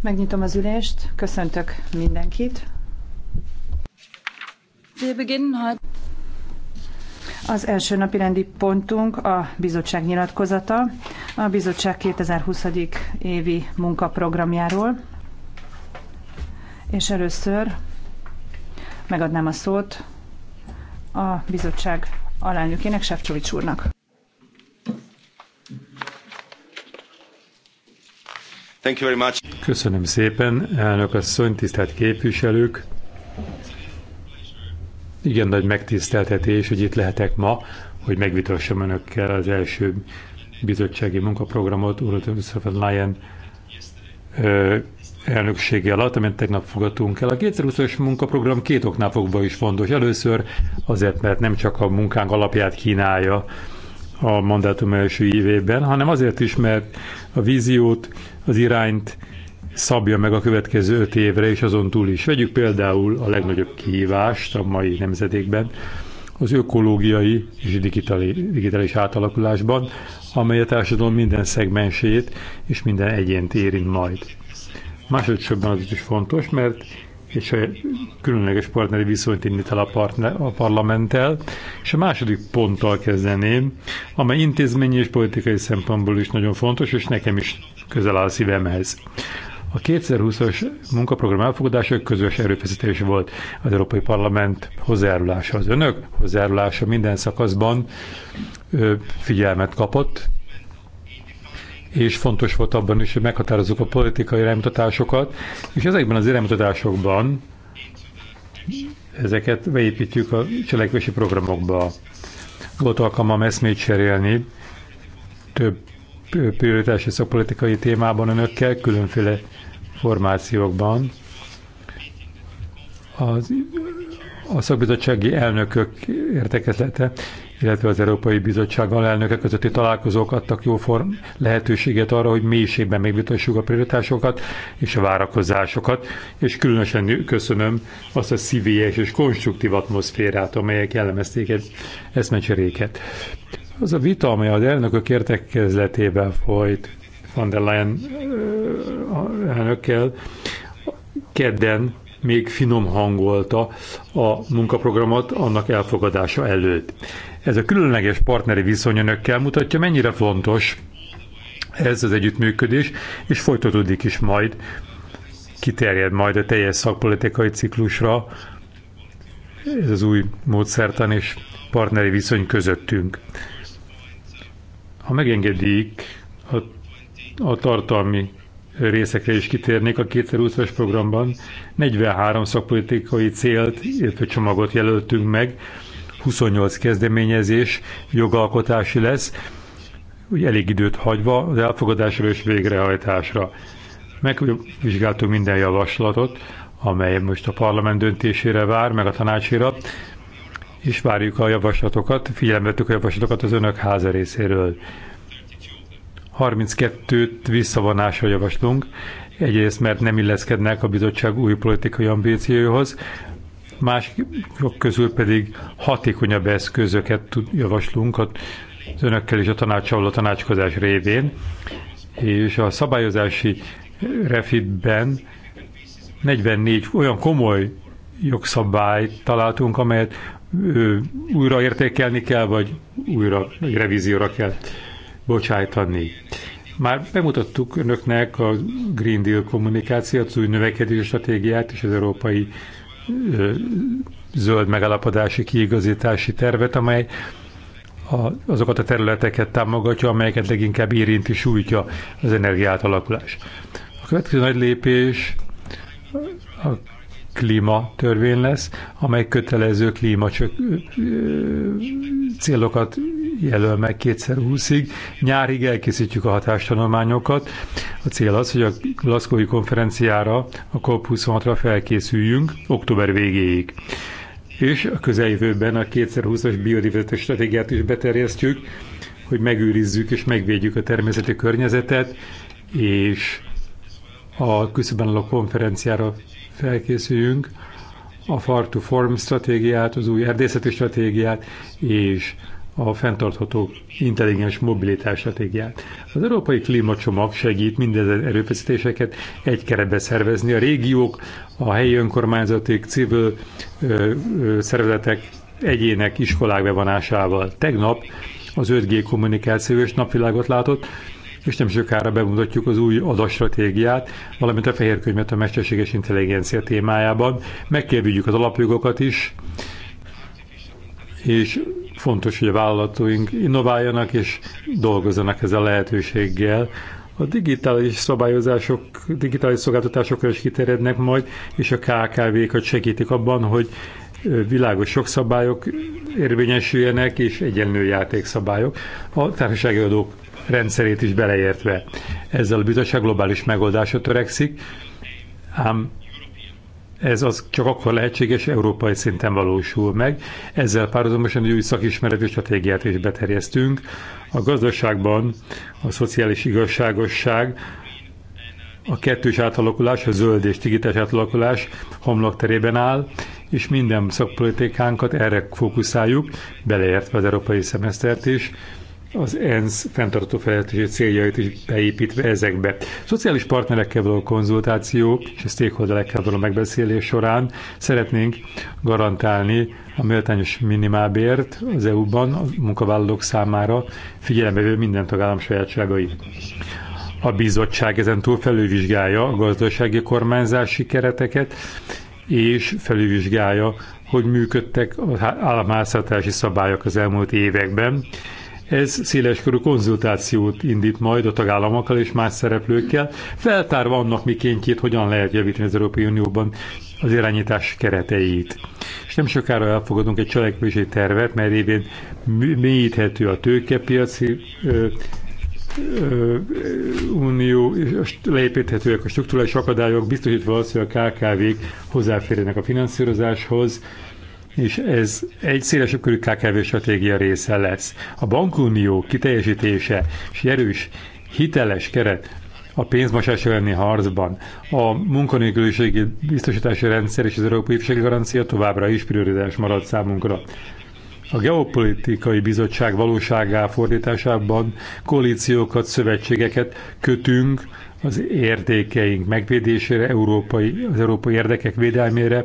Megnyitom az ülést. Köszöntök mindenkit. Az első napi rendi pontunk a bizottság nyilatkozata, a bizottság 2020. évi munkaprogramjáról. És először megadnám a szót a bizottság alelnökének, Sefcsovics úrnak. Thank you very much. Köszönöm szépen, elnök asszony, tisztelt képviselők. Igen, nagy megtiszteltetés, hogy itt lehetek ma, hogy megvitassam önökkel az első bizottsági munkaprogramot Urat von Lyon elnöksége alatt, amit tegnap fogadtunk el. A 2020-as munkaprogram két oknál fogva is fontos. Először azért, mert nem csak a munkánk alapját kínálja a mandátum első évében, hanem azért is, mert a víziót, az irányt szabja meg a következő öt évre és azon túl is. Vegyük például a legnagyobb kihívást a mai nemzedékben, az ökológiai és digitális átalakulásban, amely a társadalom minden szegmensét és minden egyént érint majd. Másodszorban az is fontos, mert egy saját, különleges partneri viszonyt indít el a, partner, a parlamenttel, és a második ponttal kezdeném, amely intézményi és politikai szempontból is nagyon fontos, és nekem is közel áll a szívemhez. A 2020-as munkaprogram elfogadása közös erőfeszítés volt az Európai Parlament hozzájárulása. Az önök hozzájárulása minden szakaszban figyelmet kapott, és fontos volt abban is, hogy meghatározzuk a politikai iránymutatásokat, és ezekben az iránymutatásokban ezeket beépítjük a cselekvési programokba. Volt alkalmam eszmét cserélni több prioritási szakpolitikai témában önökkel, különféle formációkban. Az, a szakbizottsági elnökök értekezlete illetve az Európai Bizottság alelnöke közötti találkozók adtak jó form lehetőséget arra, hogy mélységben megvitassuk a prioritásokat és a várakozásokat, és különösen köszönöm azt a szívélyes és konstruktív atmoszférát, amelyek jellemezték egy eszmecseréket. Az a vita, amely az elnökök értekezletében folyt van der Leyen elnökkel, kedden még finom hangolta a munkaprogramot annak elfogadása előtt. Ez a különleges partneri viszony önökkel mutatja, mennyire fontos ez az együttműködés, és folytatódik is majd, kiterjed majd a teljes szakpolitikai ciklusra, ez az új módszertan és partneri viszony közöttünk. Ha megengedik, a, a tartalmi részekre is kitérnék a 2020-as programban. 43 szakpolitikai célt, illetve csomagot jelöltünk meg, 28 kezdeményezés jogalkotási lesz, úgy elég időt hagyva az elfogadásra és végrehajtásra. Megvizsgáltunk minden javaslatot, amely most a parlament döntésére vár, meg a tanácsira, és várjuk a javaslatokat, figyelembe a javaslatokat az önök háza részéről. 32-t visszavonásra javaslunk, egyrészt mert nem illeszkednek a bizottság új politikai ambícióihoz, mások közül pedig hatékonyabb eszközöket javaslunk az önökkel és a tanácsával a tanácskozás révén, és a szabályozási refitben 44 olyan komoly jogszabályt találtunk, amelyet újraértékelni kell, vagy újra revízióra kell bocsájtani. Már bemutattuk önöknek a Green Deal kommunikációt, az új növekedési stratégiát és az európai zöld megalapodási kiigazítási tervet, amely a, azokat a területeket támogatja, amelyeket leginkább érinti, sújtja az energiátalakulás. A következő nagy lépés a klímatörvény lesz, amely kötelező klímacsök célokat jelöl meg kétszer ig Nyárig elkészítjük a hatástanulmányokat. A cél az, hogy a Glasgowi konferenciára, a COP26-ra felkészüljünk október végéig. És a közeljövőben a 2020-as biodiverzitás stratégiát is beterjesztjük, hogy megőrizzük és megvédjük a természeti környezetet, és a küszöben a konferenciára felkészüljünk a Farm to Form stratégiát, az új erdészeti stratégiát és a fenntartható intelligens mobilitás stratégiát. Az európai klímacsomag segít mindezen erőfeszítéseket egy keretbe szervezni. A régiók, a helyi önkormányzatok, civil ö, ö, szervezetek, egyének iskolák bevonásával. Tegnap az 5G kommunikációs napvilágot látott, és nem sokára bemutatjuk az új adastratégiát, valamint a fehér könyvet a mesterséges intelligencia témájában. Megkérdőjük az alapjogokat is, és fontos, hogy a vállalatunk innováljanak és dolgozzanak ezzel a lehetőséggel. A digitális szabályozások, digitális szolgáltatásokra is kiterjednek majd, és a KKV-kat segítik abban, hogy világos jogszabályok érvényesüljenek, és egyenlő játékszabályok. A társasági adók rendszerét is beleértve. Ezzel a bizottság globális megoldásra törekszik, ám ez az csak akkor lehetséges, európai szinten valósul meg. Ezzel párhuzamosan egy új szakismereti stratégiát is beterjesztünk. A gazdaságban a szociális igazságosság, a kettős átalakulás, a zöld és digitális átalakulás homlokterében áll, és minden szakpolitikánkat erre fókuszáljuk, beleértve az európai szemesztert is, az ENSZ fenntartó fejlesztési céljait is beépítve ezekbe. Szociális partnerekkel való konzultáció és a stakeholderekkel való megbeszélés során szeretnénk garantálni a méltányos minimálbért az EU-ban a munkavállalók számára figyelembe minden tagállam sajátságait. A bizottság ezen túl felülvizsgálja a gazdasági kormányzási kereteket, és felülvizsgálja, hogy működtek az államháztartási szabályok az elmúlt években, ez széleskörű konzultációt indít majd a tagállamokkal és más szereplőkkel, feltárva annak mikéntjét, hogyan lehet javítani az Európai Unióban az irányítás kereteit. És nem sokára elfogadunk egy cselekvési tervet, mert évén mélyíthető a tőkepiaci ö, ö, unió, és leépíthetőek a struktúrális akadályok, biztosítva az, hogy a KKV-k hozzáférjenek a finanszírozáshoz, és ez egy szélesebb körű KKV stratégia része lesz. A bankunió kiteljesítése és erős hiteles keret a pénzmosás elleni harcban, a munkanélküliségi biztosítási rendszer és az Európai Ifjúsági Garancia továbbra is prioritás marad számunkra. A Geopolitikai Bizottság valóságá fordításában koalíciókat, szövetségeket kötünk az értékeink megvédésére, európai, az európai érdekek védelmére,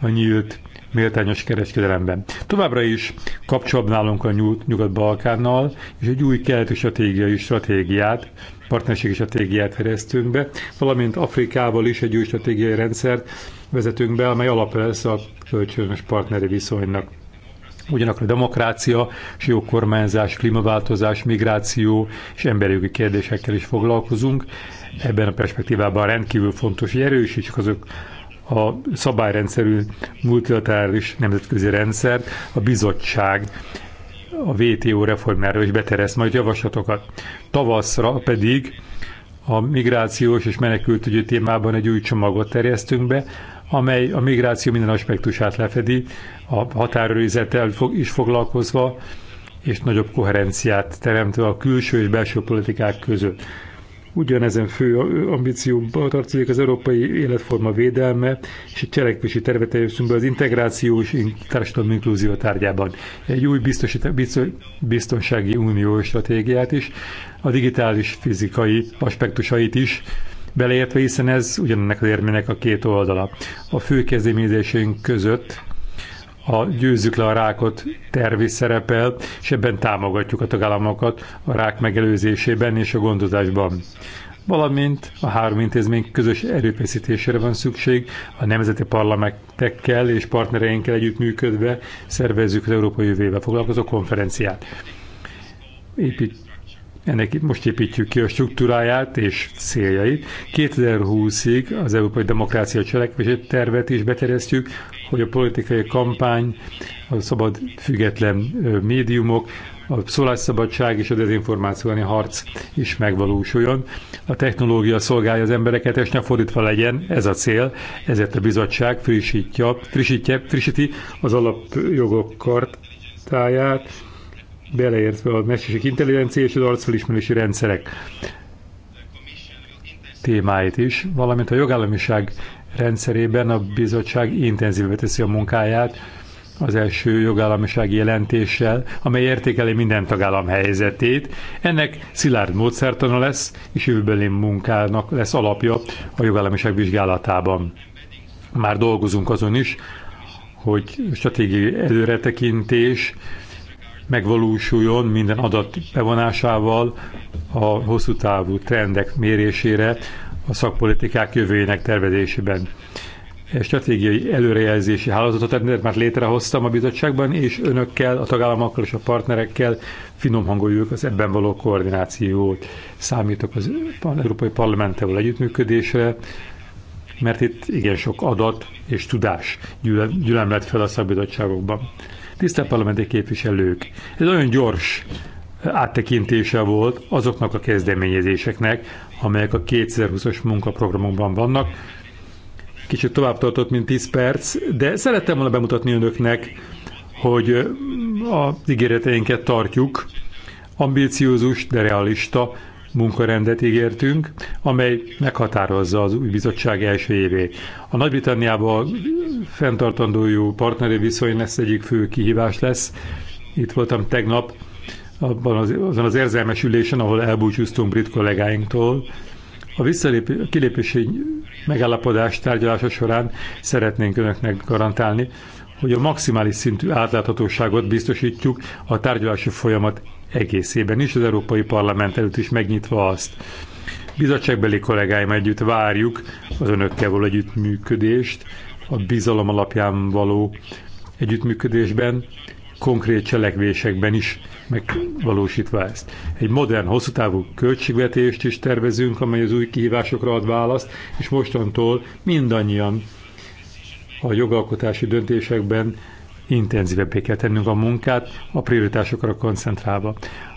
a nyílt méltányos kereskedelemben. Továbbra is kapcsolatban nálunk a Nyugat-Balkánnal, és egy új keleti stratégiai stratégiát, partnerségi stratégiát fejlesztünk be, valamint Afrikával is egy új stratégiai rendszert vezetünk be, amely alap lesz a kölcsönös partneri viszonynak. Ugyanakkor a demokrácia és jó kormányzás, klímaváltozás, migráció és emberi kérdésekkel is foglalkozunk. Ebben a perspektívában rendkívül fontos, hogy erősítsük azok a szabályrendszerű multilaterális nemzetközi rendszer, a bizottság a WTO reformjára is beteresz majd javaslatokat. Tavaszra pedig a migrációs és menekültügyi témában egy új csomagot terjesztünk be, amely a migráció minden aspektusát lefedi, a határőrizettel is foglalkozva, és nagyobb koherenciát teremtve a külső és belső politikák között. Ugyanezen fő ambícióba tartozik az európai életforma védelme és a cselekvési tervet be az integráció és társadalmi inkluzió tárgyában. Egy új biztonsági unió stratégiát is, a digitális fizikai aspektusait is, beleértve, hiszen ez ugyanennek az érmének a két oldala. A fő kezdeményezésünk között a Győzzük le a rákot tervi szerepel, és ebben támogatjuk a tagállamokat a rák megelőzésében és a gondozásban. Valamint a három intézmény közös erőfeszítésére van szükség, a nemzeti parlamentekkel és partnereinkkel együttműködve szervezzük az Európai Jövővel foglalkozó konferenciát. Épít ennek most építjük ki a struktúráját és céljait. 2020-ig az Európai Demokrácia Cselekvési Tervet is beterjesztjük, hogy a politikai kampány, a szabad független médiumok, a szólásszabadság és a dezinformációni harc is megvalósuljon. A technológia szolgálja az embereket, és ne fordítva legyen, ez a cél, ezért a bizottság frissítja, frissítje, frissíti az alapjogok kartáját, beleértve a mesterség intelligencia és az arcfelismerési rendszerek témáit is, valamint a jogállamiság rendszerében a bizottság intenzívbe teszi a munkáját az első jogállamisági jelentéssel, amely értékeli minden tagállam helyzetét. Ennek szilárd módszertana lesz, és jövőbeli munkának lesz alapja a jogállamiság vizsgálatában. Már dolgozunk azon is, hogy stratégiai előretekintés, megvalósuljon minden adat bevonásával a hosszú távú trendek mérésére a szakpolitikák jövőjének tervezésében. Stratégiai előrejelzési hálózatot tehát már létrehoztam a bizottságban, és önökkel, a tagállamokkal és a partnerekkel finom hangoljuk az ebben való koordinációt. Számítok az Európai Parlamenttel együttműködésre, mert itt igen sok adat és tudás gyülemlet fel a szakbizottságokban. Tisztelt parlamenti képviselők, ez olyan gyors áttekintése volt azoknak a kezdeményezéseknek, amelyek a 2020-as munkaprogramokban vannak. Kicsit tovább tartott, mint 10 perc, de szerettem volna bemutatni önöknek, hogy az ígéreteinket tartjuk, ambíciózus, de realista munkarendet ígértünk, amely meghatározza az új bizottság első évét. A Nagy-Britanniában fenntartandó jó partneri viszony lesz egyik fő kihívás lesz. Itt voltam tegnap, abban az, azon az érzelmes ülésen, ahol elbúcsúztunk brit kollégáinktól. A visszalép, kilépési megállapodás tárgyalása során szeretnénk önöknek garantálni, hogy a maximális szintű átláthatóságot biztosítjuk a tárgyalási folyamat egészében is, az Európai Parlament előtt is megnyitva azt. Bizottságbeli kollégáim együtt várjuk az önökkel való együttműködést, a bizalom alapján való együttműködésben, konkrét cselekvésekben is megvalósítva ezt. Egy modern, hosszú távú költségvetést is tervezünk, amely az új kihívásokra ad választ, és mostantól mindannyian a jogalkotási döntésekben intenzívebbé kell tennünk a munkát, a prioritásokra koncentrálva.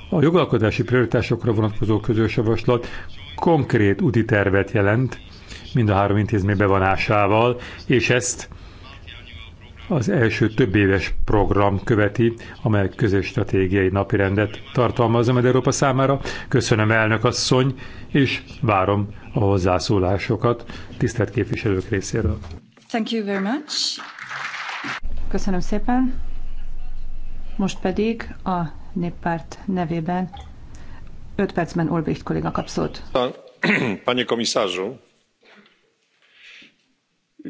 A jogalkotási prioritásokra vonatkozó közös javaslat konkrét úti tervet jelent, mind a három intézmény bevonásával, és ezt az első több éves program követi, amely közös stratégiai napirendet tartalmaz Med Európa számára. Köszönöm elnök asszony, és várom a hozzászólásokat tisztelt képviselők részéről. Thank you very much. Köszönöm szépen. Most pedig a néppárt nevében 5 percben Olbricht kolléga kap szót. Panie komisarzu,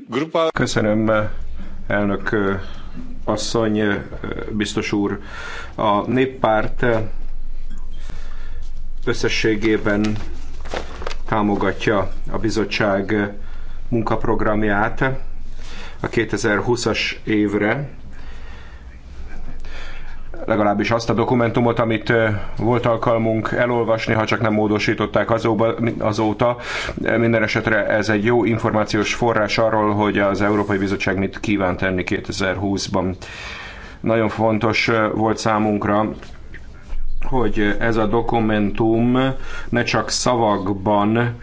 grupa... Köszönöm, elnök asszony, biztos úr. A néppárt összességében támogatja a bizottság munkaprogramját, a 2020-as évre, legalábbis azt a dokumentumot, amit volt alkalmunk elolvasni, ha csak nem módosították azóta. Minden esetre ez egy jó információs forrás arról, hogy az Európai Bizottság mit kíván tenni 2020-ban. Nagyon fontos volt számunkra, hogy ez a dokumentum ne csak szavakban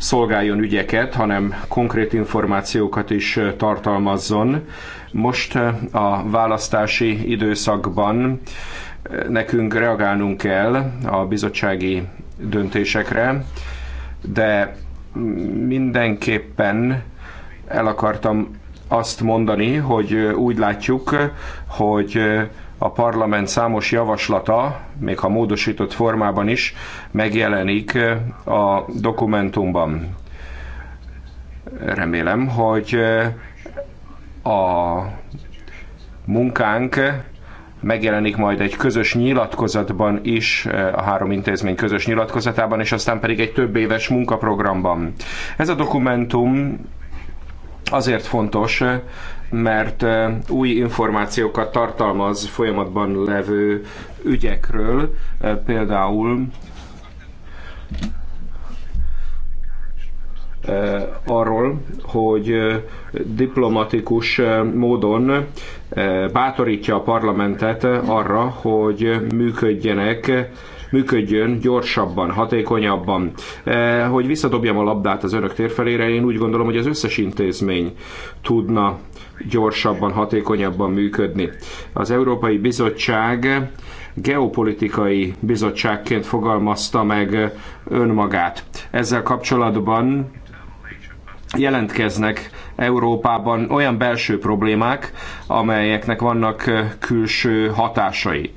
szolgáljon ügyeket, hanem konkrét információkat is tartalmazzon. Most a választási időszakban nekünk reagálnunk kell a bizottsági döntésekre, de mindenképpen el akartam azt mondani, hogy úgy látjuk, hogy a parlament számos javaslata, még ha módosított formában is, megjelenik a dokumentumban. Remélem, hogy a munkánk megjelenik majd egy közös nyilatkozatban is, a három intézmény közös nyilatkozatában, és aztán pedig egy több éves munkaprogramban. Ez a dokumentum azért fontos, mert új információkat tartalmaz folyamatban levő ügyekről, például arról, hogy diplomatikus módon bátorítja a parlamentet arra, hogy működjenek működjön gyorsabban, hatékonyabban. Hogy visszadobjam a labdát az önök térfelére, én úgy gondolom, hogy az összes intézmény tudna gyorsabban, hatékonyabban működni. Az Európai Bizottság geopolitikai bizottságként fogalmazta meg önmagát. Ezzel kapcsolatban jelentkeznek Európában olyan belső problémák, amelyeknek vannak külső hatásai.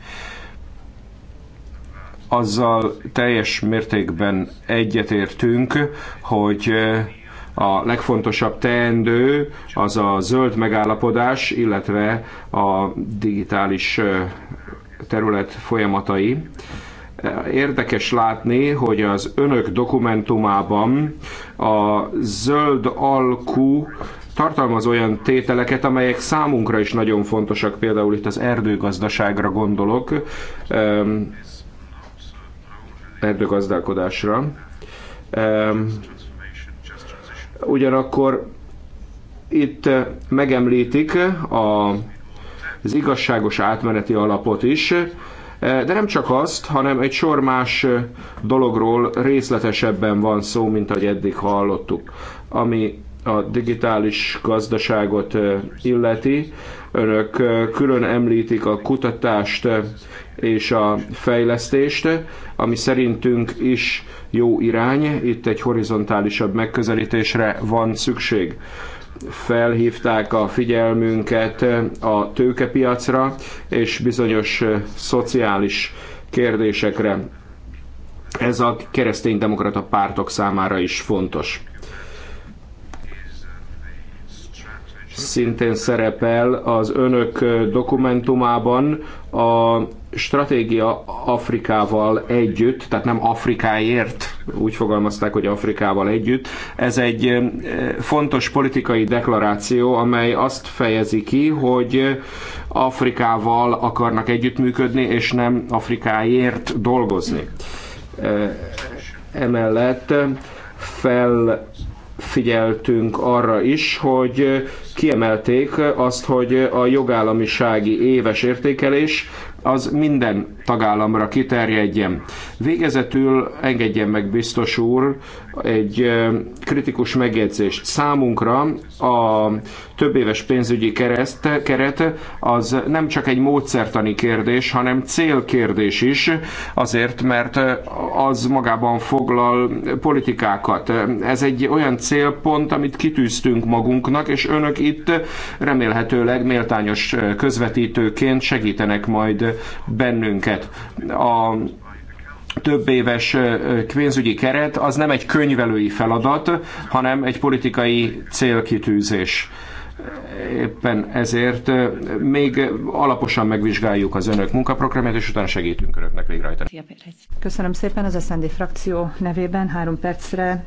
Azzal teljes mértékben egyetértünk, hogy a legfontosabb teendő az a zöld megállapodás, illetve a digitális terület folyamatai. Érdekes látni, hogy az önök dokumentumában a zöld alkú tartalmaz olyan tételeket, amelyek számunkra is nagyon fontosak, például itt az erdőgazdaságra gondolok, erdőgazdálkodásra. Ugyanakkor itt eh, megemlítik eh, a, az igazságos átmeneti alapot is, eh, de nem csak azt, hanem egy sor más dologról részletesebben van szó, mint ahogy eddig hallottuk. Ami a digitális gazdaságot illeti. Önök külön említik a kutatást és a fejlesztést, ami szerintünk is jó irány, itt egy horizontálisabb megközelítésre van szükség felhívták a figyelmünket a tőkepiacra és bizonyos szociális kérdésekre. Ez a kereszténydemokrata pártok számára is fontos. szintén szerepel az önök dokumentumában a stratégia Afrikával együtt, tehát nem Afrikáért, úgy fogalmazták, hogy Afrikával együtt. Ez egy eh, fontos politikai deklaráció, amely azt fejezi ki, hogy Afrikával akarnak együttműködni, és nem Afrikáért dolgozni. Eh, emellett fel figyeltünk arra is, hogy kiemelték azt, hogy a jogállamisági éves értékelés az minden tagállamra kiterjedjen. Végezetül engedjen meg biztos úr egy kritikus megjegyzést. Számunkra a több éves pénzügyi kereszt, keret az nem csak egy módszertani kérdés, hanem célkérdés is, azért, mert az magában foglal politikákat. Ez egy olyan célpont, amit kitűztünk magunknak, és önök itt remélhetőleg méltányos közvetítőként segítenek majd bennünket őket. A több éves kvénzügyi keret az nem egy könyvelői feladat, hanem egy politikai célkitűzés. Éppen ezért még alaposan megvizsgáljuk az önök munkaprogramját, és utána segítünk önöknek végrehajtani. Köszönöm szépen az SZND frakció nevében. Három percre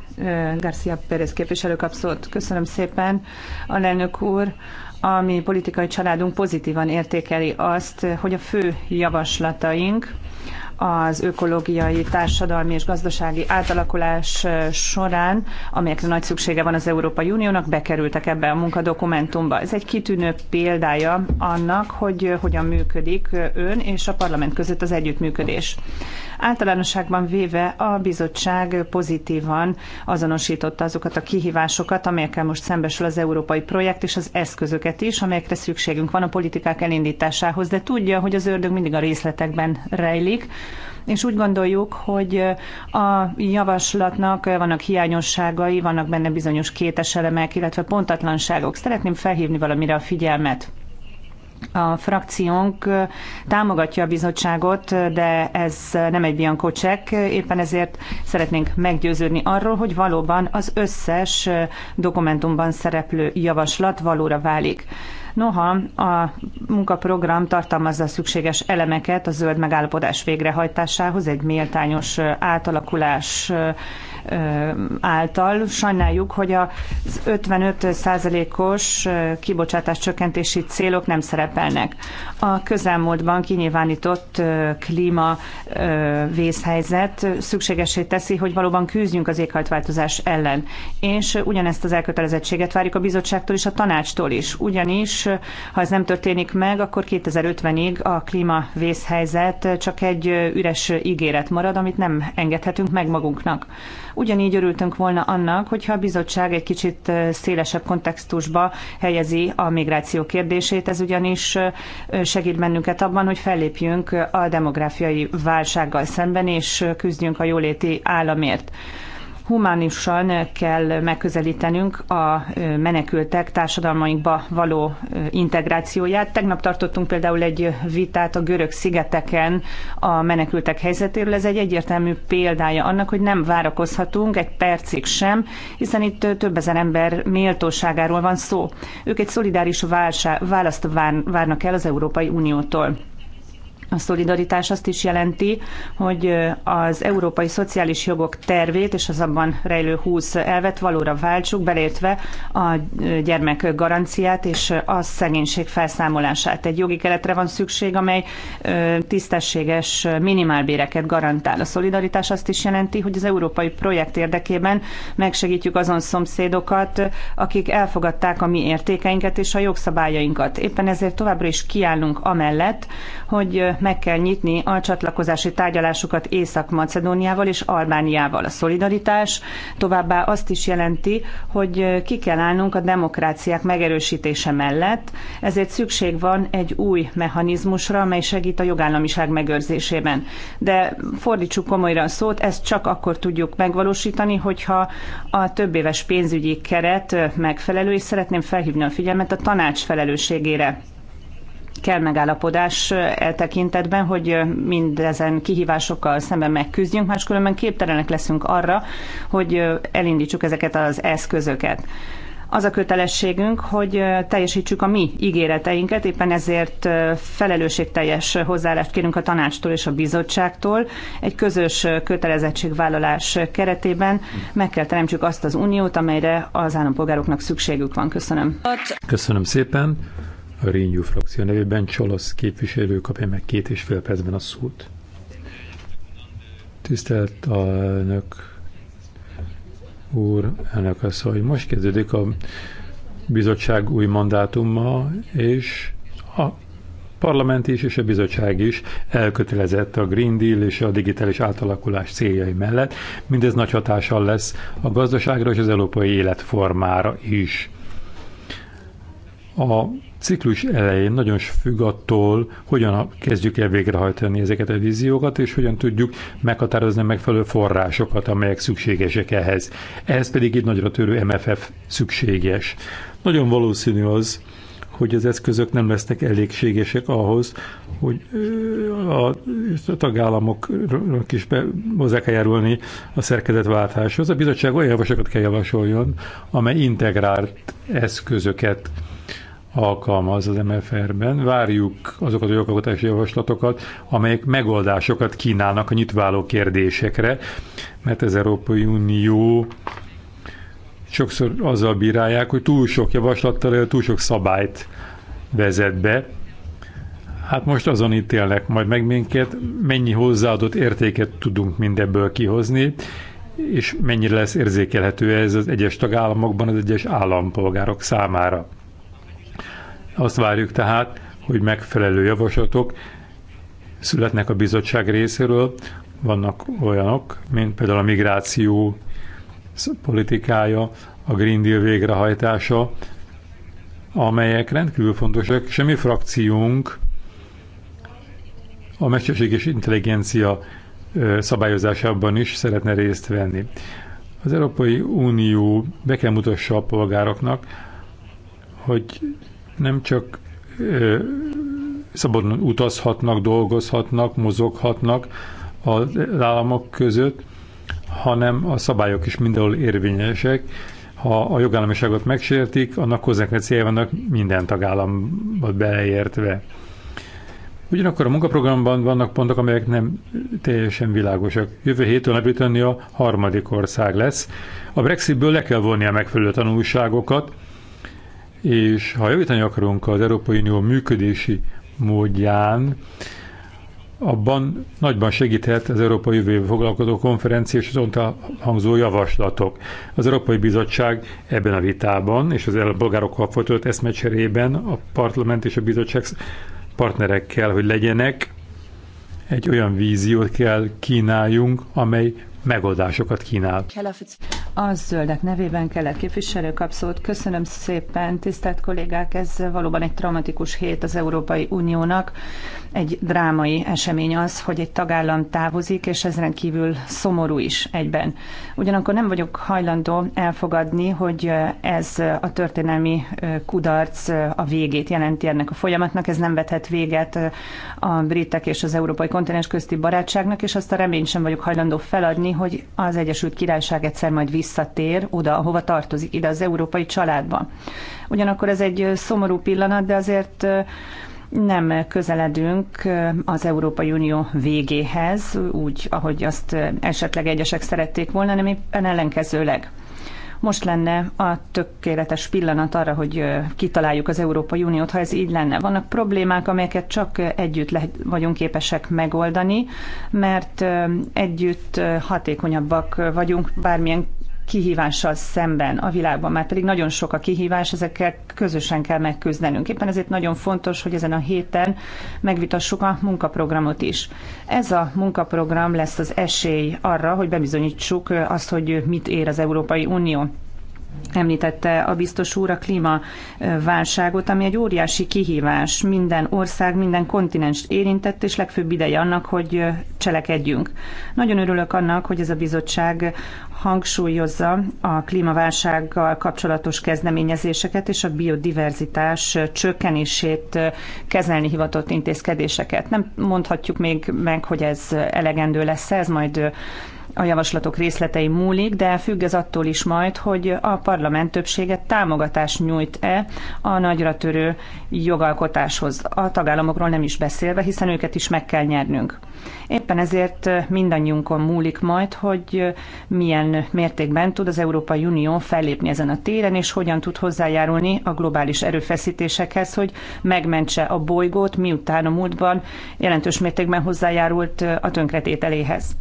Garcia Pérez képviselő kap Köszönöm szépen, alelnök úr a mi politikai családunk pozitívan értékeli azt, hogy a fő javaslataink az ökológiai, társadalmi és gazdasági átalakulás során, amelyekre nagy szüksége van az Európai Uniónak, bekerültek ebbe a munkadokumentumba. Ez egy kitűnő példája annak, hogy hogyan működik ön és a parlament között az együttműködés. Általánosságban véve a bizottság pozitívan azonosította azokat a kihívásokat, amelyekkel most szembesül az európai projekt, és az eszközöket is, amelyekre szükségünk van a politikák elindításához, de tudja, hogy az ördög mindig a részletekben rejlik, és úgy gondoljuk, hogy a javaslatnak vannak hiányosságai, vannak benne bizonyos kétes elemek, illetve pontatlanságok. Szeretném felhívni valamire a figyelmet. A frakciónk támogatja a bizottságot, de ez nem egy bianco csekk, éppen ezért szeretnénk meggyőződni arról, hogy valóban az összes dokumentumban szereplő javaslat valóra válik. Noha a munkaprogram tartalmazza a szükséges elemeket a zöld megállapodás végrehajtásához, egy méltányos átalakulás által. Sajnáljuk, hogy az 55%-os kibocsátás csökkentési célok nem szerepelnek. A közelmúltban kinyilvánított klíma vészhelyzet szükségesé teszi, hogy valóban küzdjünk az éghajlatváltozás ellen. És ugyanezt az elkötelezettséget várjuk a bizottságtól és a tanácstól is. Ugyanis, ha ez nem történik meg, akkor 2050-ig a klíma vészhelyzet csak egy üres ígéret marad, amit nem engedhetünk meg magunknak. Ugyanígy örültünk volna annak, hogyha a bizottság egy kicsit szélesebb kontextusba helyezi a migráció kérdését. Ez ugyanis segít bennünket abban, hogy fellépjünk a demográfiai válsággal szemben, és küzdjünk a jóléti államért humánussal kell megközelítenünk a menekültek társadalmainkba való integrációját. Tegnap tartottunk például egy vitát a görög szigeteken a menekültek helyzetéről. Ez egy egyértelmű példája annak, hogy nem várakozhatunk egy percig sem, hiszen itt több ezer ember méltóságáról van szó. Ők egy szolidáris választ várnak el az Európai Uniótól. A szolidaritás azt is jelenti, hogy az európai szociális jogok tervét és az abban rejlő 20 elvet valóra váltsuk, beleértve a gyermek garanciát és a szegénység felszámolását. Egy jogi keretre van szükség, amely tisztességes minimálbéreket garantál. A szolidaritás azt is jelenti, hogy az európai projekt érdekében megsegítjük azon szomszédokat, akik elfogadták a mi értékeinket és a jogszabályainkat. Éppen ezért továbbra is kiállunk amellett, hogy meg kell nyitni a csatlakozási tárgyalásokat Észak-Macedóniával és Albániával. A szolidaritás továbbá azt is jelenti, hogy ki kell állnunk a demokráciák megerősítése mellett, ezért szükség van egy új mechanizmusra, amely segít a jogállamiság megőrzésében. De fordítsuk komolyra a szót, ezt csak akkor tudjuk megvalósítani, hogyha a többéves pénzügyi keret megfelelő, és szeretném felhívni a figyelmet a tanács felelősségére kell megállapodás eltekintetben, hogy mindezen kihívásokkal szemben megküzdjünk, máskülönben képtelenek leszünk arra, hogy elindítsuk ezeket az eszközöket az a kötelességünk, hogy teljesítsük a mi ígéreteinket, éppen ezért felelősségteljes hozzáállást kérünk a tanácstól és a bizottságtól. Egy közös kötelezettségvállalás keretében meg kell teremtsük azt az uniót, amelyre az állampolgároknak szükségük van. Köszönöm. Köszönöm szépen. A Renew frakció nevében Csolasz képviselő kapja meg két és fél percben a szót. Tisztelt elnök úr, elnök hogy most kezdődik a bizottság új mandátuma, és a parlament is és a bizottság is elkötelezett a Green Deal és a digitális átalakulás céljai mellett. Mindez nagy hatással lesz a gazdaságra és az európai életformára is. A ciklus elején nagyon függ attól, hogyan kezdjük el végrehajtani ezeket a víziókat, és hogyan tudjuk meghatározni megfelelő forrásokat, amelyek szükségesek ehhez. Ehhez pedig itt nagyra törő MFF szükséges. Nagyon valószínű az, hogy az eszközök nem lesznek elégségesek ahhoz, hogy a tagállamoknak is hozzá kell járulni a szerkezetváltáshoz. A bizottság olyan javaslatokat kell javasoljon, amely integrált eszközöket alkalmaz az MFR-ben. Várjuk azokat a jogalkotási javaslatokat, amelyek megoldásokat kínálnak a nyitváló kérdésekre, mert az Európai Unió sokszor azzal bírálják, hogy túl sok javaslattal, túl sok szabályt vezet be. Hát most azon ítélnek majd meg minket, mennyi hozzáadott értéket tudunk mindebből kihozni, és mennyire lesz érzékelhető ez az egyes tagállamokban, az egyes állampolgárok számára. Azt várjuk tehát, hogy megfelelő javaslatok születnek a bizottság részéről. Vannak olyanok, mint például a migráció politikája, a Green Deal végrehajtása, amelyek rendkívül fontosak. Semmi frakciónk a és intelligencia szabályozásában is szeretne részt venni. Az Európai Unió be kell mutassa a polgároknak, hogy nem csak ö, szabadon utazhatnak, dolgozhatnak, mozoghatnak az államok között, hanem a szabályok is mindenhol érvényesek. Ha a jogállamiságot megsértik, annak konzekvenciája vannak minden tagállamban beleértve. Ugyanakkor a munkaprogramban vannak pontok, amelyek nem teljesen világosak. Jövő héttől a britannia harmadik ország lesz. A Brexitből le kell vonni a megfelelő tanulságokat, és ha javítani akarunk az Európai Unió működési módján, abban nagyban segíthet az Európai Jövőjével foglalkozó konferencia és azon hangzó javaslatok. Az Európai Bizottság ebben a vitában és az bolgárokkal folytatott eszmecserében a parlament és a bizottság partnerekkel, hogy legyenek, egy olyan víziót kell kínáljunk, amely megoldásokat kínál. A zöldek nevében kellett képviselő kapszót. Köszönöm szépen, tisztelt kollégák, ez valóban egy traumatikus hét az Európai Uniónak. Egy drámai esemény az, hogy egy tagállam távozik, és ez rendkívül szomorú is egyben. Ugyanakkor nem vagyok hajlandó elfogadni, hogy ez a történelmi kudarc a végét jelenti ennek a folyamatnak. Ez nem vethet véget a britek és az európai kontinens közti barátságnak, és azt a reményt sem vagyok hajlandó feladni, hogy az Egyesült Királyság egyszer majd visszatér oda, ahova tartozik, ide az európai családba. Ugyanakkor ez egy szomorú pillanat, de azért nem közeledünk az Európai Unió végéhez, úgy, ahogy azt esetleg egyesek szerették volna, hanem éppen ellenkezőleg. Most lenne a tökéletes pillanat arra, hogy kitaláljuk az Európai Uniót, ha ez így lenne. Vannak problémák, amelyeket csak együtt le vagyunk képesek megoldani, mert együtt hatékonyabbak vagyunk bármilyen kihívással szemben a világban, már pedig nagyon sok a kihívás, ezekkel közösen kell megküzdenünk. Éppen ezért nagyon fontos, hogy ezen a héten megvitassuk a munkaprogramot is. Ez a munkaprogram lesz az esély arra, hogy bebizonyítsuk azt, hogy mit ér az Európai Unió. Említette a biztos úr a klímaválságot, ami egy óriási kihívás. Minden ország, minden kontinens érintett, és legfőbb ideje annak, hogy cselekedjünk. Nagyon örülök annak, hogy ez a bizottság hangsúlyozza a klímaválsággal kapcsolatos kezdeményezéseket és a biodiverzitás csökkenését kezelni hivatott intézkedéseket. Nem mondhatjuk még meg, hogy ez elegendő lesz, ez majd a javaslatok részletei múlik, de függ ez attól is majd, hogy a parlament többsége támogatást nyújt-e a nagyra törő jogalkotáshoz. A tagállamokról nem is beszélve, hiszen őket is meg kell nyernünk. Éppen ezért mindannyiunkon múlik majd, hogy milyen mértékben tud az Európai Unió fellépni ezen a téren, és hogyan tud hozzájárulni a globális erőfeszítésekhez, hogy megmentse a bolygót, miután a múltban jelentős mértékben hozzájárult a tönkretételéhez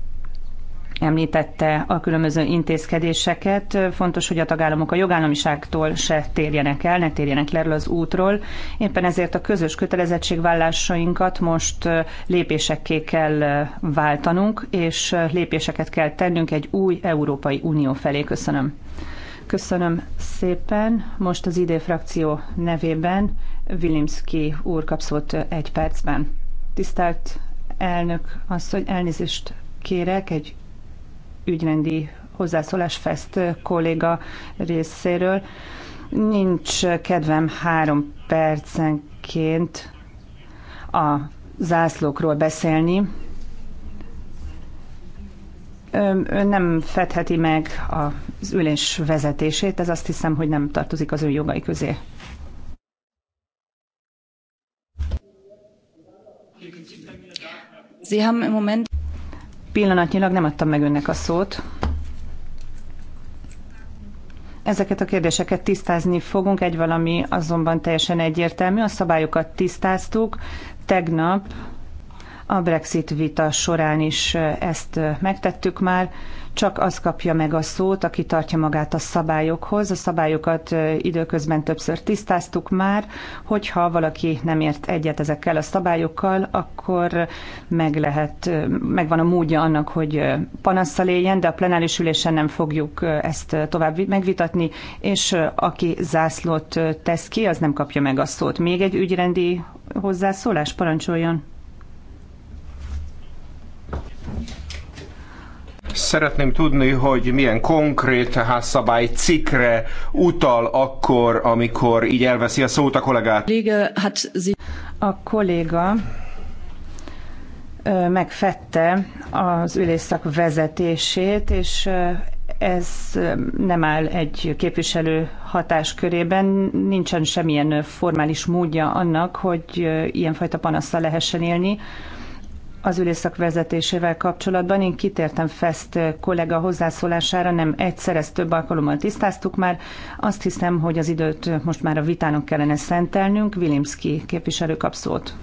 említette a különböző intézkedéseket. Fontos, hogy a tagállamok a jogállamiságtól se térjenek el, ne térjenek le az útról. Éppen ezért a közös kötelezettségvállásainkat most lépésekké kell váltanunk, és lépéseket kell tennünk egy új Európai Unió felé. Köszönöm. Köszönöm szépen. Most az idő frakció nevében Vilimski úr kapszott egy percben. Tisztelt elnök hogy elnézést kérek, egy ügyrendi hozzászólás Fest kolléga részéről. Nincs kedvem három percenként a zászlókról beszélni. Ön nem fedheti meg az ülés vezetését, ez azt hiszem, hogy nem tartozik az ő jogai közé. Sie haben im Moment Pillanatnyilag nem adtam meg önnek a szót. Ezeket a kérdéseket tisztázni fogunk, egy valami azonban teljesen egyértelmű. A szabályokat tisztáztuk. Tegnap a Brexit vita során is eh, ezt eh, megtettük már csak az kapja meg a szót, aki tartja magát a szabályokhoz. A szabályokat időközben többször tisztáztuk már, hogyha valaki nem ért egyet ezekkel a szabályokkal, akkor meg lehet, megvan a módja annak, hogy panasszal éljen, de a plenáris ülésen nem fogjuk ezt tovább megvitatni, és aki zászlót tesz ki, az nem kapja meg a szót. Még egy ügyrendi hozzászólás, parancsoljon! Szeretném tudni, hogy milyen konkrét házszabály cikkre utal akkor, amikor így elveszi a szót a kollégát. Hát a kolléga megfette az ülésszak vezetését, és ez nem áll egy képviselő hatáskörében, nincsen semmilyen formális módja annak, hogy ilyenfajta panaszsal lehessen élni az ülésszak vezetésével kapcsolatban. Én kitértem Fest kollega hozzászólására, nem egyszer, ezt több alkalommal tisztáztuk már. Azt hiszem, hogy az időt most már a vitának kellene szentelnünk. Vilimski képviselő kap szót.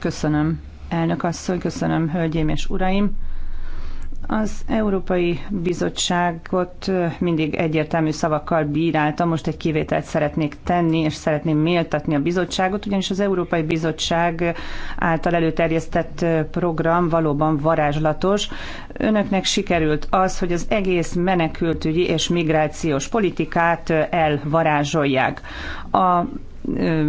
Köszönöm, elnök asszony, köszönöm, hölgyeim és uraim. Az Európai Bizottságot mindig egyértelmű szavakkal bírálta. most egy kivételt szeretnék tenni, és szeretném méltatni a bizottságot, ugyanis az Európai Bizottság által előterjesztett program valóban varázslatos. Önöknek sikerült az, hogy az egész menekültügyi és migrációs politikát elvarázsolják. A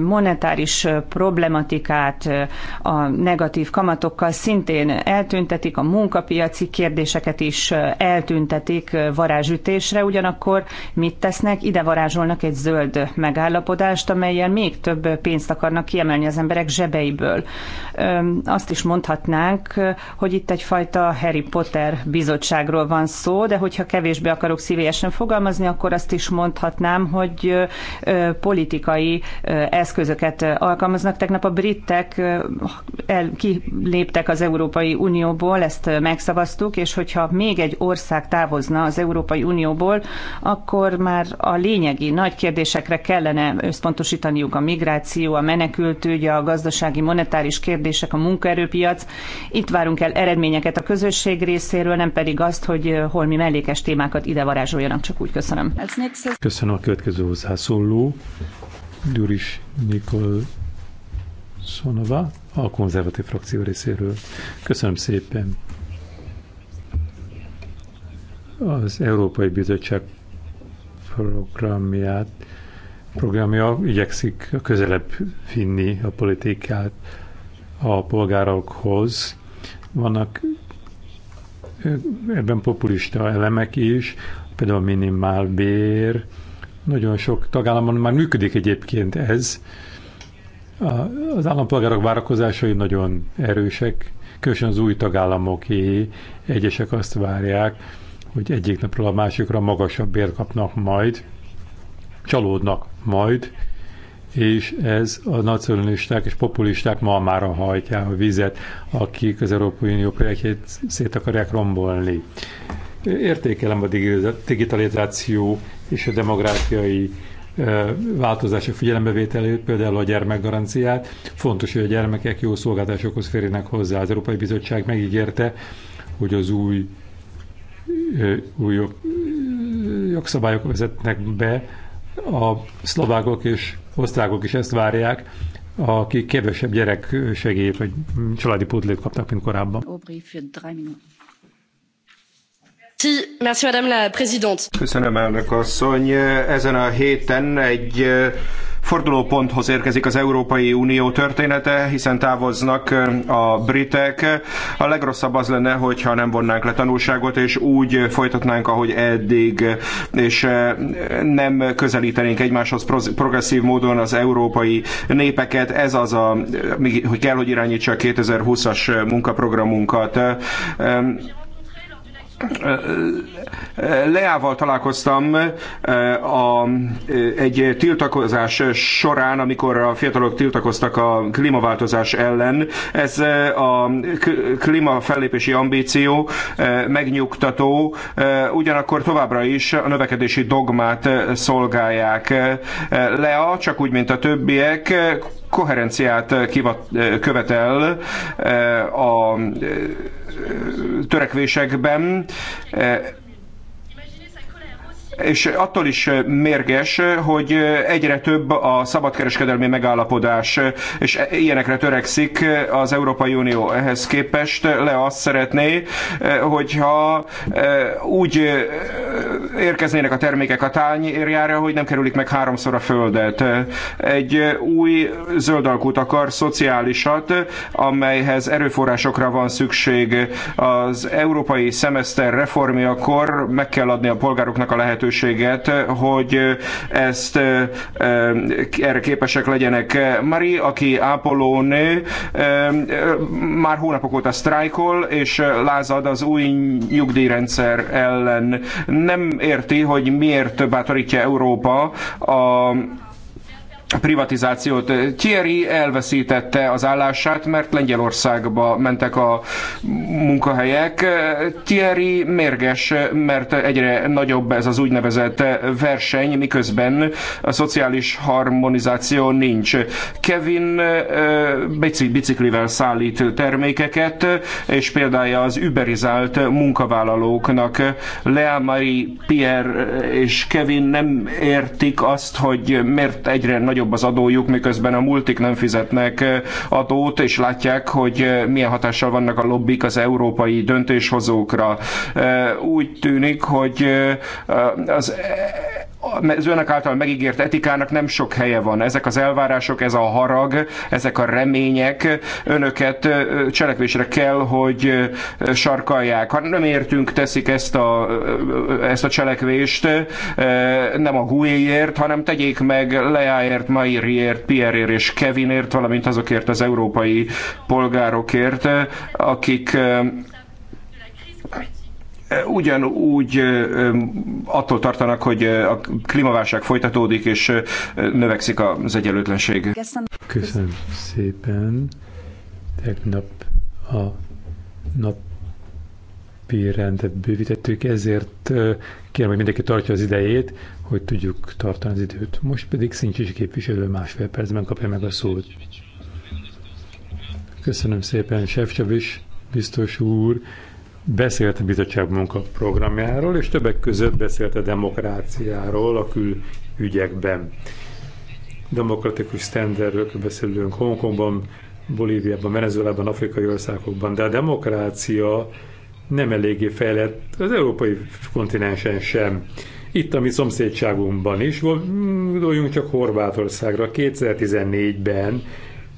monetáris problematikát a negatív kamatokkal szintén eltüntetik, a munkapiaci kérdéseket is eltüntetik varázsütésre, ugyanakkor mit tesznek? Ide varázsolnak egy zöld megállapodást, amelyel még több pénzt akarnak kiemelni az emberek zsebeiből. Azt is mondhatnánk, hogy itt egyfajta Harry Potter bizottságról van szó, de hogyha kevésbé akarok szívélyesen fogalmazni, akkor azt is mondhatnám, hogy politikai eszközöket alkalmaznak. Tegnap a britek el, kiléptek az Európai Unióból, ezt megszavaztuk, és hogyha még egy ország távozna az Európai Unióból, akkor már a lényegi nagy kérdésekre kellene összpontosítaniuk a migráció, a menekültügy, a gazdasági monetáris kérdések, a munkaerőpiac. Itt várunk el eredményeket a közösség részéről, nem pedig azt, hogy holmi mellékes témákat ide varázsoljanak, csak úgy köszönöm. Köszönöm a következő hozzászóló. Gyuris Nikolsonova a konzervatív frakció részéről. Köszönöm szépen! Az Európai Bizottság programját programja igyekszik közelebb finni a politikát a polgárokhoz. Vannak ebben populista elemek is, például minimálbér, nagyon sok tagállamban már működik egyébként ez. Az állampolgárok várakozásai nagyon erősek, különösen az új tagállamoké. Egyesek azt várják, hogy egyik napról a másikra magasabb bért kapnak majd, csalódnak majd, és ez a nacionalisták és populisták ma már hajtják a vizet, akik az Európai Unió projektjét szét akarják rombolni értékelem a digitalizáció és a demográfiai változások figyelembevételét, például a gyermekgaranciát. Fontos, hogy a gyermekek jó szolgáltásokhoz férjenek hozzá. Az Európai Bizottság megígérte, hogy az új, új jogszabályok vezetnek be, a szlovákok és osztrákok is ezt várják, akik kevesebb gyerek segélyt vagy családi pótlét kaptak, mint korábban. Köszönöm, elnök asszony. Ezen a héten egy fordulóponthoz érkezik az Európai Unió története, hiszen távoznak a britek. A legrosszabb az lenne, hogyha nem vonnánk le tanulságot, és úgy folytatnánk, ahogy eddig, és nem közelítenénk egymáshoz progresszív módon az európai népeket. Ez az, a, hogy kell, hogy irányítsa a 2020-as munkaprogramunkat Leával találkoztam a, egy tiltakozás során, amikor a fiatalok tiltakoztak a klímaváltozás ellen. Ez a klímafellépési ambíció megnyugtató, ugyanakkor továbbra is a növekedési dogmát szolgálják. Lea, csak úgy, mint a többiek, koherenciát eh, kivat, eh, követel eh, a törekvésekben és attól is mérges, hogy egyre több a szabadkereskedelmi megállapodás, és ilyenekre törekszik az Európai Unió ehhez képest. Le azt szeretné, hogyha úgy érkeznének a termékek a tányérjára, hogy nem kerülik meg háromszor a földet. Egy új zöldalkút akar, szociálisat, amelyhez erőforrásokra van szükség. Az európai szemeszter reformjakor meg kell adni a polgároknak a lehetőséget, lehetőséget, hogy ezt eh, eh, erre képesek legyenek. Mari, aki ápolónő, eh, már hónapok óta sztrájkol, és lázad az új nyugdíjrendszer ellen. Nem érti, hogy miért bátorítja Európa a privatizációt. Thierry elveszítette az állását, mert Lengyelországba mentek a munkahelyek. Thierry mérges, mert egyre nagyobb ez az úgynevezett verseny, miközben a szociális harmonizáció nincs. Kevin biciklivel szállít termékeket, és példája az überizált munkavállalóknak. Lea Marie, Pierre és Kevin nem értik azt, hogy miért egyre nagyobb nagyobb az adójuk, miközben a multik nem fizetnek eh, adót, és látják, hogy eh, milyen hatással vannak a lobbik az európai döntéshozókra. Eh, úgy tűnik, hogy az az önök által megígért etikának nem sok helye van. Ezek az elvárások, ez a harag, ezek a remények önöket cselekvésre kell, hogy sarkalják. Ha nem értünk, teszik ezt a, ezt a cselekvést, nem a Guéért, hanem tegyék meg Leáért, Mairiért, Pierreért és Kevinért, valamint azokért az európai polgárokért, akik ugyanúgy attól tartanak, hogy a klímaválság folytatódik, és növekszik az egyenlőtlenség. Köszönöm szépen. Tegnap a napi rendet bővítettük, ezért kérem, hogy mindenki tartja az idejét, hogy tudjuk tartani az időt. Most pedig Szincsis képviselő másfél percben kapja meg a szót. Köszönöm szépen, Sefcsovics biztos úr, beszélt a bizottság munkaprogramjáról, és többek között beszélt a demokráciáról a külügyekben. Demokratikus sztenderről beszélünk Hongkongban, Bolíviában, Venezuelában, afrikai országokban, de a demokrácia nem eléggé fejlett az európai kontinensen sem. Itt a mi szomszédságunkban is, gondoljunk csak Horvátországra, 2014-ben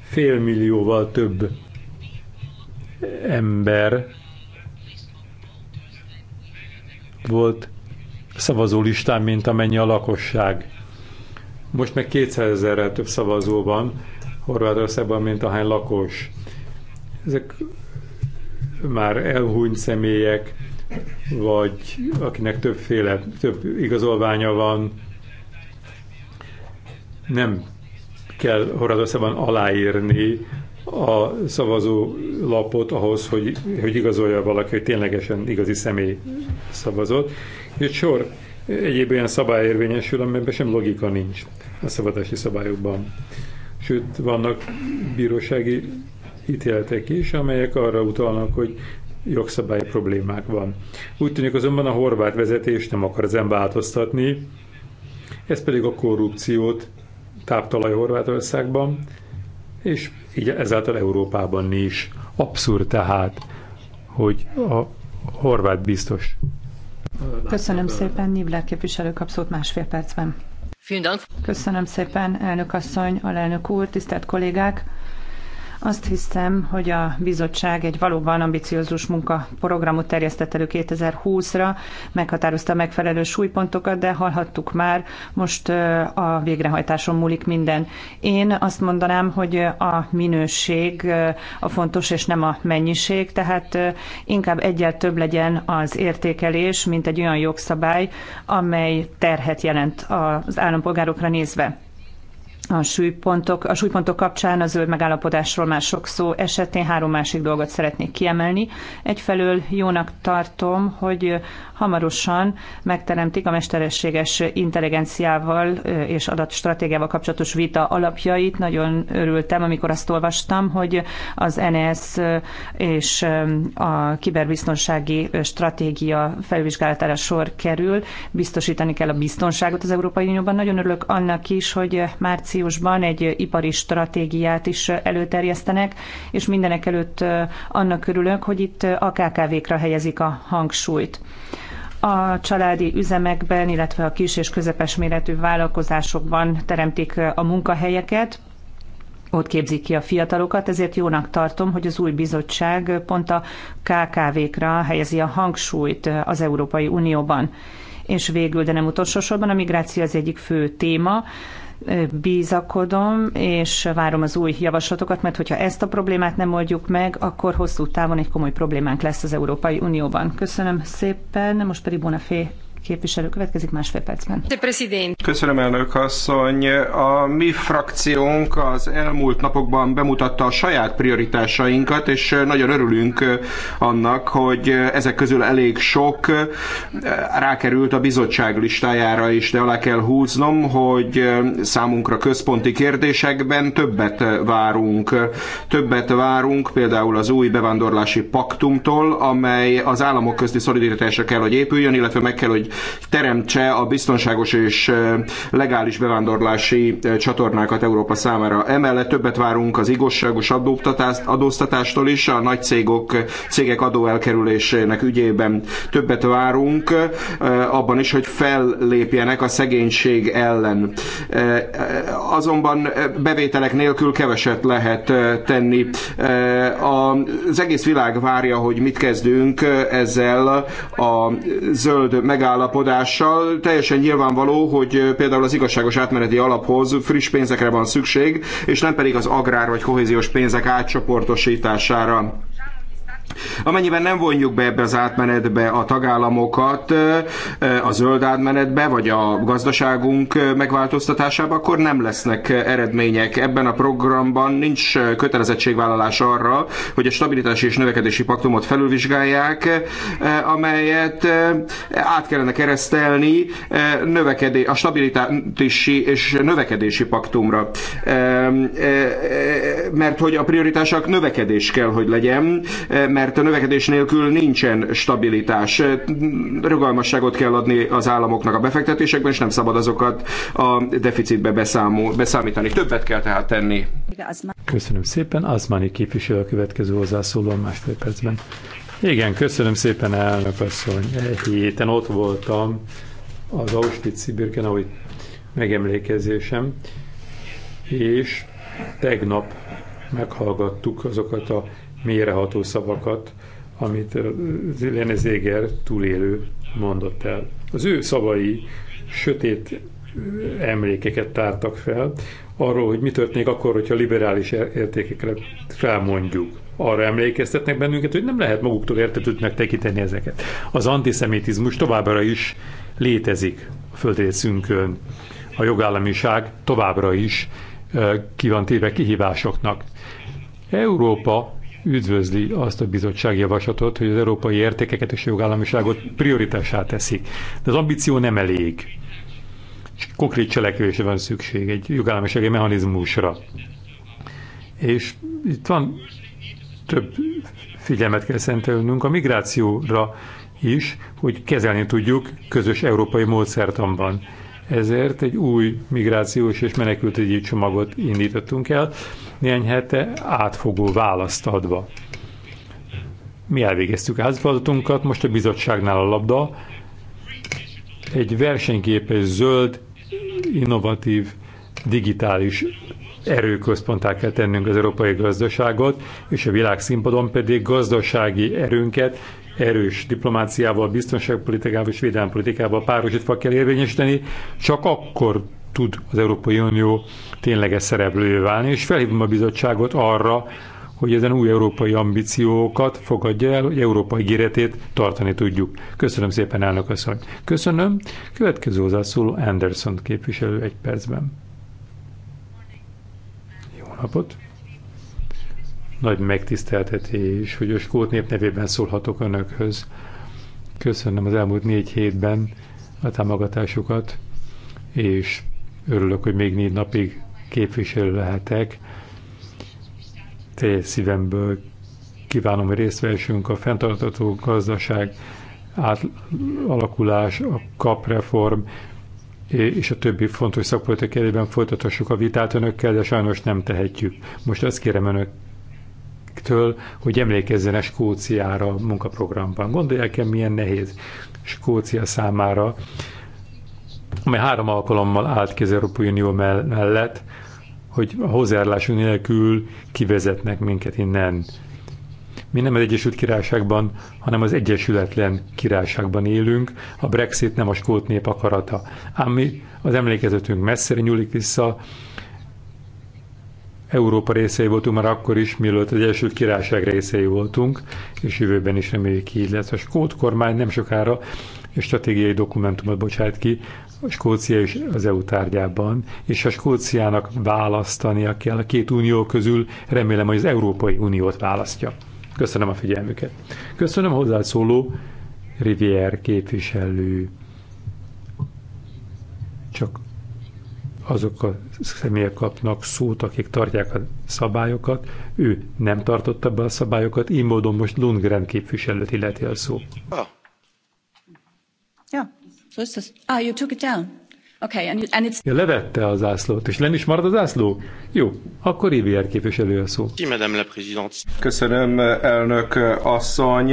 félmillióval több ember volt szavazó listán, mint amennyi a lakosság. Most meg 200 ezerrel több szavazó van Horvátországban, mint ahány lakos. Ezek már elhúnyt személyek, vagy akinek többféle, több igazolványa van, nem kell Horvátországban aláírni a szavazó lapot ahhoz, hogy, hogy igazolja valaki, hogy ténylegesen igazi személy szavazott. Egy sor egyéb olyan szabály érvényesül, amiben sem logika nincs a szavazási szabályokban. Sőt, vannak bírósági ítéletek is, amelyek arra utalnak, hogy jogszabály problémák van. Úgy tűnik azonban a horvát vezetés nem akar ezen változtatni, ez pedig a korrupciót táptalaj Horvátországban, és így ezáltal Európában is. Abszurd tehát, hogy a horvát biztos. Köszönöm szépen, Nibler képviselő kapszót másfél percben. Köszönöm szépen, elnök asszony, alelnök úr, tisztelt kollégák! Azt hiszem, hogy a bizottság egy valóban ambiciózus munkaprogramot terjesztett elő 2020-ra, meghatározta megfelelő súlypontokat, de hallhattuk már, most a végrehajtáson múlik minden. Én azt mondanám, hogy a minőség a fontos, és nem a mennyiség, tehát inkább egyel több legyen az értékelés, mint egy olyan jogszabály, amely terhet jelent az állampolgárokra nézve a súlypontok, a súlypontok kapcsán a zöld megállapodásról már sok szó esetén három másik dolgot szeretnék kiemelni. Egyfelől jónak tartom, hogy hamarosan megteremtik a mesterességes intelligenciával és adatstratégiával kapcsolatos vita alapjait. Nagyon örültem, amikor azt olvastam, hogy az NS és a kiberbiztonsági stratégia felvizsgálatára sor kerül. Biztosítani kell a biztonságot az Európai Unióban. Nagyon örülök annak is, hogy március márciusban egy ipari stratégiát is előterjesztenek, és mindenek előtt annak örülök, hogy itt a KKV-kra helyezik a hangsúlyt a családi üzemekben, illetve a kis és közepes méretű vállalkozásokban teremtik a munkahelyeket, ott képzik ki a fiatalokat, ezért jónak tartom, hogy az új bizottság pont a KKV-kra helyezi a hangsúlyt az Európai Unióban. És végül, de nem utolsó sorban, a migráció az egyik fő téma bízakodom, és várom az új javaslatokat, mert hogyha ezt a problémát nem oldjuk meg, akkor hosszú távon egy komoly problémánk lesz az Európai Unióban. Köszönöm szépen, most pedig Bonafé képviselő következik másfél percben. Köszönöm, elnök asszony. A mi frakciónk az elmúlt napokban bemutatta a saját prioritásainkat, és nagyon örülünk annak, hogy ezek közül elég sok rákerült a bizottság listájára is, de alá kell húznom, hogy számunkra központi kérdésekben többet várunk. Többet várunk például az új bevándorlási paktumtól, amely az államok közti szolidaritásra kell, hogy épüljön, illetve meg kell, hogy teremtse a biztonságos és legális bevándorlási csatornákat Európa számára. Emellett többet várunk az igazságos adóztatástól is, a nagy cégok, cégek adóelkerülésének ügyében többet várunk, abban is, hogy fellépjenek a szegénység ellen. Azonban bevételek nélkül keveset lehet tenni. Az egész világ várja, hogy mit kezdünk ezzel a zöld megállapodással, megállapodással. Teljesen nyilvánvaló, hogy például az igazságos átmeneti alaphoz friss pénzekre van szükség, és nem pedig az agrár vagy kohéziós pénzek átcsoportosítására. Amennyiben nem vonjuk be ebbe az átmenetbe a tagállamokat a zöld átmenetbe, vagy a gazdaságunk megváltoztatásába, akkor nem lesznek eredmények. Ebben a programban nincs kötelezettségvállalás arra, hogy a stabilitási és növekedési paktumot felülvizsgálják, amelyet át kellene keresztelni a stabilitási és növekedési paktumra. Mert hogy a prioritások növekedés kell, hogy legyen, mert mert a növekedés nélkül nincsen stabilitás. Rugalmasságot kell adni az államoknak a befektetésekben, és nem szabad azokat a deficitbe beszámol, beszámítani. Többet kell tehát tenni. Köszönöm szépen. Azmani képviselő a következő hozzászóló a másfél percben. Igen, köszönöm szépen, elnök asszony. Egy héten ott voltam az Auschwitz-Birkenaui megemlékezésem, és tegnap meghallgattuk azokat a mélyreható szavakat, amit Lene Zéger túlélő mondott el. Az ő szavai sötét emlékeket tártak fel, arról, hogy mi történik akkor, hogyha liberális er-, értékekre felmondjuk. Arra emlékeztetnek bennünket, hogy nem lehet maguktól értetődnek tekinteni ezeket. Az antiszemitizmus továbbra is létezik a földrészünkön. A jogállamiság továbbra is ki van téve kihívásoknak. Európa üdvözli azt a bizottság javaslatot, hogy az európai értékeket és jogállamiságot prioritássá teszik. De az ambíció nem elég. Konkrét cselekvésre van szükség, egy jogállamisági mechanizmusra. És itt van több figyelmet kell szentelnünk a migrációra is, hogy kezelni tudjuk közös európai módszertanban. Ezért egy új migrációs és menekültügyi csomagot indítottunk el, néhány hete átfogó választ adva. Mi elvégeztük házfeladatunkat, most a bizottságnál a labda. Egy versenyképes, zöld, innovatív, digitális erőközponttá kell tennünk az európai gazdaságot, és a világszínpadon pedig gazdasági erőnket erős diplomáciával, biztonságpolitikával és védelmpolitikával párosítva kell érvényesíteni, csak akkor tud az Európai Unió tényleges szereplővé válni, és felhívom a bizottságot arra, hogy ezen új európai ambíciókat fogadja el, hogy európai gyeretét tartani tudjuk. Köszönöm szépen, elnök asszony. Köszönöm. Következő hozzászóló Anderson képviselő egy percben. Jó napot. Nagy megtiszteltetés, hogy a skót nép nevében szólhatok önökhöz. Köszönöm az elmúlt négy hétben a támogatásukat, és örülök, hogy még négy napig képviselő lehetek. Teljes szívemből kívánom, hogy részt vessünk a fenntartató gazdaság átalakulás, a kapreform és a többi fontos szakpolitikai elében folytathassuk a vitát önökkel, de sajnos nem tehetjük. Most azt kérem önök gyerektől, hogy a Skóciára a munkaprogramban. Gondolják el, milyen nehéz Skócia számára, amely három alkalommal állt ki az Európai Unió mellett, hogy a hozzájárulásunk nélkül kivezetnek minket innen. Mi nem az Egyesült Királyságban, hanem az Egyesületlen Királyságban élünk. A Brexit nem a skót nép akarata. Ám mi az emlékezetünk messzire nyúlik vissza, Európa részei voltunk már akkor is, mielőtt az első Királyság részei voltunk, és jövőben is reméljük így lesz. A skót kormány nem sokára a stratégiai dokumentumot bocsájt ki, a Skócia és az EU tárgyában, és a Skóciának választania kell a két unió közül, remélem, hogy az Európai Uniót választja. Köszönöm a figyelmüket. Köszönöm a hozzászóló Rivière képviselő. azok a személyek kapnak szót, akik tartják a szabályokat. Ő nem tartotta be a szabályokat, így módon most Lundgren képviselőt illeti a szó. Ah. Yeah. So it's just, ah, you took it down. Okay, and, and it's... Ja, levette a zászlót, és len is marad a zászló? Jó, akkor IVR képviselő a szó. Köszönöm, elnök asszony.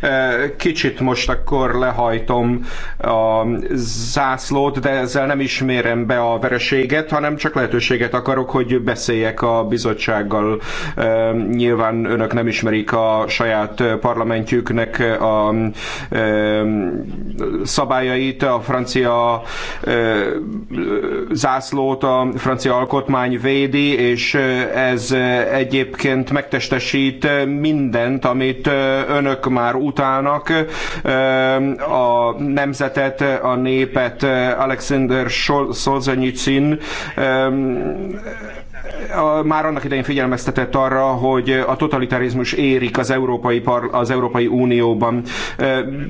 Eh, kicsit most akkor lehajtom a zászlót, de ezzel nem ismérem be a vereséget, hanem csak lehetőséget akarok, hogy beszéljek a bizottsággal. Eh, nyilván önök nem ismerik a saját parlamentjüknek a eh, szabályait, a francia zászlót a francia alkotmány védi, és ez egyébként megtestesít mindent, amit önök már utálnak, a nemzetet, a népet, Alexander Solzhenitsyn a, már annak idején figyelmeztetett arra, hogy a totalitarizmus érik az Európai, Par, az Európai Unióban.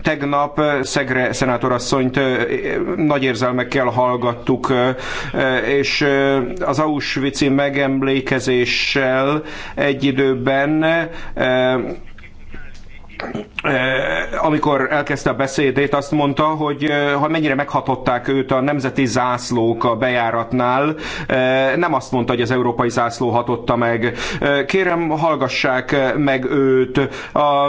Tegnap Szegre szenátorasszonyt nagy érzelmekkel hallgattuk, és az auschwitz megemlékezéssel egy időben Eh, amikor elkezdte a beszédét, azt mondta, hogy eh, ha mennyire meghatották őt a nemzeti zászlók a bejáratnál, eh, nem azt mondta, hogy az európai zászló hatotta meg. Kérem, hallgassák meg őt. A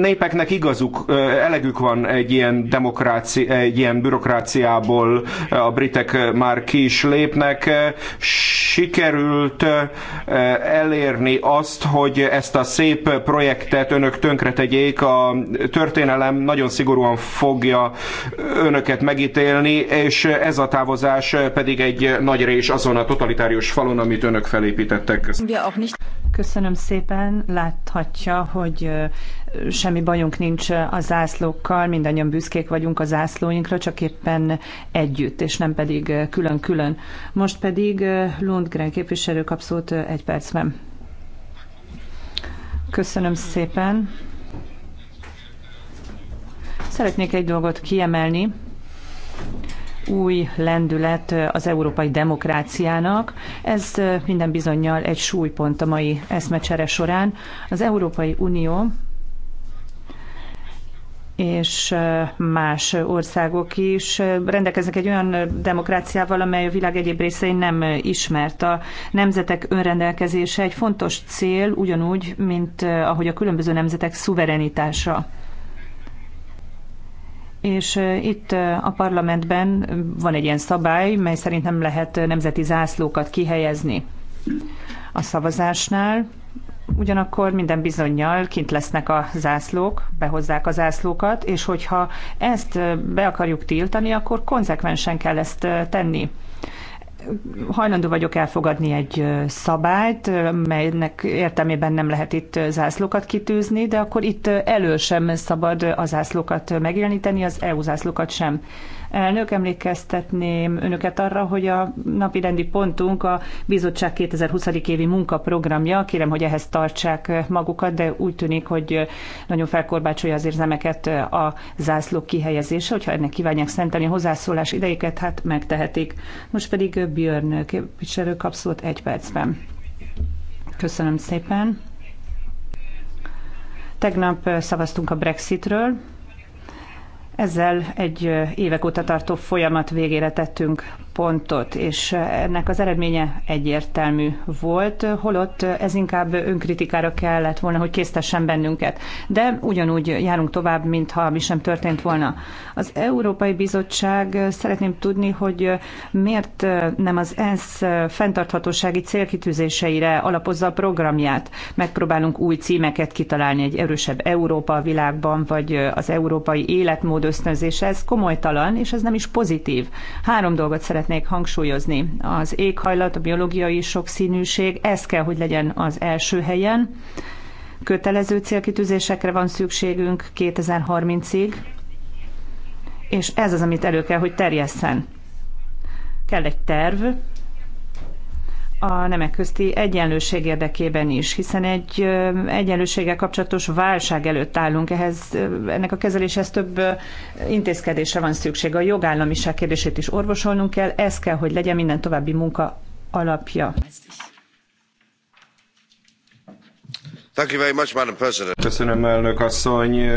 népeknek igazuk, elegük van egy ilyen demokráci, egy ilyen bürokráciából, a britek már ki is lépnek. Sikerült elérni azt, hogy ezt a szép projektet önök tönkretették tegyék. A történelem nagyon szigorúan fogja önöket megítélni, és ez a távozás pedig egy nagy rés azon a totalitárius falon, amit önök felépítettek. Köszönöm szépen, láthatja, hogy semmi bajunk nincs a zászlókkal, mindannyian büszkék vagyunk a zászlóinkra, csak éppen együtt, és nem pedig külön-külön. Most pedig Lundgren képviselő kap szót egy percben. Köszönöm szépen. Szeretnék egy dolgot kiemelni, új lendület az európai demokráciának. Ez minden bizonyal egy súlypont a mai eszmecsere során. Az Európai Unió és más országok is rendelkeznek egy olyan demokráciával, amely a világ egyéb részein nem ismert. A nemzetek önrendelkezése egy fontos cél, ugyanúgy, mint ahogy a különböző nemzetek szuverenitása. És itt a parlamentben van egy ilyen szabály, mely szerint nem lehet nemzeti zászlókat kihelyezni a szavazásnál. Ugyanakkor minden bizonyal kint lesznek a zászlók, behozzák a zászlókat, és hogyha ezt be akarjuk tiltani, akkor konzekvensen kell ezt tenni hajlandó vagyok elfogadni egy szabályt, melynek értelmében nem lehet itt zászlókat kitűzni, de akkor itt elő sem szabad a zászlókat megjeleníteni, az EU zászlókat sem. Elnök, emlékeztetném önöket arra, hogy a napi rendi pontunk a bizottság 2020. évi munkaprogramja. Kérem, hogy ehhez tartsák magukat, de úgy tűnik, hogy nagyon felkorbácsolja az érzemeket a zászlók kihelyezése. Hogyha ennek kívánják szentelni a hozzászólás idejéket, hát megtehetik. Most pedig Björn képviselő kap szót egy percben. Köszönöm szépen. Tegnap szavaztunk a Brexitről, ezzel egy évek óta tartó folyamat végére tettünk pontot, és ennek az eredménye egyértelmű volt, holott ez inkább önkritikára kellett volna, hogy késztessen bennünket. De ugyanúgy járunk tovább, mintha mi sem történt volna. Az Európai Bizottság szeretném tudni, hogy miért nem az ENSZ fenntarthatósági célkitűzéseire alapozza a programját. Megpróbálunk új címeket kitalálni, egy erősebb Európa a világban, vagy az európai életmód ösztönzése. Ez komolytalan, és ez nem is pozitív. Három dolgot szeretném szeretnék hangsúlyozni. Az éghajlat, a biológiai sokszínűség, ez kell, hogy legyen az első helyen. Kötelező célkitűzésekre van szükségünk 2030-ig, és ez az, amit elő kell, hogy terjesszen. Kell egy terv, a nemek közti egyenlőség érdekében is, hiszen egy egyenlőséggel kapcsolatos válság előtt állunk. Ehhez, ennek a kezeléshez több intézkedésre van szükség. A jogállamiság kérdését is orvosolnunk kell. Ez kell, hogy legyen minden további munka alapja. Köszönöm, elnök asszony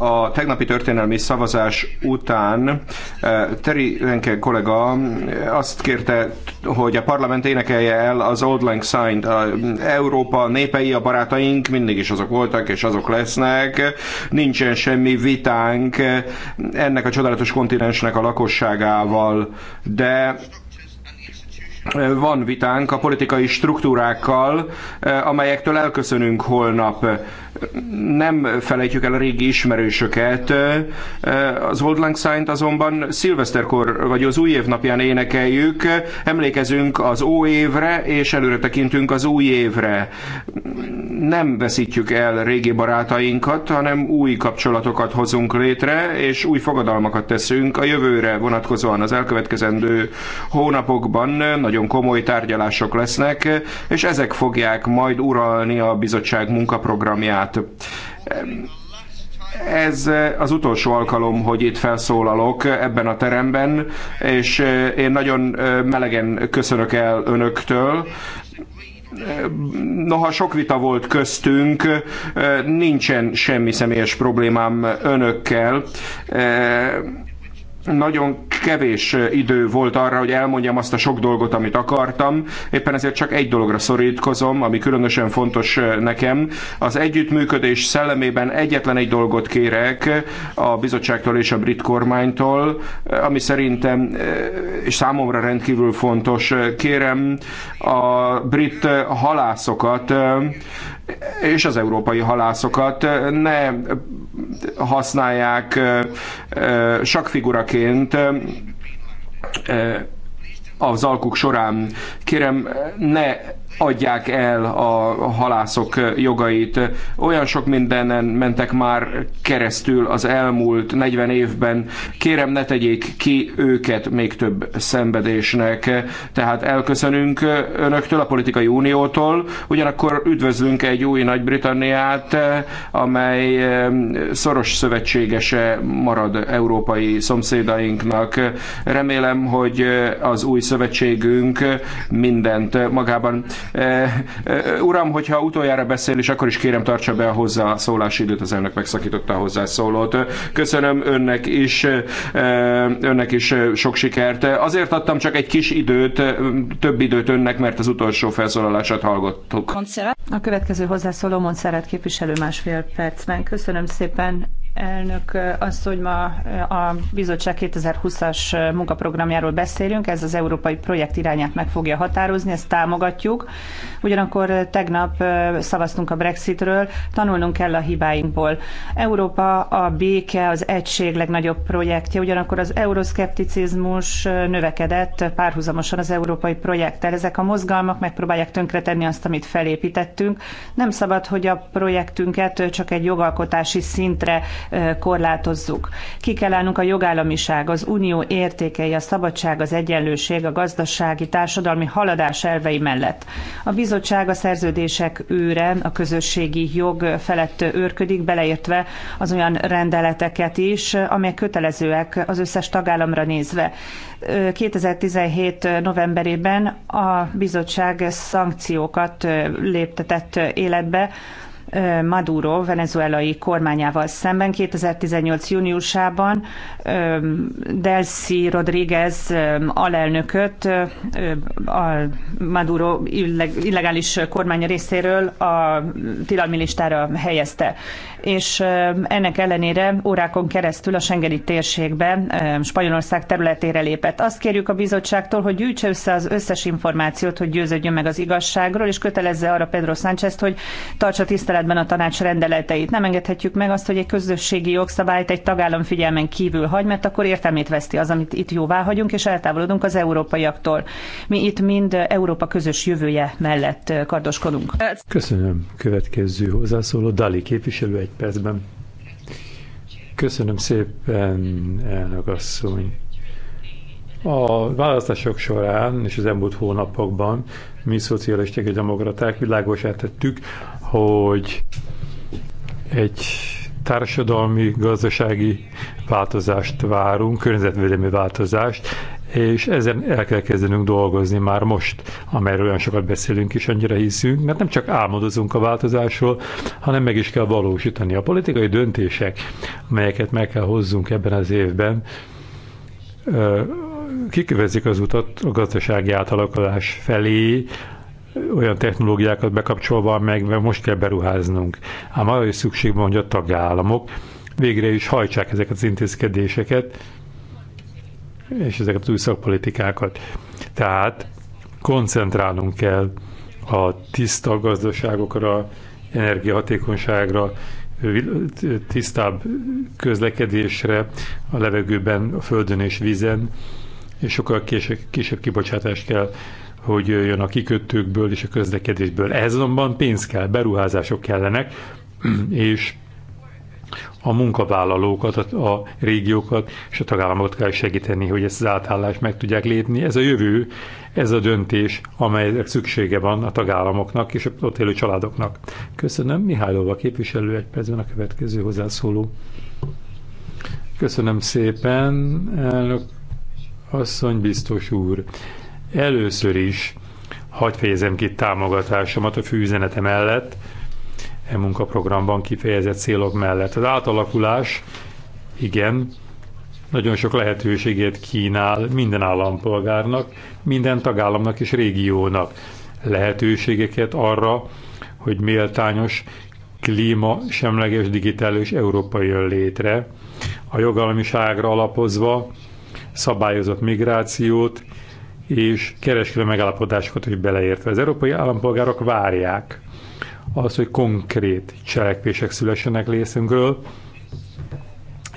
a tegnapi történelmi szavazás után eh, Teri Lenke kollega eh, azt kérte, hogy a parlament énekelje el az Old Lang Syne-t. Mm, Európa népei, a barátaink mindig is azok voltak, és azok lesznek. Nincsen semmi vitánk eh, ennek a csodálatos kontinensnek a lakosságával, de van vitánk a politikai struktúrákkal, amelyektől elköszönünk holnap nem felejtjük el a régi ismerősöket. Az Old Lang Syne-t azonban szilveszterkor, vagy az új év napján énekeljük, emlékezünk az ó évre, és előre tekintünk az új évre. Nem veszítjük el régi barátainkat, hanem új kapcsolatokat hozunk létre, és új fogadalmakat teszünk a jövőre vonatkozóan az elkövetkezendő hónapokban nagyon komoly tárgyalások lesznek, és ezek fogják majd uralni a bizottság munkaprogramját tehát Ez az utolsó alkalom, hogy itt felszólalok ebben a teremben, és én nagyon melegen köszönök el önöktől, noha sok vita volt köztünk, nincsen semmi személyes problémám önökkel nagyon kevés idő volt arra, hogy elmondjam azt a sok dolgot, amit akartam. Éppen ezért csak egy dologra szorítkozom, ami különösen fontos nekem. Az együttműködés szellemében egyetlen egy dolgot kérek a bizottságtól és a brit kormánytól, ami szerintem és számomra rendkívül fontos. Kérem a brit halászokat és az európai halászokat ne használják sakfiguraként az alkuk során. Kérem, ne adják el a halászok jogait. Olyan sok mindenen mentek már keresztül az elmúlt 40 évben. Kérem, ne tegyék ki őket még több szenvedésnek. Tehát elköszönünk önöktől, a politikai uniótól, ugyanakkor üdvözlünk egy új Nagy-Britanniát, amely szoros szövetségese marad európai szomszédainknak. Remélem, hogy az új szövetségünk mindent magában Eh, eh, uram, hogyha utoljára beszél, és akkor is kérem tartsa be a hozzászólási időt, az elnök megszakította a hozzászólót. Köszönöm önnek is, eh, önnek is sok sikert. Azért adtam csak egy kis időt, több időt önnek, mert az utolsó felszólalását hallgattuk. A következő hozzászóló Monszeret képviselő másfél percben. Köszönöm szépen, Elnök asszony, ma eh, a bizottság 2020-as munkaprogramjáról beszélünk, ez az európai projekt irányát meg fogja határozni, ezt támogatjuk. Ugyanakkor eh, tegnap eh, szavaztunk a Brexitről, tanulnunk kell a hibáinkból. Európa a béke, az egység legnagyobb projektje, ugyanakkor az euroszkepticizmus növekedett párhuzamosan az európai projekttel. Ezek a mozgalmak megpróbálják tönkretenni azt, amit felépítettünk. Nem szabad, hogy a projektünket csak egy jogalkotási szintre korlátozzuk. Ki kell állnunk a jogállamiság, az unió értékei, a szabadság, az egyenlőség, a gazdasági, társadalmi haladás elvei mellett. A bizottság a szerződések őre, a közösségi jog felett őrködik, beleértve az olyan rendeleteket is, amelyek kötelezőek az összes tagállamra nézve. 2017. novemberében a bizottság szankciókat léptetett életbe, Maduro venezuelai kormányával szemben 2018. júniusában Delcy Rodríguez alelnököt a Maduro illegális kormánya részéről a tilalmi listára helyezte és ennek ellenére órákon keresztül a Schengeni térségbe, Spanyolország területére lépett. Azt kérjük a bizottságtól, hogy gyűjtse össze az összes információt, hogy győződjön meg az igazságról, és kötelezze arra Pedro sánchez hogy tartsa tiszteletben a tanács rendeleteit. Nem engedhetjük meg azt, hogy egy közösségi jogszabályt egy tagállam figyelmen kívül hagy, mert akkor értelmét veszti az, amit itt jóvá hagyunk, és eltávolodunk az európaiaktól. Mi itt mind Európa közös jövője mellett kardoskodunk. Köszönöm. Következő hozzászóló Dali képviselő egy egy percben. Köszönöm szépen, elnök asszony. A választások során és az elmúlt hónapokban mi szocialisták és demokraták világosát tettük, hogy egy társadalmi, gazdasági változást várunk, környezetvédelmi változást és ezen el kell kezdenünk dolgozni már most, amelyről olyan sokat beszélünk és annyira hiszünk, mert nem csak álmodozunk a változásról, hanem meg is kell valósítani. A politikai döntések, amelyeket meg kell hozzunk ebben az évben, kikövezik az utat a gazdasági átalakulás felé, olyan technológiákat bekapcsolva, mert most kell beruháznunk. Ám arra is szükség van, hogy a tagállamok végre is hajtsák ezeket az intézkedéseket, és ezeket az új szakpolitikákat. Tehát koncentrálnunk kell a tiszta gazdaságokra, energiahatékonyságra, tisztább közlekedésre, a levegőben, a földön és vízen, és sokkal kisebb, kisebb kibocsátást kell, hogy jön a kikötőkből és a közlekedésből. Ez azonban pénz kell, beruházások kellenek, és a munkavállalókat, a, régiókat és a tagállamokat kell segíteni, hogy ezt az átállást meg tudják lépni. Ez a jövő, ez a döntés, amelynek szüksége van a tagállamoknak és ott élő családoknak. Köszönöm. Mihálylova képviselő egy percben a következő hozzászóló. Köszönöm szépen, elnök asszony, biztos úr. Először is hagyd fejezem ki támogatásomat a fűzenete mellett, e munkaprogramban kifejezett célok mellett. Az átalakulás, igen, nagyon sok lehetőséget kínál minden állampolgárnak, minden tagállamnak és régiónak. Lehetőségeket arra, hogy méltányos, klíma semleges digitális Európa jön létre, a jogalmiságra alapozva szabályozott migrációt és kereskedő megállapodásokat is beleértve. Az európai állampolgárok várják, az, hogy konkrét cselekvések szülessenek részünkről,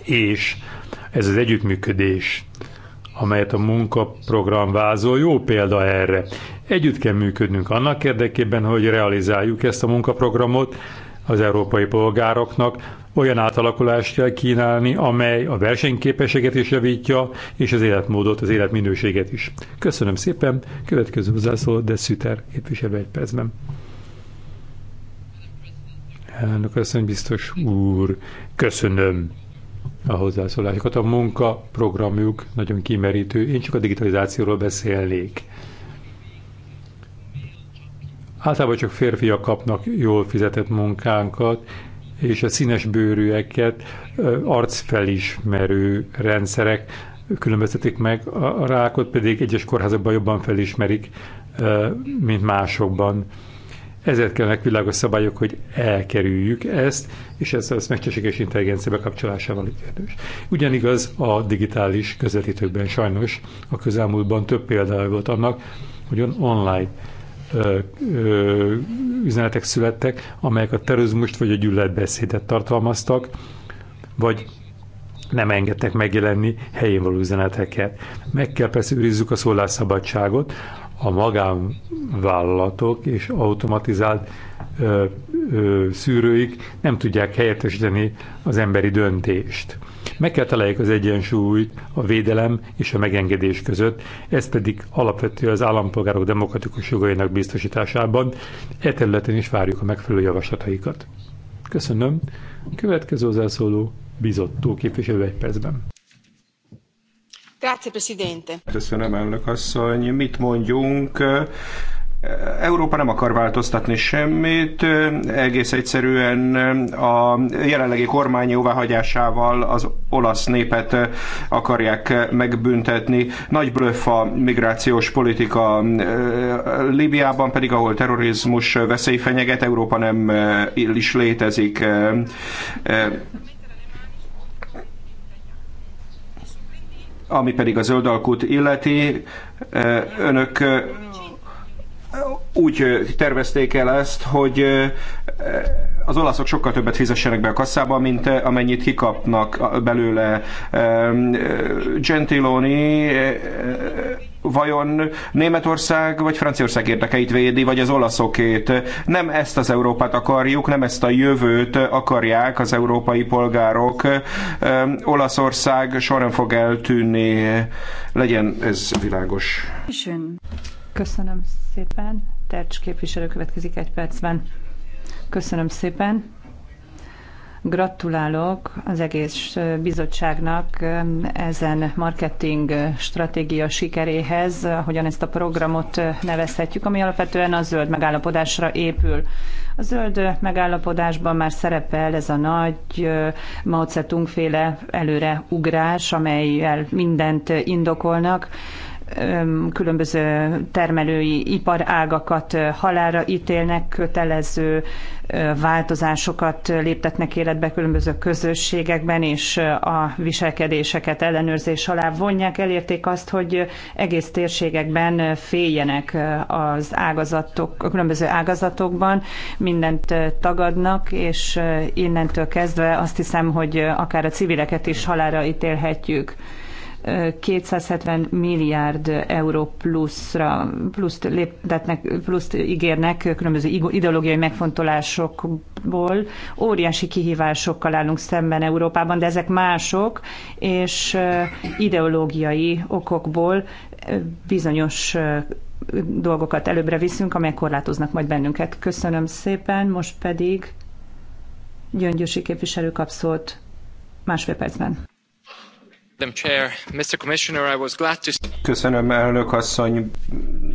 és ez az együttműködés, amelyet a munkaprogram vázol, jó példa erre. Együtt kell működnünk annak érdekében, hogy realizáljuk ezt a munkaprogramot, az európai polgároknak olyan átalakulást kell kínálni, amely a versenyképességet is javítja, és az életmódot, az életminőséget is. Köszönöm szépen, következő hozzászól, de Szüter képviselő egy percben. Elnök asszony, biztos úr, köszönöm a hozzászólásokat. A munka programjuk nagyon kimerítő. Én csak a digitalizációról beszélnék. Általában csak férfiak kapnak jól fizetett munkánkat, és a színes bőrűeket arcfelismerő rendszerek különböztetik meg, a rákot pedig egyes kórházakban jobban felismerik, mint másokban. Ezért kellnek világos szabályok, hogy elkerüljük ezt, és ez az mesterséges intelligencia bekapcsolásával kérdés. Ugyanigaz a digitális közvetítőkben sajnos a közelmúltban több példája volt annak, hogy online ö, ö, üzenetek születtek, amelyek a terrorizmust vagy a gyűlöletbeszédet tartalmaztak, vagy nem engedtek megjelenni helyén való üzeneteket. Meg kell persze őrizzük a szólásszabadságot, a magánvállalatok és automatizált ö, ö, szűrőik nem tudják helyettesíteni az emberi döntést. Meg kell találjuk az egyensúlyt a védelem és a megengedés között, ez pedig alapvető az állampolgárok demokratikus jogainak biztosításában. E területen is várjuk a megfelelő javaslataikat. Köszönöm. A következő hozzászóló bizottó képviselő egy percben. Köszönöm, elnök asszony. Mit mondjunk? Európa nem akar változtatni semmit, egész egyszerűen a jelenlegi kormány jóváhagyásával az olasz népet akarják megbüntetni. Nagy blöff a migrációs politika Líbiában, pedig ahol terrorizmus veszély fenyeget, Európa nem is létezik Ami pedig a zöld alkút illeti, önök úgy tervezték el ezt, hogy az olaszok sokkal többet fizessenek be a kasszába, mint eh, amennyit kikapnak eh, belőle eh, Gentiloni vajon Németország vagy Franciaország érdekeit védi, vagy az olaszokét. Nem ezt az Európát akarjuk, nem ezt a jövőt akarják az európai polgárok. Olaszország soha nem fog eltűnni. Legyen ez világos. Köszönöm szépen. Tercs képviselő következik egy percben. Köszönöm szépen. Gratulálok az egész bizottságnak um, ezen marketing stratégia sikeréhez, ahogyan ezt a programot nevezhetjük, ami alapvetően a zöld megállapodásra épül. A zöld megállapodásban már szerepel ez a nagy uh, Mao Tse-tung féle előreugrás, amelyel mindent indokolnak különböző termelői iparágakat halára ítélnek, kötelező változásokat léptetnek életbe különböző közösségekben, és a viselkedéseket ellenőrzés alá vonják. Elérték azt, hogy egész térségekben féljenek az ágazatok, a különböző ágazatokban, mindent tagadnak, és innentől kezdve azt hiszem, hogy akár a civileket is halára ítélhetjük. 270 milliárd euró pluszra, pluszt, léptetnek, pluszt ígérnek különböző ideológiai megfontolásokból. Óriási kihívásokkal állunk szemben Európában, de ezek mások, és ideológiai okokból bizonyos dolgokat előbbre viszünk, amelyek korlátoznak majd bennünket. Köszönöm szépen, most pedig Gyöngyösi képviselő kap szót másfél percben. Köszönöm, elnök asszony.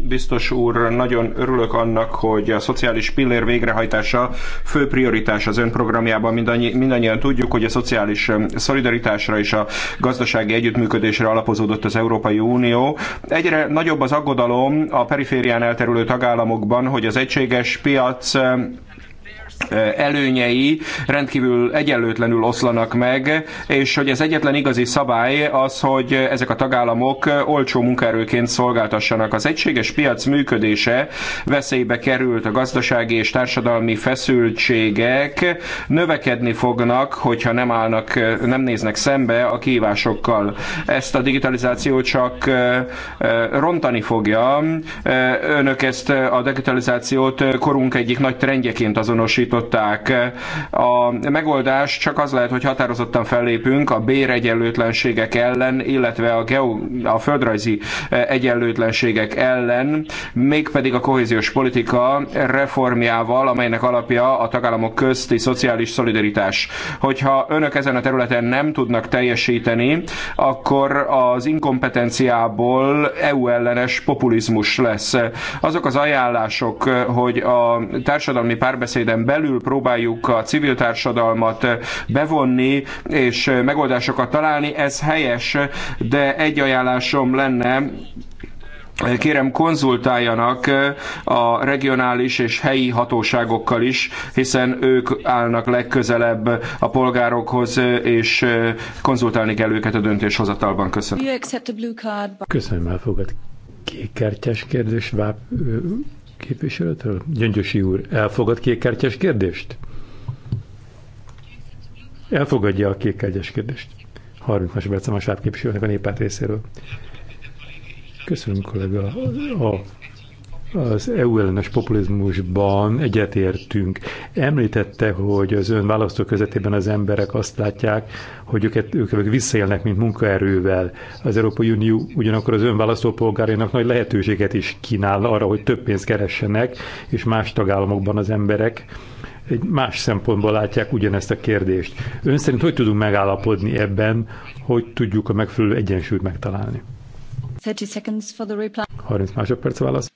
Biztos úr, nagyon örülök annak, hogy a szociális pillér végrehajtása fő prioritás az ön programjában. Mindannyi, mindannyian tudjuk, hogy a szociális um, szolidaritásra és a gazdasági együttműködésre alapozódott az Európai Unió. Egyre nagyobb az aggodalom a periférián elterülő tagállamokban, hogy az egységes piac um, előnyei rendkívül egyenlőtlenül oszlanak meg, és hogy ez egyetlen igazi szabály az, hogy ezek a tagállamok olcsó munkaerőként szolgáltassanak. Az egységes piac működése veszélybe került, a gazdasági és társadalmi feszültségek növekedni fognak, hogyha nem állnak, nem néznek szembe a kívásokkal. Ezt a digitalizáció csak rontani fogja. Önök ezt a digitalizációt korunk egyik nagy trendjeként azonosít biztosították A megoldás csak az lehet, hogy határozottan fellépünk a béregyenlőtlenségek ellen, illetve a, geo, a földrajzi eh, egyenlőtlenségek ellen, mégpedig a kohéziós politika reformjával, amelynek alapja a tagállamok közti szociális szolidaritás. Hogyha önök ezen a területen nem tudnak teljesíteni, akkor az inkompetenciából EU ellenes populizmus lesz. Azok az ajánlások, hogy a társadalmi párbeszéden belül belül próbáljuk a civil társadalmat bevonni és megoldásokat találni, ez helyes, de egy ajánlásom lenne, kérem konzultáljanak a regionális és helyi hatóságokkal is, hiszen ők állnak legközelebb a polgárokhoz, és konzultálni kell őket a döntéshozatalban. Köszönöm. Köszönöm, elfogad kártyás kérdés Váb képviselőtől? Gyöngyösi úr, elfogad kékkártyás kérdést? Elfogadja a kékkártyás kérdést. 30 másodperc a képviselőnek a néppárt részéről. Köszönöm, kollega. A az EU ellenes populizmusban egyetértünk. Említette, hogy az ön választóközetében az emberek azt látják, hogy őket, ők visszaélnek, mint munkaerővel. Az Európai Unió ugyanakkor az ön választópolgárainak nagy lehetőséget is kínál arra, hogy több pénzt keressenek, és más tagállamokban az emberek egy más szempontból látják ugyanezt a kérdést. Ön szerint hogy tudunk megállapodni ebben, hogy tudjuk a megfelelő egyensúlyt megtalálni? 30 másodperc válasz.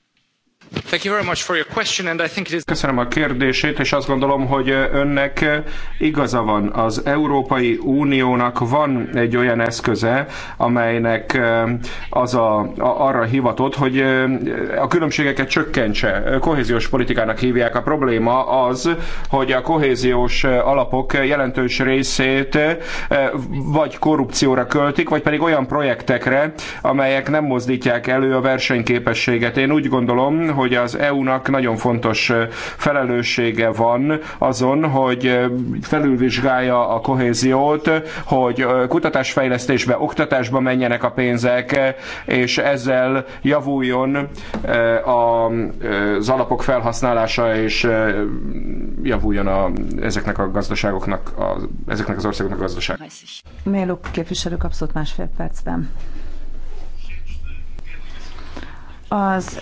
Köszönöm a kérdését, és azt gondolom, hogy önnek igaza van. Az Európai Uniónak van egy olyan eszköze, amelynek eh, az a, a, arra hivatott, hogy eh, a különbségeket csökkentse. Kohéziós politikának hívják. A probléma az, hogy a kohéziós alapok jelentős részét eh, vagy korrupcióra költik, vagy pedig olyan projektekre, amelyek nem mozdítják elő a versenyképességet. Én úgy gondolom, hogy hogy az EU-nak nagyon fontos felelőssége van azon, hogy felülvizsgálja a kohéziót, hogy kutatásfejlesztésbe, oktatásba menjenek a pénzek, és ezzel javuljon az alapok felhasználása, és javuljon a, ezeknek a gazdaságoknak, a, ezeknek az országoknak a gazdaság. Mélok képviselő kapszott másfél percben az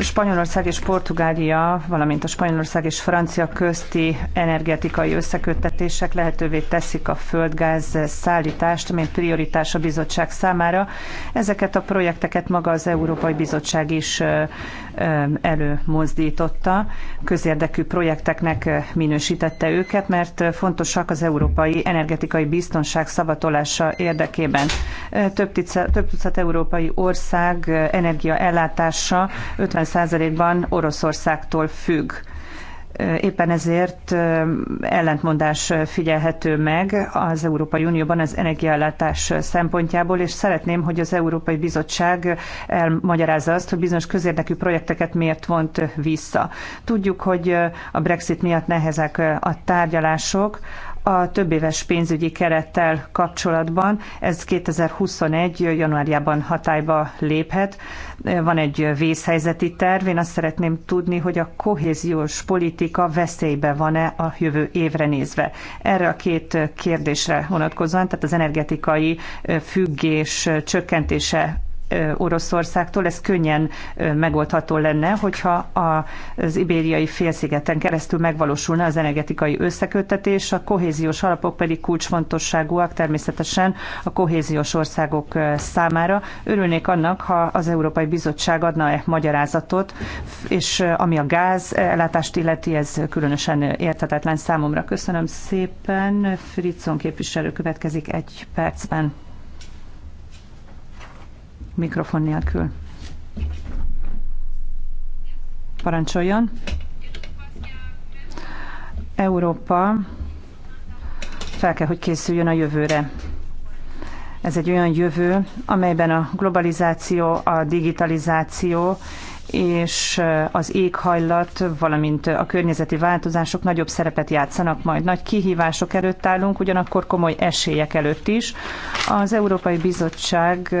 Spanyolország és Portugália, valamint a Spanyolország és Francia közti energetikai összeköttetések lehetővé teszik a földgáz szállítást, mint prioritás a bizottság számára. Ezeket a projekteket maga az Európai Bizottság is előmozdította, közérdekű projekteknek minősítette őket, mert fontosak az európai energetikai biztonság szavatolása érdekében. Több tucat európai ország energiaellátás ellátása 50%-ban Oroszországtól függ. Éppen ezért ellentmondás figyelhető meg az Európai Unióban az energiállátás szempontjából, és szeretném, hogy az Európai Bizottság elmagyarázza azt, hogy bizonyos közérdekű projekteket miért vont vissza. Tudjuk, hogy a Brexit miatt nehezek a tárgyalások, a többéves pénzügyi kerettel kapcsolatban. Ez 2021. januárjában hatályba léphet. Van egy vészhelyzeti terv. Én azt szeretném tudni, hogy a kohéziós politika veszélybe van-e a jövő évre nézve. Erre a két kérdésre vonatkozóan, tehát az energetikai függés csökkentése Oroszországtól, ez könnyen megoldható lenne, hogyha az ibériai félszigeten keresztül megvalósulna az energetikai összeköttetés, a kohéziós alapok pedig kulcsfontosságúak természetesen a kohéziós országok számára. Örülnék annak, ha az Európai Bizottság adna-e magyarázatot, és ami a gáz ellátást illeti, ez különösen érthetetlen számomra. Köszönöm szépen. Fritzon képviselő következik egy percben mikrofon nélkül. Parancsoljon. Európa fel kell, hogy készüljön a jövőre. Ez egy olyan jövő, amelyben a globalizáció, a digitalizáció és az éghajlat, valamint a környezeti változások nagyobb szerepet játszanak majd. Nagy kihívások előtt állunk, ugyanakkor komoly esélyek előtt is. Az Európai Bizottság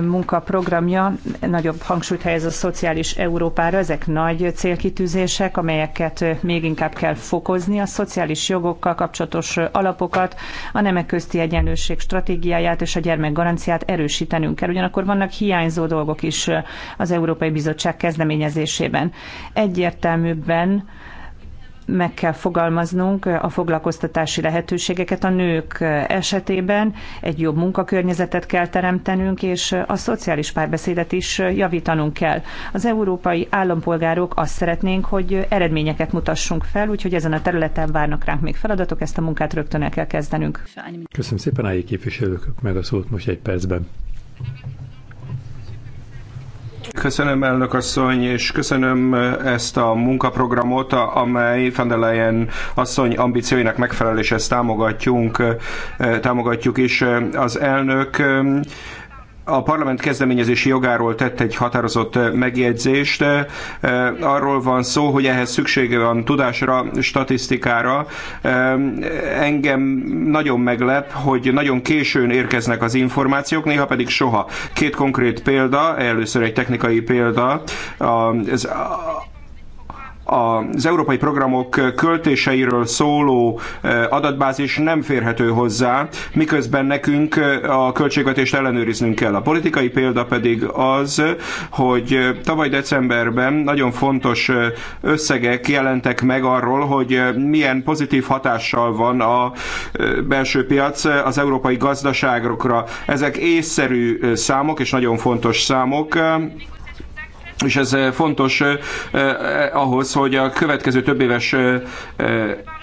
munkaprogramja nagyobb hangsúlyt helyez a szociális Európára. Ezek nagy célkitűzések, amelyeket még inkább kell fokozni. A szociális jogokkal kapcsolatos alapokat, a nemek közti egyenlőség stratégiáját és a gyermekgaranciát erősítenünk kell. Ugyanakkor vannak hiányzó dolgok is az Európai Bizottság bizottság kezdeményezésében. Egyértelműbben meg kell fogalmaznunk a foglalkoztatási lehetőségeket a nők esetében, egy jobb munkakörnyezetet kell teremtenünk, és a szociális párbeszédet is javítanunk kell. Az európai állampolgárok azt szeretnénk, hogy eredményeket mutassunk fel, úgyhogy ezen a területen várnak ránk még feladatok, ezt a munkát rögtön el kell kezdenünk. Köszönöm szépen, állj képviselők, meg a szót most egy percben. Köszönöm, elnök asszony, és köszönöm ezt a munkaprogramot, amely van der Leyen asszony ambícióinak megfelel, és ezt eh, támogatjuk is. Az elnök eh, a parlament kezdeményezési jogáról tett egy határozott megjegyzést. Arról van szó, hogy ehhez szüksége van tudásra, statisztikára. Engem nagyon meglep, hogy nagyon későn érkeznek az információk, néha pedig soha. Két konkrét példa, először egy technikai példa, az az európai programok költéseiről szóló adatbázis nem férhető hozzá, miközben nekünk a költségvetést ellenőriznünk kell. A politikai példa pedig az, hogy tavaly decemberben nagyon fontos összegek jelentek meg arról, hogy milyen pozitív hatással van a belső piac az európai gazdaságokra. Ezek észszerű számok és nagyon fontos számok és ez eh, fontos eh, eh, ahhoz, hogy a következő több éves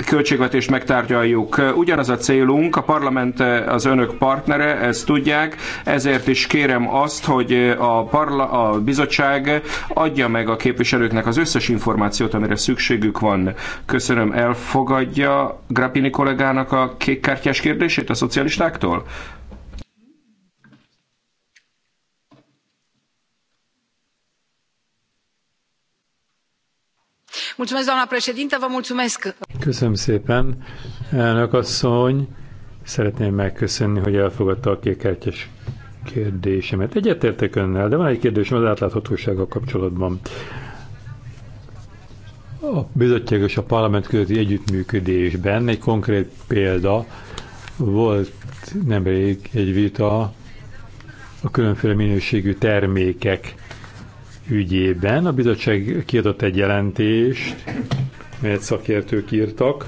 költségvetést megtárgyaljuk. Ugyanaz a célunk, a parlament az önök partnere, ezt tudják, ezért is kérem azt, hogy a, parla, a bizottság adja meg a képviselőknek az összes információt, amire szükségük van. Köszönöm, elfogadja Grappini kollégának a kékkártyás kérdését a szocialistáktól? Mulțumesc, doamna președintă, vă mulțumesc. Köszönöm szépen, elnök asszony. Szeretném megköszönni, hogy elfogadta a kékkártyás kérdésemet. Egyetértek önnel, de van egy kérdésem az átláthatósággal kapcsolatban. A bizottság és a parlament közötti együttműködésben egy konkrét példa volt nemrég egy vita a különféle minőségű termékek ügyében. A bizottság kiadott egy jelentést, melyet szakértők írtak,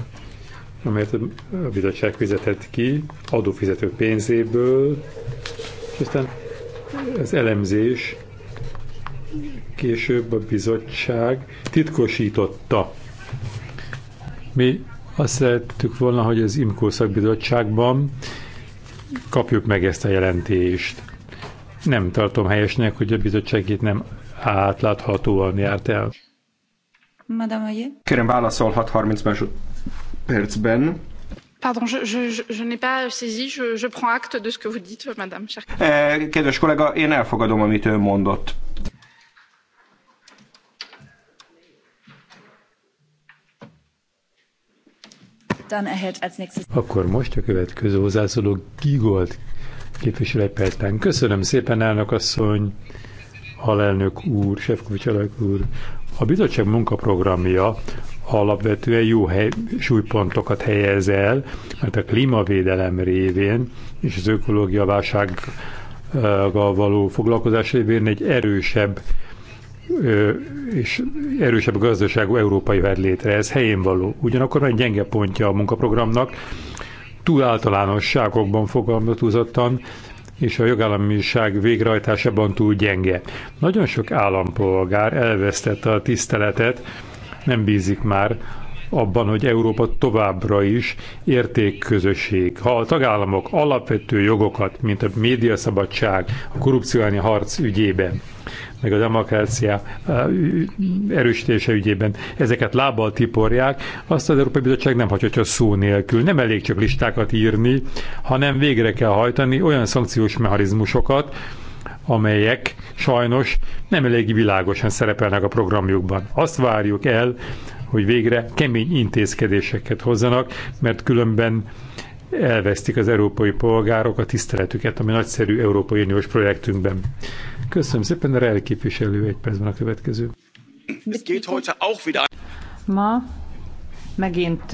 amelyet a bizottság fizetett ki adófizető pénzéből, és aztán az elemzés később a bizottság titkosította. Mi azt szerettük volna, hogy az IMKO szakbizottságban kapjuk meg ezt a jelentést. Nem tartom helyesnek, hogy a bizottságét nem átláthatóan járt el. Madame Oyer? Kérem válaszolhat 30 percben. Pardon, je, je, je n'ai pas saisi, je, je prends acte de ce que vous dites, madame. Eh, kedves kollega, én elfogadom, amit ő mondott. Akkor most a következő hozzászóló Gigolt képviselő egy percben. Köszönöm szépen, elnök asszony! alelnök úr, Sefkovics alelnök úr, a bizottság munkaprogramja alapvetően jó hely, súlypontokat helyez el, mert a klímavédelem révén és az ökológia válsággal való foglalkozás révén egy erősebb és erősebb gazdaságú európai vett létre. Ez helyén való. Ugyanakkor egy gyenge pontja a munkaprogramnak, túl általánosságokban fogalmazottan, és a jogállamiság végrehajtásában túl gyenge. Nagyon sok állampolgár elvesztette a tiszteletet, nem bízik már abban, hogy Európa továbbra is értékközösség. Ha a tagállamok alapvető jogokat, mint a médiaszabadság, a korrupcióáni harc ügyében, meg a demokrácia eh, erősítése ügyében ezeket lábbal tiporják, azt az Európai Bizottság nem hagyhatja szó nélkül. Nem elég csak listákat írni, hanem végre kell hajtani olyan szankciós mechanizmusokat, amelyek sajnos nem elég világosan szerepelnek a programjukban. Azt várjuk el hogy végre kemény intézkedéseket hozzanak, mert különben elvesztik az európai polgárok a tiszteletüket, ami nagyszerű Európai Uniós projektünkben. Köszönöm szépen, a Rel képviselő egy percben a következő. Ma megint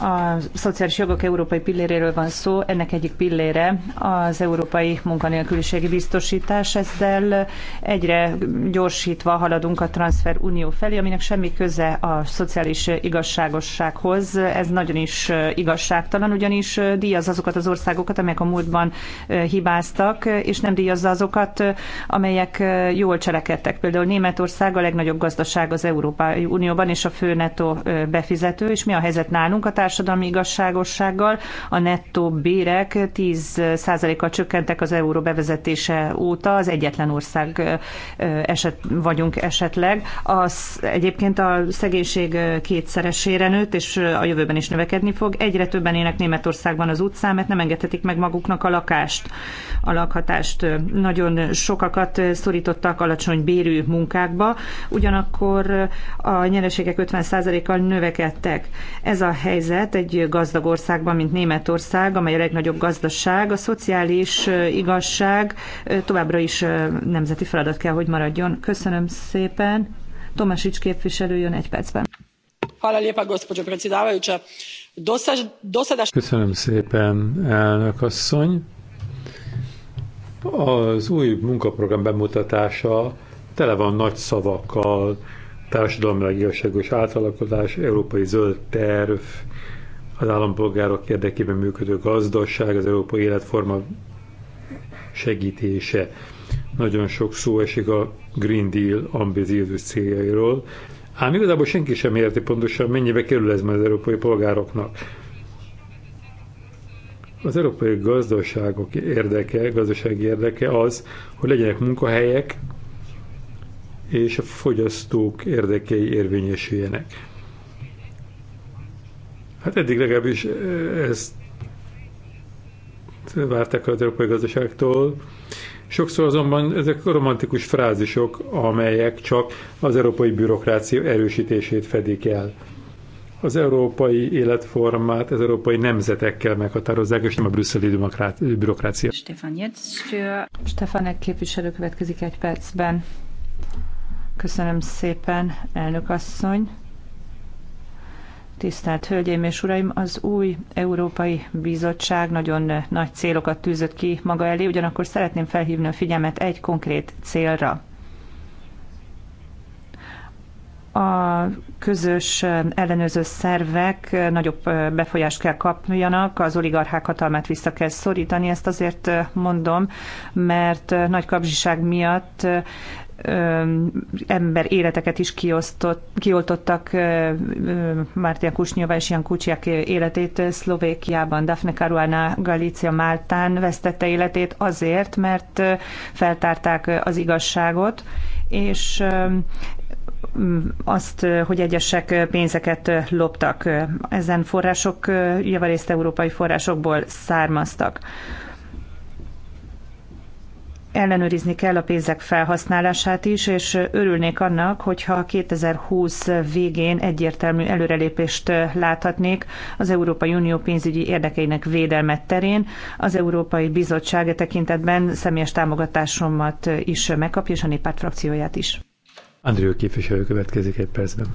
a szociális jogok európai pilléréről van szó, ennek egyik pillére az európai munkanélküliségi biztosítás, ezzel egyre gyorsítva haladunk a transfer unió felé, aminek semmi köze a szociális igazságossághoz. Ez nagyon is igazságtalan, ugyanis díjaz azokat az országokat, amelyek a múltban hibáztak, és nem díjazza azokat, amelyek jól cselekedtek. Például Németország a legnagyobb gazdaság az Európai Unióban, és a fő netto befizető, és mi a helyzet nálunk? A társadalmi igazságossággal. A nettó bérek 10%-kal csökkentek az euró bevezetése óta, az egyetlen ország eset, vagyunk esetleg. Az, egyébként a szegénység kétszeresére nőtt, és a jövőben is növekedni fog. Egyre többen élnek Németországban az utcán, mert nem engedhetik meg maguknak a lakást, a lakhatást. Nagyon sokakat szorítottak alacsony bérű munkákba, ugyanakkor a nyereségek 50%-kal növekedtek. Ez a helyzet helyzet egy gazdag országban, mint Németország, amely a legnagyobb gazdaság, a szociális igazság továbbra is nemzeti feladat kell, hogy maradjon. Köszönöm szépen. Tomasics képviselő jön egy percben. Köszönöm szépen, elnök asszony. Az új munkaprogram bemutatása tele van nagy szavakkal, társadalmilag igazságos átalakulás, európai zöld terv, az állampolgárok érdekében működő gazdaság, az európai életforma segítése. Nagyon sok szó esik a Green Deal ambiciózus céljairól, ám igazából senki sem érti pontosan, mennyibe kerül ez már az európai polgároknak. Az európai gazdaságok érdeke, gazdasági érdeke az, hogy legyenek munkahelyek, és a fogyasztók érdekei érvényesüljenek. Hát eddig legalábbis eh, ezt várták az európai gazdaságtól. Sokszor azonban ezek romantikus frázisok, amelyek csak az európai bürokrácia erősítését fedik el. Az európai életformát az európai nemzetekkel meghatározzák, és nem a brüsszeli bürokrácia. Stefan, jetzt für... egy képviselő következik egy percben. Köszönöm szépen, elnök asszony. Tisztelt Hölgyeim és Uraim, az új Európai Bizottság nagyon nagy célokat tűzött ki maga elé, ugyanakkor szeretném felhívni a figyelmet egy konkrét célra. A közös ellenőző szervek nagyobb befolyást kell kapjanak, az oligarchák hatalmát vissza kell szorítani, ezt azért mondom, mert nagy kapzsiság miatt ember életeket is kiosztott, kioltottak Mártia Kusnyova és Jan Kucsiak életét Szlovékiában. Daphne Caruana Galícia Máltán vesztette életét azért, mert feltárták az igazságot, és azt, hogy egyesek pénzeket loptak. Ezen források javarészt európai forrásokból származtak ellenőrizni kell a pénzek felhasználását is, és örülnék annak, hogyha 2020 végén egyértelmű előrelépést láthatnék az Európai Unió pénzügyi érdekeinek védelmet terén. Az Európai Bizottság e tekintetben személyes támogatásomat is megkapja, és a néppárt frakcióját is. Andrió képviselő következik egy percben.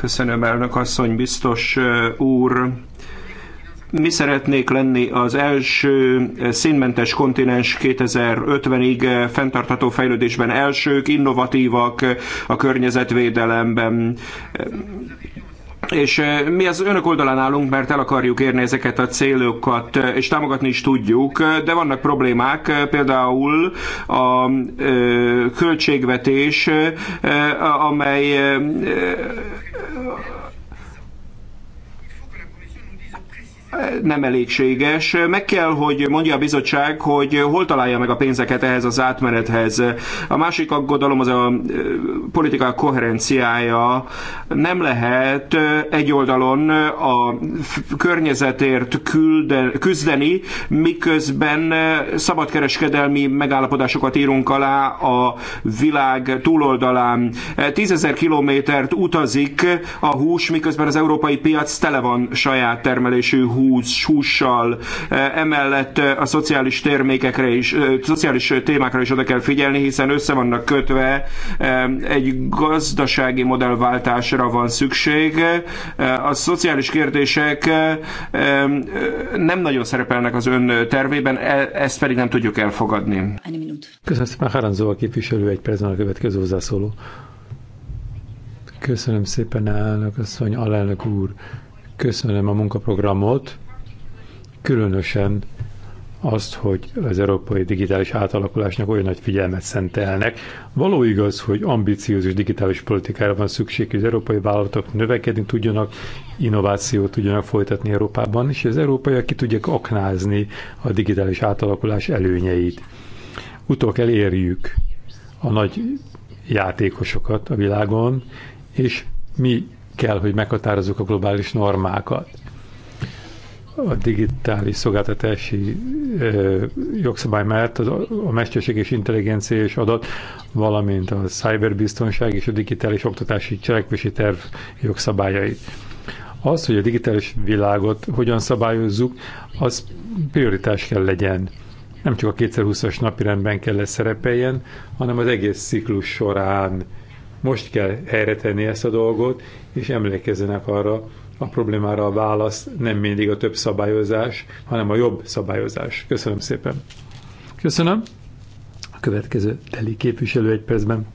Köszönöm, elnök asszony, biztos úr. Mi szeretnék lenni az első eh, színmentes kontinens 2050-ig eh, fenntartható fejlődésben elsők, innovatívak eh, a környezetvédelemben. És mi az önök oldalán állunk, mert el akarjuk érni ezeket a célokat, és támogatni is tudjuk, de vannak problémák, például a költségvetés, amely nem elégséges. Meg kell, hogy mondja a bizottság, hogy hol találja meg a pénzeket ehhez az átmenethez. A másik aggodalom az a politika koherenciája. Nem lehet egy oldalon a környezetért külden, küzdeni, miközben szabadkereskedelmi megállapodásokat írunk alá a világ túloldalán. Tízezer kilométert utazik a hús, miközben az európai piac tele van saját termelésű hús húz, sussal, e, emellett e, a szociális termékekre is, e, szociális témákra is oda kell figyelni, hiszen össze vannak kötve, egy gazdasági modellváltásra van szükség. A szociális kérdések nem nagyon szerepelnek az ön tervében, ezt pedig nem tudjuk elfogadni. Köszönöm szépen, Haranzó a képviselő, egy percben a következő hozzászóló. Köszönöm szépen, elnök asszony, alelnök úr. Köszönöm a munkaprogramot, különösen azt, hogy az európai digitális átalakulásnak olyan nagy figyelmet szentelnek. Való igaz, hogy ambiciózus digitális politikára van szükség, hogy az európai vállalatok növekedni tudjanak, innovációt tudjanak folytatni Európában, és az európaiak ki tudják aknázni a digitális átalakulás előnyeit. Utól kell érjük a nagy játékosokat a világon, és mi kell, hogy meghatározzuk a globális normákat. A digitális szolgáltatási jogszabály mellett az, a és intelligencia és adat, valamint a cyberbiztonság és a digitális oktatási cselekvési terv jogszabályait. Az, hogy a digitális világot hogyan szabályozzuk, az prioritás kell legyen nem csak a 2020-as napirendben kell szerepeljen, hanem az egész ciklus során most kell tenni ezt a dolgot, és emlékezzenek arra, a problémára a válasz nem mindig a több szabályozás, hanem a jobb szabályozás. Köszönöm szépen. Köszönöm. A következő teli képviselő egy percben.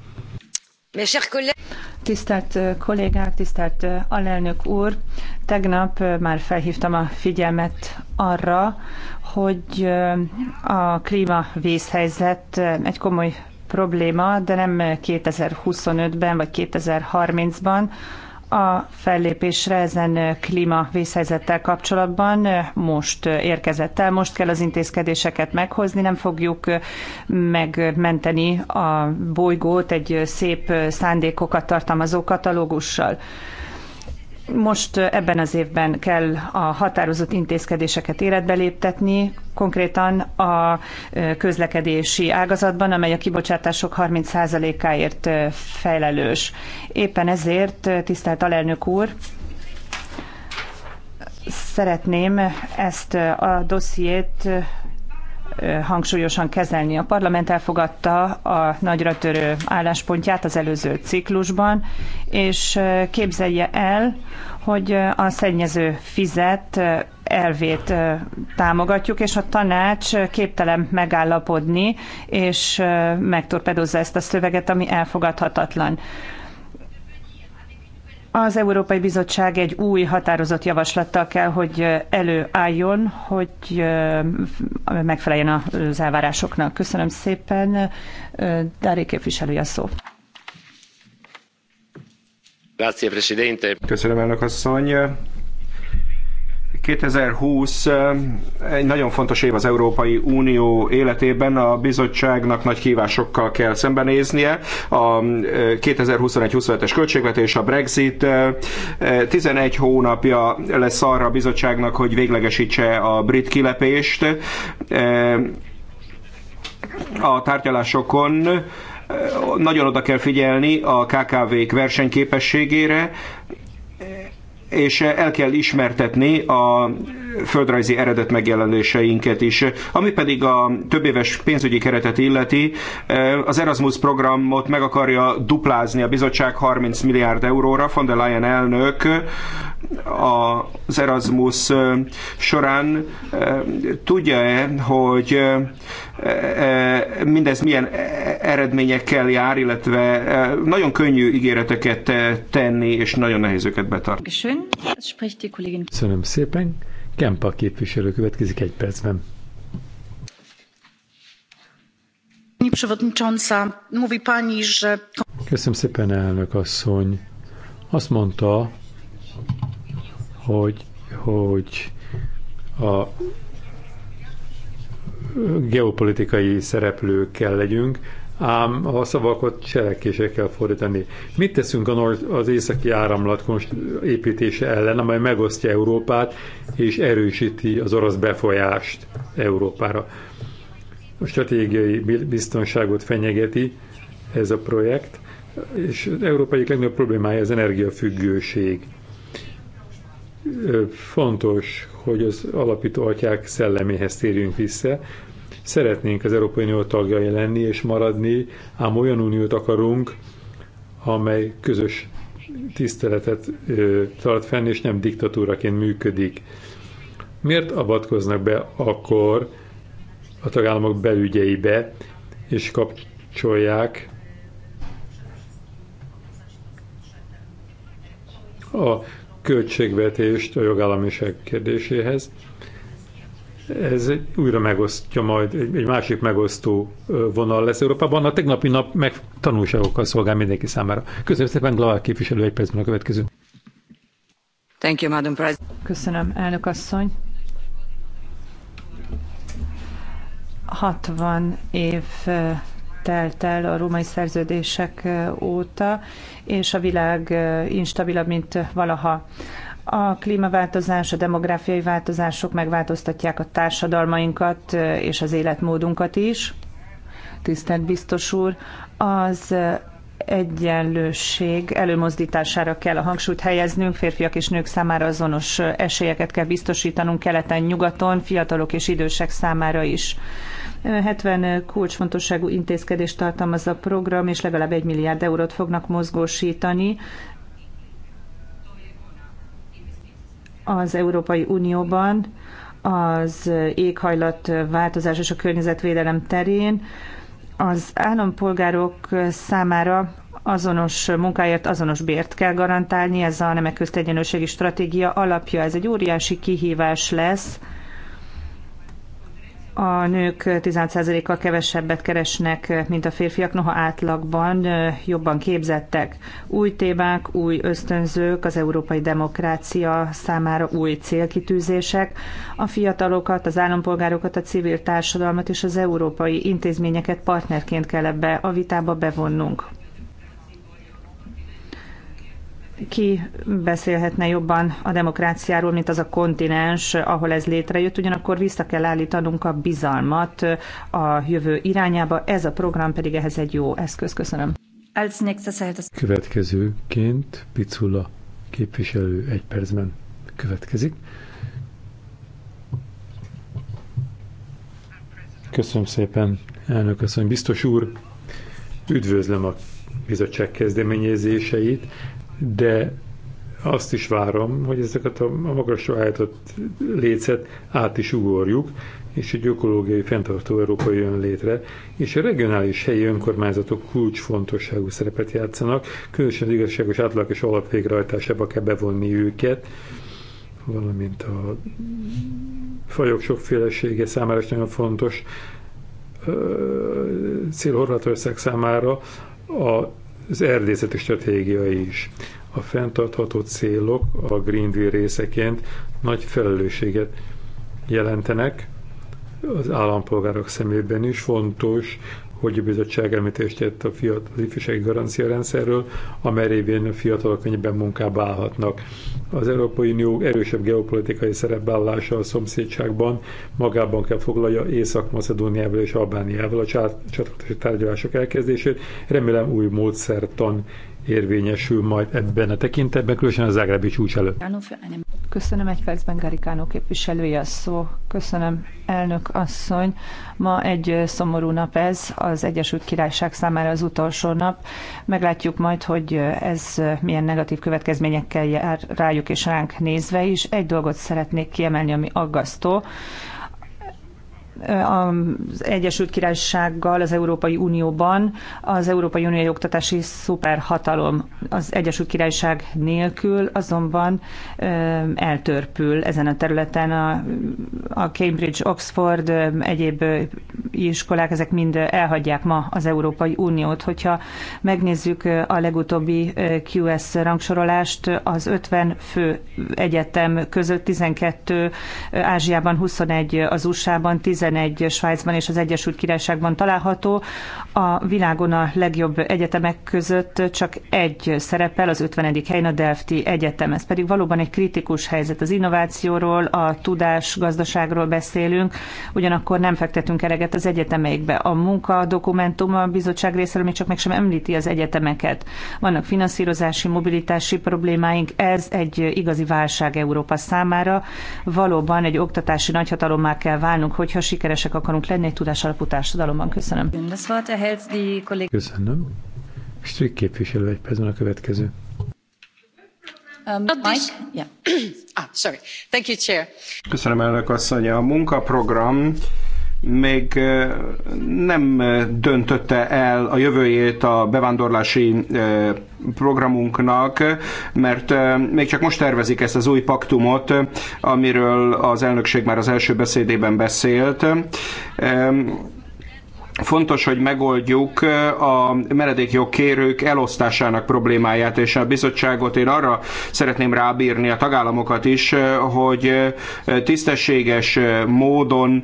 Tisztelt kollégák, tisztelt alelnök úr! Tegnap már felhívtam a figyelmet arra, hogy a klímavészhelyzet egy komoly probléma, de nem 2025-ben vagy 2030-ban, a fellépésre ezen klímavészhelyzettel kapcsolatban most érkezett el, most kell az intézkedéseket meghozni, nem fogjuk megmenteni a bolygót egy szép szándékokat tartalmazó katalógussal. Most ebben az évben kell a határozott intézkedéseket életbe léptetni, konkrétan a közlekedési ágazatban, amely a kibocsátások 30%-áért felelős. Éppen ezért, tisztelt alelnök úr, szeretném ezt a dossziét hangsúlyosan kezelni. A parlament elfogadta a nagyra törő álláspontját az előző ciklusban, és képzelje el, hogy a szennyező fizet elvét támogatjuk, és a tanács képtelen megállapodni, és megtorpedozza ezt a szöveget, ami elfogadhatatlan. Az Európai Bizottság egy új határozott javaslattal kell, hogy előálljon, hogy megfeleljen az elvárásoknak. Köszönöm szépen. Dári képviselője szó. Köszönöm, elnök asszony. 2020 eh, egy nagyon fontos év az Európai Unió életében. A bizottságnak nagy kívásokkal kell szembenéznie. A 2021 25 es költségvetés, a Brexit 11 eh, eh, hónapja lesz arra a bizottságnak, hogy véglegesítse a brit kilepést. A tárgyalásokon nagyon oda kell figyelni a KKV-k versenyképességére, és el kell ismertetni a földrajzi eredet megjelenéseinket is. Ami pedig a többéves pénzügyi keretet illeti, eh, az Erasmus programot meg akarja duplázni a bizottság 30 milliárd euróra. Von der Leyen elnök az Erasmus során tudja-e, hogy mindez milyen eredményekkel jár, illetve nagyon könnyű ígéreteket tenni, és nagyon nehéz őket betartani. Köszönöm szépen. Kempa képviselő következik egy percben. Köszönöm szépen, elnök asszony. Azt mondta, hogy, hogy a geopolitikai szereplőkkel legyünk, ám a szavakat cselekvésre kell fordítani. Mit teszünk az északi áramlat építése ellen, amely megosztja Európát és erősíti az orosz befolyást Európára? A stratégiai biztonságot fenyegeti ez a projekt, és az európai legnagyobb problémája az energiafüggőség fontos, hogy az alapító atyák szelleméhez térjünk vissza. Szeretnénk az Európai Unió tagjai lenni és maradni, ám olyan uniót akarunk, amely közös tiszteletet tart fenn, és nem diktatúraként működik. Miért avatkoznak be akkor a tagállamok belügyeibe, és kapcsolják a költségvetést a jogállamiság kérdéséhez. Ez újra megosztja majd, egy másik megosztó vonal lesz Európában. A tegnapi nap meg tanulságokkal szolgál mindenki számára. Köszönöm szépen, Glavák képviselő, egy percben a következő. Thank you, Madam President. Köszönöm, elnök asszony. 60 év telt el a római szerződések óta, és a világ instabilabb, mint valaha. A klímaváltozás, a demográfiai változások megváltoztatják a társadalmainkat és az életmódunkat is. Tisztelt biztos úr, az egyenlőség előmozdítására kell a hangsúlyt helyeznünk, férfiak és nők számára azonos esélyeket kell biztosítanunk keleten, nyugaton, fiatalok és idősek számára is 70 kulcsfontosságú intézkedést tartalmaz a program, és legalább 1 milliárd eurót fognak mozgósítani az Európai Unióban az éghajlat változás és a környezetvédelem terén az állampolgárok számára azonos munkáért azonos bért kell garantálni, ez a nemek közt egyenlőségi stratégia alapja, ez egy óriási kihívás lesz, a nők 16%-kal kevesebbet keresnek, mint a férfiak, noha átlagban jobban képzettek. Új témák, új ösztönzők, az európai demokrácia számára új célkitűzések, a fiatalokat, az állampolgárokat, a civil társadalmat és az európai intézményeket partnerként kell ebbe a vitába bevonnunk ki beszélhetne jobban a demokráciáról, mint az a kontinens, ahol ez létrejött, ugyanakkor vissza kell állítanunk a bizalmat a jövő irányába, ez a program pedig ehhez egy jó eszköz. Köszönöm. Következőként Picula képviselő egy percben következik. Köszönöm szépen, elnök asszony. Biztos úr, üdvözlöm a bizottság kezdeményezéseit, de azt is várom, hogy ezeket a magasra állított lécet át is ugorjuk, és egy ökológiai fenntartó Európa jön létre, és a regionális helyi önkormányzatok kulcsfontosságú szerepet játszanak, különösen az igazságos átlag és alapvégrehajtásába kell bevonni őket, valamint a fajok sokfélesége számára is nagyon fontos cél Horvátország számára a az erdészeti stratégia is. A fenntartható célok a Green Deal részeként nagy felelősséget jelentenek az állampolgárok szemében is fontos hogy a bizottság említést tett a fiatal, az ifjúsági garancia rendszerről, amely révén a fiatalok könnyebben munkába állhatnak. Az Európai Unió erősebb geopolitikai szerepvállása a szomszédságban magában kell foglalja Észak-Macedóniával és Albániával a csatlakozási tárgyalások elkezdését. Remélem új módszertan érvényesül majd ebben a tekintetben, különösen a zágrábi csúcs előtt. Köszönöm egy percben, Garikánó képviselője a szó. Köszönöm, elnök asszony. Ma egy szomorú nap ez, az Egyesült Királyság számára az utolsó nap. Meglátjuk majd, hogy ez milyen negatív következményekkel jár rájuk és ránk nézve is. Egy dolgot szeretnék kiemelni, ami aggasztó az Egyesült Királysággal az Európai Unióban az Európai Unió oktatási szuperhatalom az Egyesült Királyság nélkül azonban eltörpül ezen a területen a, Cambridge, Oxford, egyéb iskolák, ezek mind elhagyják ma az Európai Uniót. Hogyha megnézzük a legutóbbi QS rangsorolást, az 50 fő egyetem között 12, Ázsiában 21, az USA-ban 10 11 Svájcban és az Egyesült Királyságban található. A világon a legjobb egyetemek között csak egy szerepel, az 50. helyen a Delfti Egyetem. Ez pedig valóban egy kritikus helyzet. Az innovációról, a tudás gazdaságról beszélünk, ugyanakkor nem fektetünk eleget az egyetemeikbe. A munka dokumentum a bizottság részéről még csak meg sem említi az egyetemeket. Vannak finanszírozási, mobilitási problémáink, ez egy igazi válság Európa számára. Valóban egy oktatási nagyhatalommá kell válnunk, hogyha sikeresek akarunk lenni egy tudás alapú társadalomban. Köszönöm. Köszönöm. Strik képviselő egy percben a következő. Um, ah, Köszönöm, elnök asszony. A munkaprogram még nem döntötte el a jövőjét a bevándorlási programunknak, mert még csak most tervezik ezt az új paktumot, amiről az elnökség már az első beszédében beszélt fontos, hogy megoldjuk a meredékjogkérők elosztásának problémáját, és a bizottságot én arra szeretném rábírni a tagállamokat is, hogy tisztességes módon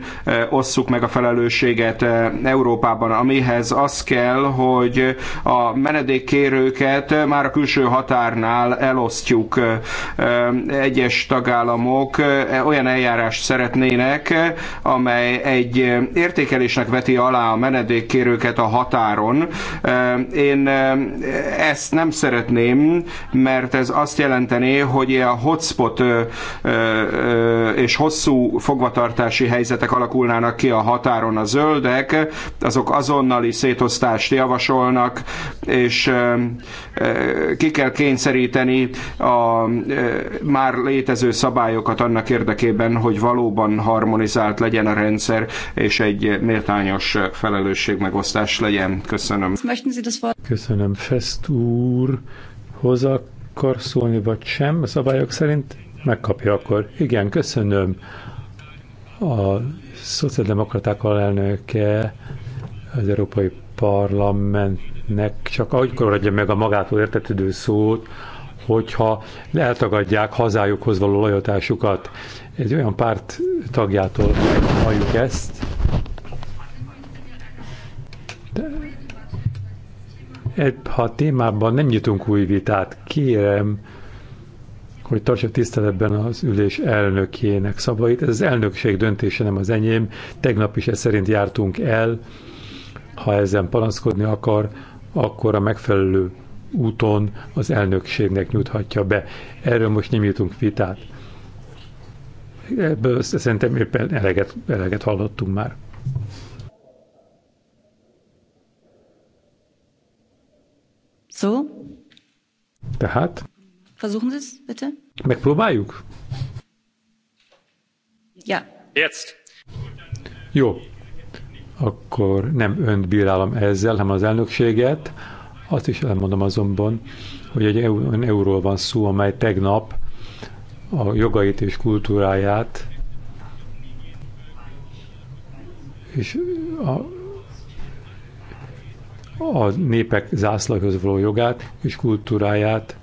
osszuk meg a felelősséget Európában, amihez az kell, hogy a menedékkérőket már a külső határnál elosztjuk. Egyes tagállamok olyan eljárást szeretnének, amely egy értékelésnek veti alá a menedékkérőket a határon. Én ezt nem szeretném, mert ez azt jelentené, hogy a hotspot és hosszú fogvatartási helyzetek alakulnának ki a határon. A zöldek azok azonnali szétosztást javasolnak, és ki kell kényszeríteni a már létező szabályokat annak érdekében, hogy valóban harmonizált legyen a rendszer, és egy méltányos felelősségmegosztás legyen. Köszönöm. Köszönöm, Fest úr. Hozzá akar szólni, vagy sem a szabályok szerint? Megkapja akkor. Igen, köszönöm. A szociáldemokraták alelnöke az Európai Parlament nek csak akkor adja meg a magától értetődő szót, hogyha eltagadják hazájukhoz való lojatásukat. Egy olyan párt tagjától halljuk ezt. De, ha a témában nem nyitunk új vitát, kérem, hogy tartsa tiszteletben az ülés elnökének szabait. Ez az elnökség döntése, nem az enyém. Tegnap is ez szerint jártunk el. Ha ezen panaszkodni akar, akkor a megfelelő úton az elnökségnek nyújthatja be. Erről most nem jutunk vitát. Ebből szerintem éppen eleget, eleget hallottunk már. So? Tehát? Versuchen Sie es, bitte. Megpróbáljuk? Ja. Jetzt. Jó, akkor nem önt bírálom ezzel, hanem az elnökséget. Azt is elmondom azonban, hogy egy euróról van szó, amely tegnap a jogait és kultúráját és a, a népek zászlajhoz való jogát és kultúráját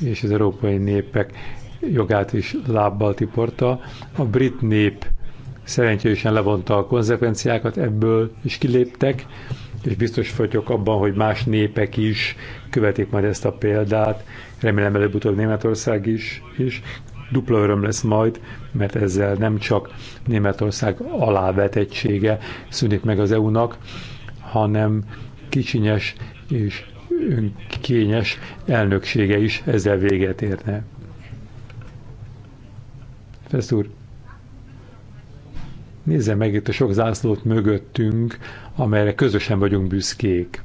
és az európai népek jogát is lábbal tiporta. A brit nép szerencsésen levonta a konzekvenciákat ebből, és kiléptek, és biztos vagyok abban, hogy más népek is követik majd ezt a példát, remélem előbb-utóbb Németország is, és dupla öröm lesz majd, mert ezzel nem csak Németország alávetettsége szűnik meg az EU-nak, hanem kicsinyes és önkényes elnöksége is ezzel véget érne. Fesz úr! Nézze meg itt a sok zászlót mögöttünk, amelyre közösen vagyunk büszkék.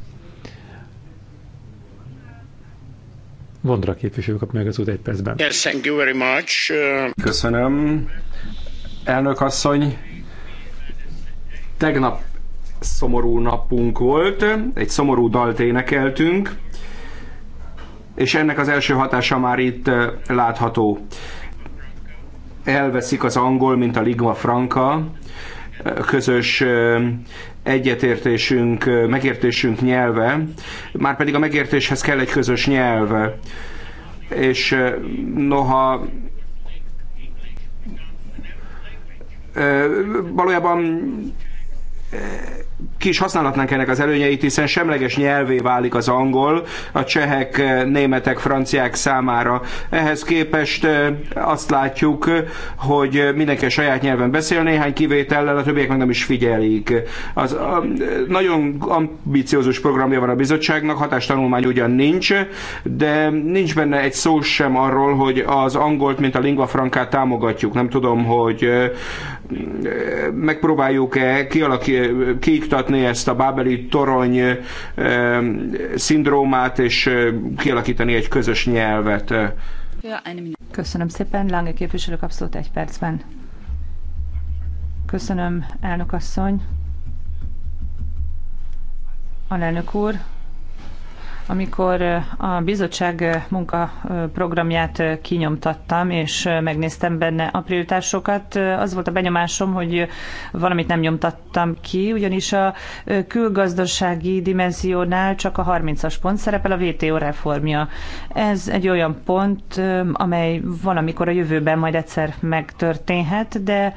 Vondra képviselő kap meg az út egy percben. Yes, thank you very much. Köszönöm. Elnök asszony, tegnap szomorú napunk volt, egy szomorú dalt énekeltünk, és ennek az első hatása már itt eh, látható. Elveszik az angol, mint a ligma franca, közös egyetértésünk, megértésünk nyelve, már pedig a megértéshez kell egy közös nyelv. És noha valójában ki is használhatnánk ennek az előnyeit, hiszen semleges nyelvé válik az angol a csehek, németek, franciák számára. Ehhez képest azt látjuk, hogy mindenki a saját nyelven beszél, néhány kivétellel, a többiek meg nem is figyelik. Az, a, nagyon ambiciózus programja van a bizottságnak, hatástanulmány ugyan nincs, de nincs benne egy szó sem arról, hogy az angolt, mint a lingua francát támogatjuk. Nem tudom, hogy megpróbáljuk-e kiiktatni ezt a bábeli torony szindrómát, és kialakítani egy közös nyelvet. Köszönöm szépen, Lange képviselők, abszolút egy percben. Köszönöm, elnök asszony. Alelnök úr, amikor a bizottság munkaprogramját kinyomtattam, és megnéztem benne a prioritásokat, az volt a benyomásom, hogy valamit nem nyomtattam ki, ugyanis a külgazdasági dimenziónál csak a 30-as pont szerepel a VTO reformja. Ez egy olyan pont, amely valamikor a jövőben majd egyszer megtörténhet, de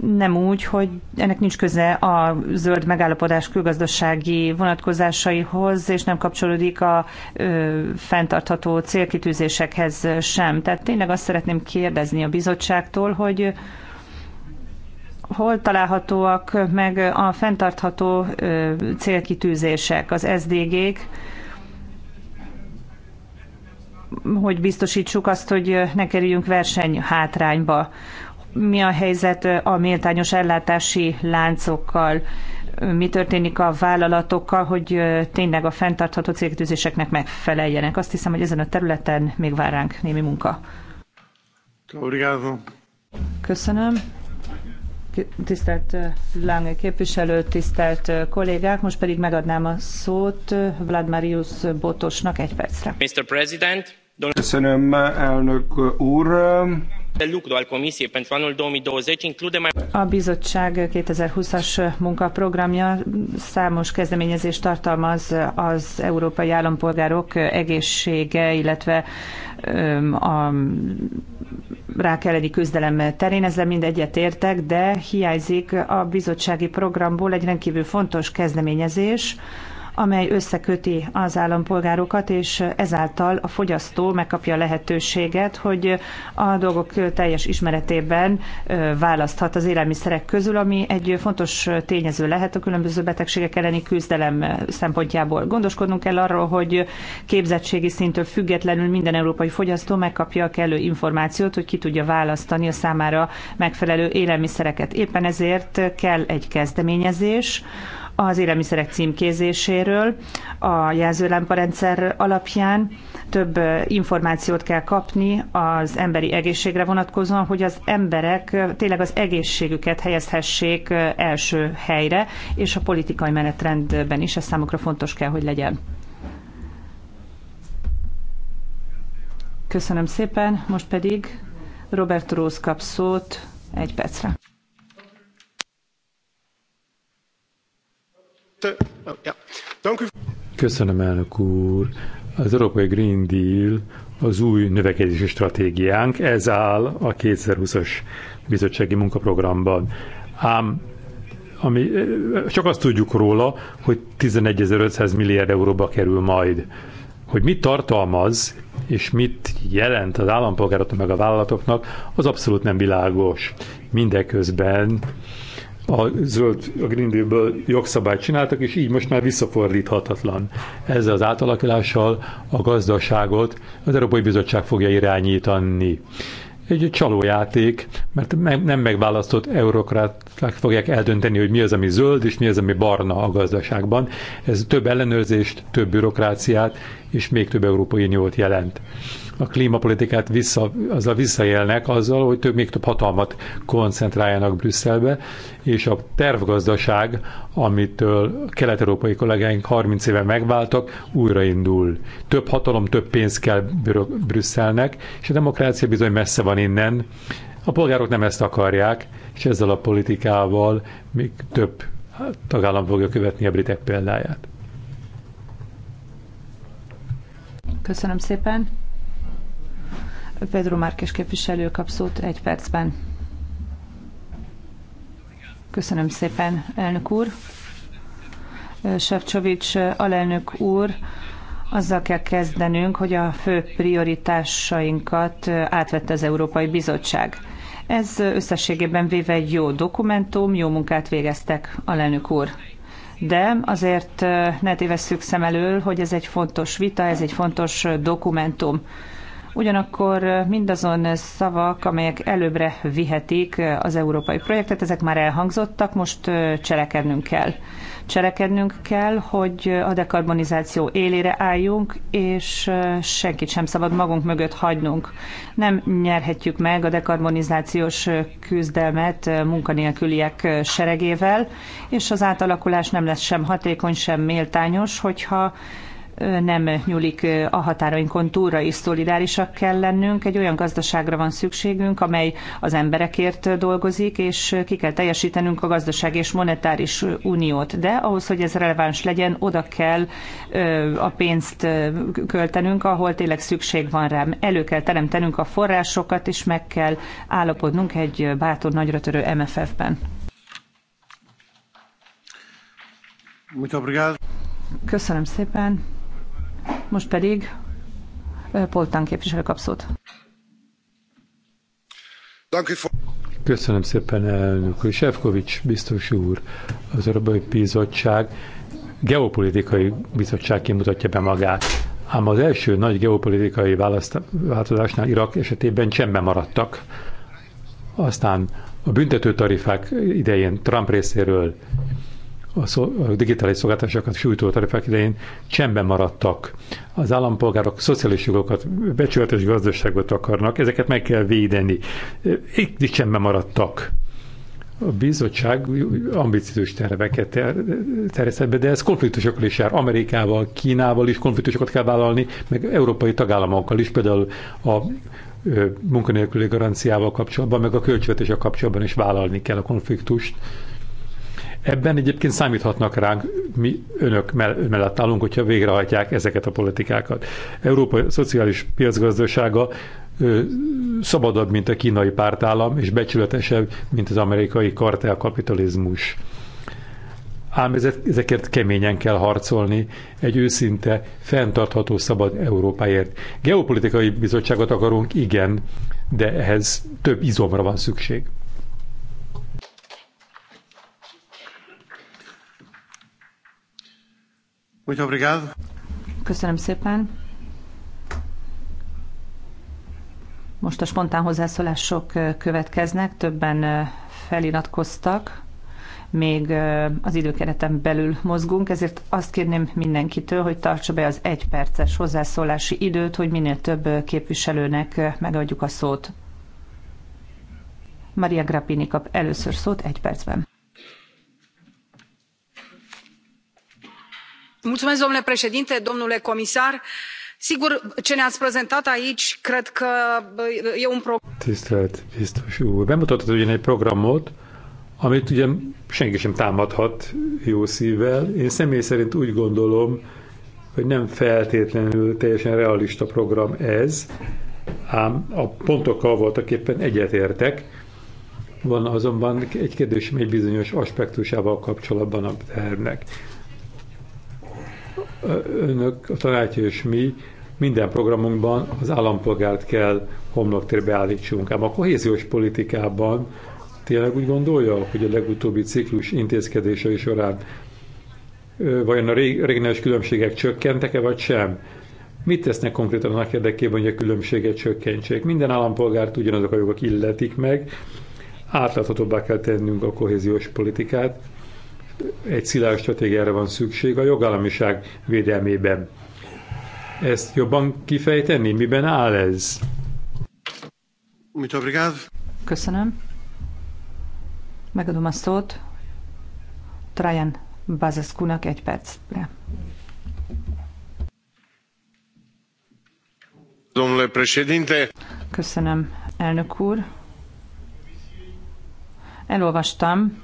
nem úgy, hogy ennek nincs köze a zöld megállapodás külgazdasági vonatkozásaihoz, és nem kapcsolódik a ö, fenntartható célkitűzésekhez sem. Tehát tényleg azt szeretném kérdezni a bizottságtól, hogy hol találhatóak meg a fenntartható ö, célkitűzések, az SDG-k, hogy biztosítsuk azt, hogy ne kerüljünk verseny hátrányba mi a helyzet a méltányos ellátási láncokkal, mi történik a vállalatokkal, hogy tényleg a fenntartható cégtűzéseknek megfeleljenek. Azt hiszem, hogy ezen a területen még vár ránk némi munka. Köszönöm. Tisztelt Lange képviselő, tisztelt kollégák, most pedig megadnám a szót Vladmarius Botosnak egy percre. Mr. President, Köszönöm, elnök úr. A bizottság 2020-as munkaprogramja számos kezdeményezést tartalmaz az európai állampolgárok egészsége, illetve a rák elleni küzdelem terén, ezzel mind egyetértek, de hiányzik a bizottsági programból egy rendkívül fontos kezdeményezés, amely összeköti az állampolgárokat, és ezáltal a fogyasztó megkapja a lehetőséget, hogy a dolgok teljes ismeretében választhat az élelmiszerek közül, ami egy fontos tényező lehet a különböző betegségek elleni küzdelem szempontjából. Gondoskodnunk kell arról, hogy képzettségi szintől függetlenül minden európai fogyasztó megkapja a kellő információt, hogy ki tudja választani a számára megfelelő élelmiszereket. Éppen ezért kell egy kezdeményezés, az élelmiszerek címkézéséről a jelzőlámparendszer alapján. Több információt kell kapni az emberi egészségre vonatkozóan, hogy az emberek tényleg az egészségüket helyezhessék első helyre, és a politikai menetrendben is ez számukra fontos kell, hogy legyen. Köszönöm szépen, most pedig Robert Rose kap szót egy percre. Oh, Köszönöm, elnök úr. Az Európai Green Deal az új növekedési stratégiánk, ez áll a 2020-as bizottsági munkaprogramban. Ám ami, csak azt tudjuk róla, hogy 11.500 milliárd euróba kerül majd. Hogy mit tartalmaz, és mit jelent az állampolgároknak meg a vállalatoknak, az abszolút nem világos. Mindeközben a zöld, a Green Deal-ből jogszabályt csináltak, és így most már visszafordíthatatlan. Ezzel az átalakulással a gazdaságot az Európai Bizottság fogja irányítani. Egy csalójáték, mert nem megválasztott eurokraták fogják eldönteni, hogy mi az, ami zöld, és mi az, ami barna a gazdaságban. Ez több ellenőrzést, több bürokráciát, és még több Európai Uniót jelent a klímapolitikát vissza, azzal visszaélnek, azzal, hogy több, még több hatalmat koncentráljanak Brüsszelbe, és a tervgazdaság, amitől kelet-európai kollégáink 30 éve megváltak, újraindul. Több hatalom, több pénz kell Brüsszelnek, és a demokrácia bizony messze van innen. A polgárok nem ezt akarják, és ezzel a politikával még több tagállam fogja követni a britek példáját. Köszönöm szépen. Pedro Márkes képviselő kap szót egy percben. Köszönöm szépen, elnök úr. Sefcsovics alelnök úr, azzal kell kezdenünk, hogy a fő prioritásainkat átvette az Európai Bizottság. Ez összességében véve egy jó dokumentum, jó munkát végeztek, alelnök úr. De azért ne tévesszük szem elől, hogy ez egy fontos vita, ez egy fontos dokumentum Ugyanakkor mindazon szavak, amelyek előbbre vihetik az európai projektet, ezek már elhangzottak, most cselekednünk kell. Cselekednünk kell, hogy a dekarbonizáció élére álljunk, és senkit sem szabad magunk mögött hagynunk. Nem nyerhetjük meg a dekarbonizációs küzdelmet munkanélküliek seregével, és az átalakulás nem lesz sem hatékony, sem méltányos, hogyha nem nyúlik a határainkon túlra és szolidárisak kell lennünk. Egy olyan gazdaságra van szükségünk, amely az emberekért dolgozik, és ki kell teljesítenünk a gazdaság és monetáris uniót. De ahhoz, hogy ez releváns legyen, oda kell a pénzt költenünk, ahol tényleg szükség van rá. Elő kell teremtenünk a forrásokat, és meg kell állapodnunk egy bátor nagyra törő MFF-ben. Köszönöm szépen. Most pedig Poltán képviselő kap szót. Köszönöm szépen, elnök úr. Sefkovics biztos úr, az Európai Bizottság geopolitikai bizottságként mutatja be magát. Ám az első nagy geopolitikai változásnál Irak esetében csendben maradtak. Aztán a büntető tarifák idején Trump részéről a, szol, a digitális szolgáltatásokat sújtó tarifák idején csendben maradtak. Az állampolgárok szociális jogokat, becsületes gazdaságot akarnak, ezeket meg kell védeni. Itt csendben maradtak. A bizottság ambiciós terveket terjesztett be, de ez konfliktusokkal is jár. Amerikával, Kínával is konfliktusokat kell vállalni, meg európai tagállamokkal is, például a munkanélküli garanciával kapcsolatban, meg a költségvetéssel kapcsolatban is vállalni kell a konfliktust. Ebben egyébként számíthatnak ránk, mi önök mellett állunk, hogyha végrehajtják ezeket a politikákat. Európa szociális piacgazdasága szabadabb, mint a kínai pártállam, és becsületesebb, mint az amerikai kartelkapitalizmus. Ám ezekért keményen kell harcolni, egy őszinte, fenntartható, szabad Európáért. Geopolitikai bizottságot akarunk, igen, de ehhez több izomra van szükség. Muito obrigado. Köszönöm szépen. Most a spontán hozzászólások következnek, többen feliratkoztak, még az időkereten belül mozgunk, ezért azt kérném mindenkitől, hogy tartsa be az egyperces hozzászólási időt, hogy minél több képviselőnek megadjuk a szót. Maria Grappini kap először szót egy percben. domnule președinte domnule comisar sigur ce ne ați prezentat aici cred că e un program. amit ugye senki sem támadhat jó szívvel. Én személy szerint úgy gondolom, hogy nem feltétlenül teljesen realista program ez, ám a pontokkal voltak éppen egyetértek. Van azonban egy kérdésem egy bizonyos aspektusával kapcsolatban a tervnek önök, a tanács és mi minden programunkban az állampolgárt kell homloktérbe állítsunk. Ám a kohéziós politikában tényleg úgy gondolja, hogy a legutóbbi ciklus intézkedései során vajon a regionális különbségek csökkentek-e vagy sem? Mit tesznek konkrétan annak érdekében, hogy a különbséget csökkentsék? Minden állampolgárt ugyanazok a jogok illetik meg, átláthatóbbá kell tennünk a kohéziós politikát, egy szilárd stratégiára van szükség a jogállamiság védelmében. Ezt jobban kifejteni? Miben áll ez? Muito obrigado. Köszönöm. Megadom a szót Trajan Bazescunak egy percre. Domnule președinte. Köszönöm, elnök úr. Elolvastam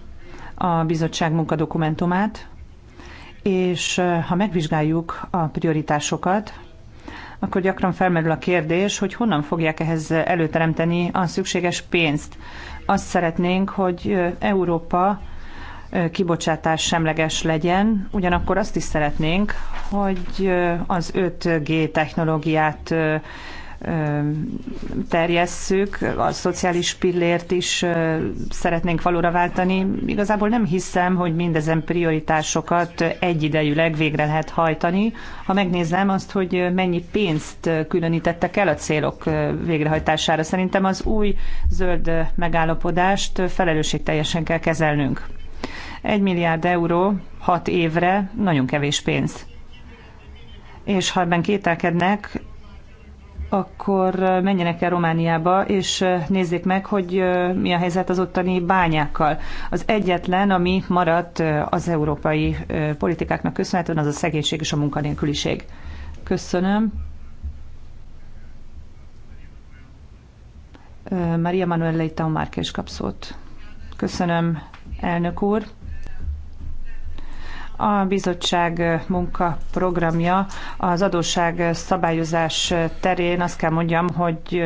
a bizottság munkadokumentumát, és ha megvizsgáljuk a prioritásokat, akkor gyakran felmerül a kérdés, hogy honnan fogják ehhez előteremteni a szükséges pénzt. Azt szeretnénk, hogy Európa kibocsátás semleges legyen, ugyanakkor azt is szeretnénk, hogy az 5G technológiát terjesszük, a szociális pillért is szeretnénk valóra váltani. Igazából nem hiszem, hogy mindezen prioritásokat egyidejűleg végre lehet hajtani. Ha megnézem azt, hogy mennyi pénzt különítettek el a célok végrehajtására, szerintem az új zöld megállapodást felelősségteljesen kell kezelnünk. Egy milliárd euró hat évre nagyon kevés pénz és ha ebben kételkednek, akkor menjenek el Romániába, és nézzék meg, hogy mi a helyzet az ottani bányákkal. Az egyetlen, ami maradt az európai politikáknak köszönhetően, az a szegénység és a munkanélküliség. Köszönöm. Maria Manuel Leitão Márkés kap szót. Köszönöm, elnök úr. A bizottság munkaprogramja az adósság szabályozás terén azt kell mondjam, hogy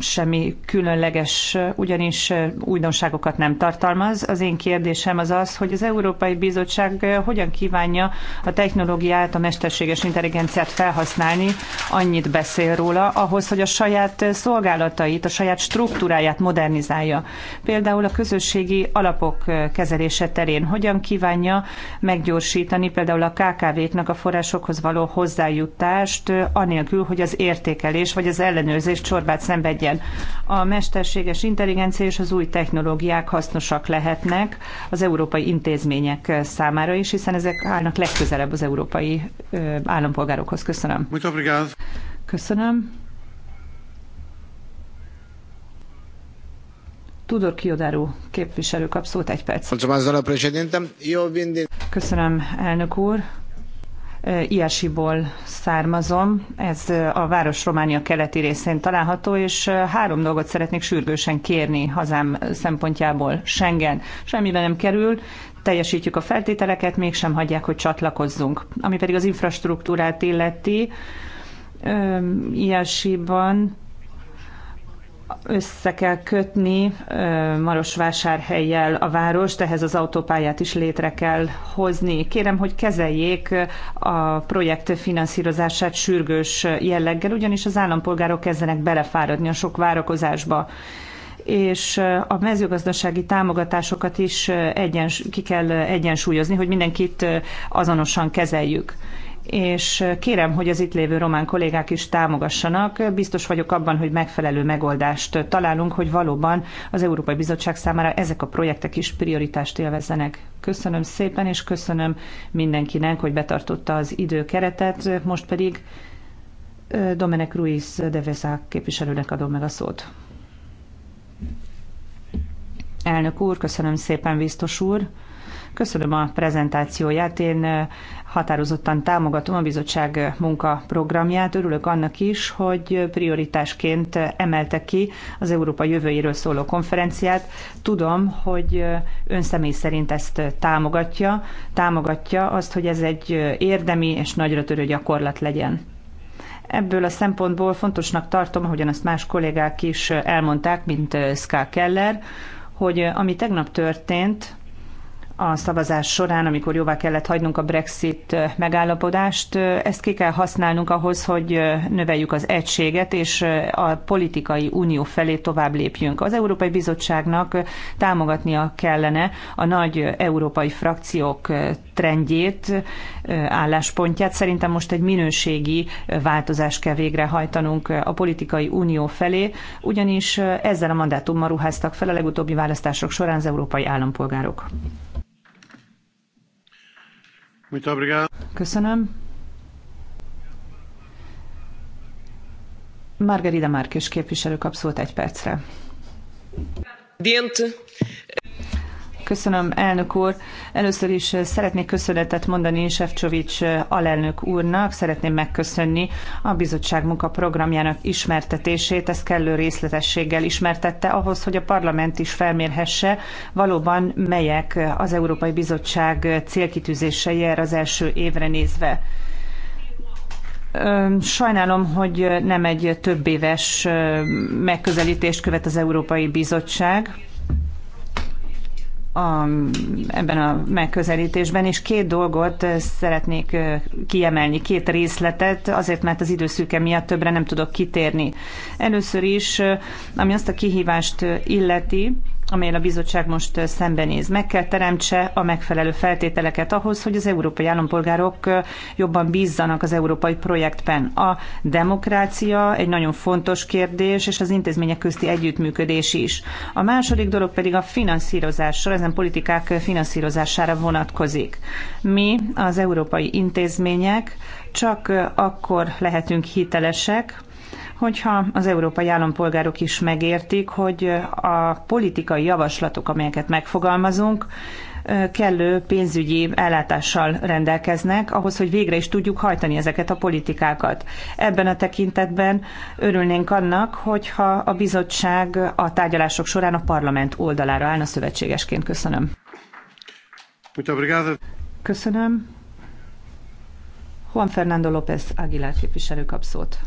semmi különleges, ugyanis újdonságokat nem tartalmaz. Az én kérdésem az az, hogy az Európai Bizottság hogyan kívánja a technológiát, a mesterséges intelligenciát felhasználni, annyit beszél róla, ahhoz, hogy a saját szolgálatait, a saját struktúráját modernizálja. Például a közösségi alapok kezelése terén hogyan kívánja meggyorsítani például a KKV-knak a forrásokhoz való hozzájutást, anélkül, hogy az értékelés vagy az ellenőrzés csorbát szenvedjen. A mesterséges intelligencia és az új technológiák hasznosak lehetnek az európai intézmények számára is, hiszen ezek állnak legközelebb az európai állampolgárokhoz. Köszönöm. Muito obrigado. Köszönöm. Tudor Kiodáró képviselő kap szót egy perc. Köszönöm, elnök úr. Iasiból származom, ez a város Románia keleti részén található, és három dolgot szeretnék sürgősen kérni hazám szempontjából. Schengen semmibe nem kerül, teljesítjük a feltételeket, mégsem hagyják, hogy csatlakozzunk. Ami pedig az infrastruktúrát illeti, Iasiban össze kell kötni Marosvásárhelyjel a várost, ehhez az autópályát is létre kell hozni. Kérem, hogy kezeljék a projekt finanszírozását sürgős jelleggel, ugyanis az állampolgárok kezdenek belefáradni a sok várakozásba és a mezőgazdasági támogatásokat is egyens, ki kell egyensúlyozni, hogy mindenkit azonosan kezeljük és kérem, hogy az itt lévő román kollégák is támogassanak. Biztos vagyok abban, hogy megfelelő megoldást találunk, hogy valóban az Európai Bizottság számára ezek a projektek is prioritást élvezzenek. Köszönöm szépen, és köszönöm mindenkinek, hogy betartotta az időkeretet. Most pedig Domenek Ruiz de Vezák képviselőnek adom meg a szót. Elnök úr, köszönöm szépen, biztos úr. Köszönöm a prezentációját. Én határozottan támogatom a bizottság munkaprogramját. Örülök annak is, hogy prioritásként emelte ki az Európa jövőjéről szóló konferenciát. Tudom, hogy ön személy szerint ezt támogatja, támogatja azt, hogy ez egy érdemi és nagyra törő gyakorlat legyen. Ebből a szempontból fontosnak tartom, ahogyan azt más kollégák is elmondták, mint Ska Keller, hogy ami tegnap történt, a szavazás során, amikor jóvá kellett hagynunk a Brexit megállapodást. Ezt ki kell használnunk ahhoz, hogy növeljük az egységet, és a politikai unió felé tovább lépjünk. Az Európai Bizottságnak támogatnia kellene a nagy európai frakciók trendjét, álláspontját. Szerintem most egy minőségi változást kell végrehajtanunk a politikai unió felé, ugyanis ezzel a mandátummal ruháztak fel a legutóbbi választások során az európai állampolgárok. Köszönöm. Margarida Márkis képviselő kap szót egy percre. Köszönöm, elnök úr. Először is eh, szeretnék köszönetet mondani Sefcsovics eh, alelnök úrnak. Szeretném megköszönni a bizottság munkaprogramjának ismertetését. Ez kellő részletességgel ismertette ahhoz, hogy a parlament is felmérhesse valóban melyek eh, az Európai Bizottság célkitűzései erre az első évre nézve. Sajnálom, hogy nem egy több éves megközelítést követ az Európai Bizottság, a, ebben a megközelítésben, és két dolgot eh, szeretnék eh, kiemelni, két részletet, azért mert az időszűke miatt többre nem tudok kitérni. Először is, eh, ami azt a kihívást illeti, amelyel a bizottság most szembenéz. Meg kell teremtse a megfelelő feltételeket ahhoz, hogy az európai állampolgárok jobban bízzanak az európai projektben. A demokrácia egy nagyon fontos kérdés, és az intézmények közti együttműködés is. A második dolog pedig a finanszírozásra, ezen politikák finanszírozására vonatkozik. Mi, az európai intézmények, csak akkor lehetünk hitelesek, hogyha az európai állampolgárok is megértik, hogy a politikai javaslatok, amelyeket megfogalmazunk, kellő pénzügyi ellátással rendelkeznek, ahhoz, hogy végre is tudjuk hajtani ezeket a politikákat. Ebben a tekintetben örülnénk annak, hogyha a bizottság a tárgyalások során a parlament oldalára állna szövetségesként. Köszönöm. Köszönöm. Juan Fernando López Aguilar képviselő kap szót.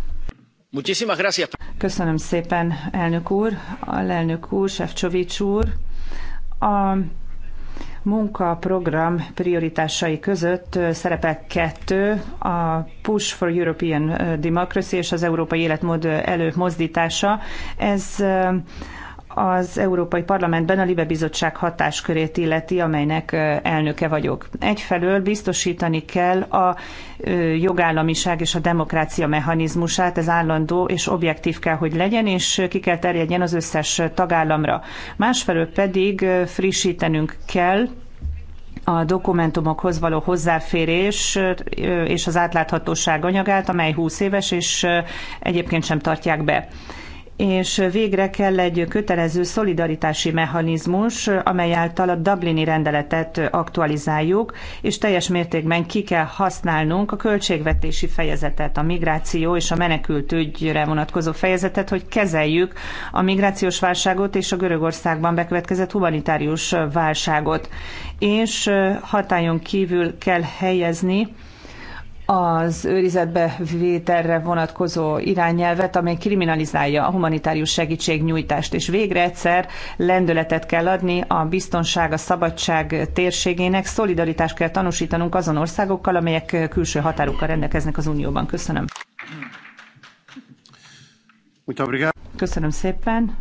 Köszönöm szépen, elnök úr, alelnök úr, Sefcsovics úr. A munkaprogram prioritásai között szerepel kettő, a Push for European Democracy és az Európai Életmód előmozdítása. Ez az Európai Parlamentben a Libe Bizottság hatáskörét illeti, amelynek elnöke vagyok. Egyfelől biztosítani kell a jogállamiság és a demokrácia mechanizmusát, ez állandó és objektív kell, hogy legyen, és ki kell terjedjen az összes tagállamra. Másfelől pedig frissítenünk kell a dokumentumokhoz való hozzáférés és az átláthatóság anyagát, amely 20 éves, és egyébként sem tartják be és végre kell egy kötelező szolidaritási mechanizmus, amely által a Dublini rendeletet aktualizáljuk, és teljes mértékben ki kell használnunk a költségvetési fejezetet, a migráció és a menekültügyre vonatkozó fejezetet, hogy kezeljük a migrációs válságot és a Görögországban bekövetkezett humanitárius válságot. És hatályon kívül kell helyezni az őrizetbe vételre vonatkozó irányelvet, amely kriminalizálja a humanitárius segítségnyújtást, és végre egyszer lendületet kell adni a biztonság, a szabadság térségének, szolidaritást kell tanúsítanunk azon országokkal, amelyek külső határokkal rendelkeznek az Unióban. Köszönöm. Köszönöm szépen.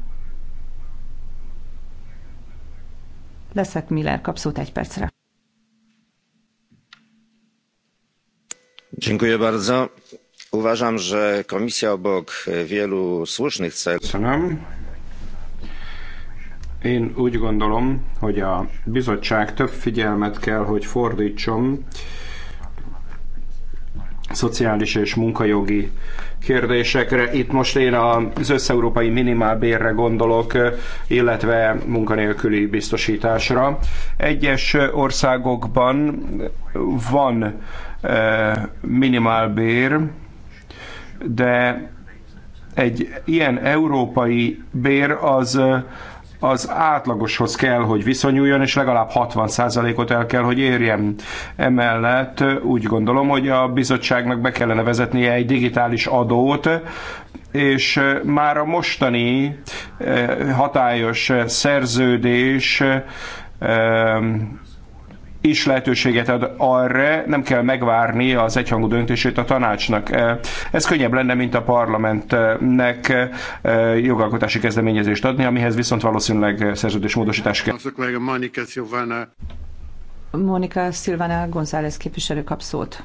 Leszek Miller, kapszót egy percre. uważam że komisja obok e, wielu słusznych celów. én úgy gondolom hogy a bizottság több figyelmet kell hogy fordtson szociális és munkajogi kérdésekre. Itt most én az összeurópai minimálbérre gondolok, e, illetve munkanélküli biztosításra. Egyes országokban van minimálbér, de egy ilyen európai bér az az átlagoshoz kell, hogy viszonyuljon, és legalább 60%-ot el kell, hogy érjen. Emellett úgy gondolom, hogy a bizottságnak be kellene vezetnie egy digitális adót, és már a mostani hatályos szerződés és lehetőséget ad arra, nem kell megvárni az egyhangú döntését a tanácsnak. E, ez könnyebb lenne, mint a parlamentnek e, jogalkotási kezdeményezést adni, amihez viszont valószínűleg szerződésmódosítás kell. Monika Silvana González képviselő kap szót.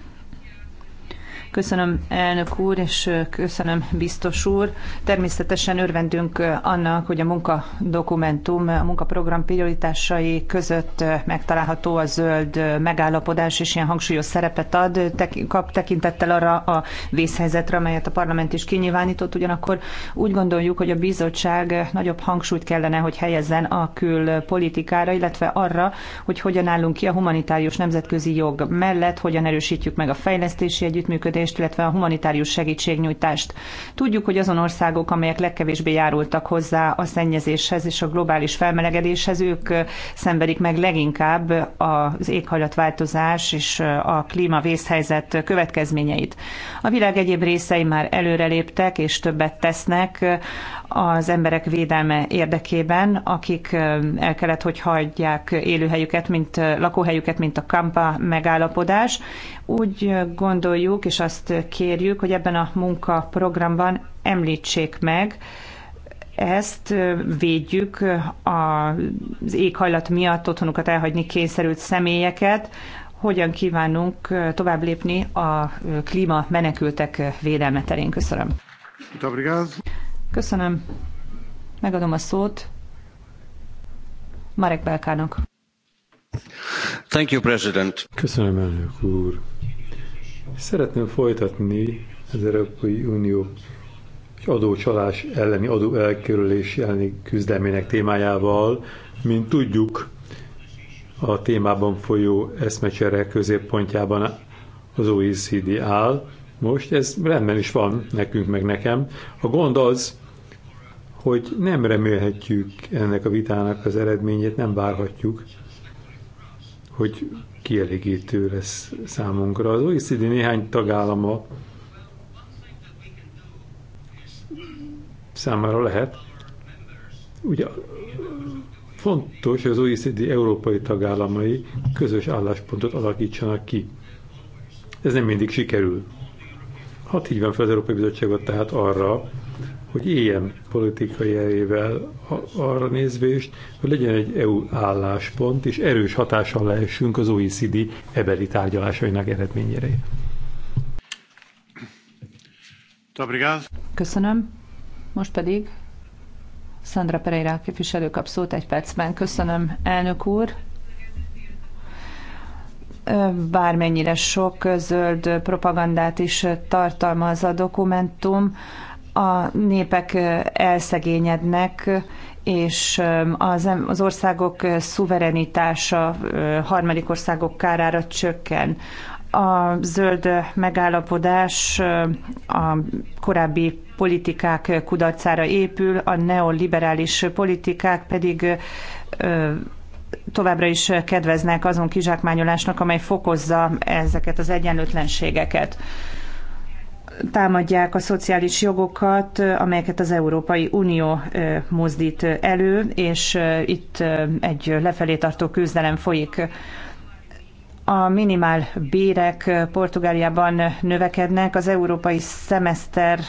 Köszönöm elnök úr, és köszönöm biztos úr. Természetesen örvendünk annak, hogy a munkadokumentum, a munkaprogram prioritásai között megtalálható a zöld megállapodás, és ilyen hangsúlyos szerepet ad, tek, kap tekintettel arra a vészhelyzetre, amelyet a parlament is kinyilvánított. Ugyanakkor úgy gondoljuk, hogy a bizottság nagyobb hangsúlyt kellene, hogy helyezzen a külpolitikára, illetve arra, hogy hogyan állunk ki a humanitárius nemzetközi jog mellett, hogyan erősítjük meg a fejlesztési együttműködést, fejlesztést, illetve a humanitárius segítségnyújtást. Tudjuk, hogy azon országok, amelyek legkevésbé járultak hozzá a szennyezéshez és a globális felmelegedéshez, ők szenvedik meg leginkább az éghajlatváltozás és a klímavészhelyzet következményeit. A világ egyéb részei már előreléptek és többet tesznek az emberek védelme érdekében, akik el kellett, hogy hagyják élőhelyüket, mint lakóhelyüket, mint a Kampa megállapodás. Úgy gondoljuk, és azt kérjük, hogy ebben a munkaprogramban említsék meg, ezt védjük az éghajlat miatt otthonukat elhagyni kényszerült személyeket, hogyan kívánunk tovább lépni a klíma menekültek védelme terén. Köszönöm. Köszönöm. Megadom a szót Marek Belkának. Thank you, President. Köszönöm, elnök úr. Szeretném folytatni az Európai Unió adócsalás elleni adó elkerülés elleni küzdelmének témájával, mint tudjuk, a témában folyó eszmecsere középpontjában az OECD áll. Most ez rendben is van nekünk, meg nekem. A gond az, hogy nem remélhetjük ennek a vitának az eredményét, nem várhatjuk, hogy kielégítő lesz számunkra. Az OECD néhány tagállama számára lehet. Ugye fontos, hogy az OECD európai tagállamai közös álláspontot alakítsanak ki. Ez nem mindig sikerül. Hadd hívjam fel az Európai Bizottságot tehát arra, hogy ilyen politikai erével arra nézvést, hogy legyen egy EU álláspont, és erős hatással lehessünk az OECD ebeli tárgyalásainak eredményére. Köszönöm. Most pedig Sandra Pereira képviselő kap szót egy percben. Köszönöm, elnök úr bármennyire sok zöld propagandát is tartalmaz a dokumentum, a népek elszegényednek, és az, országok szuverenitása harmadik országok kárára csökken. A zöld megállapodás a korábbi politikák kudarcára épül, a neoliberális politikák pedig továbbra is kedveznek azon kizsákmányolásnak, amely fokozza ezeket az egyenlőtlenségeket támadják a szociális jogokat, amelyeket az Európai Unió mozdít elő, és itt egy lefelé tartó küzdelem folyik a minimál bérek Portugáliában növekednek, az európai szemeszter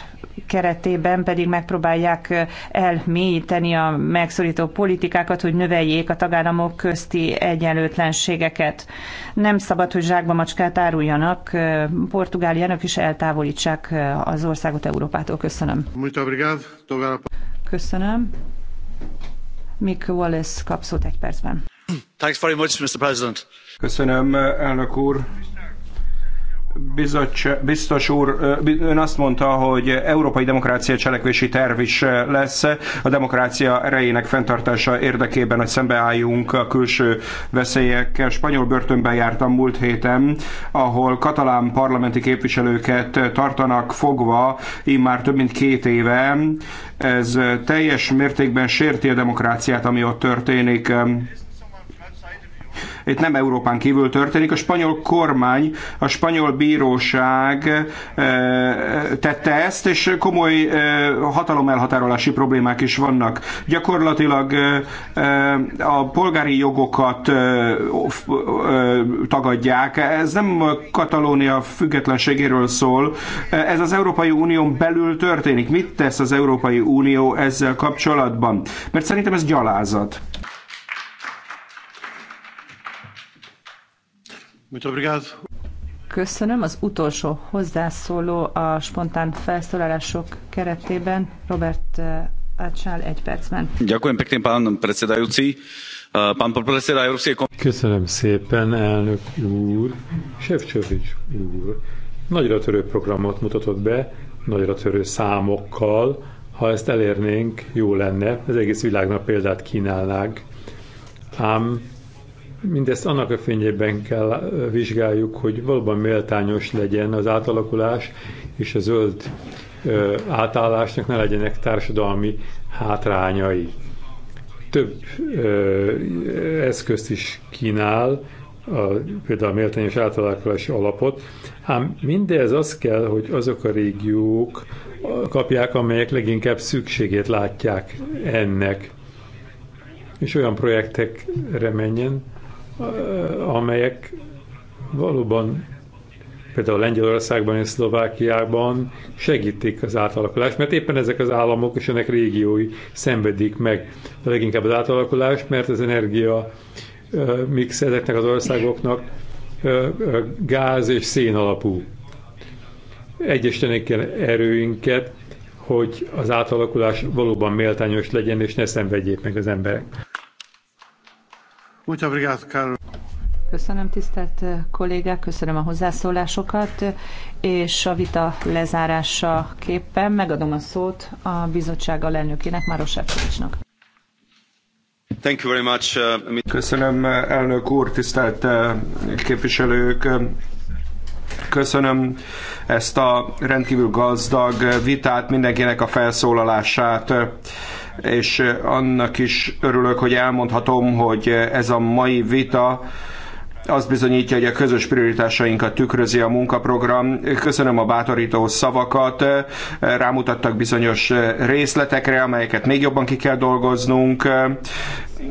keretében pedig megpróbálják elmélyíteni a megszorító politikákat, hogy növeljék a tagállamok közti egyenlőtlenségeket. Nem szabad, hogy zsákba macskát áruljanak Portugáliának, is eltávolítsák az országot Európától. Köszönöm. Köszönöm. Mick Wallace kapszót egy percben. Thanks very much, Mr. President. Köszönöm, elnök úr. Bizottság, biztos úr, ön azt mondta, hogy európai demokrácia cselekvési terv is lesz a demokrácia erejének fenntartása érdekében, hogy szembeálljunk a külső veszélyekkel. Spanyol börtönben jártam múlt héten, ahol katalán parlamenti képviselőket tartanak fogva, már több mint két éve. Ez teljes mértékben sérti a demokráciát, ami ott történik itt nem Európán kívül történik. A spanyol kormány, a spanyol bíróság eh, tette ezt, és komoly eh, hatalomelhatárolási problémák is vannak. Gyakorlatilag eh, a polgári jogokat tagadják. Ez nem Katalónia függetlenségéről szól. Ez az Európai Unión belül történik. Mit tesz az Európai Unió ezzel kapcsolatban? Mert szerintem ez gyalázat. Köszönöm. Az utolsó hozzászóló a spontán felszólalások keretében Robert eh, Ácsál egy percben. Ďakujem pekne, pán predsedajúci. Eh, pán predseda Európskej Köszönöm szépen, elnök úr. Sefcsövics úr. Nagyra törő programot mutatott be, nagyra törő számokkal. Ha ezt elérnénk, jó lenne. Az egész világnak példát kínálnák. Ám mindezt annak a fényében kell vizsgáljuk, hogy valóban méltányos legyen az átalakulás, és a zöld átállásnak ne legyenek társadalmi hátrányai. Több ö, eszközt is kínál, a, például a méltányos átalakulási alapot, ám mindez az kell, hogy azok a régiók kapják, amelyek leginkább szükségét látják ennek, és olyan projektekre menjen, amelyek valóban például Lengyelországban és Szlovákiában segítik az átalakulást, mert éppen ezek az államok és ennek régiói szenvedik meg a leginkább az átalakulást, mert az energia mix ezeknek az országoknak gáz és szén alapú. Egyesítenék kell erőinket, hogy az átalakulás valóban méltányos legyen, és ne szenvedjék meg az emberek. Köszönöm, tisztelt eh, kollégák, köszönöm a hozzászólásokat, és a vita lezárása képpen megadom a szót a bizottság alelnökének, Máros Sefcovicsnak. Uh, köszönöm, elnök úr, tisztelt eh, képviselők. Köszönöm ezt a rendkívül gazdag vitát, mindenkinek a felszólalását és annak is örülök, hogy elmondhatom, hogy ez a mai vita azt bizonyítja, hogy a közös prioritásainkat tükrözi a munkaprogram. Köszönöm a bátorító szavakat, rámutattak bizonyos részletekre, amelyeket még jobban ki kell dolgoznunk.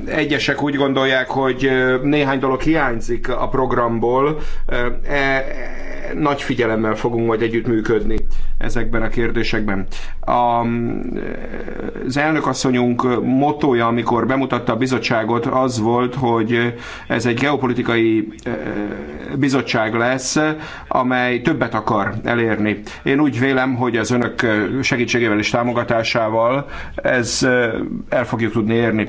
Egyesek úgy gondolják, hogy néhány dolog hiányzik a programból, e, e, nagy figyelemmel fogunk majd együttműködni ezekben a kérdésekben. A, az elnökasszonyunk motója, amikor bemutatta a bizottságot, az volt, hogy ez egy geopolitikai e, bizottság lesz, amely többet akar elérni. Én úgy vélem, hogy az önök segítségével és támogatásával ez e, el fogjuk tudni érni.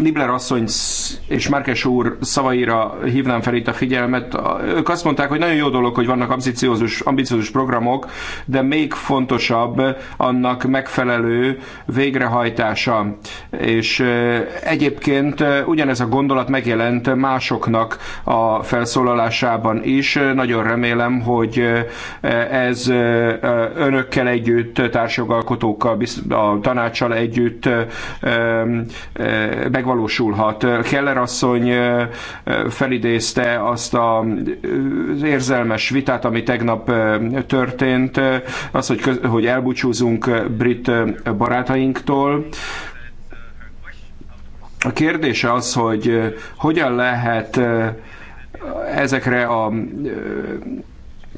Nibler asszony és Márkes úr szavaira hívnám fel itt a figyelmet. Ők azt mondták, hogy nagyon jó dolog, hogy vannak ambiciózus, ambiciózus programok, de még fontosabb annak megfelelő végrehajtása. És egyébként ugyanez a gondolat megjelent másoknak a felszólalásában is. Nagyon remélem, hogy ez önökkel együtt, társjogalkotókkal, a tanácssal együtt meg megvalósulhat. Keller asszony felidézte azt az érzelmes vitát, ami tegnap történt, az, hogy, hogy elbúcsúzunk brit barátainktól. A kérdés az, hogy hogyan lehet ezekre a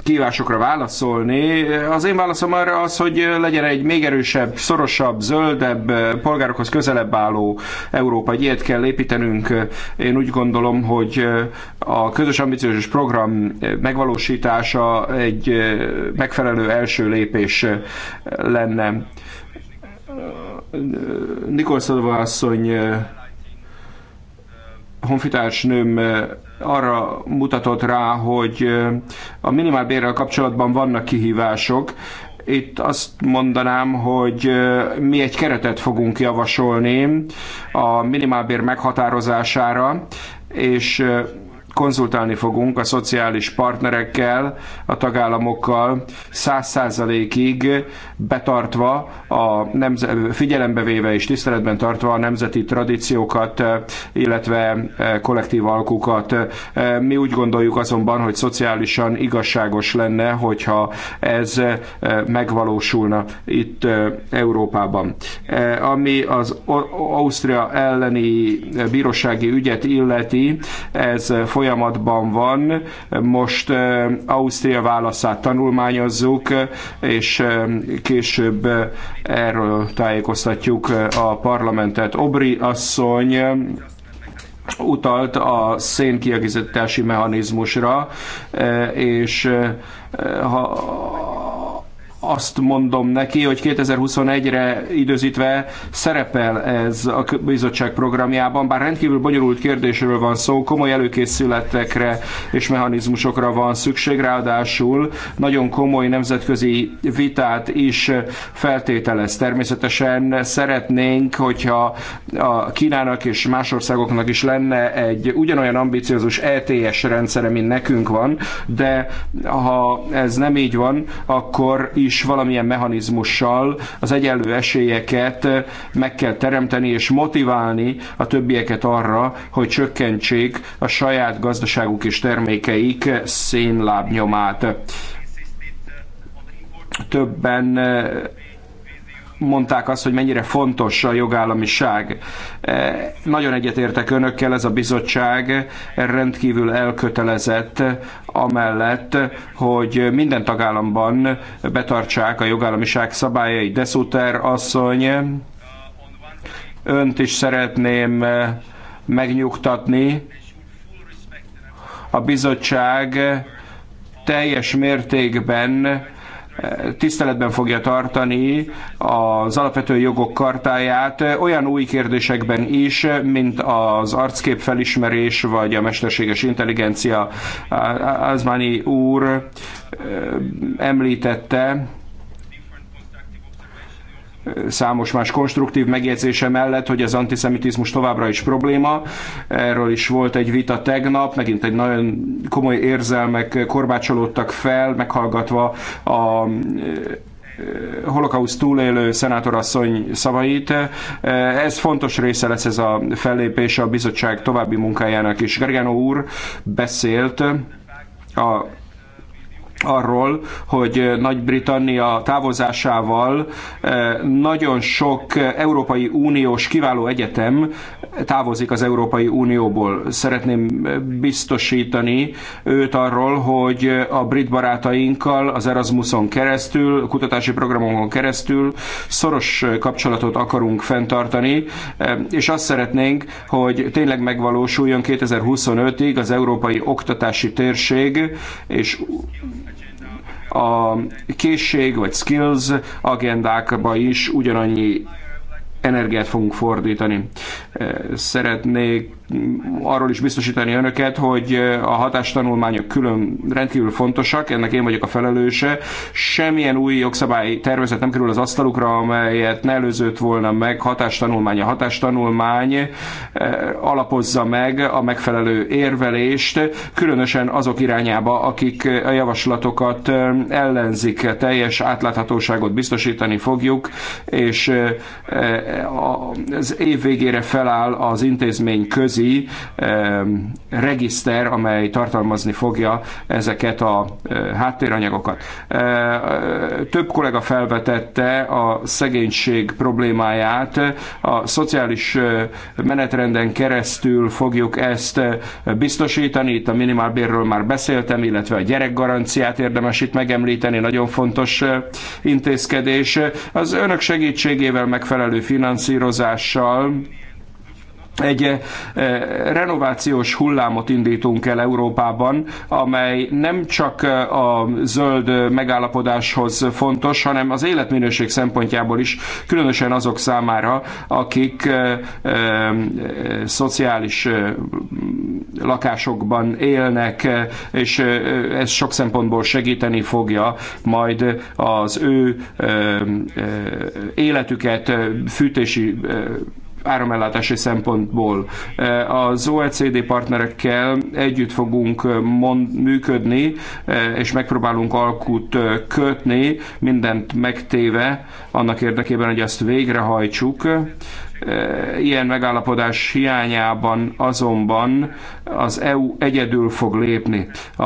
kívásokra válaszolni. Az én válaszom arra az, hogy legyen egy még erősebb, szorosabb, zöldebb, polgárokhoz közelebb álló Európa. Egy ilyet kell építenünk. Én úgy gondolom, hogy a közös ambiciózus program megvalósítása egy megfelelő első lépés lenne. Nikolszadova asszony honfitársnőm arra mutatott rá, hogy a minimálbérrel kapcsolatban vannak kihívások, itt azt mondanám, hogy mi egy keretet fogunk javasolni a minimálbér meghatározására, és konzultálni fogunk a szociális partnerekkel, a tagállamokkal, száz százalékig betartva, a nemze- figyelembe véve és tiszteletben tartva a nemzeti tradíciókat, illetve eh, kollektív alkukat. Eh, mi úgy gondoljuk azonban, hogy szociálisan igazságos lenne, hogyha ez eh, megvalósulna itt Európában. Ami az Ausztria elleni bírósági ügyet illeti, ez folyamatosan folyamatban van, most eh, Ausztria válaszát tanulmányozzuk, és eh, később eh, erről tájékoztatjuk a parlamentet. Obri asszony utalt a szénkiegészítési mechanizmusra, és ha azt mondom neki, hogy 2021-re időzítve szerepel ez a bizottság programjában, bár rendkívül bonyolult kérdésről van szó, komoly előkészületekre és mechanizmusokra van szükség, ráadásul nagyon komoly nemzetközi vitát is feltételez. Természetesen szeretnénk, hogyha a Kínának és más országoknak is lenne egy ugyanolyan ambiciózus ETS rendszere, mint nekünk van, de ha ez nem így van, akkor is is valamilyen mechanizmussal az egyenlő esélyeket meg kell teremteni és motiválni a többieket arra, hogy csökkentsék a saját gazdaságuk és termékeik szénlábnyomát többen mondták azt, hogy mennyire fontos a jogállamiság. E, nagyon egyetértek önökkel, ez a bizottság rendkívül elkötelezett amellett, hogy minden tagállamban betartsák a jogállamiság szabályait. De asszony, önt is szeretném megnyugtatni. A bizottság teljes mértékben tiszteletben fogja tartani az alapvető jogok kartáját olyan új kérdésekben is, mint az arckép felismerés vagy a mesterséges intelligencia. Azmani úr említette, számos más konstruktív megjegyzése mellett, hogy az antiszemitizmus továbbra is probléma. Erről is volt egy vita tegnap, megint egy nagyon komoly érzelmek korbácsolódtak fel, meghallgatva a e, e, holokauszt túlélő szenátorasszony szavait. E, ez fontos része lesz ez a fellépés a bizottság további munkájának is. Gergánó úr beszélt a arról, hogy Nagy-Britannia távozásával nagyon sok Európai Uniós kiváló egyetem távozik az Európai Unióból. Szeretném biztosítani őt arról, hogy a brit barátainkkal az Erasmuson keresztül, kutatási programokon keresztül szoros kapcsolatot akarunk fenntartani, és azt szeretnénk, hogy tényleg megvalósuljon 2025-ig az Európai Oktatási Térség, és a készség vagy skills agendákba is ugyanannyi energiát fogunk fordítani. Szeretnék arról is biztosítani önöket, hogy a hatástanulmányok külön rendkívül fontosak, ennek én vagyok a felelőse. Semmilyen új jogszabály tervezet nem kerül az asztalukra, amelyet ne előzött volna meg hatástanulmány. A hatástanulmány alapozza meg a megfelelő érvelést, különösen azok irányába, akik a javaslatokat ellenzik. Teljes átláthatóságot biztosítani fogjuk, és az év végére feláll az intézmény közé nemzetközi regiszter, amely tartalmazni fogja ezeket a e, háttéranyagokat. E, több kollega felvetette a szegénység problémáját. A szociális e, menetrenden keresztül fogjuk ezt biztosítani. Itt a minimálbérről már beszéltem, illetve a gyerekgaranciát érdemes itt megemlíteni, nagyon fontos intézkedés. Az önök segítségével megfelelő finanszírozással egy eh, renovációs hullámot indítunk el Európában, amely nem csak eh, a zöld eh, megállapodáshoz fontos, hanem az életminőség szempontjából is, különösen azok számára, akik szociális lakásokban élnek, és ez sok szempontból segíteni fogja majd az ő életüket fűtési áramellátási szempontból. Eh, az OECD partnerekkel együtt fogunk eh, mond, működni, eh, és megpróbálunk alkut kötni, mindent megtéve annak érdekében, hogy ezt végrehajtsuk. Ilyen megállapodás hiányában azonban az EU egyedül fog lépni. A,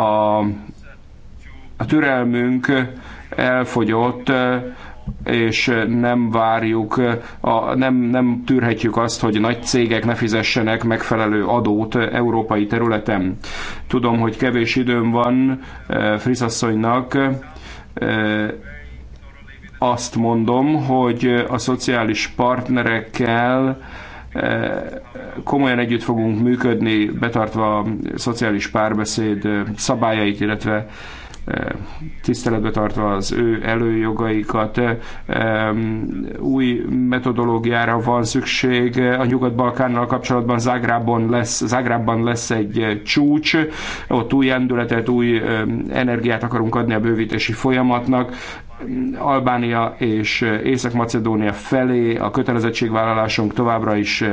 a türelmünk elfogyott, és nem várjuk, a, nem, nem tűrhetjük azt, hogy nagy cégek ne fizessenek megfelelő adót európai területen. Tudom, hogy kevés időm van Frisasszonynak. azt mondom, hogy a szociális partnerekkel komolyan együtt fogunk működni, betartva a szociális párbeszéd szabályait, illetve tiszteletbe tartva az ő előjogaikat. Új metodológiára van szükség. A Nyugat-Balkánnal kapcsolatban Zágrában lesz, Zágrában lesz egy csúcs, ott új endületet, új energiát akarunk adni a bővítési folyamatnak. Albánia és Észak-Macedónia felé a kötelezettségvállalásunk továbbra is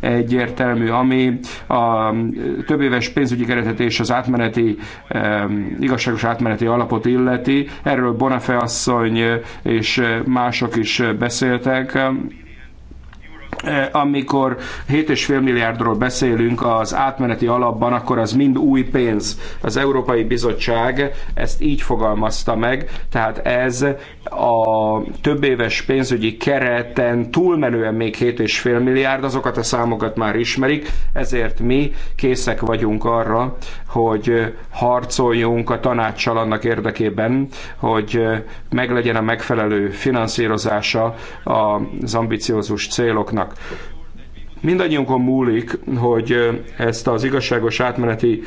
egyértelmű, ami a többéves pénzügyi keretet és az átmeneti, igazságos átmeneti alapot illeti. Erről Bonafé asszony és mások is beszéltek. Eh, amikor 7,5 milliárdról beszélünk az átmeneti alapban, akkor az mind új pénz. Az Európai Bizottság ezt így fogalmazta meg, tehát ez a több éves pénzügyi kereten túlmenően még 7,5 milliárd, azokat a számokat már ismerik, ezért mi készek vagyunk arra, hogy harcoljunk a tanácssal annak érdekében, hogy meglegyen a megfelelő finanszírozása az ambiciózus céloknak. Mindannyiunkon múlik, hogy ezt az igazságos átmeneti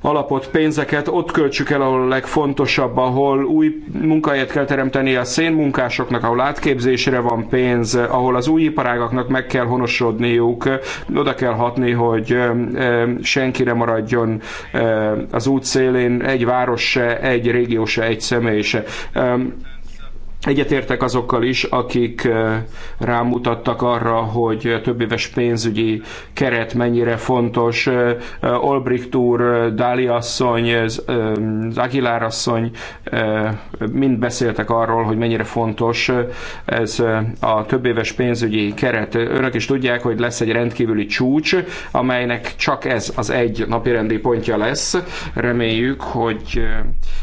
alapot, pénzeket ott költsük el, ahol a legfontosabb, ahol új munkahelyet kell teremteni a szénmunkásoknak, ahol átképzésre van pénz, ahol az új iparágaknak meg kell honosodniuk, oda kell hatni, hogy senkire maradjon az út szélén egy város se, egy régió se, egy személy se. Egyetértek azokkal is, akik eh, rámutattak arra, hogy több éves pénzügyi keret mennyire fontos. Eh, eh, Olbricht úr, Dáli asszony, Aguilar asszony mind beszéltek arról, hogy mennyire fontos ez a több éves pénzügyi keret. Önök is tudják, hogy lesz egy rendkívüli csúcs, amelynek csak ez az egy napirendi pontja lesz. Reméljük, hogy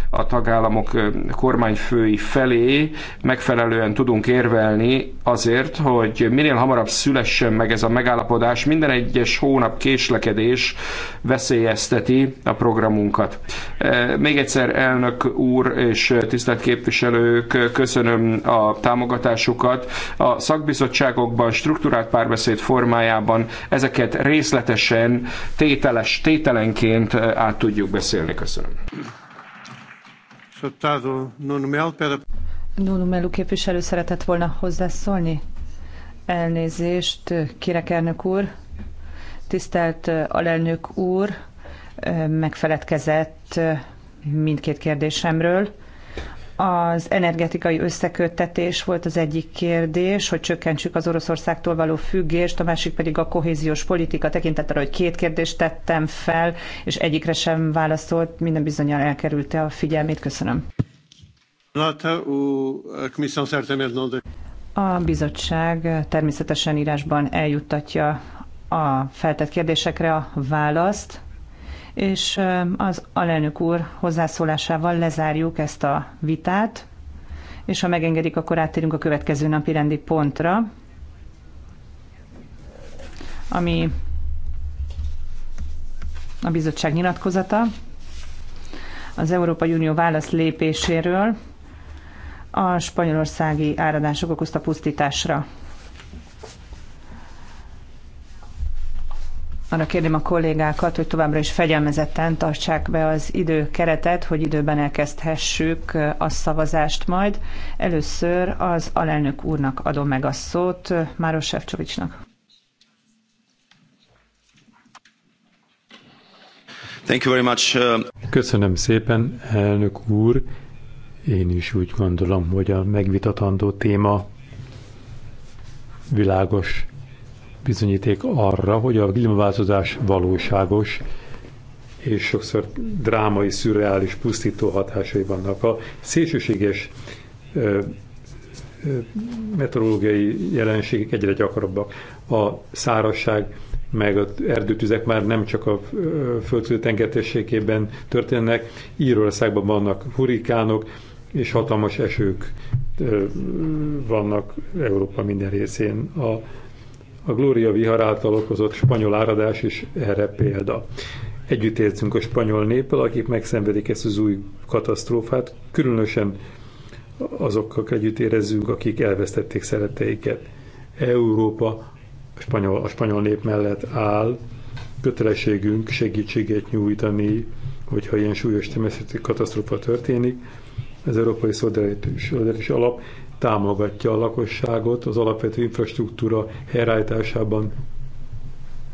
a tagállamok kormányfői felé megfelelően tudunk érvelni azért, hogy minél hamarabb szülessen meg ez a megállapodás. Minden egyes hónap késlekedés veszélyezteti a programunkat. E, még egyszer elnök úr és tisztelt képviselők, köszönöm a támogatásukat. A szakbizottságokban, struktúrált párbeszéd formájában ezeket részletesen, tételes, tételenként át tudjuk beszélni. Köszönöm. Nunu Melu képviselő szeretett volna hozzászólni? Elnézést, kérek elnök úr, tisztelt alelnök úr, megfeledkezett mindkét kérdésemről. Az energetikai összeköttetés volt az egyik kérdés, hogy csökkentsük az Oroszországtól való függést, a másik pedig a kohéziós politika tekintetre, hogy két kérdést tettem fel, és egyikre sem válaszolt, minden bizonyal elkerülte a figyelmét. Köszönöm. E, a bizottság természetesen írásban eljuttatja a feltett kérdésekre a választ, és e, az alelnök úr hozzászólásával lezárjuk ezt a vitát, és ha megengedik, akkor áttérünk a következő napi rendi pontra, ami a bizottság nyilatkozata az Európai Unió válasz lépéséről a spanyolországi áradások okozta pusztításra. Arra kérném a kollégákat, hogy továbbra is fegyelmezetten tartsák be az időkeretet, hogy időben elkezdhessük a szavazást majd. Először az alelnök úrnak adom meg a szót, Máros Sefcsovicsnak. Uh, Köszönöm szépen, elnök úr. Én is úgy gondolom, hogy a megvitatandó téma világos bizonyíték arra, hogy a klímaváltozás valóságos, és sokszor drámai, szürreális, pusztító hatásai vannak. A szélsőséges ö, ö, meteorológiai jelenségek egyre gyakorabbak. A szárasság, meg az erdőtüzek már nem csak a földközi tengertérségében történnek, Írországban vannak hurikánok, és hatalmas esők vannak Európa minden részén. A, a Gloria vihar által okozott spanyol áradás is erre példa. Együtt érzünk a spanyol néppel, akik megszenvedik ezt az új katasztrófát, különösen azokkal együtt érezzünk, akik elvesztették szeretteiket. Európa a spanyol, a spanyol nép mellett áll, kötelességünk segítséget nyújtani, hogyha ilyen súlyos természeti katasztrófa történik, az Európai Szolidaritási Alap támogatja a lakosságot az alapvető infrastruktúra helyreállításában.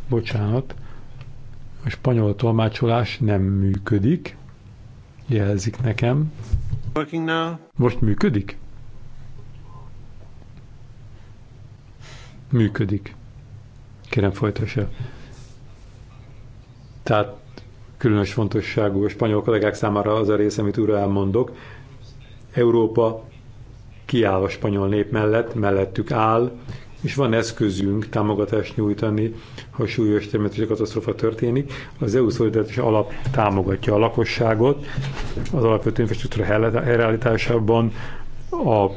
Bocsánat, a spanyol tolmácsolás nem működik, jelzik nekem. Most működik? Működik. Kérem folytassa. Tehát különös fontosságú a spanyol kollégák számára az a rész, amit újra elmondok, Európa kiáll a spanyol nép mellett, mellettük áll, és van eszközünk támogatást nyújtani, ha súlyos természeti katasztrófa történik. Az EU szolidaritás alap támogatja a lakosságot, az alapvető infrastruktúra helyreállításában, a, a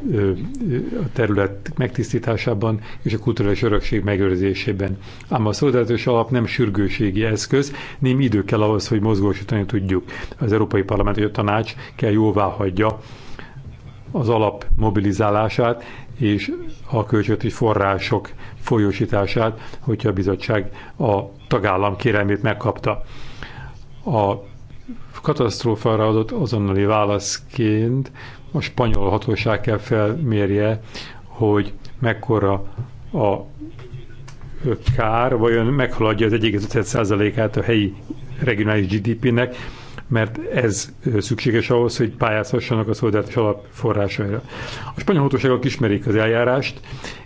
terület megtisztításában és a kulturális örökség megőrzésében. Ám a szolidaritás alap nem sürgőségi eszköz, nem idő kell ahhoz, hogy mozgósítani tudjuk. Az Európai Parlament vagy a tanács kell jóvá hagyja az alap mobilizálását és a költségvetési források folyósítását, hogyha a bizottság a tagállam kérelmét megkapta. A katasztrófára adott azonnali válaszként a spanyol hatóság kell felmérje, hogy mekkora a kár, vajon meghaladja az 1,5%-át a helyi regionális GDP-nek, mert ez szükséges ahhoz, hogy pályázhassanak a szolidáltás alapforrásaira. A spanyol hatóságok ismerik az eljárást,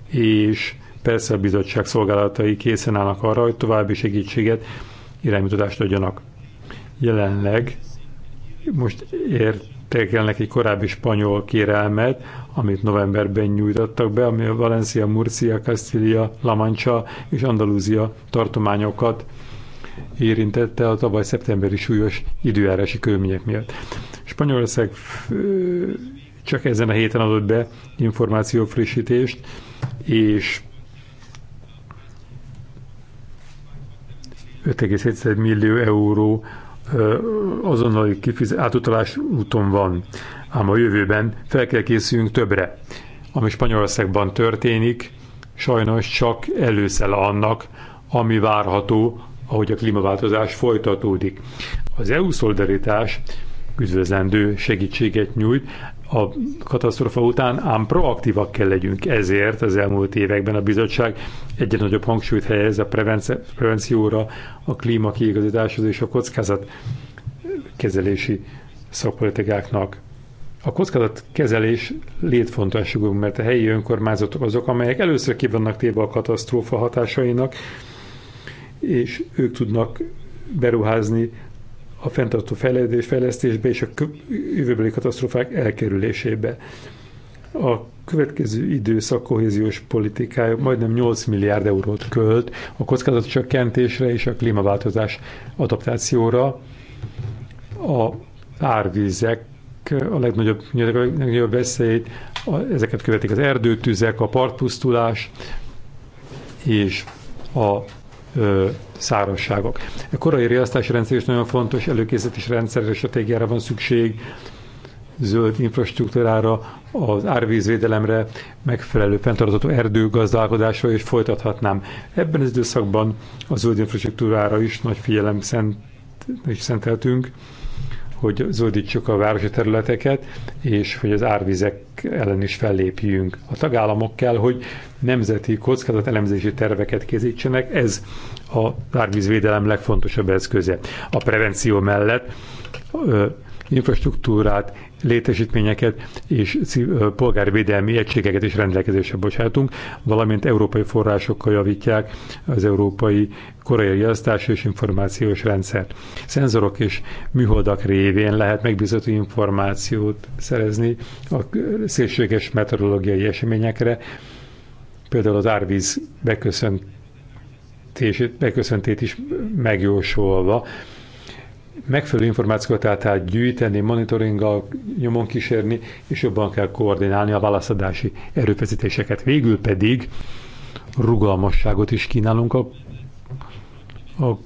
és persze a bizottság szolgálatai készen állnak arra, hogy további segítséget, iránymutatást adjanak. Jelenleg most értékelnek egy korábbi spanyol kérelmet, amit novemberben nyújtottak be, ami a Valencia, Murcia, Castilla, La Mancha és Andalúzia tartományokat érintette a tavaly szeptemberi súlyos időjárási körülmények miatt. Spanyolország csak ezen a héten adott be információ frissítést, és 5,7 millió euró azonnali kifizet, átutalás úton van, ám a jövőben fel kell készüljünk többre. Ami Spanyolországban történik, sajnos csak előszele annak, ami várható ahogy a klímaváltozás folytatódik. Az EU szolidaritás üdvözlendő segítséget nyújt a katasztrofa után, ám proaktívak kell legyünk. Ezért az elmúlt években a bizottság egyre nagyobb hangsúlyt helyez a prevencióra, a klímakiigazításhoz és a kockázat kezelési szakpolitikáknak. A kezelés létfontosságú, mert a helyi önkormányzatok azok, amelyek először kivannak téve a katasztrófa hatásainak, és ők tudnak beruházni a fenntartó fejlődés, fejlesztésbe és a jövőbeli katasztrofák elkerülésébe. A következő időszak kohéziós politikája majdnem 8 milliárd eurót költ a kockázatcsökkentésre és a klímaváltozás adaptációra. A árvízek a legnagyobb, legnagyobb veszélyt, a, ezeket követik az erdőtüzek, a partpusztulás és a ö, szárazságok. A korai riasztási rendszer is nagyon fontos, előkészítés rendszerre, stratégiára van szükség, zöld infrastruktúrára, az árvízvédelemre, megfelelő fenntartható erdőgazdálkodásra, és folytathatnám. Ebben az időszakban a zöld infrastruktúrára is nagy figyelem szent, is szenteltünk, hogy zöldítsük a városi területeket, és hogy az árvizek ellen is fellépjünk. A tagállamok kell, hogy nemzeti kockázat elemzési terveket készítsenek, ez a árvízvédelem legfontosabb eszköze. A prevenció mellett ö, infrastruktúrát létesítményeket és polgárvédelmi egységeket is rendelkezésre bocsátunk, valamint európai forrásokkal javítják az európai korai riasztás és információs rendszert. Szenzorok és műholdak révén lehet megbízható információt szerezni a szélséges meteorológiai eseményekre, például az árvíz beköszöntését, beköszöntét is megjósolva, megfelelő információkat tehát kell gyűjteni, monitoringgal nyomon kísérni, és jobban kell koordinálni a válaszadási erőfeszítéseket. Végül pedig rugalmasságot is kínálunk a, a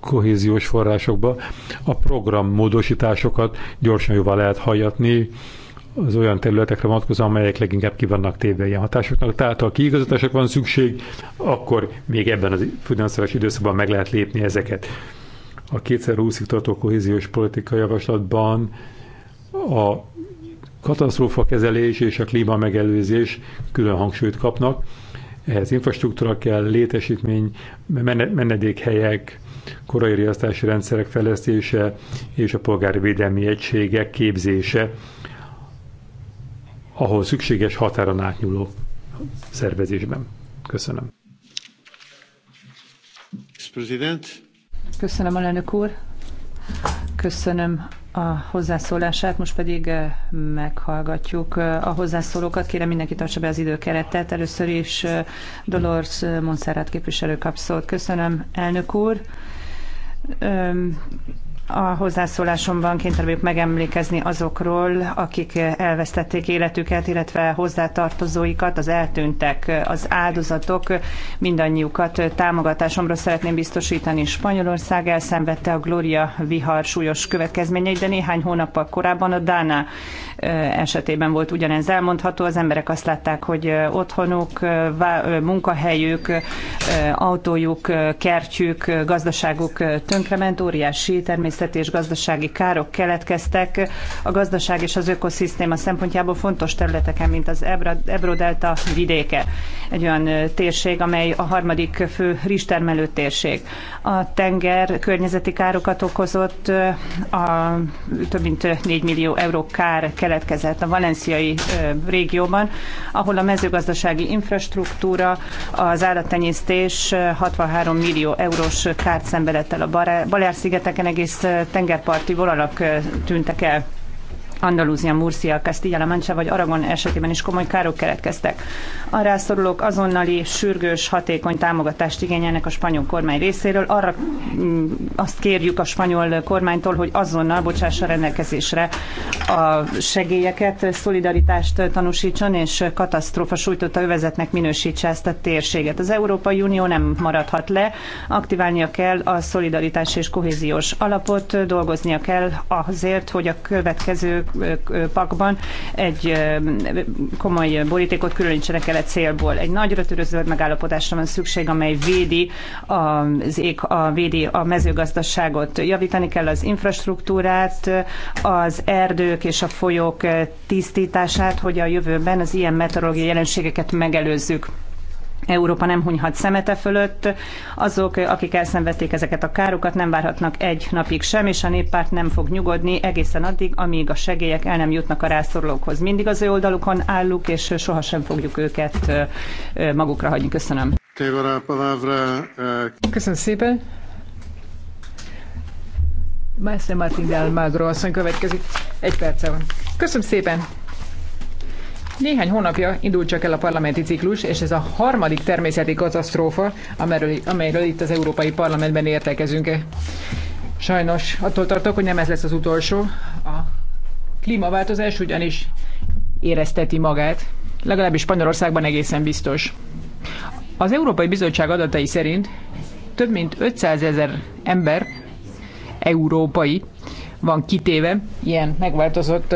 kohéziós forrásokba. A program módosításokat gyorsan jóval lehet hajatni, az olyan területekre vonatkozóan, amelyek leginkább kivannak téve ilyen hatásoknak. Tehát, ha kiigazítások van szükség, akkor még ebben az finanszírozás időszakban meg lehet lépni ezeket a 2020-ig tartó kohéziós politika javaslatban a katasztrófa kezelés és a klíma megelőzés külön hangsúlyt kapnak. Ehhez infrastruktúra kell, létesítmény, menedékhelyek, korai riasztási rendszerek fejlesztése és a védelmi egységek képzése, ahol szükséges határon átnyúló szervezésben. Köszönöm. President. Köszönöm, alelnök úr. Köszönöm a hozzászólását, most pedig eh, meghallgatjuk eh, a hozzászólókat. Kérem mindenki tartsa be az időkeretet. Először is eh, Dolores Monserrat képviselő kap szót. Köszönöm, elnök úr a hozzászólásomban kénytelen vagyok megemlékezni azokról, akik elvesztették életüket, illetve hozzátartozóikat, az eltűntek, az áldozatok, mindannyiukat támogatásomra szeretném biztosítani. Spanyolország elszenvedte a Gloria vihar súlyos következményeit, de néhány hónappal korábban a Dána esetében volt ugyanez elmondható. Az emberek azt látták, hogy otthonuk, munkahelyük, autójuk, kertjük, gazdaságuk tönkrement, óriási természet környezeti és gazdasági károk keletkeztek. A gazdaság és az ökoszisztéma szempontjából fontos területeken, mint az Ebro-delta vidéke. Egy olyan térség, amely a harmadik fő rizstermelő térség. A tenger környezeti károkat okozott, a több mint 4 millió euró kár keletkezett a valenciai régióban, ahol a mezőgazdasági infrastruktúra, az állattenyésztés 63 millió eurós kárt szenvedett el a Balár-szigeteken, egész tengerparti vonalak tűntek el. Andalúzia, Murcia, Castilla-La Mancha vagy Aragon esetében is komoly károk keletkeztek. A rászorulók azonnali, sürgős, hatékony támogatást igényelnek a spanyol kormány részéről. Arra mm, azt kérjük a spanyol kormánytól, hogy azonnal bocsássa rendelkezésre a segélyeket, szolidaritást tanúsítson, és katasztrófa sújtotta övezetnek minősítse ezt a térséget. Az Európai Unió nem maradhat le, aktiválnia kell a szolidaritás és kohéziós alapot, dolgoznia kell azért, hogy a következő pakban egy komoly borítékot különítsenek el a célból. Egy nagyra törő zöld megállapodásra van szükség, amely védi az ég, a, védi a mezőgazdaságot. Javítani kell az infrastruktúrát, az erdők és a folyók tisztítását, hogy a jövőben az ilyen meteorológiai jelenségeket megelőzzük. Európa nem hunyhat szemete fölött. Azok, akik elszenvedték ezeket a károkat, nem várhatnak egy napig sem, és a néppárt nem fog nyugodni egészen addig, amíg a segélyek el nem jutnak a rászorulókhoz. Mindig az ő oldalukon állunk, és sohasem fogjuk őket magukra hagyni. Köszönöm. Köszönöm szépen. Mászre Martin Magro asszony következik. Egy perce van. Köszönöm szépen. Néhány hónapja indult csak el a parlamenti ciklus, és ez a harmadik természeti katasztrófa, amelyről, amelyről itt az Európai Parlamentben értekezünk. Sajnos attól tartok, hogy nem ez lesz az utolsó. A klímaváltozás ugyanis érezteti magát, legalábbis Spanyolországban egészen biztos. Az Európai Bizottság adatai szerint több mint 500 ezer ember, európai, van kitéve ilyen megváltozott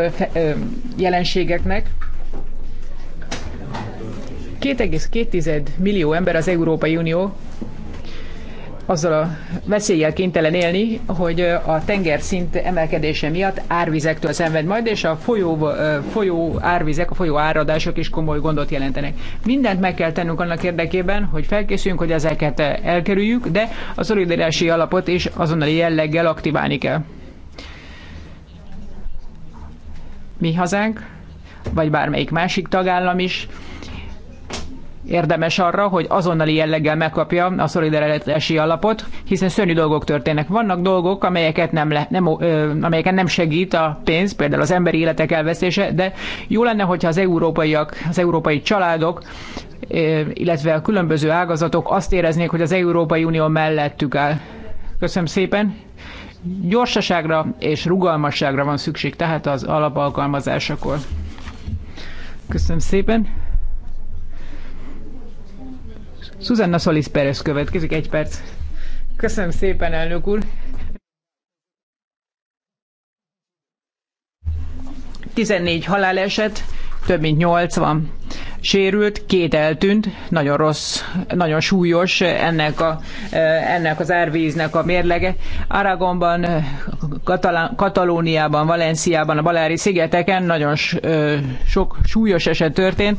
jelenségeknek, 2,2 millió ember az Európai Unió azzal a veszéllyel kénytelen élni, hogy a tengerszint emelkedése miatt árvizektől szenved majd, és a folyó, folyó árvizek, a folyó áradások is komoly gondot jelentenek. Mindent meg kell tennünk annak érdekében, hogy felkészüljünk, hogy ezeket elkerüljük, de a szolidaritási alapot is azonnali jelleggel aktiválni kell. Mi hazánk, vagy bármelyik másik tagállam is érdemes arra, hogy azonnali jelleggel megkapja a szolidaritási alapot, hiszen szörnyű dolgok történnek. Vannak dolgok, amelyeket nem le, nem, ö, amelyeken nem segít a pénz, például az emberi életek elvesztése, de jó lenne, hogyha az európaiak, az európai családok, ö, illetve a különböző ágazatok azt éreznék, hogy az Európai Unió mellettük áll. Köszönöm szépen! Gyorsaságra és rugalmasságra van szükség, tehát az alapalkalmazásakor. Köszönöm szépen! Susanna Solis Perez következik, egy perc. Köszönöm szépen, elnök úr. 14 haláleset, több mint 80 sérült, két eltűnt, nagyon rossz, nagyon súlyos ennek, a, ennek az árvíznek a mérlege. Aragonban, Katalán, Katalóniában, Valenciában, a Balári szigeteken nagyon sok súlyos eset történt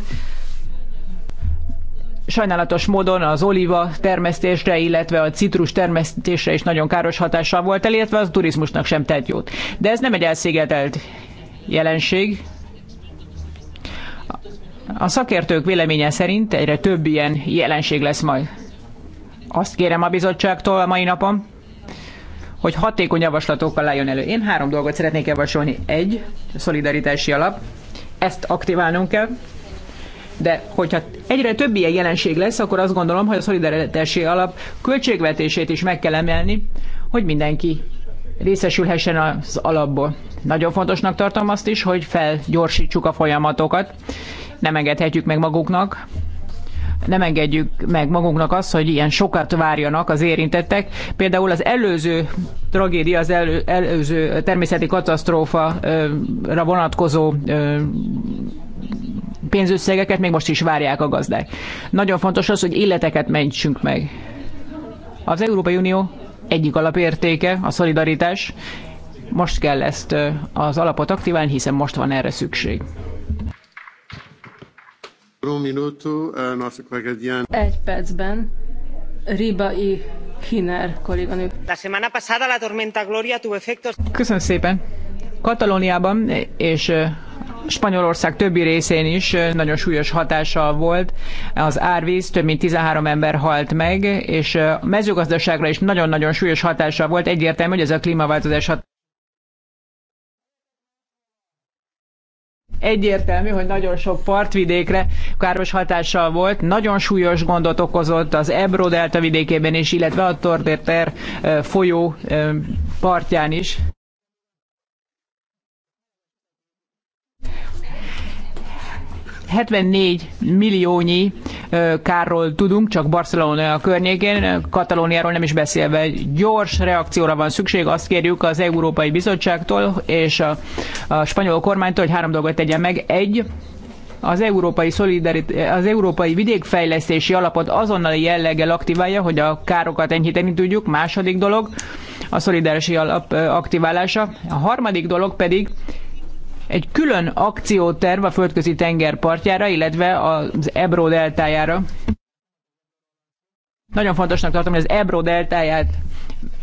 sajnálatos módon az oliva termesztésre, illetve a citrus termesztésre is nagyon káros hatással volt, illetve az turizmusnak sem tett jót. De ez nem egy elszigetelt jelenség. A szakértők véleménye szerint egyre több ilyen jelenség lesz majd. Azt kérem a bizottságtól a mai napon, hogy hatékony javaslatokkal álljon elő. Én három dolgot szeretnék javasolni. Egy, szolidaritási alap. Ezt aktiválnunk kell. De hogyha egyre több ilyen jelenség lesz, akkor azt gondolom, hogy a szolidaritási alap költségvetését is meg kell emelni, hogy mindenki részesülhessen az alapból. Nagyon fontosnak tartom azt is, hogy felgyorsítsuk a folyamatokat. Nem engedhetjük meg maguknak, nem engedjük meg magunknak azt, hogy ilyen sokat várjanak az érintettek. Például az előző tragédia, az elő, előző természeti katasztrófa ra vonatkozó pénzösszegeket még most is várják a gazdák. Nagyon fontos az, hogy illeteket mentsünk meg. Az Európai Unió egyik alapértéke a szolidaritás. Most kell ezt az alapot aktiválni, hiszen most van erre szükség. Egy percben Ribai Hiner kolléganő. La semana pasada la tormenta Gloria tuvo efectos. Köszönöm szépen. Katalóniában és Spanyolország többi részén is nagyon súlyos hatással volt. Az árvíz több mint 13 ember halt meg, és a mezőgazdaságra is nagyon-nagyon súlyos hatással volt. Egyértelmű, hogy ez a klímaváltozás hat Egyértelmű, hogy nagyon sok partvidékre káros hatással volt, nagyon súlyos gondot okozott az Ebro delta vidékében is, illetve a Tordeter folyó partján is. 74 milliónyi kárról tudunk, csak Barcelona környékén, Katalóniáról nem is beszélve. Gyors reakcióra van szükség, azt kérjük az Európai Bizottságtól és a, a spanyol kormánytól, hogy három dolgot tegyen meg. Egy, az európai, szolidarit- az európai vidékfejlesztési alapot azonnali jelleggel aktiválja, hogy a károkat enyhíteni tudjuk. Második dolog a szolidaritási alap aktiválása. A harmadik dolog pedig egy külön akcióterv a földközi tenger partjára, illetve az Ebro deltájára. Nagyon fontosnak tartom, hogy az Ebro deltáját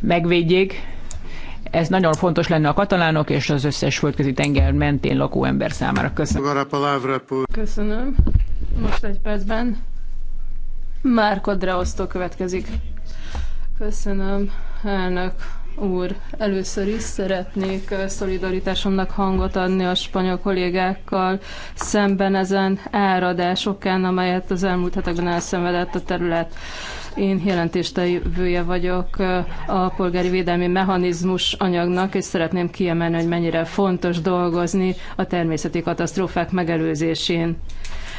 megvédjék. Ez nagyon fontos lenne a katalánok és az összes földközi tenger mentén lakó ember számára. Köszönöm. Köszönöm. Most egy percben Márko Dreosztó következik. Köszönöm, elnök úr, először is szeretnék szolidaritásomnak hangot adni a spanyol kollégákkal szemben ezen áradás okán, amelyet az elmúlt hetekben elszenvedett a terület. Én jelentéstevője vagyok a polgári védelmi mechanizmus anyagnak, és szeretném kiemelni, hogy mennyire fontos dolgozni a természeti katasztrófák megelőzésén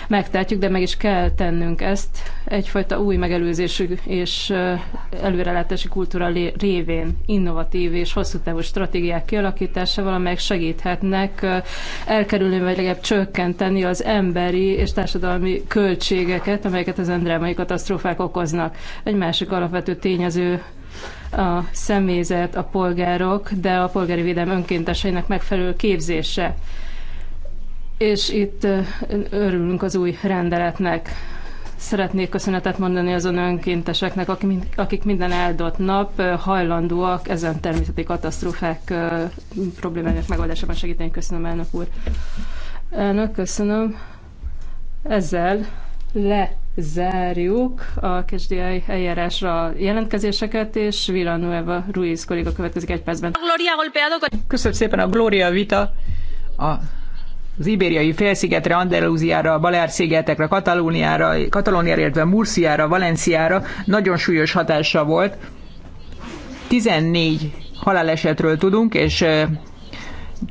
megtehetjük, de meg is kell tennünk ezt egyfajta új megelőzésű és előrelátási kultúra révén innovatív és hosszú távú stratégiák kialakításával, amelyek segíthetnek elkerülni vagy legalább csökkenteni az emberi és társadalmi költségeket, amelyeket az endrámai katasztrófák okoznak. Egy másik alapvető tényező a személyzet, a polgárok, de a polgári védelem önkénteseinek megfelelő képzése és itt örülünk az új rendeletnek. Szeretnék köszönetet mondani azon önkénteseknek, akik minden áldott nap hajlandóak ezen természeti katasztrófák problémájának megoldásában segíteni. Köszönöm, elnök úr. Elnök, köszönöm. Ezzel lezárjuk a KSDI eljárásra jelentkezéseket, és Villanueva Ruiz kolléga következik egy percben. Köszönöm szépen a Gloria Vita. A az ibériai félszigetre, Andalúziára, Balear-szigetekre, Katalóniára, Katalóniára, illetve Murciára, Valenciára nagyon súlyos hatása volt. 14 halálesetről tudunk, és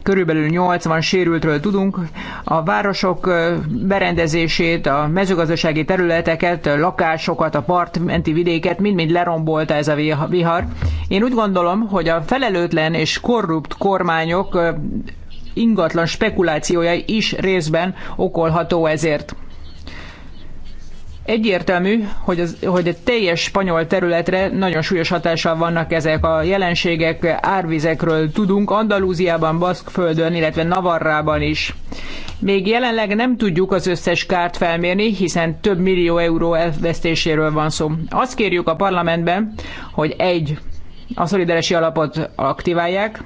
körülbelül 80 sérültről tudunk. A városok berendezését, a mezőgazdasági területeket, a lakásokat, a partmenti vidéket mind-mind lerombolta ez a vihar. Én úgy gondolom, hogy a felelőtlen és korrupt kormányok ingatlan spekulációja is részben okolható ezért. Egyértelmű, hogy, az, hogy a teljes spanyol területre nagyon súlyos hatással vannak ezek a jelenségek, árvizekről tudunk, Andalúziában, Baszkföldön, illetve Navarrában is. Még jelenleg nem tudjuk az összes kárt felmérni, hiszen több millió euró elvesztéséről van szó. Azt kérjük a parlamentben, hogy egy, a szolidarási alapot aktiválják,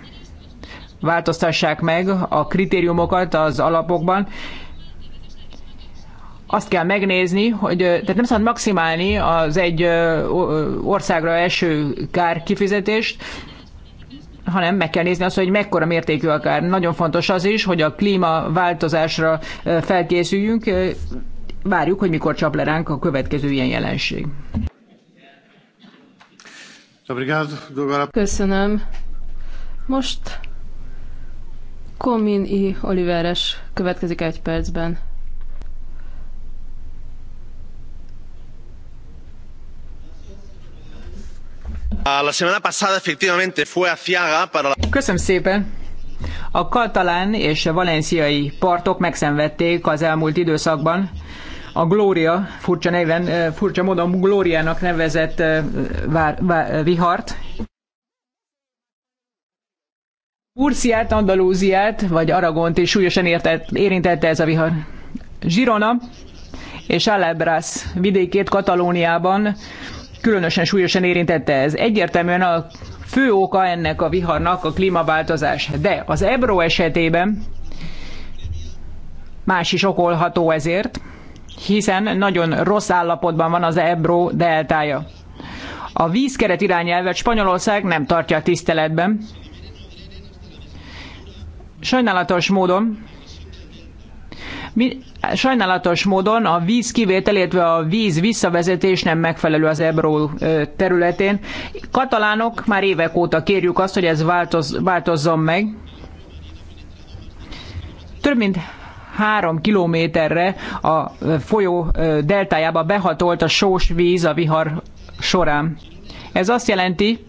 változtassák meg a kritériumokat az alapokban. Azt kell megnézni, hogy tehát nem szabad maximálni az egy országra eső kár kifizetést, hanem meg kell nézni azt, hogy mekkora mértékű kár. Nagyon fontos az is, hogy a klímaváltozásra felkészüljünk. Várjuk, hogy mikor csap le ránk a következő ilyen jelenség. Köszönöm. Most Komin I. Oliveres következik egy percben. Ah, la semana pasada efectivamente fue aciaga para la... Köszönöm szépen! A katalán és a valenciai partok megszenvedték az elmúlt időszakban a Glória, furcsa néven, eh, furcsa módon Glóriának nevezett eh, vár, vár, vihart. Murciát, Andalúziát vagy Aragont is súlyosan értett, érintette ez a vihar. Girona és Alebrás vidékét Katalóniában különösen súlyosan érintette ez. Egyértelműen a fő oka ennek a viharnak a klímaváltozás. De az Ebro esetében más is okolható ezért, hiszen nagyon rossz állapotban van az Ebro deltája. A vízkeret irányelvet Spanyolország nem tartja a tiszteletben, Sajnálatos módon mi, sajnálatos módon a víz kivétel, illetve a víz visszavezetés nem megfelelő az Ebró területén. Katalánok már évek óta kérjük azt, hogy ez változ, változzon meg. Több mint három kilométerre a folyó deltájába behatolt a sós víz a vihar során. Ez azt jelenti,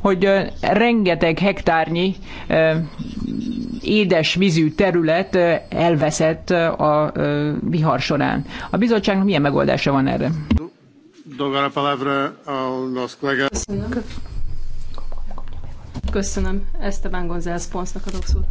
hogy rengeteg hektárnyi édes vízű terület elveszett a vihar során. A bizottságnak milyen megoldása van erre? Köszönöm. Köszönöm. Esteban González Ponsznak adok szót.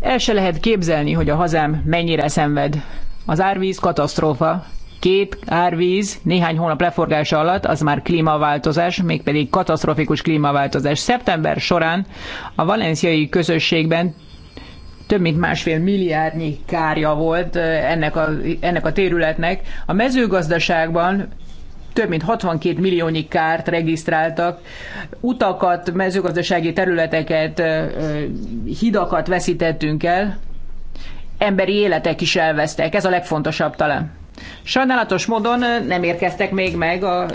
El se lehet képzelni, hogy a hazám mennyire szenved. Az árvíz katasztrófa két árvíz néhány hónap leforgása alatt, az már klímaváltozás, mégpedig katasztrofikus klímaváltozás. Szeptember során a valenciai közösségben több mint másfél milliárdnyi kárja volt ennek a, ennek a térületnek. A mezőgazdaságban több mint 62 milliónyi kárt regisztráltak, utakat, mezőgazdasági területeket, hidakat veszítettünk el, emberi életek is elvesztek, ez a legfontosabb talán. Sajnálatos módon nem érkeztek még meg a,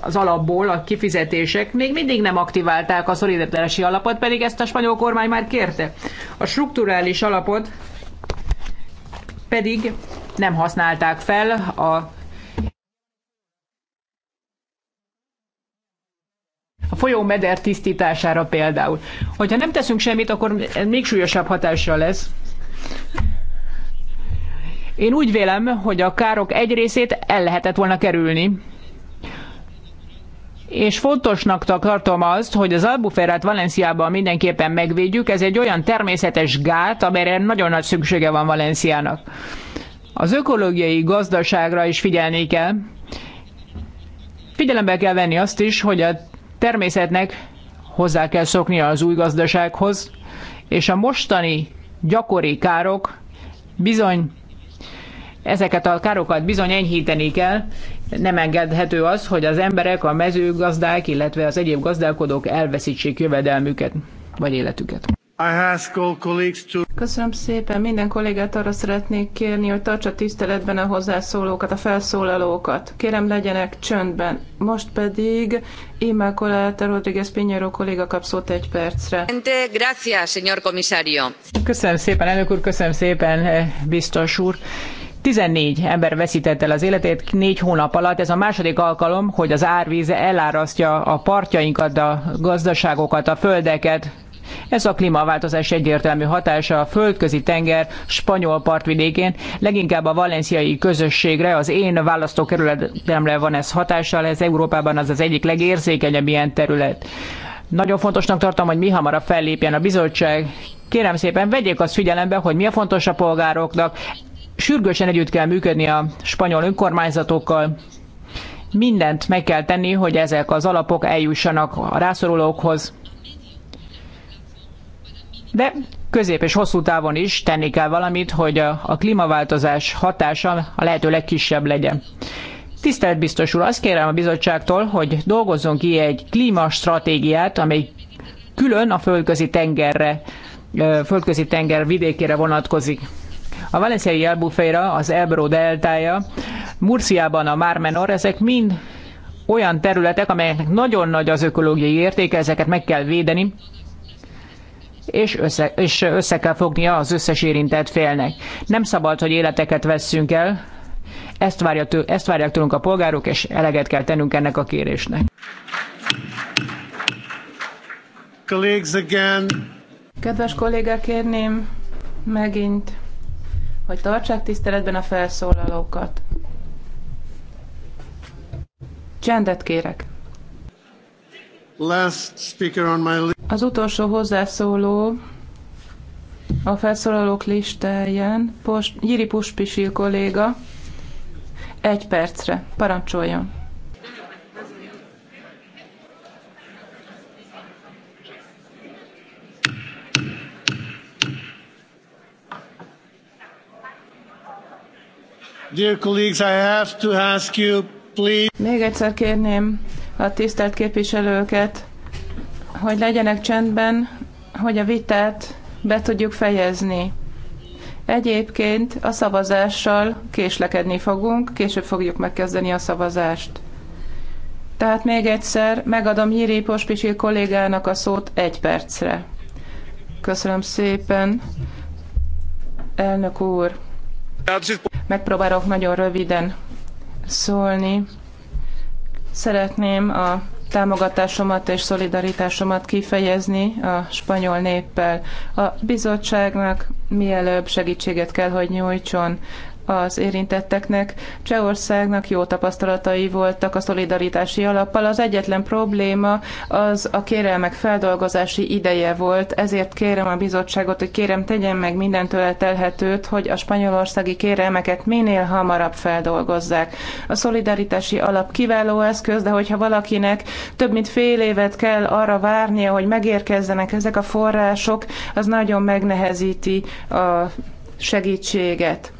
az alapból a kifizetések, még mindig nem aktiválták a szolidaritási alapot, pedig ezt a spanyol kormány már kérte. A strukturális alapot pedig nem használták fel a a folyómeder tisztítására például. Hogyha nem teszünk semmit, akkor még súlyosabb hatással lesz. Én úgy vélem, hogy a károk egy részét el lehetett volna kerülni. És fontosnak tartom azt, hogy az albuferát Valenciában mindenképpen megvédjük. Ez egy olyan természetes gát, amelyre nagyon nagy szüksége van Valenciának. Az ökológiai gazdaságra is figyelni kell. Figyelembe kell venni azt is, hogy a természetnek hozzá kell szoknia az új gazdasághoz, és a mostani gyakori károk bizony ezeket a károkat bizony enyhíteni kell, nem engedhető az, hogy az emberek, a mezőgazdák, illetve az egyéb gazdálkodók elveszítsék jövedelmüket vagy életüket. Köszönöm szépen. Minden kollégát arra szeretnék kérni, hogy tartsa tiszteletben a hozzászólókat, a felszólalókat. Kérem, legyenek csöndben. Most pedig Immaculata Rodriguez Pinheiro kolléga kap szót egy percre. Köszönöm szépen, elnök úr, köszönöm szépen, eh, biztos úr. 14 ember veszített el az életét négy hónap alatt. Ez a második alkalom, hogy az árvíz elárasztja a partjainkat, a gazdaságokat, a földeket. Ez a klímaváltozás egyértelmű hatása a földközi tenger spanyol partvidékén, leginkább a valenciai közösségre, az én választókerületemre van ez hatással, ez Európában az az egyik legérzékenyebb ilyen terület. Nagyon fontosnak tartom, hogy mi hamarabb fellépjen a bizottság. Kérem szépen, vegyék azt figyelembe, hogy mi a fontos a polgároknak, Sürgősen együtt kell működni a spanyol önkormányzatokkal, mindent meg kell tenni, hogy ezek az alapok eljussanak a rászorulókhoz. De közép és hosszú távon is tenni kell valamit, hogy a klímaváltozás hatása a lehető legkisebb legyen. Tisztelt biztos úr, azt kérem a bizottságtól, hogy dolgozzon ki egy klímastratégiát, amely külön a földközi tengerre, földközi tenger vidékére vonatkozik. A valenciai Albufeira, az Ebro deltája, Murciában a Mármenor, ezek mind olyan területek, amelyeknek nagyon nagy az ökológiai értéke, ezeket meg kell védeni, és össze, és össze kell fognia az összes érintett félnek. Nem szabad, hogy életeket vesszünk el, ezt, várja, ezt várják tőlünk a polgárok, és eleget kell tennünk ennek a kérésnek. Kedves kollégák, kérném megint hogy tartsák tiszteletben a felszólalókat. Csendet kérek. Last speaker on my list. Az utolsó hozzászóló a felszólalók listáján Post, Jiri Puspisil kolléga egy percre. Parancsoljon! Dear colleagues, I have to ask you, please. Még egyszer kérném a tisztelt képviselőket, hogy legyenek csendben, hogy a vitát be tudjuk fejezni. Egyébként a szavazással késlekedni fogunk, később fogjuk megkezdeni a szavazást. Tehát még egyszer megadom Jiri Pospisil kollégának a szót egy percre. Köszönöm szépen, elnök úr. Megpróbálok nagyon röviden szólni. Szeretném a támogatásomat és szolidaritásomat kifejezni a spanyol néppel. A bizottságnak mielőbb segítséget kell, hogy nyújtson az érintetteknek. Csehországnak jó tapasztalatai voltak a szolidaritási alappal. Az egyetlen probléma az a kérelmek feldolgozási ideje volt, ezért kérem a bizottságot, hogy kérem tegyen meg mindentől telhetőt, hogy a spanyolországi kérelmeket minél hamarabb feldolgozzák. A szolidaritási alap kiváló eszköz, de hogyha valakinek több mint fél évet kell arra várnia, hogy megérkezzenek ezek a források, az nagyon megnehezíti a segítséget.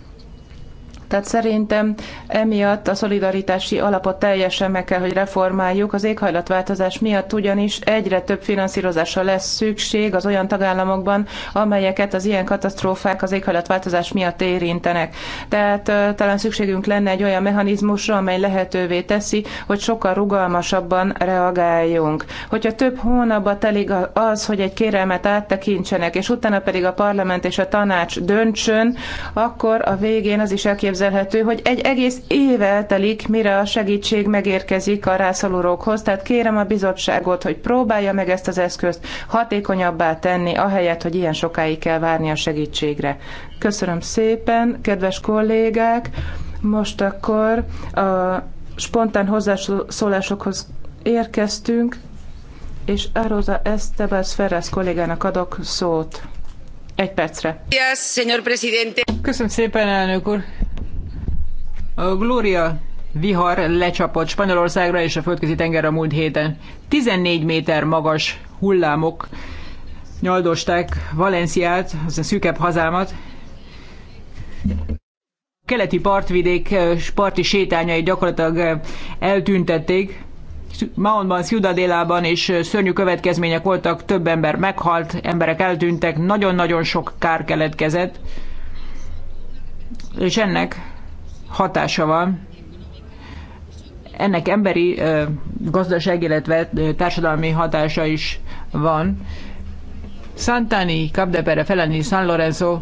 Tehát szerintem emiatt a szolidaritási alapot teljesen meg kell, hogy reformáljuk. Az éghajlatváltozás miatt ugyanis egyre több finanszírozásra lesz szükség az olyan tagállamokban, amelyeket az ilyen katasztrófák az éghajlatváltozás miatt érintenek. Tehát talán szükségünk lenne egy olyan mechanizmusra, amely lehetővé teszi, hogy sokkal rugalmasabban reagáljunk. Hogyha több hónapba telik az, hogy egy kérelmet áttekintsenek, és utána pedig a parlament és a tanács döntsön, akkor a végén az is elképzelhető, elképzelhető, hogy egy egész év eltelik, mire a segítség megérkezik a rászorulókhoz, tehát kérem a bizottságot, hogy próbálja meg ezt az eszközt hatékonyabbá tenni, ahelyett, hogy ilyen sokáig kell várni a segítségre. Köszönöm szépen, kedves kollégák! Most akkor a spontán hozzászólásokhoz érkeztünk, és Arosa Estebes Ferrez kollégának adok szót. Egy percre. Köszönöm szépen, elnök úr! A Gloria vihar lecsapott Spanyolországra és a földközi tengerre a múlt héten. 14 méter magas hullámok nyaldosták Valenciát, az a szűkebb hazámat. A keleti partvidék eh, parti sétányai gyakorlatilag eh, eltüntették. Maonban, Ciudadélában és eh, szörnyű következmények voltak, több ember meghalt, emberek eltűntek, nagyon-nagyon sok kár keletkezett. És ennek hatása van. Ennek emberi, gazdaság, illetve társadalmi hatása is van. Santani, Capdepere, Feleni, San Lorenzo,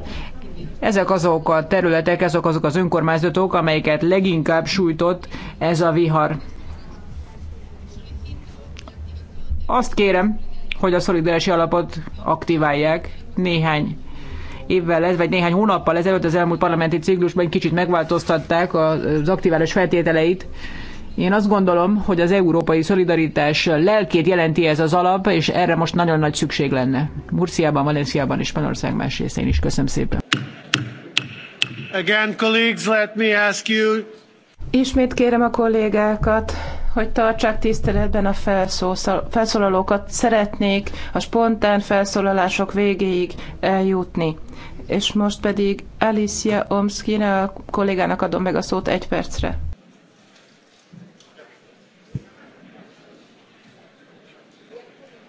ezek azok a területek, ezek azok az önkormányzatok, amelyeket leginkább sújtott ez a vihar. Azt kérem, hogy a szolidaritási alapot aktiválják néhány évvel ez, vagy néhány hónappal ezelőtt az elmúlt parlamenti ciklusban kicsit megváltoztatták az aktiválás feltételeit. Én azt gondolom, hogy az európai szolidaritás lelkét jelenti ez az alap, és erre most nagyon nagy szükség lenne. Murciában, Valenciában és Spanország más részén is. Köszönöm szépen. Again, colleagues, let me ask you... Ismét kérem a kollégákat, hogy tartsák tiszteletben a felszólalókat, szeretnék a spontán felszólalások végéig eljutni. És most pedig Alicia Omskina a kollégának adom meg a szót egy percre.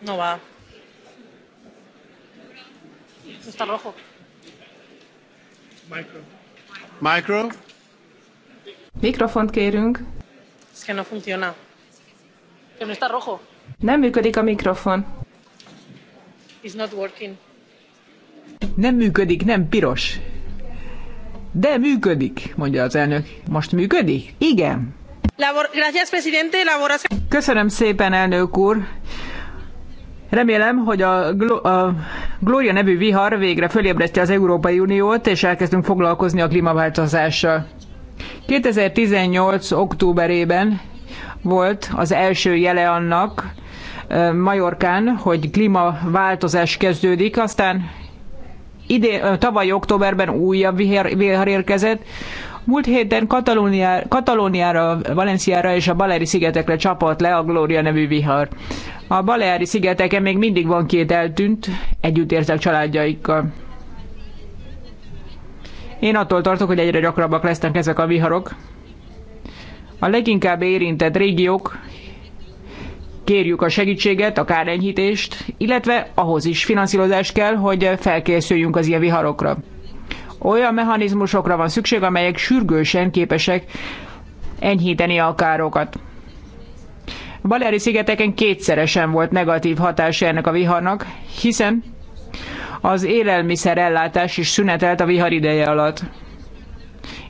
Noah. Está rojo. Micro. Micro. Mikrofont kérünk. Es que no funciona. Que no está rojo. Nem működik a mikrofon. It's not working. Nem működik, nem piros. De működik, mondja az elnök. Most működik? Igen. Labor- Gracias, presidente. Köszönöm szépen, elnök úr. Remélem, hogy a, Glo- a Gloria nevű vihar végre fölébresztje az Európai Uniót, és elkezdünk foglalkozni a klímaváltozással. 2018. októberében volt az első jele annak Majorkán, hogy klímaváltozás kezdődik, aztán ide, tavaly októberben újabb vihar, vihar érkezett, Múlt héten Katalóniára, Katalóniára, Valenciára és a Baleári szigetekre csapott le a Glória nevű vihar. A Baleári szigeteken még mindig van két eltűnt, együtt érzek családjaikkal. Én attól tartok, hogy egyre gyakrabbak lesznek ezek a viharok. A leginkább érintett régiók kérjük a segítséget, a kárenyhítést, illetve ahhoz is finanszírozás kell, hogy felkészüljünk az ilyen viharokra. Olyan mechanizmusokra van szükség, amelyek sürgősen képesek enyhíteni a károkat. Baleri szigeteken kétszeresen volt negatív hatása ennek a viharnak, hiszen az élelmiszer ellátás is szünetelt a vihar ideje alatt.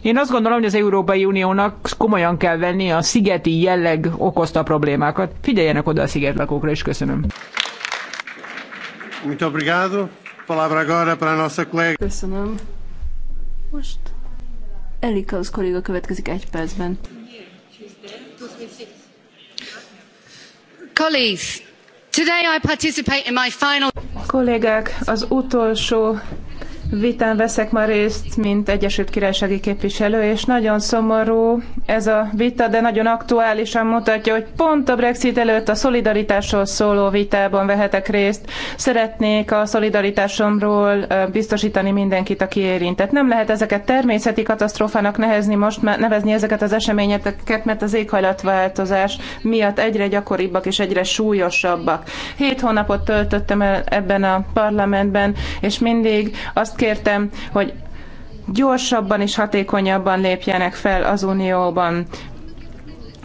Én azt gondolom, hogy az Európai Uniónak komolyan kell venni a szigeti jelleg okozta problémákat. Figyeljenek oda a szigetlakókra, és köszönöm. Muito obrigado. Palavra agora para a nossa colega. Köszönöm. Most Elika, az kolléga következik egy percben. Colleagues, Today Kollégák, az utolsó vitán veszek ma részt, mint Egyesült Királysági képviselő, és nagyon szomorú ez a vita, de nagyon aktuálisan mutatja, hogy pont a Brexit előtt a szolidaritásról szóló vitában vehetek részt. Szeretnék a szolidaritásomról biztosítani mindenkit, aki érintett. Nem lehet ezeket természeti katasztrófának nehezni most, nevezni ezeket az eseményeket, mert az éghajlatváltozás miatt egyre gyakoribbak és egyre súlyosabbak. Hét hónapot töltöttem el ebben a parlamentben, és mindig azt kértem, hogy gyorsabban és hatékonyabban lépjenek fel az Unióban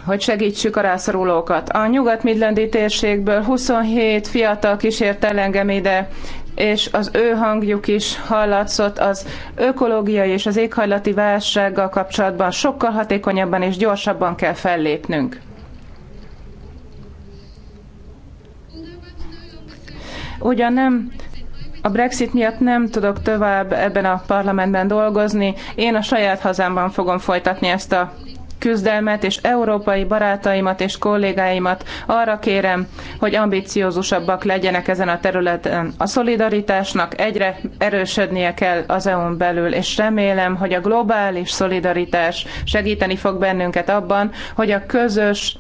hogy segítsük a rászorulókat. A nyugat-midlandi térségből 27 fiatal kísért el engem ide, és az ő hangjuk is hallatszott az ökológiai és az éghajlati válsággal kapcsolatban sokkal hatékonyabban és gyorsabban kell fellépnünk. Ugyan nem a Brexit miatt nem tudok tovább ebben a parlamentben dolgozni. Én a saját hazámban fogom folytatni ezt a küzdelmet, és európai barátaimat és kollégáimat arra kérem, hogy ambiciózusabbak legyenek ezen a területen. A szolidaritásnak egyre erősödnie kell az EU-n belül, és remélem, hogy a globális szolidaritás segíteni fog bennünket abban, hogy a közös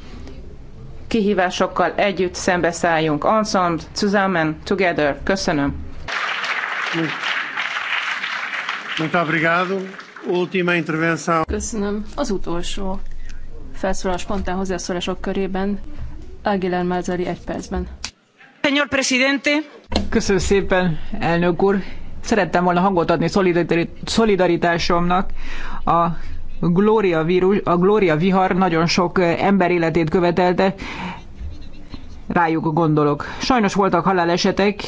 kihívásokkal együtt szembeszálljunk. Ensemble, zusammen, together. Köszönöm. Muito obrigado. Última intervenção. Köszönöm. Az utolsó felszólal spontán hozzászólások körében. Aguilar Mázari egy percben. Señor presidente. Köszönöm szépen, elnök úr. Szerettem volna hangot adni szolidaritásomnak a Gloria, vírus, a Gloria vihar nagyon sok ember életét követelte rájuk gondolok. Sajnos voltak halálesetek,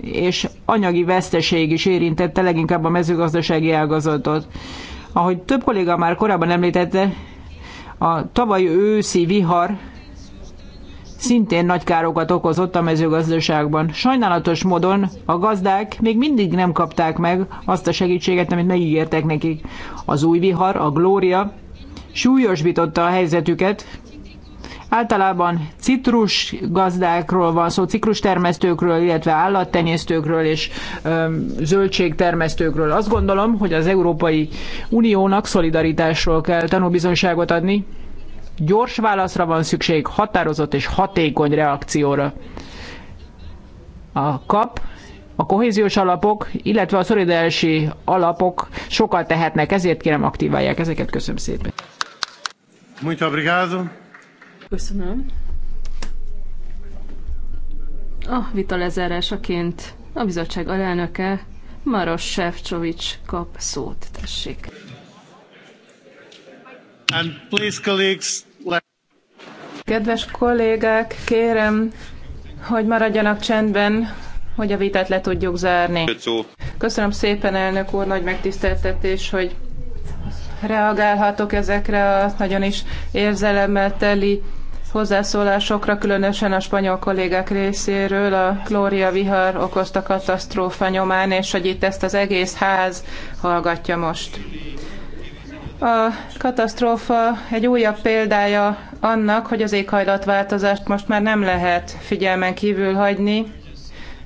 és anyagi veszteség is érintette leginkább a mezőgazdasági ágazatot. Ahogy több kolléga már korábban említette, a tavaly őszi vihar szintén nagy károkat okozott a mezőgazdaságban. Sajnálatos módon a gazdák még mindig nem kapták meg azt a segítséget, amit megígértek nekik. Az új vihar, a Glória súlyosbította a helyzetüket, Általában citrus gazdákról van szó, citrus termesztőkről, illetve állattenyésztőkről és ö, zöldségtermesztőkről. Azt gondolom, hogy az Európai Uniónak szolidaritásról kell tanúbizonyságot adni. Gyors válaszra van szükség, határozott és hatékony reakcióra. A kap a kohéziós alapok, illetve a szolidaritási alapok sokat tehetnek, ezért kérem aktiválják ezeket. Köszönöm szépen. Muito obrigado. Köszönöm. A vita lezárásaként a bizottság alelnöke Maros Sefcovics kap szót. Tessék. And please, colleagues, let... Kedves kollégák, kérem, hogy maradjanak csendben, hogy a vitát le tudjuk zárni. Köszönöm szépen, elnök úr, nagy megtiszteltetés, hogy reagálhatok ezekre a nagyon is érzelemmel teli hozzászólásokra, különösen a spanyol kollégák részéről a Glória vihar okozta katasztrófa nyomán, és hogy itt ezt az egész ház hallgatja most. A katasztrófa egy újabb példája annak, hogy az éghajlatváltozást most már nem lehet figyelmen kívül hagyni,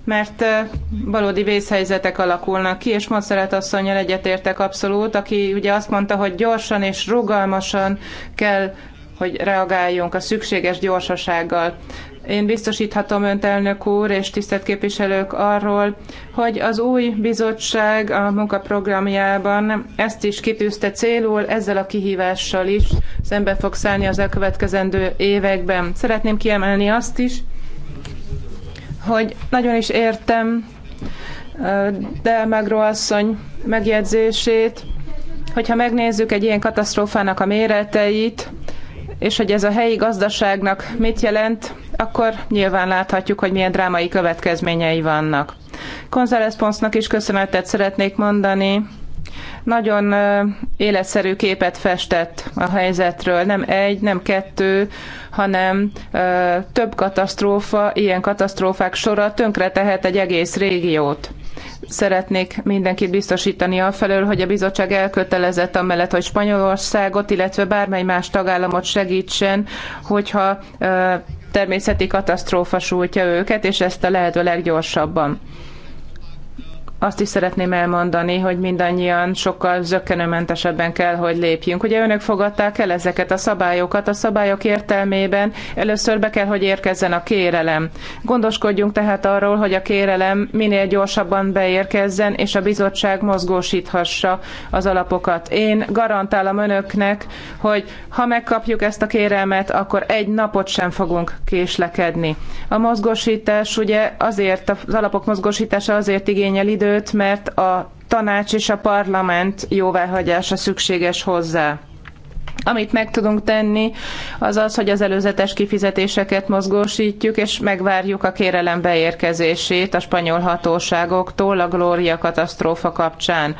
mert eh, valódi vészhelyzetek alakulnak ki, és Monszeret asszonyjal egyetértek abszolút, aki ugye azt mondta, hogy gyorsan és rugalmasan kell hogy reagáljunk a szükséges gyorsasággal. Én biztosíthatom önt, elnök úr, és tisztelt képviselők arról, hogy az új bizottság a munkaprogramjában ezt is kitűzte célul, ezzel a kihívással is szembe fog szállni az elkövetkezendő években. Szeretném kiemelni azt is, hogy nagyon is értem de Magro asszony megjegyzését, hogyha megnézzük egy ilyen katasztrófának a méreteit, és hogy ez a helyi gazdaságnak mit jelent, akkor nyilván láthatjuk, hogy milyen drámai következményei vannak. González Ponsznak is köszönetet szeretnék mondani. Nagyon életszerű képet festett a helyzetről, nem egy, nem kettő, hanem több katasztrófa, ilyen katasztrófák sora tönkretehet egy egész régiót. Szeretnék mindenkit biztosítani afelől, hogy a bizottság elkötelezett amellett, hogy Spanyolországot, illetve bármely más tagállamot segítsen, hogyha természeti katasztrófa sújtja őket, és ezt a lehető leggyorsabban azt is szeretném elmondani, hogy mindannyian sokkal zöggenőmentesebben kell, hogy lépjünk. Ugye önök fogadták el ezeket a szabályokat, a szabályok értelmében először be kell, hogy érkezzen a kérelem. Gondoskodjunk tehát arról, hogy a kérelem minél gyorsabban beérkezzen, és a bizottság mozgósíthassa az alapokat. Én garantálom önöknek, hogy ha megkapjuk ezt a kérelmet, akkor egy napot sem fogunk késlekedni. A mozgósítás ugye azért, az alapok mozgósítása azért igényel idő előtt, mert a tanács és a parlament jóváhagyása szükséges hozzá. Amit meg tudunk tenni, az az, hogy az előzetes kifizetéseket mozgósítjuk, és megvárjuk a kérelem beérkezését a spanyol hatóságoktól a Glória katasztrófa kapcsán.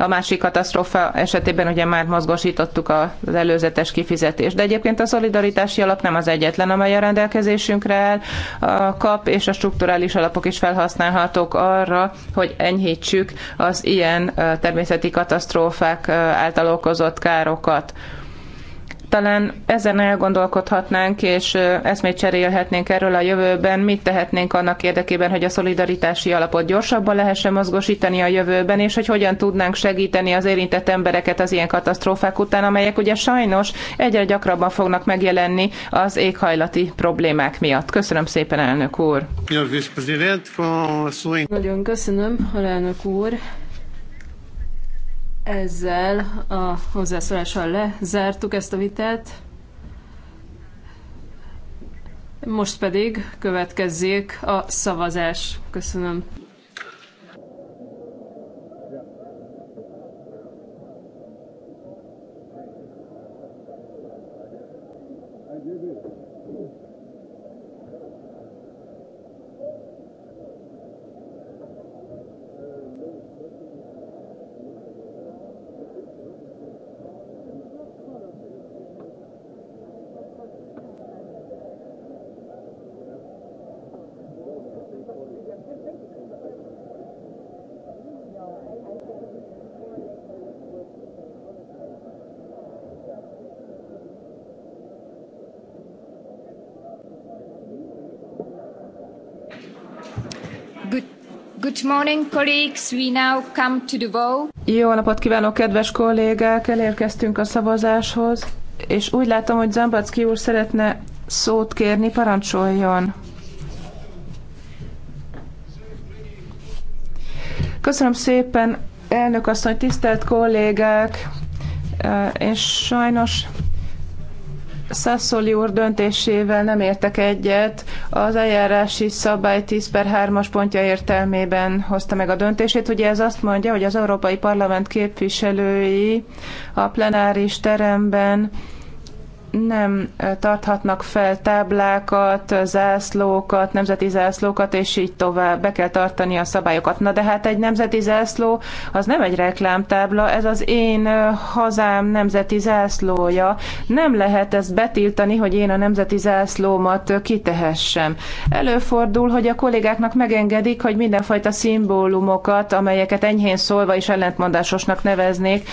A másik katasztrófa esetében ugye már mozgosítottuk az előzetes kifizetést. De egyébként a szolidaritási alap nem az egyetlen, amely a rendelkezésünkre áll. A kap és a strukturális alapok is felhasználhatók arra, hogy enyhítsük az ilyen természeti katasztrófák által okozott károkat talán ezen elgondolkodhatnánk, és eszmét cserélhetnénk erről a jövőben, mit tehetnénk annak érdekében, hogy a szolidaritási alapot gyorsabban lehessen mozgosítani a jövőben, és hogy hogyan tudnánk segíteni az érintett embereket az ilyen katasztrófák után, amelyek ugye sajnos egyre gyakrabban fognak megjelenni az éghajlati problémák miatt. Köszönöm szépen, elnök úr! Nagyon köszönöm, elnök úr! Ezzel a hozzászólással lezártuk ezt a vitát. Most pedig következzék a szavazás. Köszönöm. Good morning, colleagues. We now come to the vote. Jó napot kívánok, kedves kollégák! Elérkeztünk a szavazáshoz, és úgy látom, hogy Zambacki úr szeretne szót kérni, parancsoljon. Köszönöm szépen, elnök asszony, tisztelt kollégák! Én sajnos Sassoli úr döntésével nem értek egyet. Az eljárási szabály 10 per 3-as pontja értelmében hozta meg a döntését. Ugye ez azt mondja, hogy az Európai Parlament képviselői a plenáris teremben nem tarthatnak fel táblákat, zászlókat, nemzeti zászlókat, és így tovább. Be kell tartani a szabályokat. Na de hát egy nemzeti zászló az nem egy reklámtábla, ez az én hazám nemzeti zászlója. Nem lehet ezt betiltani, hogy én a nemzeti zászlómat kitehessem. Előfordul, hogy a kollégáknak megengedik, hogy mindenfajta szimbólumokat, amelyeket enyhén szólva is ellentmondásosnak neveznék,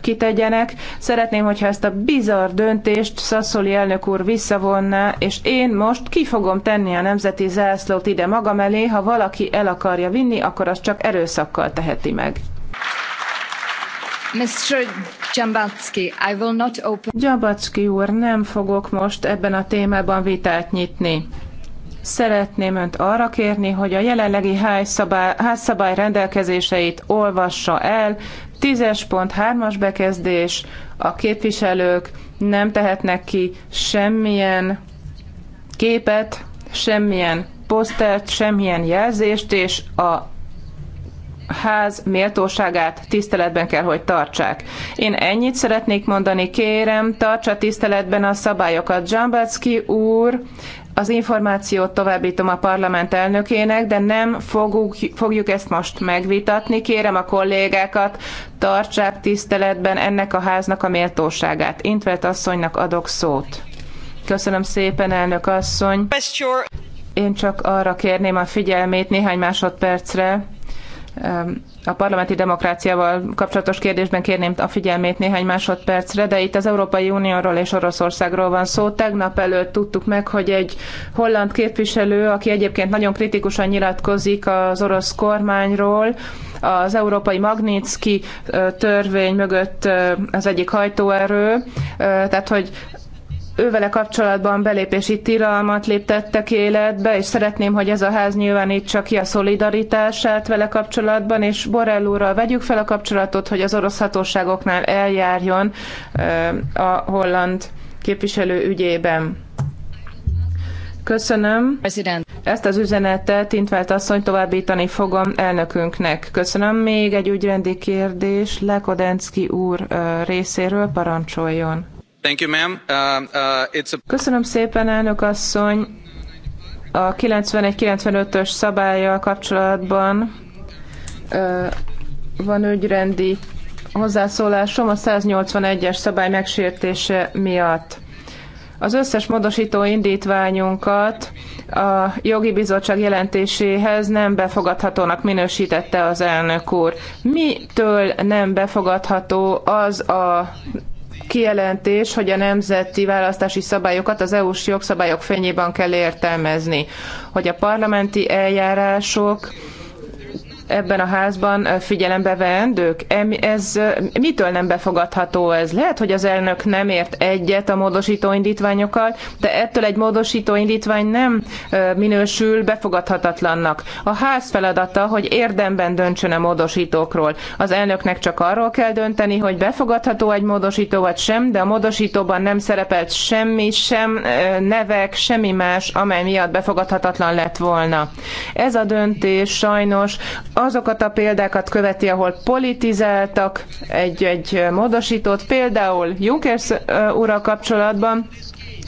kitegyenek. Szeretném, hogyha ezt a bizarr döntést most Szaszoli elnök úr visszavonná, és én most ki fogom tenni a nemzeti zászlót ide magam elé, ha valaki el akarja vinni, akkor azt csak erőszakkal teheti meg. Mr. Dzsambacki, I will not open... úr, nem fogok most ebben a témában vitát nyitni. Szeretném Önt arra kérni, hogy a jelenlegi házszabály, házszabály rendelkezéseit olvassa el. 10.3-as bekezdés, a képviselők nem tehetnek ki semmilyen képet, semmilyen posztert, semmilyen jelzést, és a ház méltóságát tiszteletben kell, hogy tartsák. Én ennyit szeretnék mondani, kérem, tartsa tiszteletben a szabályokat. Dzsambacki úr, az információt továbbítom a parlament elnökének, de nem fogjuk, fogjuk ezt most megvitatni. Kérem a kollégákat, tartsák tiszteletben ennek a háznak a méltóságát. Intvert asszonynak adok szót. Köszönöm szépen, elnök asszony. Én csak arra kérném a figyelmét néhány másodpercre, a parlamenti demokráciával kapcsolatos kérdésben kérném a figyelmét néhány másodpercre, de itt az Európai Unióról és Oroszországról van szó. Tegnap előtt tudtuk meg, hogy egy holland képviselő, aki egyébként nagyon kritikusan nyilatkozik az orosz kormányról, az európai Magnitsky törvény mögött az egyik hajtóerő, tehát hogy ővele kapcsolatban belépési tilalmat léptettek életbe, és szeretném, hogy ez a ház nyilvánítsa ki a szolidaritását vele kapcsolatban, és Borrell úrral vegyük fel a kapcsolatot, hogy az orosz hatóságoknál eljárjon a holland képviselő ügyében. Köszönöm. President. Ezt az üzenetet Intvált asszony továbbítani fogom elnökünknek. Köszönöm. Még egy ügyrendi kérdés Lekodenszki úr részéről parancsoljon. Uh, uh, Köszönöm szépen, elnök asszony. A 91-95-ös szabályjal kapcsolatban van ügyrendi hozzászólásom a 181-es szabály megsértése miatt. Az összes módosító indítványunkat a jogi bizottság jelentéséhez nem befogadhatónak minősítette az elnök úr. Mitől nem befogadható az a kijelentés, hogy a nemzeti választási szabályokat az EU-s jogszabályok fényében kell értelmezni, hogy a parlamenti eljárások ebben a házban figyelembe veendők? Ez mitől nem befogadható ez? Lehet, hogy az elnök nem ért egyet a módosító indítványokkal, de ettől egy módosító indítvány nem minősül befogadhatatlannak. A ház feladata, hogy érdemben döntsön a módosítókról. Az elnöknek csak arról kell dönteni, hogy befogadható egy módosító vagy sem, de a módosítóban nem szerepelt semmi, sem nevek, semmi más, amely miatt befogadhatatlan lett volna. Ez a döntés sajnos azokat a példákat követi, ahol politizáltak egy-egy módosítót, például Juncker ura kapcsolatban,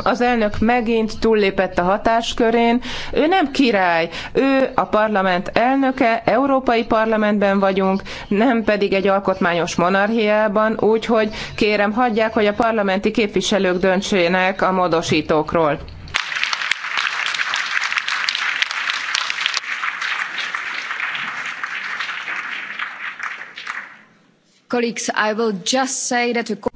az elnök megint túllépett a hatáskörén. Ő nem király, ő a parlament elnöke, Európai Parlamentben vagyunk, nem pedig egy alkotmányos monarchiában, úgyhogy kérem hagyják, hogy a parlamenti képviselők döntsének a módosítókról.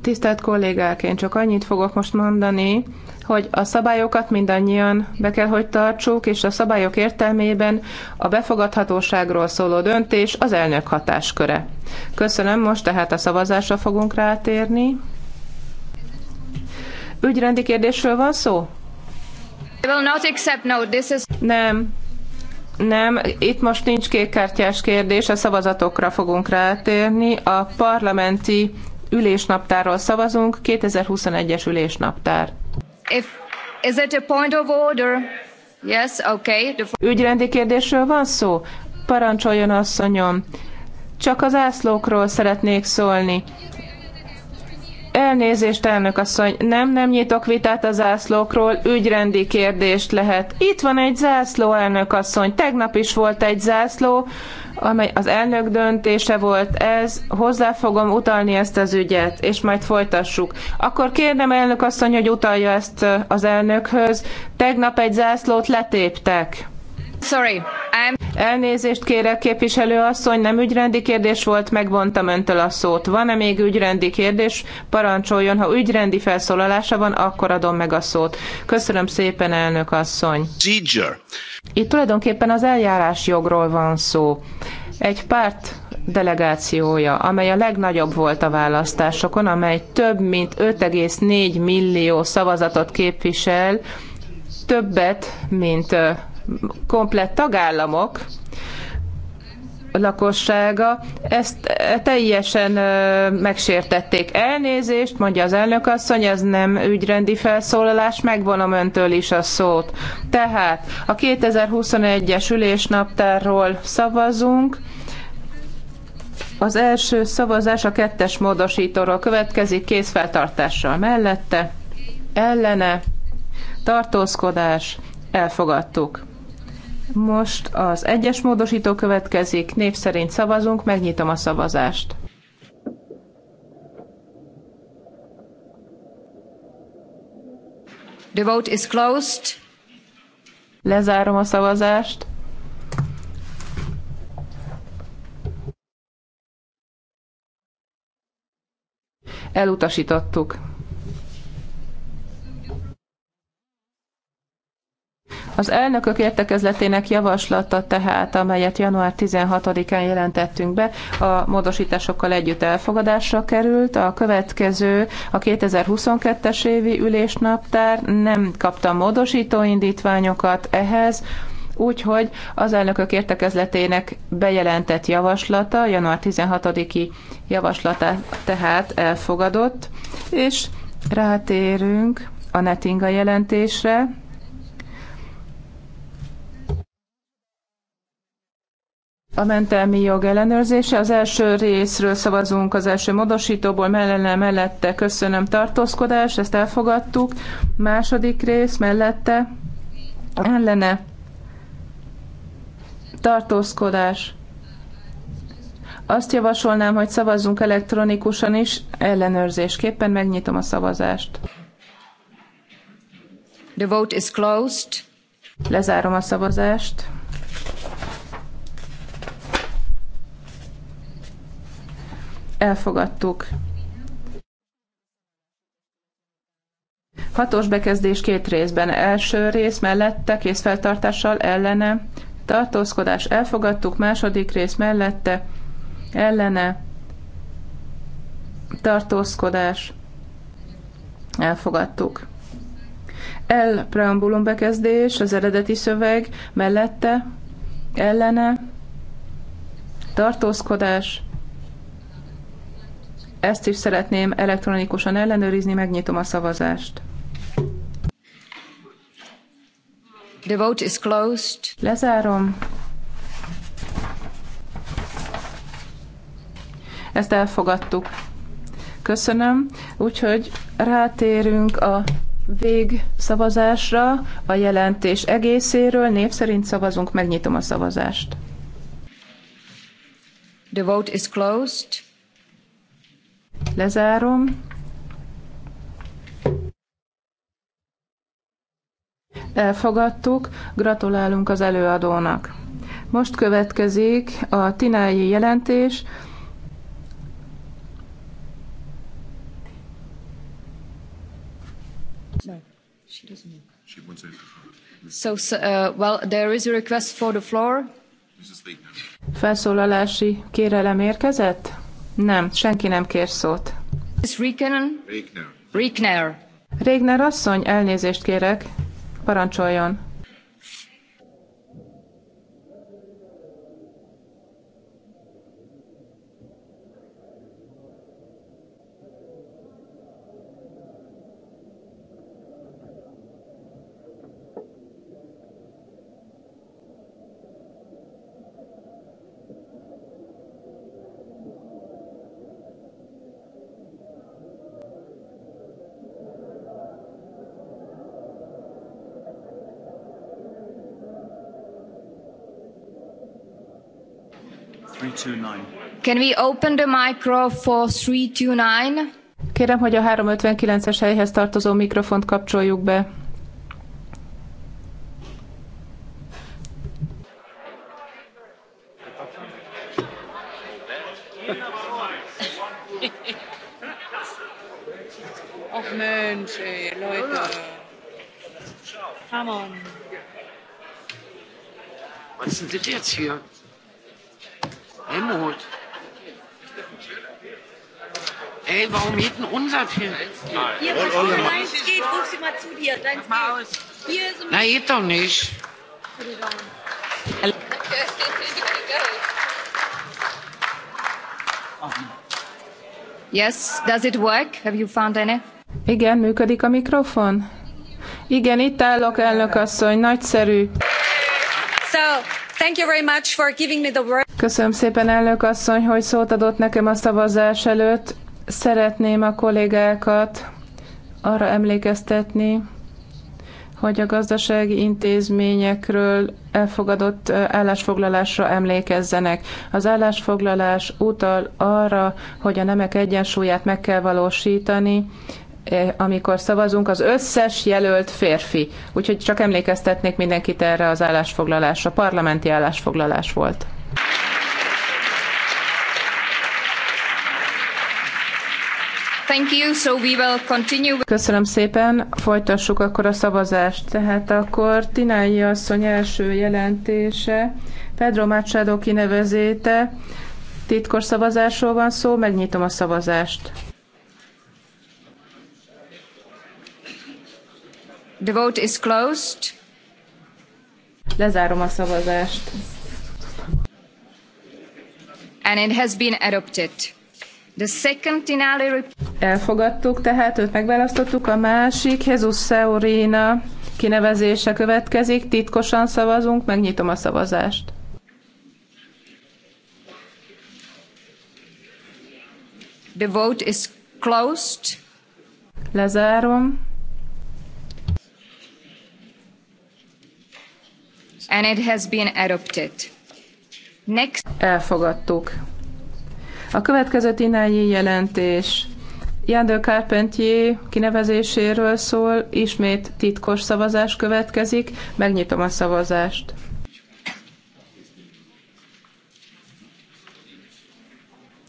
Tisztelt kollégák, én csak annyit fogok most mondani, hogy a szabályokat mindannyian be kell, hogy tartsuk, és a szabályok értelmében a befogadhatóságról szóló döntés az elnök hatásköre. Köszönöm, most tehát a szavazásra fogunk rátérni. Ügyrendi kérdésről van szó? No, is... Nem, nem, itt most nincs kékkártyás kérdés, a szavazatokra fogunk rátérni. A parlamenti ülésnaptárról szavazunk, 2021-es ülésnaptár. If, is it a point of order? Yes, okay. The... Ügyrendi kérdésről van szó? Parancsoljon, asszonyom. Csak az ászlókról szeretnék szólni. Elnézést, elnök asszony, nem, nem nyitok vitát a zászlókról, ügyrendi kérdést lehet. Itt van egy zászló, elnök asszony, tegnap is volt egy zászló, amely az elnök döntése volt ez, hozzá fogom utalni ezt az ügyet, és majd folytassuk. Akkor kérdem elnök asszony, hogy utalja ezt az elnökhöz. Tegnap egy zászlót letéptek. Sorry, I'm... Elnézést kérek, képviselő asszony, nem ügyrendi kérdés volt, megvontam öntől a szót. Van-e még ügyrendi kérdés? Parancsoljon, ha ügyrendi felszólalása van, akkor adom meg a szót. Köszönöm szépen, elnök asszony. Giger. Itt tulajdonképpen az eljárás jogról van szó. Egy párt delegációja, amely a legnagyobb volt a választásokon, amely több mint 5,4 millió szavazatot képvisel, többet, mint komplett tagállamok lakossága ezt e, teljesen megsértették. Elnézést, mondja az elnök asszony, ez nem ügyrendi felszólalás, megvonom öntől is a szót. Tehát a 2021-es ülésnaptárról szavazunk. Az első szavazás a kettes módosítóról következik készfeltartással mellette, ellene, tartózkodás, elfogadtuk. Most az egyes módosító következik, név szerint szavazunk, megnyitom a szavazást. The vote is closed. Lezárom a szavazást. Elutasítottuk. Az elnökök értekezletének javaslata tehát, amelyet január 16-án jelentettünk be, a módosításokkal együtt elfogadásra került. A következő, a 2022-es évi ülésnaptár nem kapta módosító indítványokat ehhez, úgyhogy az elnökök értekezletének bejelentett javaslata, január 16-i javaslata tehát elfogadott, és rátérünk a Netinga jelentésre, A mentelmi jog ellenőrzése. Az első részről szavazunk az első módosítóból, mellene mellette köszönöm tartózkodás, ezt elfogadtuk. Második rész mellette ellene tartózkodás. Azt javasolnám, hogy szavazzunk elektronikusan is, ellenőrzésképpen megnyitom a szavazást. The vote is closed. Lezárom a szavazást. elfogadtuk. Hatos bekezdés két részben. Első rész mellette készfeltartással ellene tartózkodás elfogadtuk, második rész mellette ellene tartózkodás elfogadtuk. El preambulum bekezdés, az eredeti szöveg mellette ellene tartózkodás ezt is szeretném elektronikusan ellenőrizni, megnyitom a szavazást. The vote is closed. Lezárom. Ezt elfogadtuk. Köszönöm. Úgyhogy rátérünk a vég szavazásra, a jelentés egészéről. Név szerint szavazunk, megnyitom a szavazást. The vote is closed. Lezárom. Elfogadtuk, gratulálunk az előadónak. Most következik a tinályi jelentés. So, uh, well, there is a request for the floor. Felszólalási kérelem érkezett? Nem, senki nem kér szót. Régner. Régner asszony, elnézést kérek. Parancsoljon. Can we open the micro for 329? Kérem, hogy a 359-es helyhez tartozó mikrofont kapcsoljuk be. Ach Mensch, ey, Leute. Come on. Was ist denn das jetzt hier? Ansatz hin. Hier, was du wenn geht, ruf sie mal zu dir. Deins mal aus. Hier ist Na, geht doch nicht. Yes, does it work? Have you found any? Igen, működik a mikrofon? Igen, itt állok, elnök asszony, nagyszerű. So, thank you very much for giving me the word. Köszönöm szépen, elnök asszony, hogy szót adott nekem a szavazás előtt. Szeretném a kollégákat arra emlékeztetni, hogy a gazdasági intézményekről elfogadott állásfoglalásra emlékezzenek. Az állásfoglalás utal arra, hogy a nemek egyensúlyát meg kell valósítani, amikor szavazunk, az összes jelölt férfi. Úgyhogy csak emlékeztetnék mindenkit erre az állásfoglalásra. Parlamenti állásfoglalás volt. Thank you, so we will continue. Köszönöm szépen, folytassuk akkor a szavazást. Tehát akkor Tinai, asszony első jelentése, Pedro Machado kinevezéte, titkos szavazásról van szó, megnyitom a szavazást. The vote is closed. Lezárom a szavazást. And it has been adopted. The second Tinali Elfogadtuk, tehát őt megválasztottuk. A másik, Jesus Seorina kinevezése következik. Titkosan szavazunk, megnyitom a szavazást. The vote is closed. Lezárom. And it has been adopted. Next. Elfogadtuk. A következő tinányi jelentés Jan de Carpentier kinevezéséről szól, ismét titkos szavazás következik, megnyitom a szavazást.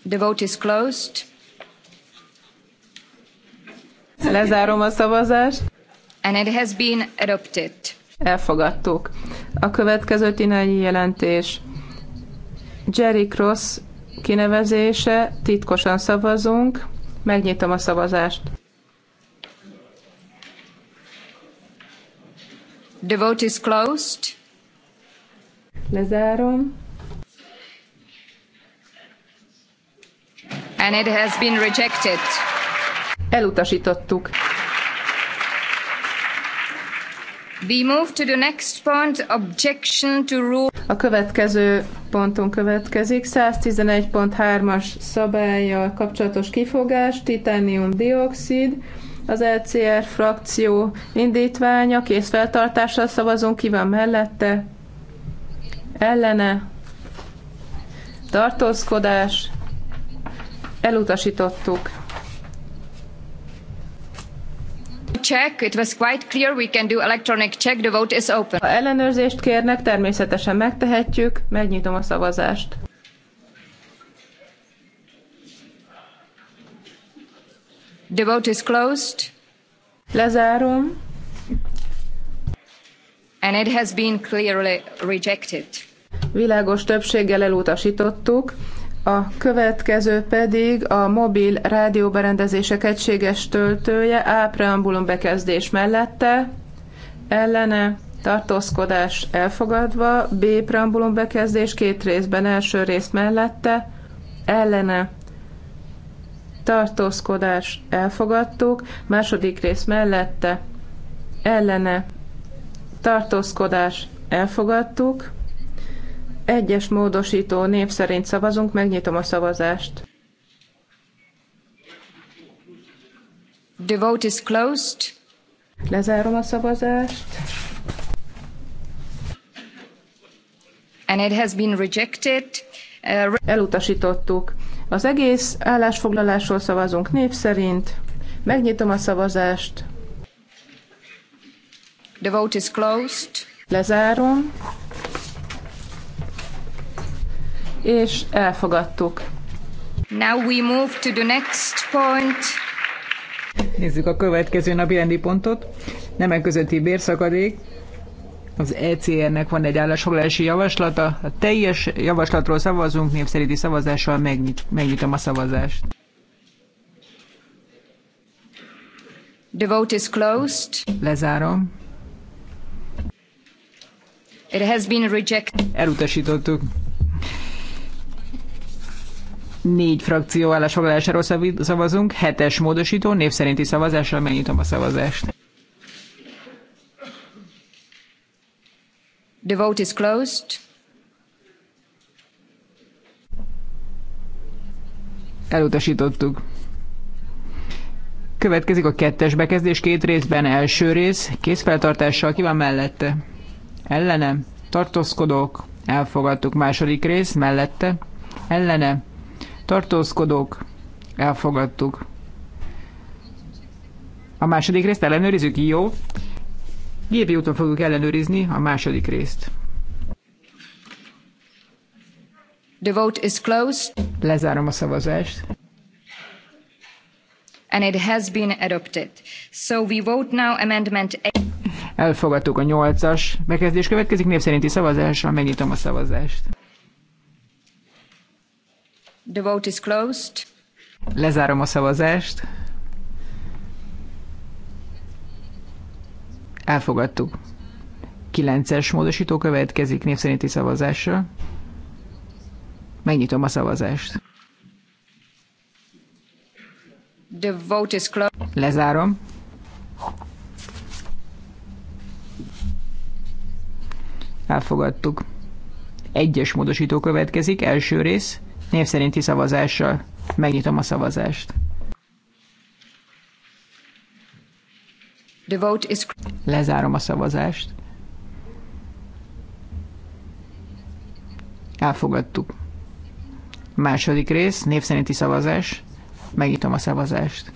The vote is closed. Lezárom a szavazást. And it has been adopted. Elfogadtuk. A következő tinányi jelentés. Jerry Cross kinevezése, titkosan szavazunk, megnyitom a szavazást. The vote is closed. Lezárom. And it has been rejected. Elutasítottuk. We move to the next point, objection to rule. A következő ponton következik 111.3-as szabályjal kapcsolatos kifogás, dioxid. az LCR e frakció indítványa, készfeltartással szavazunk, ki van mellette, ellene, tartózkodás, elutasítottuk. check, it was quite clear, we can do electronic check, the vote is open. Ha ellenőrzést kérnek, természetesen megtehetjük, megnyitom a szavazást. The vote is closed. Lezárom. And it has been clearly rejected. Világos többséggel elutasítottuk. A következő pedig a mobil rádióberendezések egységes töltője, A preambulum bekezdés mellette, ellene, tartózkodás elfogadva, B preambulum bekezdés két részben, első rész mellette, ellene, tartózkodás elfogadtuk, második rész mellette, ellene, tartózkodás elfogadtuk, egyes módosító név szerint szavazunk, megnyitom a szavazást. The vote is closed. Lezárom a szavazást. And it has been rejected. Uh, Elutasítottuk. Az egész állásfoglalásról szavazunk név szerint. Megnyitom a szavazást. The vote is closed. Lezárom és elfogadtuk. Now we move to the next point. Nézzük a következő napi rendi pontot. Nemek közötti bérszakadék. Az ECR-nek van egy állásfoglalási javaslata. A teljes javaslatról szavazunk, népszerinti szavazással megnyit, megnyitom a szavazást. The vote is closed. Lezárom. It has been rejected. Elutasítottuk négy frakció állásfoglalásáról szavazunk, hetes módosító, név szerinti szavazásra megnyitom a szavazást. The vote is closed. Elutasítottuk. Következik a kettes bekezdés két részben. Első rész, készfeltartással ki van mellette? Ellene, tartózkodók, elfogadtuk. Második rész, mellette, ellene, tartózkodók, elfogadtuk. A második részt ellenőrizzük? Jó. Gépi úton fogjuk ellenőrizni a második részt. The vote is closed. Lezárom a szavazást. And it has been adopted. So we vote now amendment 8. Elfogadtuk a nyolcas bekezdés következik, név szerinti szavazással megnyitom a szavazást. The vote is closed. Lezárom a szavazást. Elfogadtuk. 9-es módosító következik név szerinti szavazásra. Megnyitom a szavazást. The vote is closed. Lezárom. Elfogadtuk. Egyes módosító következik, első rész név szerinti szavazással. Megnyitom a szavazást. The vote is... Lezárom a szavazást. Elfogadtuk. Második rész, név szerinti szavazás. Megnyitom a szavazást.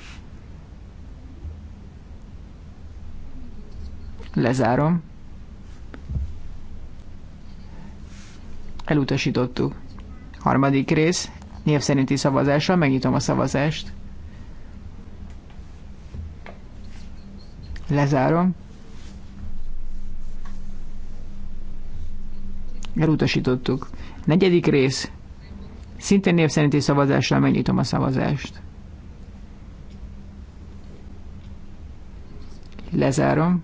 Lezárom. Elutasítottuk. Harmadik rész, név szerinti szavazással megnyitom a szavazást. Lezárom. Elutasítottuk. Negyedik rész. Szintén név szerinti szavazással megnyitom a szavazást. Lezárom.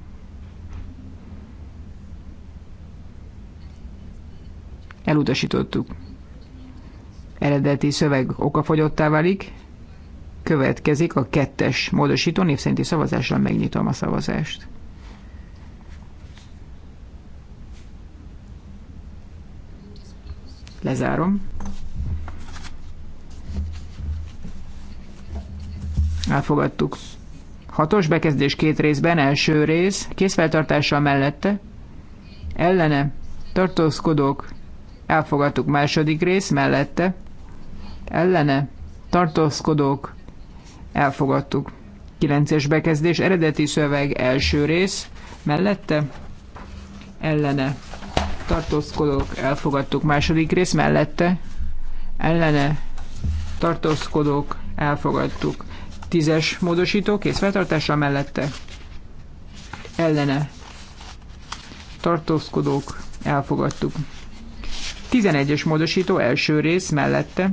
Elutasítottuk eredeti szöveg okafogyottá válik. Következik a kettes módosító név szerinti szavazással megnyitom a szavazást. Lezárom. Elfogadtuk. Hatos bekezdés két részben, első rész, készfeltartása mellette, ellene, tartózkodók, elfogadtuk második rész mellette, ellene tartózkodók elfogadtuk. 9-es bekezdés eredeti szöveg első rész mellette ellene tartózkodók elfogadtuk második rész mellette ellene tartózkodók elfogadtuk. Tízes módosító készfeltartása mellette ellene tartózkodók elfogadtuk. 11-es módosító első rész mellette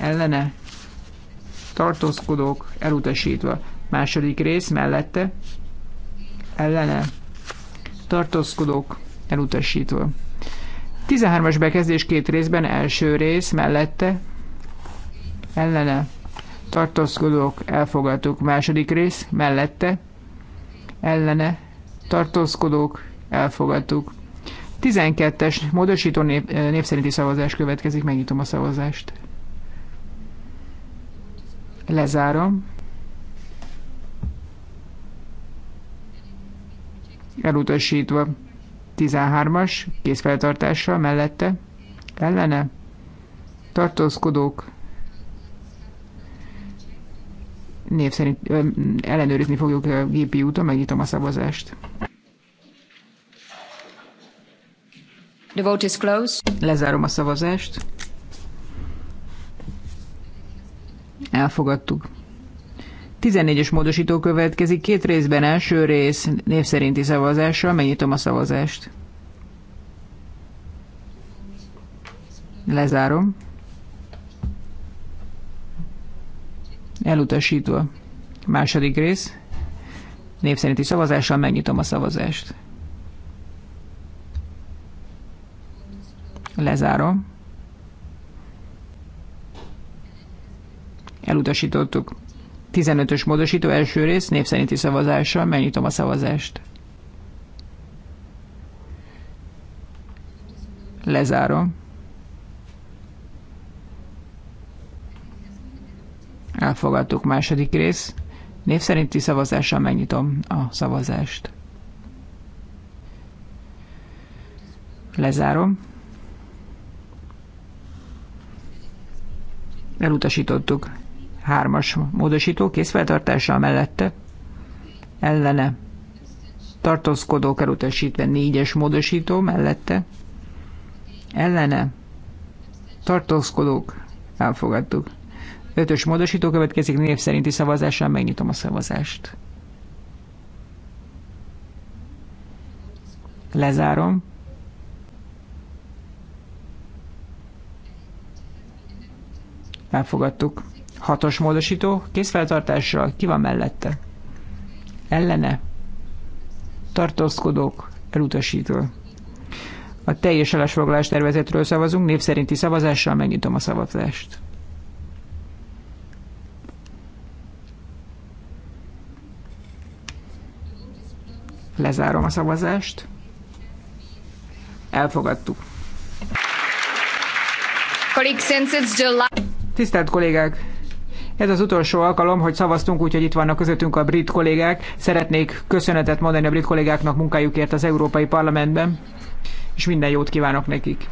ellene tartózkodók elutasítva. Második rész mellette ellene tartózkodók elutasítva. 13-as bekezdés két részben, első rész mellette ellene tartózkodók elfogadtuk. Második rész mellette ellene tartózkodók elfogadtuk. 12-es módosító nép, eh, népszerinti szavazás következik, megnyitom a szavazást. Lezárom. Elutasítva. 13-as, készfeltartással mellette. Ellene. Tartózkodók. Név szerint ö, ellenőrizni fogjuk a gépi úton, megnyitom a szavazást. The vote is closed. Lezárom a szavazást. Elfogadtuk. 14-es módosító következik, két részben első rész név szerinti szavazással, megnyitom a szavazást. Lezárom. Elutasítva. Második rész. Név szerinti szavazással megnyitom a szavazást. Lezárom. Elutasítottuk. 15-ös módosító első rész népszerinti szavazással. Megnyitom a szavazást. Lezárom. Elfogadtuk második rész. Név szerinti szavazással megnyitom a szavazást. Lezárom. Elutasítottuk. Hármas módosító készfeltartással mellette ellene tartózkodók elutasítva négyes módosító mellette ellene tartózkodók elfogadtuk. Ötös módosító következik név szerinti szavazással, megnyitom a szavazást. Lezárom. Elfogadtuk. Hatos módosító, készfeltartásra, ki van mellette? Ellene? Tartózkodók, elutasító. A teljes elásfoglalás tervezetről szavazunk, név szerinti szavazással megnyitom a szavazást. Lezárom a szavazást. Elfogadtuk. Tisztelt kollégák! Ez az utolsó alkalom, hogy szavaztunk, úgyhogy itt vannak közöttünk a brit kollégák. Szeretnék köszönetet mondani a brit kollégáknak munkájukért az Európai Parlamentben, és minden jót kívánok nekik.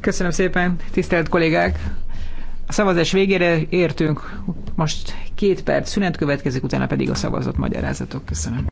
Köszönöm szépen, tisztelt kollégák! A szavazás végére értünk. Most két perc szünet következik, utána pedig a szavazat magyarázatok. Köszönöm.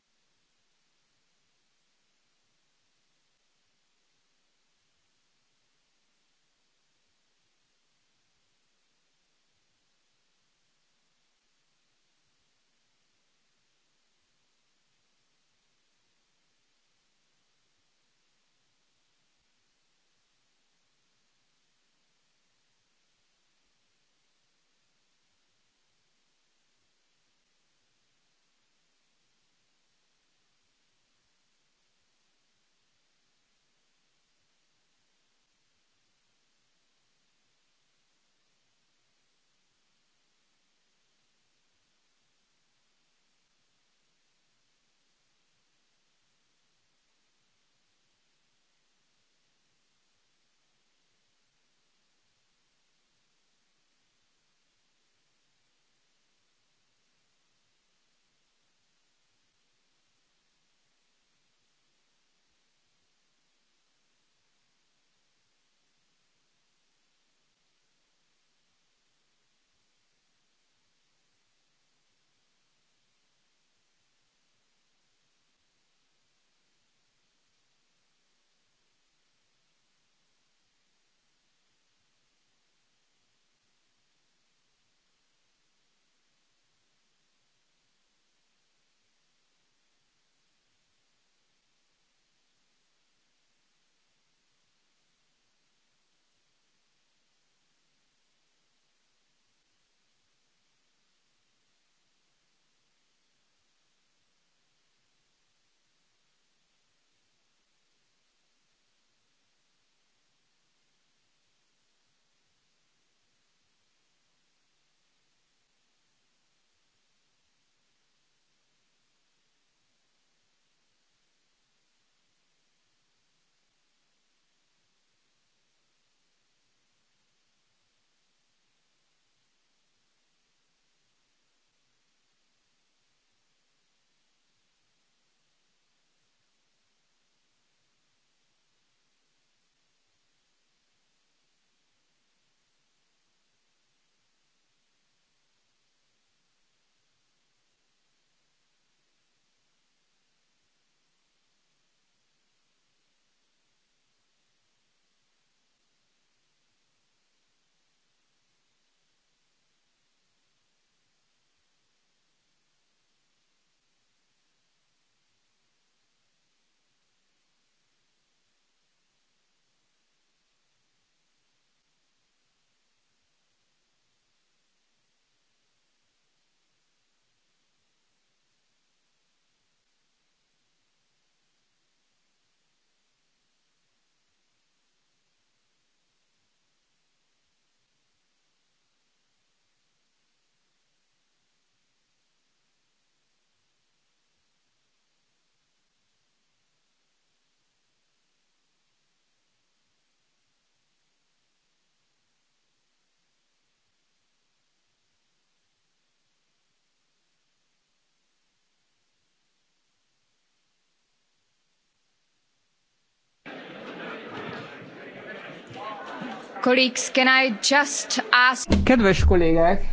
colleagues, can I just ask... Kedves kollégák,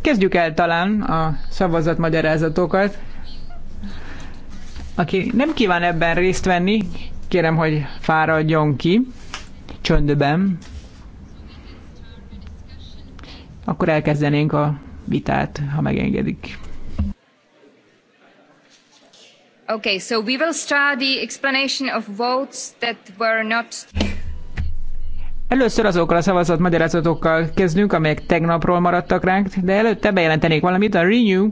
kezdjük el talán a szavazatmagyarázatokat. Aki nem kíván ebben részt venni, kérem, hogy fáradjon ki csöndben. Akkor elkezdenénk a vitát, ha megengedik. Okay, so we will start the explanation of votes that were not Először azokkal a szavazat magyarázatokkal kezdünk, amelyek tegnapról maradtak ránk, de előtte bejelentenék valamit. A Renew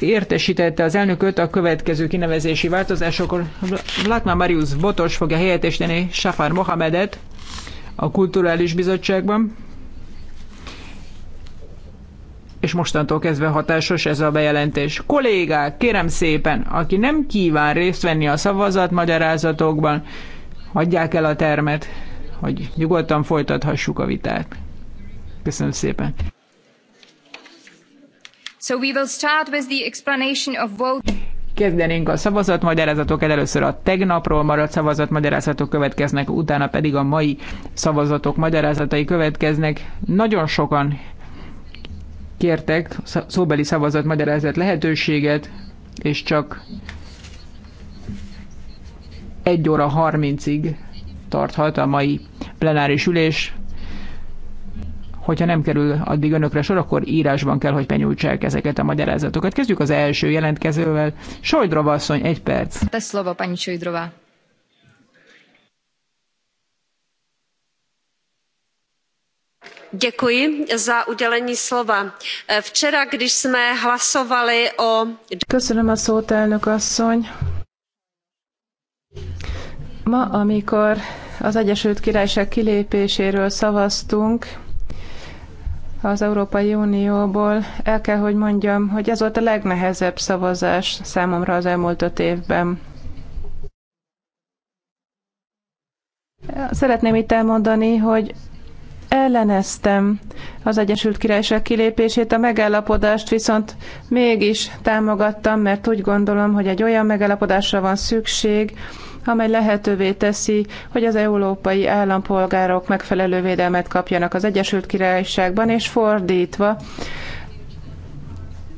értesítette az elnököt a következő kinevezési változásokon. Látma Marius Botos fogja helyettesíteni Safar Mohamedet a Kulturális Bizottságban. És mostantól kezdve hatásos ez a bejelentés. Kollégák, kérem szépen, aki nem kíván részt venni a szavazat magyarázatokban, hagyják el a termet hogy nyugodtan folytathassuk a vitát. Köszönöm szépen. So we will start with the explanation of vote. Kezdenénk a szavazatmagyarázatok, először a tegnapról maradt szavazatmagyarázatok következnek, utána pedig a mai szavazatok magyarázatai következnek. Nagyon sokan kértek szóbeli szavazatmagyarázat lehetőséget, és csak 1 óra 30-ig tarthat a mai plenáris ülés. Hogyha nem kerül addig önökre sor, akkor írásban kell, hogy benyújtsák ezeket a magyarázatokat. Kezdjük az első jelentkezővel. Sojdrova asszony, egy perc. Te szlova, pani Sojdrova. Děkuji za udělení slova. Včera, když jsme hlasovali o... Köszönöm a szót, elnök asszony. Ma, amikor az Egyesült Királyság kilépéséről szavaztunk, az Európai Unióból el kell, hogy mondjam, hogy ez volt a legnehezebb szavazás számomra az elmúlt öt évben. Szeretném itt elmondani, hogy elleneztem az Egyesült Királyság kilépését, a megállapodást viszont mégis támogattam, mert úgy gondolom, hogy egy olyan megállapodásra van szükség, amely lehetővé teszi, hogy az európai állampolgárok megfelelő védelmet kapjanak az Egyesült Királyságban, és fordítva,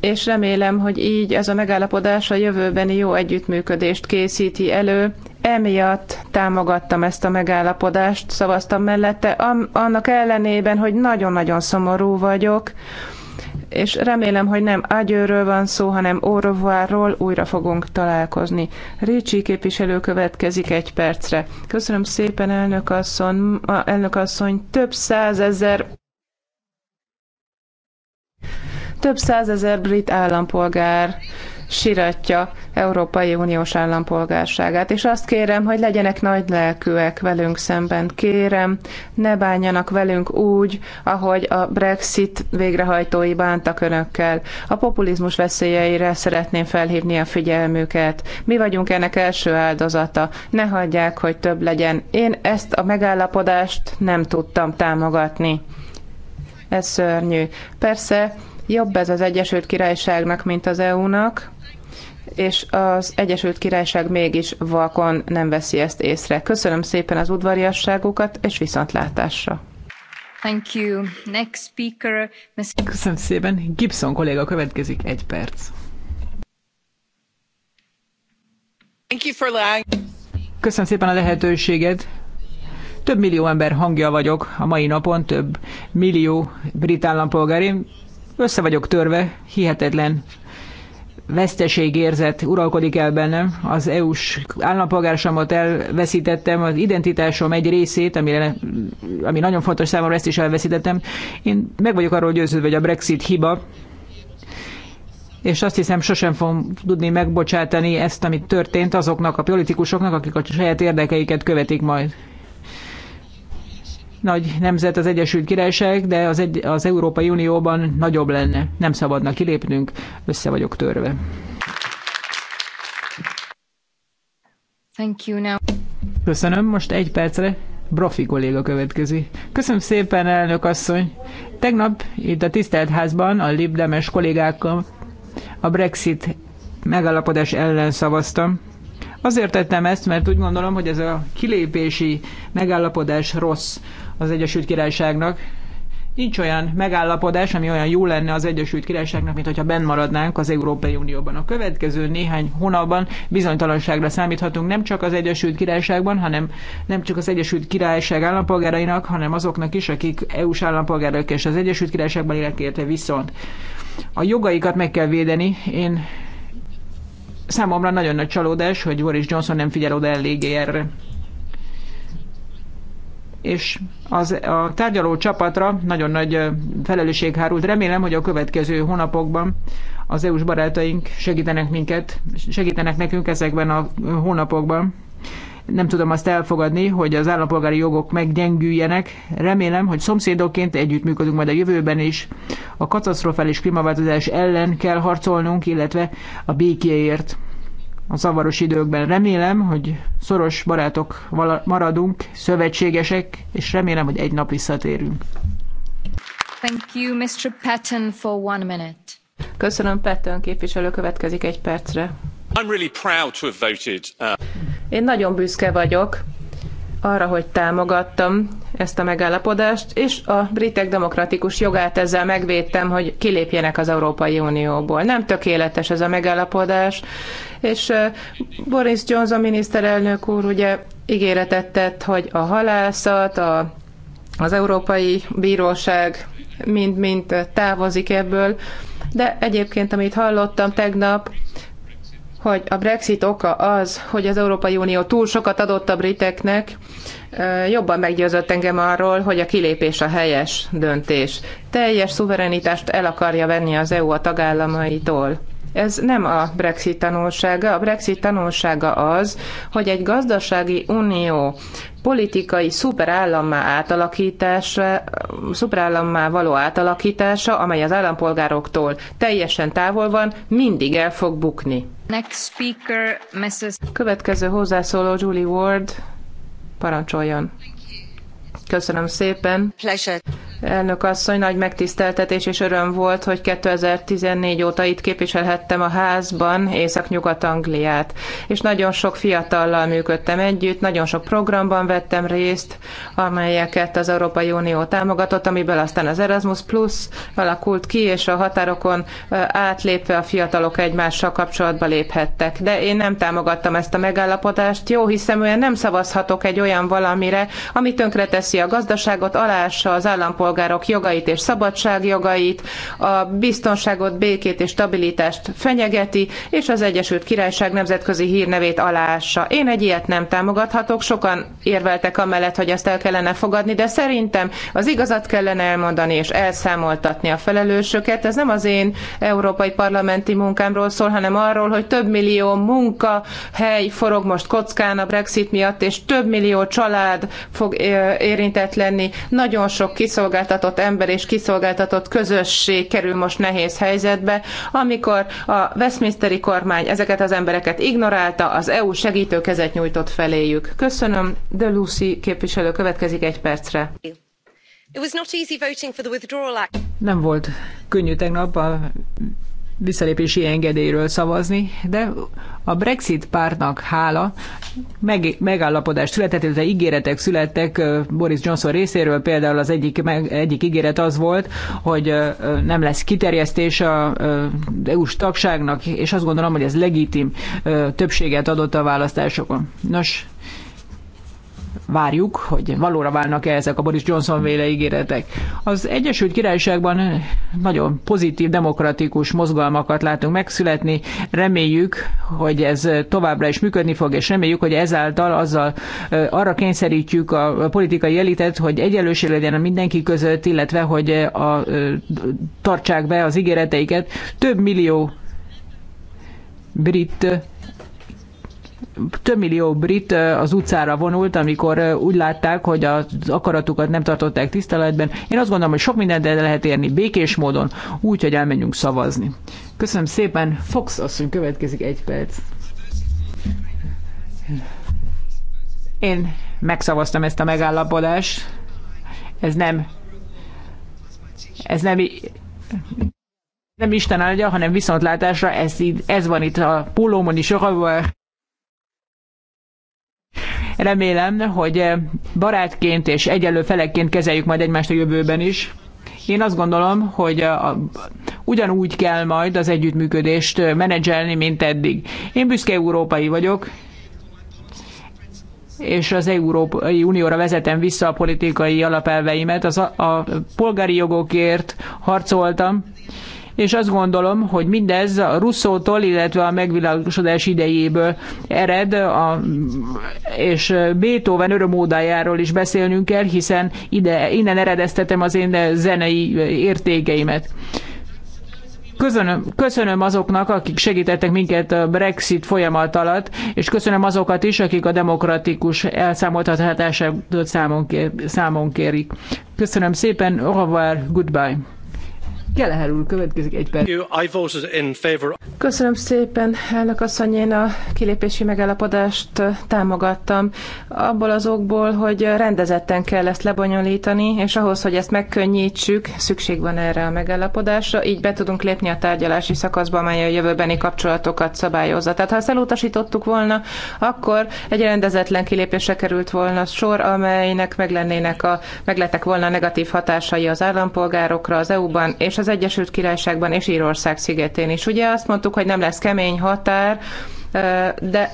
és remélem, hogy így ez a megállapodás a jövőbeni jó együttműködést készíti elő. Emiatt támogattam ezt a megállapodást, szavaztam mellette, annak ellenében, hogy nagyon-nagyon szomorú vagyok, és remélem, hogy nem ágyőről van szó, hanem órovárról újra fogunk találkozni. Ricsi képviselő következik egy percre. Köszönöm szépen, elnök asszony, elnök asszony több százezer több százezer brit állampolgár siratja Európai Uniós állampolgárságát. És azt kérem, hogy legyenek nagy lelkűek velünk szemben. Kérem, ne bánjanak velünk úgy, ahogy a Brexit végrehajtói bántak önökkel. A populizmus veszélyeire szeretném felhívni a figyelmüket. Mi vagyunk ennek első áldozata. Ne hagyják, hogy több legyen. Én ezt a megállapodást nem tudtam támogatni. Ez szörnyű. Persze, jobb ez az Egyesült Királyságnak, mint az EU-nak, és az Egyesült Királyság mégis vakon nem veszi ezt észre. Köszönöm szépen az udvariasságukat, és viszontlátásra! Thank you. Next speaker, Ms. Köszönöm szépen. Gibson kolléga következik egy perc. Thank you for Köszönöm szépen a lehetőséget. Több millió ember hangja vagyok a mai napon, több millió brit állampolgárim. Össze vagyok törve, hihetetlen veszteségérzet uralkodik el bennem. Az EU-s állampolgársamot elveszítettem, az identitásom egy részét, amire, ami nagyon fontos számomra, ezt is elveszítettem. Én meg vagyok arról győződve, hogy a Brexit hiba, és azt hiszem sosem fogom tudni megbocsátani ezt, amit történt azoknak a politikusoknak, akik a saját érdekeiket követik majd nagy nemzet az Egyesült Királyság, de az, egy, az Európai Unióban nagyobb lenne. Nem szabadna kilépnünk, össze vagyok törve. Thank you now. Köszönöm, most egy percre Brofi kolléga következik. Köszönöm szépen, elnök asszony. Tegnap itt a tisztelt házban a libdemes kollégákkal a Brexit megállapodás ellen szavaztam. Azért tettem ezt, mert úgy gondolom, hogy ez a kilépési megállapodás rossz az Egyesült Királyságnak. Nincs olyan megállapodás, ami olyan jó lenne az Egyesült Királyságnak, mint hogyha benn maradnánk az Európai Unióban. A következő néhány hónapban bizonytalanságra számíthatunk nem csak az Egyesült Királyságban, hanem nem csak az Egyesült Királyság állampolgárainak, hanem azoknak is, akik EU-s állampolgárok és az Egyesült Királyságban érte viszont. A jogaikat meg kell védeni. Én számomra nagyon nagy csalódás, hogy Boris Johnson nem figyel oda eléggé erre és az, a tárgyaló csapatra nagyon nagy felelősség hárult. Remélem, hogy a következő hónapokban az EU-s barátaink segítenek minket, segítenek nekünk ezekben a hónapokban. Nem tudom azt elfogadni, hogy az állampolgári jogok meggyengüljenek. Remélem, hogy szomszédokként együttműködünk majd a jövőben is. A katasztrofális klímaváltozás ellen kell harcolnunk, illetve a békéért a zavaros időkben. Remélem, hogy szoros barátok maradunk, szövetségesek, és remélem, hogy egy nap visszatérünk. Thank you, Mr. Patton, for one minute. Köszönöm, Patton képviselő következik egy percre. I'm really proud to have voted. Uh... Én nagyon büszke vagyok, arra, hogy támogattam ezt a megállapodást, és a britek demokratikus jogát ezzel megvédtem, hogy kilépjenek az Európai Unióból. Nem tökéletes ez a megállapodás, és Boris Johnson miniszterelnök úr ugye ígéretet tett, hogy a halászat, a, az Európai Bíróság mind-mind távozik ebből, de egyébként, amit hallottam tegnap, hogy a Brexit oka az, hogy az Európai Unió túl sokat adott a briteknek, jobban meggyőzött engem arról, hogy a kilépés a helyes döntés. Teljes szuverenitást el akarja venni az EU a tagállamaitól. Ez nem a Brexit tanulsága. A Brexit tanulsága az, hogy egy gazdasági unió politikai szuperállammá átalakítása, szuperállammá való átalakítása, amely az állampolgároktól teljesen távol van, mindig el fog bukni. Next speaker, Mrs. Következő hozzászóló Julie Ward, parancsoljon. Köszönöm szépen. Pleasure. Elnök asszony, nagy megtiszteltetés és öröm volt, hogy 2014 óta itt képviselhettem a házban Észak-Nyugat-Angliát. És nagyon sok fiatallal működtem együtt, nagyon sok programban vettem részt, amelyeket az Európai Unió támogatott, amiből aztán az Erasmus Plus alakult ki, és a határokon átlépve a fiatalok egymással kapcsolatba léphettek. De én nem támogattam ezt a megállapodást, jó hiszem, olyan nem szavazhatok egy olyan valamire, ami tönkreteszi a gazdaságot, alássa az állampolgárokat, állampolgárok jogait és szabadságjogait, a biztonságot, békét és stabilitást fenyegeti, és az Egyesült Királyság nemzetközi hírnevét aláássa. Én egy ilyet nem támogathatok, sokan érveltek amellett, hogy ezt el kellene fogadni, de szerintem az igazat kellene elmondani és elszámoltatni a felelősöket. Ez nem az én európai parlamenti munkámról szól, hanem arról, hogy több millió munkahely forog most kockán a Brexit miatt, és több millió család fog érintett lenni. Nagyon sok kiszolgáltatott kiszolgáltatott ember és kiszolgáltatott közösség kerül most nehéz helyzetbe, amikor a Westminsteri kormány ezeket az embereket ignorálta, az EU segítőkezet nyújtott feléjük. Köszönöm, de Lucy képviselő következik egy percre. Nem volt könnyű tegnap a visszalépési engedélyről szavazni, de a Brexit pártnak hála meg, megállapodás született, illetve ígéretek születtek Boris Johnson részéről, például az egyik, meg, egyik ígéret az volt, hogy nem lesz kiterjesztés az EU-s tagságnak, és azt gondolom, hogy ez legitim többséget adott a választásokon. Nos, várjuk, hogy valóra válnak-e ezek a Boris Johnson véle ígéretek. Az Egyesült Királyságban nagyon pozitív, demokratikus mozgalmakat látunk megszületni. Reméljük, hogy ez továbbra is működni fog, és reméljük, hogy ezáltal azzal arra kényszerítjük a politikai elitet, hogy egyenlőség legyen a mindenki között, illetve hogy a, tartsák be az ígéreteiket. Több millió brit több millió brit az utcára vonult, amikor úgy látták, hogy az akaratukat nem tartották tiszteletben. Én azt gondolom, hogy sok mindent el lehet érni békés módon, úgy, hogy elmenjünk szavazni. Köszönöm szépen. Fox asszony következik egy perc. Én megszavaztam ezt a megállapodást. Ez nem... Ez nem nem Isten áldja, hanem viszontlátásra, ez, ez van itt a pólómon is, Remélem, hogy eh, barátként és egyenlő felekként kezeljük majd egymást a jövőben is. Én azt gondolom, hogy a, eh, a, ugyanúgy kell majd az együttműködést eh, menedzselni, mint eddig. Én büszke európai vagyok, és az Európai Unióra vezetem vissza a politikai alapelveimet. Az a, a polgári jogokért harcoltam, és azt gondolom, hogy mindez a Russzótól, illetve a megvilágosodás idejéből ered, a, és Beethoven örömódájáról is beszélnünk kell, hiszen ide, innen eredeztetem az én zenei értékeimet. Köszönöm, köszönöm azoknak, akik segítettek minket a Brexit folyamat alatt, és köszönöm azokat is, akik a demokratikus elszámoltatását számon, kér, számon kérik. Köszönöm szépen, au revoir, goodbye. Geleher úr, következik egy perc. Köszönöm szépen, elnök asszony, én a kilépési megállapodást támogattam. Abból az okból, hogy rendezetten kell ezt lebonyolítani, és ahhoz, hogy ezt megkönnyítsük, szükség van erre a megállapodásra, így be tudunk lépni a tárgyalási szakaszba, amely a jövőbeni kapcsolatokat szabályozza. Tehát ha ezt elutasítottuk volna, akkor egy rendezetlen kilépésre került volna sor, amelynek meg, lennének a, meg lettek volna negatív hatásai az állampolgárokra az EU-ban, és az Egyesült Királyságban és Írország szigetén is. Ugye azt mondtuk, hogy nem lesz kemény határ, de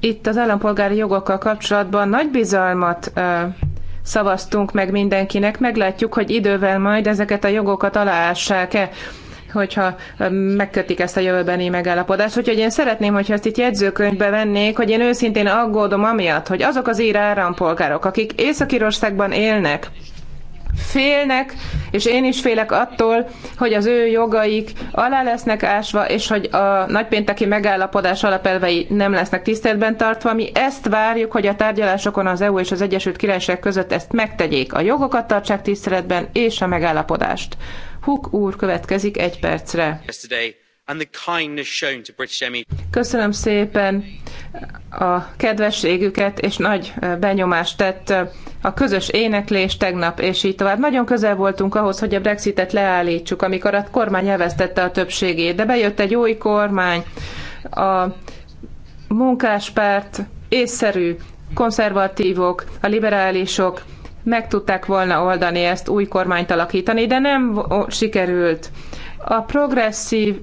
itt az állampolgári jogokkal kapcsolatban nagy bizalmat szavaztunk meg mindenkinek. Meglátjuk, hogy idővel majd ezeket a jogokat aláássák-e hogyha megkötik ezt a jövőbeni megállapodást. Úgyhogy én szeretném, hogyha ezt itt jegyzőkönyvbe vennék, hogy én őszintén aggódom amiatt, hogy azok az ír állampolgárok, akik Észak-Írországban élnek, félnek, és én is félek attól, hogy az ő jogaik alá lesznek ásva, és hogy a nagypénteki megállapodás alapelvei nem lesznek tiszteletben tartva. Mi ezt várjuk, hogy a tárgyalásokon az EU és az Egyesült Királyság között ezt megtegyék. A jogokat tartsák tiszteletben, és a megállapodást. Huk úr következik egy percre. Yesterday and the kindness shown to British MEPs. Köszönöm szépen a kedvességüket, és nagy benyomást tett a közös éneklés tegnap, és így tovább. Nagyon közel voltunk ahhoz, hogy a Brexitet leállítsuk, amikor a kormány elvesztette a többségét, de bejött egy új kormány, a munkáspárt, észszerű, konzervatívok, a liberálisok meg tudták volna oldani ezt, új kormányt alakítani, de nem sikerült a progresszív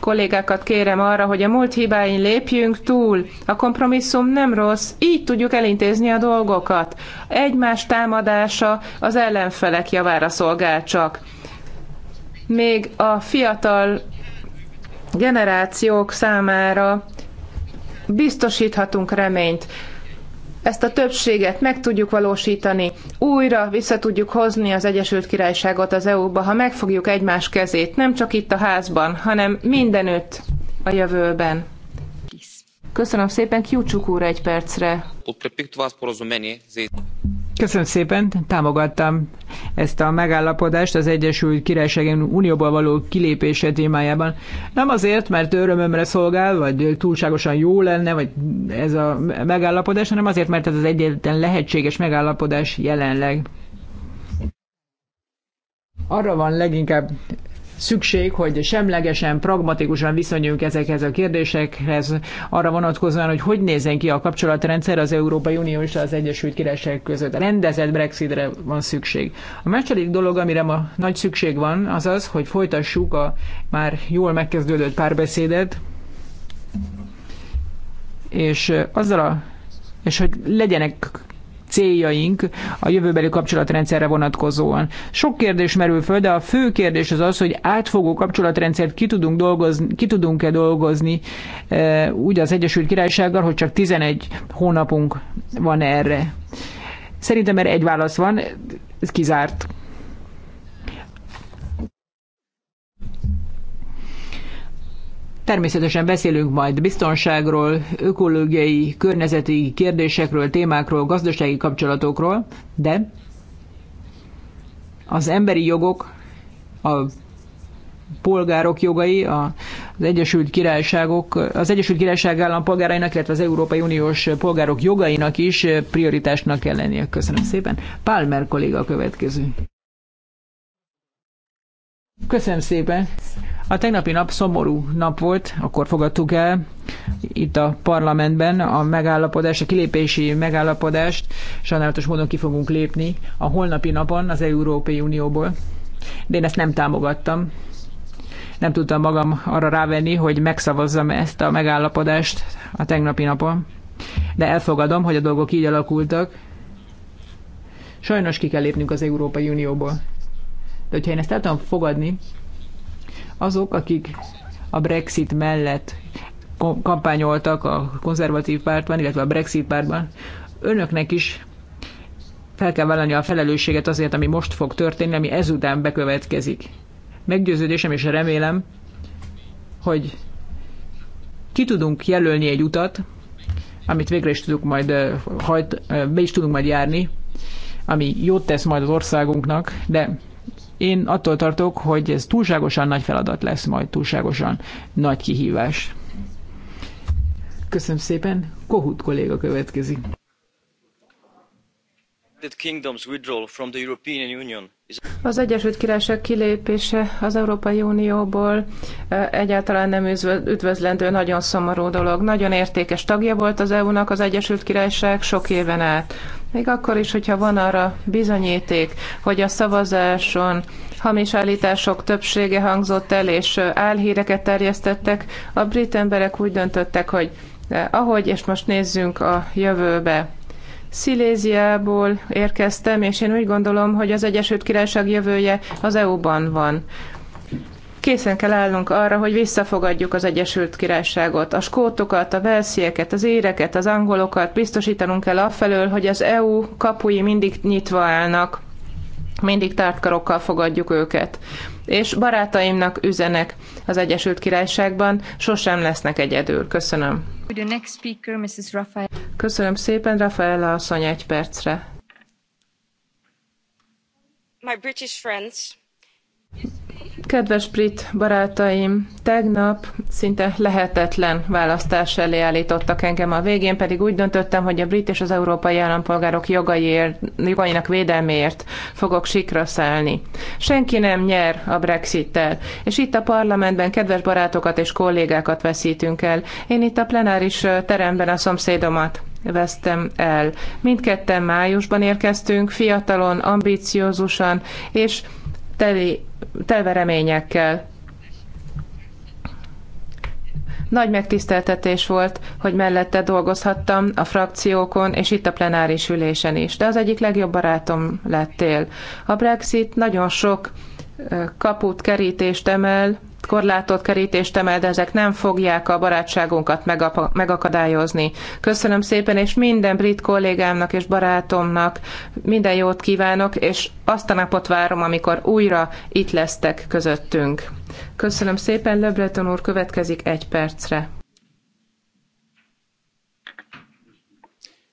kollégákat kérem arra, hogy a múlt hibáin lépjünk túl. A kompromisszum nem rossz, így tudjuk elintézni a dolgokat. Egymás támadása az ellenfelek javára szolgál csak. Még a fiatal generációk számára biztosíthatunk reményt ezt a többséget meg tudjuk valósítani, újra vissza tudjuk hozni az Egyesült Királyságot az EU-ba, ha megfogjuk egymás kezét, nem csak itt a házban, hanem mindenütt a jövőben. Köszönöm szépen, Kiucsuk úr egy percre. Köszönöm szépen, támogattam ezt a megállapodást az Egyesült Királyság Unióból való kilépése témájában. Nem azért, mert örömömre szolgál, vagy túlságosan jó lenne, vagy ez a megállapodás, hanem azért, mert ez az egyetlen lehetséges megállapodás jelenleg. Arra van leginkább szükség, hogy semlegesen, pragmatikusan viszonyunk ezekhez a kérdésekhez, arra vonatkozóan, hogy hogy nézzen ki a kapcsolatrendszer az Európai Unió és az Egyesült Királyság között. Rendezett Brexitre van szükség. A második dolog, amire ma nagy szükség van, az az, hogy folytassuk a már jól megkezdődött párbeszédet, és azzal a, és hogy legyenek céljaink a jövőbeli kapcsolatrendszerre vonatkozóan. Sok kérdés merül föl, de a fő kérdés az az, hogy átfogó kapcsolatrendszert ki, tudunk dolgozni, ki tudunk-e dolgozni e, úgy az Egyesült Királysággal, hogy csak 11 hónapunk van erre. Szerintem erre egy válasz van, ez kizárt. Természetesen beszélünk majd biztonságról, ökológiai, környezeti kérdésekről, témákról, gazdasági kapcsolatokról, de az emberi jogok, a polgárok jogai, az Egyesült Királyságok, az Egyesült Királyság állampolgárainak, illetve az Európai Uniós polgárok jogainak is prioritásnak kell lennie. Köszönöm szépen. Palmer kolléga a következő. Köszönöm szépen. A tegnapi nap szomorú nap volt, akkor fogadtuk el itt a parlamentben a megállapodás, a kilépési megállapodást. Sajnálatos módon ki fogunk lépni a holnapi napon az Európai Unióból. De én ezt nem támogattam. Nem tudtam magam arra rávenni, hogy megszavazzam ezt a megállapodást a tegnapi napon. De elfogadom, hogy a dolgok így alakultak. Sajnos ki kell lépnünk az Európai Unióból. De hogyha én ezt el tudom fogadni, azok, akik a Brexit mellett kampányoltak a konzervatív pártban, illetve a Brexit pártban, önöknek is fel kell vállalni a felelősséget azért, ami most fog történni, ami ezután bekövetkezik. Meggyőződésem és remélem, hogy ki tudunk jelölni egy utat, amit végre is tudunk majd hajt, be is tudunk majd járni, ami jót tesz majd az országunknak, de én attól tartok, hogy ez túlságosan nagy feladat lesz majd, túlságosan nagy kihívás. Köszönöm szépen. Kohut kolléga következik. The Kingdom's withdrawal from the European Union az Egyesült Királyság kilépése az Európai Unióból egyáltalán nem üdvözlendő, nagyon szomorú dolog. Nagyon értékes tagja volt az EU-nak az Egyesült Királyság sok éven át. Még akkor is, hogyha van arra bizonyíték, hogy a szavazáson hamis állítások többsége hangzott el, és álhíreket terjesztettek, a brit emberek úgy döntöttek, hogy ahogy, és most nézzünk a jövőbe. Sziléziából érkeztem, és én úgy gondolom, hogy az Egyesült Királyság jövője az EU-ban van készen kell állnunk arra, hogy visszafogadjuk az Egyesült Királyságot. A skótokat, a velszieket, az éreket, az angolokat biztosítanunk kell afelől, hogy az EU kapui mindig nyitva állnak, mindig tártkarokkal fogadjuk őket és barátaimnak üzenek az Egyesült Királyságban, sosem lesznek egyedül. Köszönöm. Köszönöm szépen, Rafaela asszony egy percre. My British friends, Kedves brit barátaim, tegnap szinte lehetetlen választás elé állítottak engem a végén, pedig úgy döntöttem, hogy a brit és az európai állampolgárok jogaiért, jogainak védelméért fogok sikra szállni. Senki nem nyer a Brexittel, és itt a parlamentben kedves barátokat és kollégákat veszítünk el. Én itt a plenáris teremben a szomszédomat vesztem el. Mindketten májusban érkeztünk, fiatalon, ambíciózusan, és teli, telve reményekkel. Nagy megtiszteltetés volt, hogy mellette dolgozhattam a frakciókon és itt a plenáris ülésen is, de az egyik legjobb barátom lettél. A Brexit nagyon sok kaput, kerítést emel korlátot, kerítést emel, de ezek nem fogják a barátságunkat megakadályozni. Köszönöm szépen, és minden brit kollégámnak és barátomnak minden jót kívánok, és azt a napot várom, amikor újra itt lesztek közöttünk. Köszönöm szépen, Löbreton úr, következik egy percre.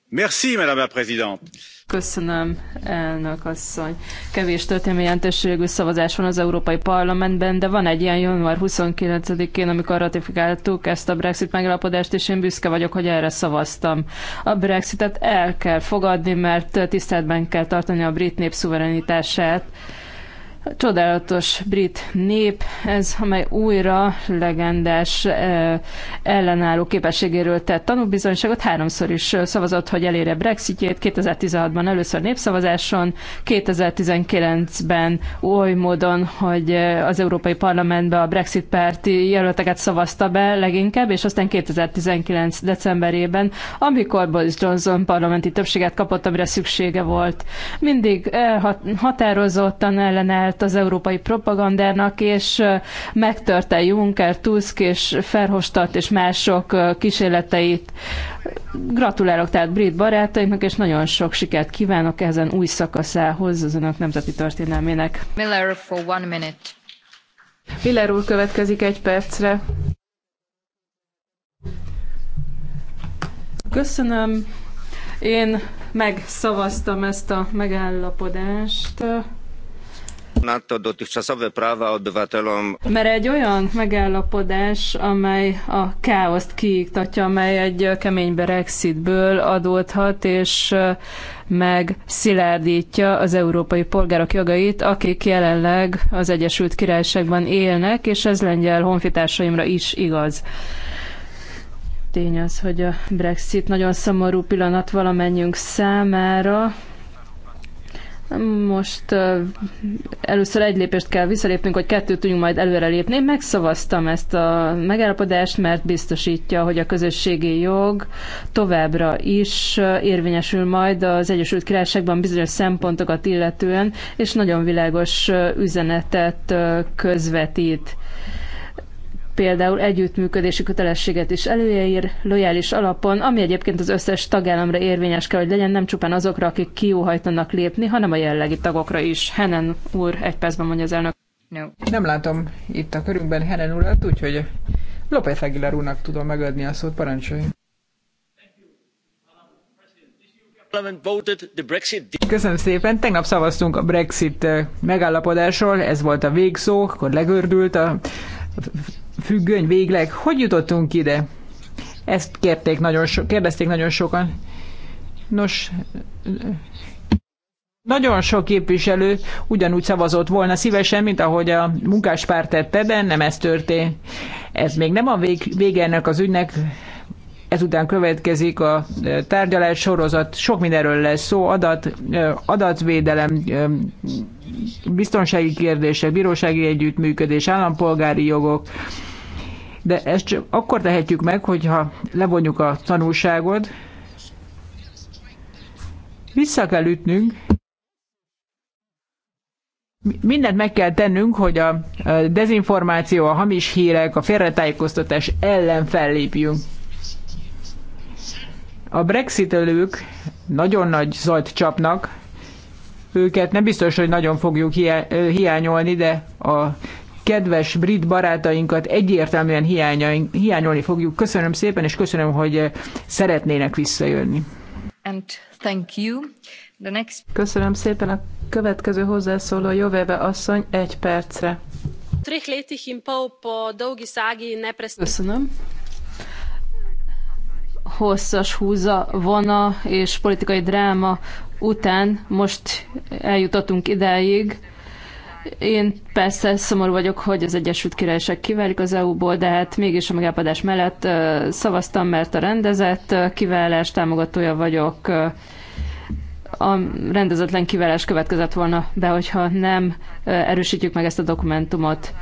Merci, Madame la Présidente Köszönöm, elnök asszony. Kevés történelmi jelentőségű szavazás van az Európai Parlamentben, de van egy ilyen január 29-én, amikor ratifikáltuk ezt a Brexit megállapodást, és én büszke vagyok, hogy erre szavaztam. A Brexitet el kell fogadni, mert tiszteletben kell tartani a brit nép szuverenitását csodálatos brit nép, ez amely újra legendás eh, ellenálló képességéről tett tanúbizonyságot, háromszor is eh, szavazott, hogy elére Brexitjét, 2016-ban először népszavazáson, 2019-ben oly módon, hogy eh, az Európai Parlamentbe a Brexit párti jelölteket szavazta be leginkább, és aztán 2019 decemberében, amikor Boris Johnson parlamenti többséget kapott, amire szüksége volt. Mindig határozottan ellenállt teret az európai propagandának, és megtörte Juncker, Tusk és Ferhostat és mások kísérleteit. Gratulálok tehát brit barátaimnak, és nagyon sok sikert kívánok ezen új szakaszához az önök nemzeti történelmének. Miller for one minute. Miller úr következik egy percre. Köszönöm. Én megszavaztam ezt a megállapodást. NATO dotychczasowe prawa obywatelom. Mert egy olyan megállapodás, amely a káoszt kiiktatja, amely egy kemény Brexitből adódhat, és meg szilárdítja az európai polgárok jogait, akik jelenleg az Egyesült Királyságban élnek, és ez lengyel honfitársaimra is igaz tény az, hogy a Brexit nagyon szomorú pillanat valamennyünk számára, most először egy lépést kell visszalépnünk, hogy kettőt tudjunk majd lépni. Én megszavaztam ezt a megállapodást, mert biztosítja, hogy a közösségi jog továbbra is érvényesül majd az Egyesült Királyságban bizonyos szempontokat illetően, és nagyon világos üzenetet közvetít például együttműködési kötelességet is előír lojális alapon, ami egyébként az összes tagállamra érvényes kell, hogy legyen, nem csupán azokra, akik kiúhajtanak lépni, hanem a jellegi tagokra is. Henen úr, egy percben mondja az elnök. No. Nem látom itt a körünkben Henen urat, úgyhogy López Aguilar úrnak tudom megadni a szót, parancsolj. Köszönöm szépen. Tegnap szavaztunk a Brexit megállapodásról, ez volt a végszó, akkor legördült a függöny végleg. Hogy jutottunk ide? Ezt kérték nagyon so, kérdezték nagyon sokan. Nos, nagyon sok képviselő ugyanúgy szavazott volna szívesen, mint ahogy a munkáspárt tette, de nem ez történt. Ez még nem a vég, vége ennek az ügynek, ezután következik a e, tárgyalás sorozat, sok mindenről lesz szó, adat, e, adatvédelem, e, biztonsági kérdések, bírósági együttműködés, állampolgári jogok, de ezt csak akkor tehetjük meg, hogyha levonjuk a tanulságot, vissza kell ütnünk, mindent meg kell tennünk, hogy a dezinformáció, a hamis hírek, a félretájékoztatás ellen fellépjünk. A brexitelők nagyon nagy zajt csapnak, őket nem biztos, hogy nagyon fogjuk hiányolni, de a kedves brit barátainkat egyértelműen hiányolni fogjuk. Köszönöm szépen, és köszönöm, hogy eh, szeretnének visszajönni. And thank you. The next... Köszönöm szépen a következő hozzászóló Joveve asszony egy percre. Köszönöm hosszas húza vona és politikai dráma után most eljutottunk ideig. Én persze szomorú vagyok, hogy az Egyesült Királyság kiválik az EU-ból, de hát mégis a megállapodás mellett szavaztam, mert a rendezett kiválás támogatója vagyok. A rendezetlen kiválás következett volna be, hogyha nem erősítjük meg ezt a dokumentumot.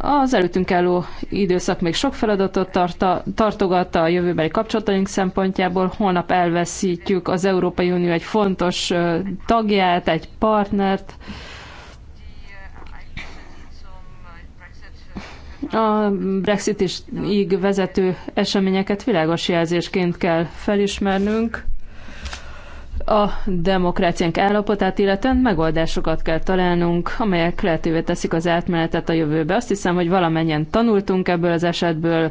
Az előttünk álló időszak még sok feladatot tarta, tartogatta a jövőbeli kapcsolataink szempontjából. Holnap elveszítjük az Európai Unió egy fontos tagját, egy partnert. A Brexit is így vezető eseményeket világos jelzésként kell felismernünk a demokráciánk állapotát illetően megoldásokat kell találnunk, amelyek lehetővé teszik az átmenetet a jövőbe. Azt hiszem, hogy valamennyien tanultunk ebből az esetből,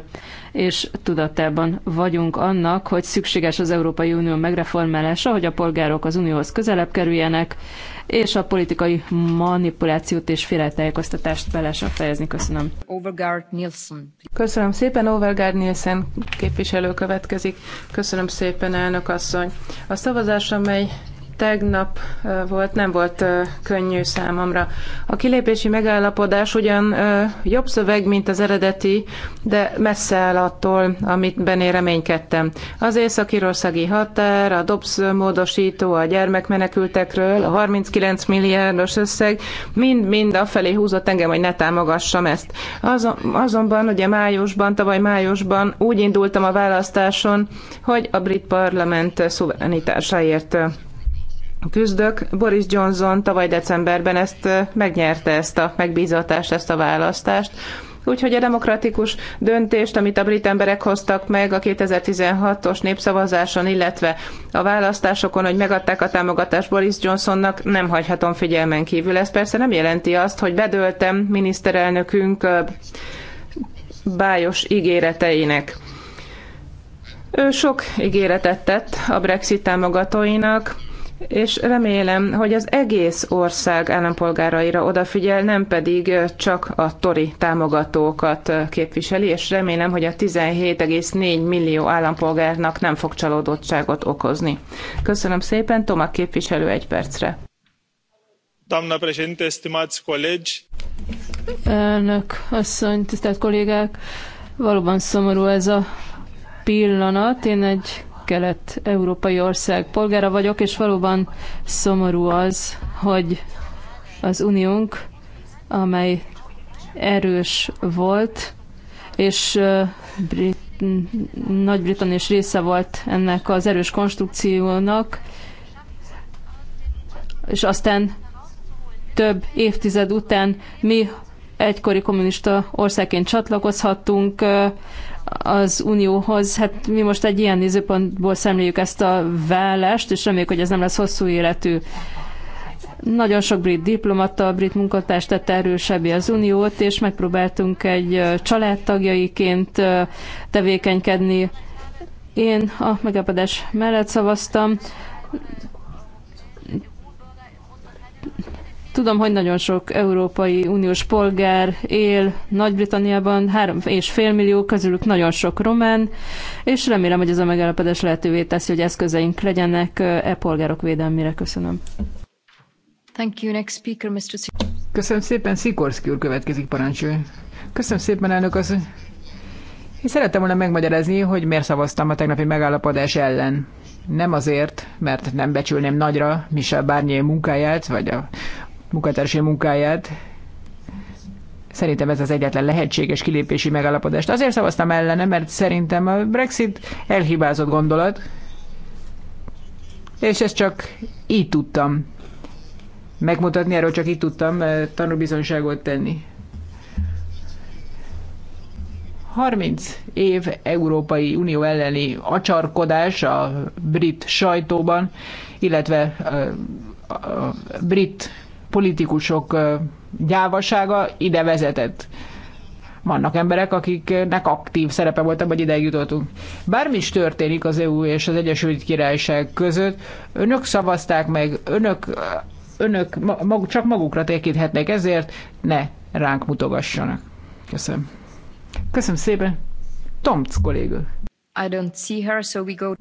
és tudatában vagyunk annak, hogy szükséges az Európai Unió megreformálása, hogy a polgárok az Unióhoz közelebb kerüljenek, és a politikai manipulációt és félretájékoztatást be a fejezni. Köszönöm. Overgaard Nielsen. Köszönöm szépen, Overgaard Nielsen képviselő következik. Köszönöm szépen, elnök asszony. A szavazás, amely tegnap volt, nem volt könnyű számomra. A kilépési megállapodás ugyan jobb szöveg, mint az eredeti, de messze áll attól, amit én reménykedtem. Az északirországi határ, a DOBSZ módosító, a gyermekmenekültekről, a 39 milliárdos összeg, mind-mind afelé húzott engem, hogy ne támogassam ezt. azonban ugye májusban, tavaly májusban úgy indultam a választáson, hogy a brit parlament szuverenitásáért küzdök. Boris Johnson tavaly decemberben ezt megnyerte ezt a megbízatást, ezt a választást. Úgyhogy a demokratikus döntést, amit a brit emberek hoztak meg a 2016-os népszavazáson, illetve a választásokon, hogy megadták a támogatást Boris Johnsonnak, nem hagyhatom figyelmen kívül. Ez persze nem jelenti azt, hogy bedöltem miniszterelnökünk bájos ígéreteinek. Ő sok ígéretet tett a Brexit támogatóinak, és remélem, hogy az egész ország állampolgáraira odafigyel, nem pedig csak a tori támogatókat képviseli, és remélem, hogy a 17,4 millió állampolgárnak nem fog csalódottságot okozni. Köszönöm szépen, Tomak képviselő egy percre. Doamna președinte, stimați colegi! Elnök asszony, tisztelt kollégák! Valóban szomorú ez a pillanat. Én egy kelet-európai ország polgára vagyok, és valóban szomorú az, hogy az uniónk, amely erős volt, és Brit Nagy-Britannia is része volt ennek az erős konstrukciónak, és aztán több évtized után mi egykori kommunista országként csatlakozhattunk az Unióhoz. Hát mi most egy ilyen nézőpontból szemléljük ezt a vállást, és reméljük, hogy ez nem lesz hosszú életű. Nagyon sok brit diplomata, brit munkatárs tette erősebbé az Uniót, és megpróbáltunk egy családtagjaiként tevékenykedni. Én a megapadás mellett szavaztam Tudom, hogy nagyon sok Európai Uniós polgár él Nagy-Britanniában, három és fél millió, közülük nagyon sok román, és remélem, hogy ez a megállapodás lehetővé teszi, hogy eszközeink legyenek e polgárok védelmére. Köszönöm. Thank you. Next speaker, Mr. Köszönöm szépen, Szikorszki úr következik parancsolja. Köszönöm szépen, elnök az. Én szerettem volna megmagyarázni, hogy miért szavaztam a tegnapi megállapodás ellen. Nem azért, mert nem becsülném nagyra Michel Barnier munkáját, vagy a munkatársai munkáját. Szerintem ez az egyetlen lehetséges kilépési megállapodást. Azért szavaztam ellene, mert szerintem a Brexit elhibázott gondolat, és ezt csak így tudtam megmutatni, erről csak így tudtam eh, tanúbizonyságot tenni. 30 év Európai Unió elleni acsarkodás a brit sajtóban, illetve eh, a brit politikusok gyávasága ide vezetett. Vannak emberek, akiknek aktív szerepe volt abban, hogy ideig jutottunk. Bármi is történik az EU és az Egyesült Királyság között, önök szavazták meg, önök, önök maguk, csak magukra tekinthetnek, ezért ne ránk mutogassanak. Köszönöm. Köszönöm szépen. Tomc kolléga. I don't see her, so we go...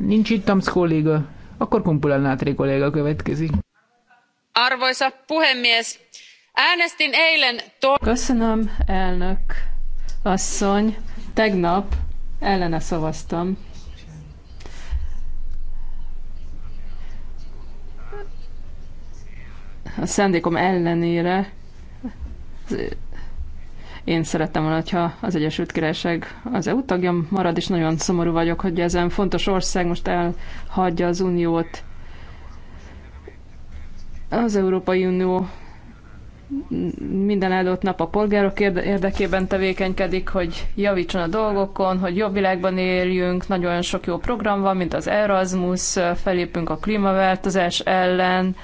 Nincs itt Tomc kolléga. Akkor Kumpulán Nátri kolléga következik arvoisa puhemies äänestin eilen. köszönöm elnök asszony tegnap ellene szavaztam. A szándékom ellenére én szerettem volna, hogyha az Egyesült Királyság az EU tagja marad, és nagyon szomorú vagyok, hogy ezen fontos ország most elhagyja az uniót. Az Európai Unió minden áldott nap a polgárok érdekében tevékenykedik, hogy javítson a dolgokon, hogy jobb világban éljünk, nagyon sok jó program van, mint az Erasmus, felépünk a klímaváltozás ellen,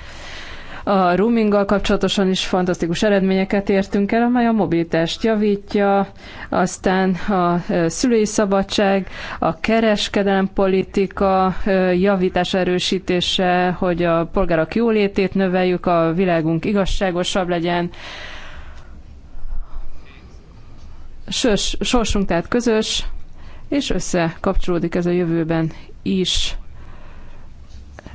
a roaminggal kapcsolatosan is fantasztikus eredményeket értünk el, amely a mobilitást javítja, aztán a szülői szabadság, a kereskedelem politika javítás erősítése, hogy a polgárok jólétét növeljük, a világunk igazságosabb legyen, Sos, sorsunk tehát közös, és összekapcsolódik ez a jövőben is.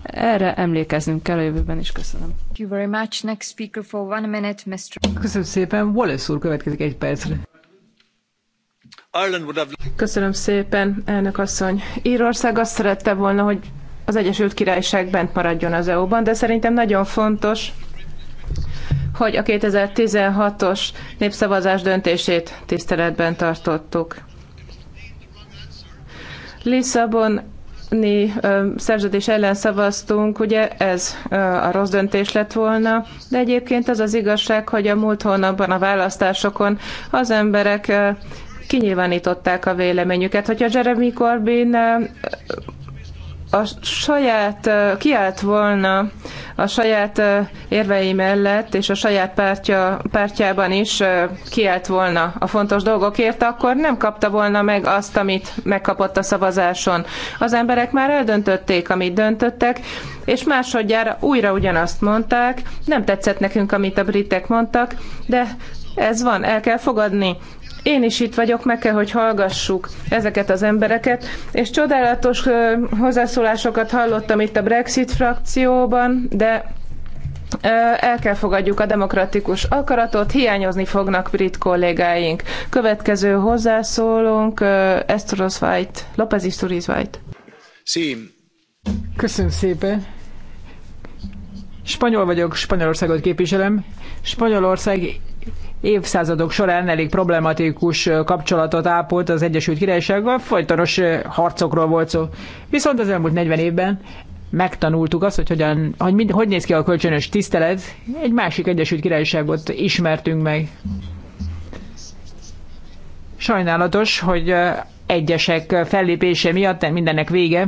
Erre emlékeznünk kell a jövőben is. Köszönöm. Thank you very much. Next speaker for one minute, Mr. Köszönöm szépen. Wallace úr következik egy percre. Köszönöm szépen, elnök asszony. Írország azt szerette volna, hogy az Egyesült Királyság bent maradjon az EU-ban, de szerintem nagyon fontos, hogy a 2016-os népszavazás döntését tiszteletben tartottuk. Lisszabon Lisszaboni szerződés ellen szavaztunk, ugye ez a rossz döntés lett volna, de egyébként az az igazság, hogy a múlt hónapban a választásokon az emberek kinyilvánították a véleményüket. Hogyha Jeremy Corbyn a saját, kiállt volna a saját érvei mellett, és a saját pártja, pártjában is kiállt volna a fontos dolgokért, akkor nem kapta volna meg azt, amit megkapott a szavazáson. Az emberek már eldöntötték, amit döntöttek, és másodjára újra ugyanazt mondták, nem tetszett nekünk, amit a britek mondtak, de ez van, el kell fogadni én is itt vagyok, meg kell, hogy hallgassuk ezeket az embereket, és csodálatos hozzászólásokat hallottam itt a Brexit frakcióban, de el kell fogadjuk a demokratikus akaratot, hiányozni fognak brit kollégáink. Következő hozzászólónk, Estoros White, López Isturiz White. Sí. Köszönöm szépen. Spanyol vagyok, Spanyolországot képviselem. Spanyolország évszázadok során elég problematikus kapcsolatot ápolt az Egyesült Királysággal, folytonos harcokról volt szó. Viszont az elmúlt 40 évben megtanultuk azt, hogy hogyan, hogy, mind, hogy néz ki a kölcsönös tisztelet, egy másik Egyesült Királyságot ismertünk meg. Sajnálatos, hogy egyesek fellépése miatt mindennek vége.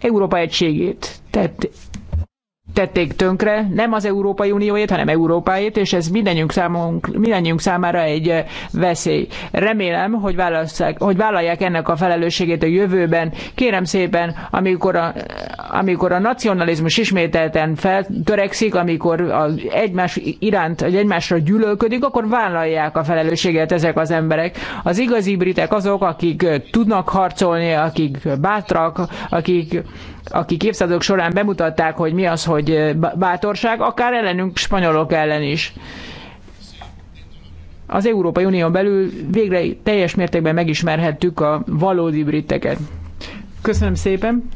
Európa egységét tett tették tönkre nem az Európai Unióért, hanem Európáért, és ez mindannyiunk, számunk, mindannyiunk számára egy eh, veszély. Remélem, hogy, hogy vállalják ennek a felelősségét a jövőben. Kérem szépen, amikor a, amikor a nacionalizmus ismételten feltörekszik, amikor az egymás iránt, vagy egymásra gyűlölködik, akkor vállalják a felelősséget ezek az emberek. Az igazi britek azok, akik eh, tudnak harcolni, akik bátrak, akik akik évszázadok során bemutatták, hogy mi az, hogy eh, bátorság, akár ellenünk, spanyolok ellen is. Az Európai unió belül végre teljes mértékben megismerhettük a valódi briteket. Köszönöm szépen!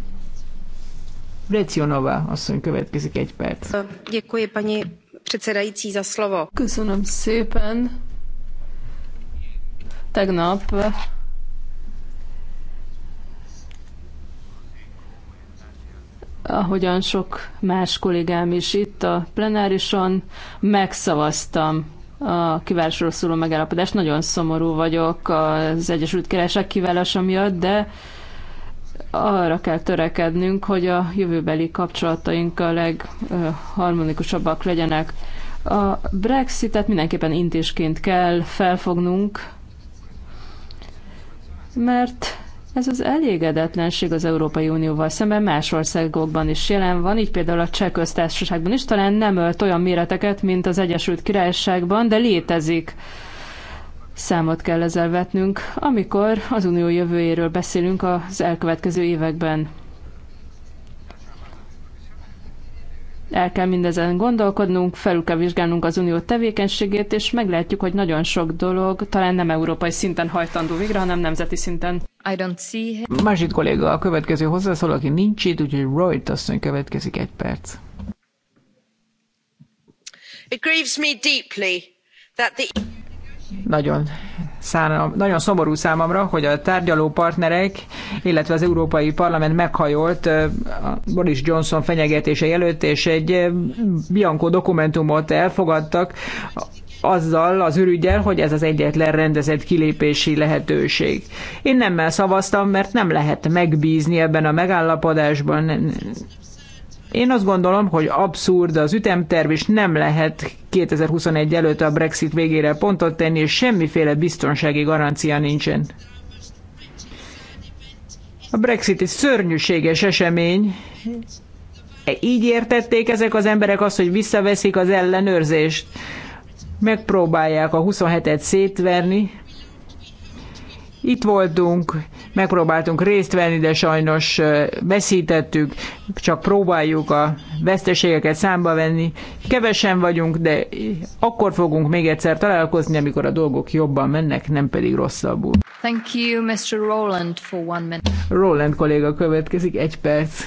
Vrecionová asszony következik egy perc. Köszönöm szépen. Tegnap ahogyan sok más kollégám is itt a plenárison, megszavaztam a kiválásról szóló megállapodást. Nagyon szomorú vagyok az Egyesült Királyság kiválása miatt, de arra kell törekednünk, hogy a jövőbeli kapcsolataink a legharmonikusabbak legyenek. A Brexitet mindenképpen intésként kell felfognunk, mert ez az elégedetlenség az Európai Unióval szemben más országokban is jelen van, így például a Cseh köztársaságban is, talán nem ölt olyan méreteket, mint az Egyesült Királyságban, de létezik. Számot kell ezzel vetnünk, amikor az unió jövőjéről beszélünk az elkövetkező években. El kell mindezen gondolkodnunk, felül kell vizsgálnunk az unió tevékenységét, és meglátjuk, hogy nagyon sok dolog talán nem európai szinten hajtandó végre, hanem nemzeti szinten. I don't see him. Másik kolléga a következő hozzászól, aki nincs itt, úgyhogy Royt asszony következik egy perc. It grieves me deeply that the nagyon, szánam, nagyon szomorú számomra, hogy a tárgyaló partnerek, illetve az Európai Parlament meghajolt Boris Johnson fenyegetése előtt, és egy Bianco dokumentumot elfogadtak azzal az ürügyel, hogy ez az egyetlen rendezett kilépési lehetőség. Én nemmel szavaztam, mert nem lehet megbízni ebben a megállapodásban, én azt gondolom, hogy abszurd az ütemterv, és nem lehet 2021 előtt a Brexit végére pontot tenni, és semmiféle biztonsági garancia nincsen. A Brexit egy szörnyűséges esemény. E, így értették ezek az emberek azt, hogy visszaveszik az ellenőrzést. Megpróbálják a 27-et szétverni, itt voltunk, megpróbáltunk részt venni, de sajnos veszítettük, csak próbáljuk a veszteségeket számba venni. Kevesen vagyunk, de akkor fogunk még egyszer találkozni, amikor a dolgok jobban mennek, nem pedig rosszabbul. Thank you, Mr. Roland, for one minute. Roland kolléga következik, egy perc.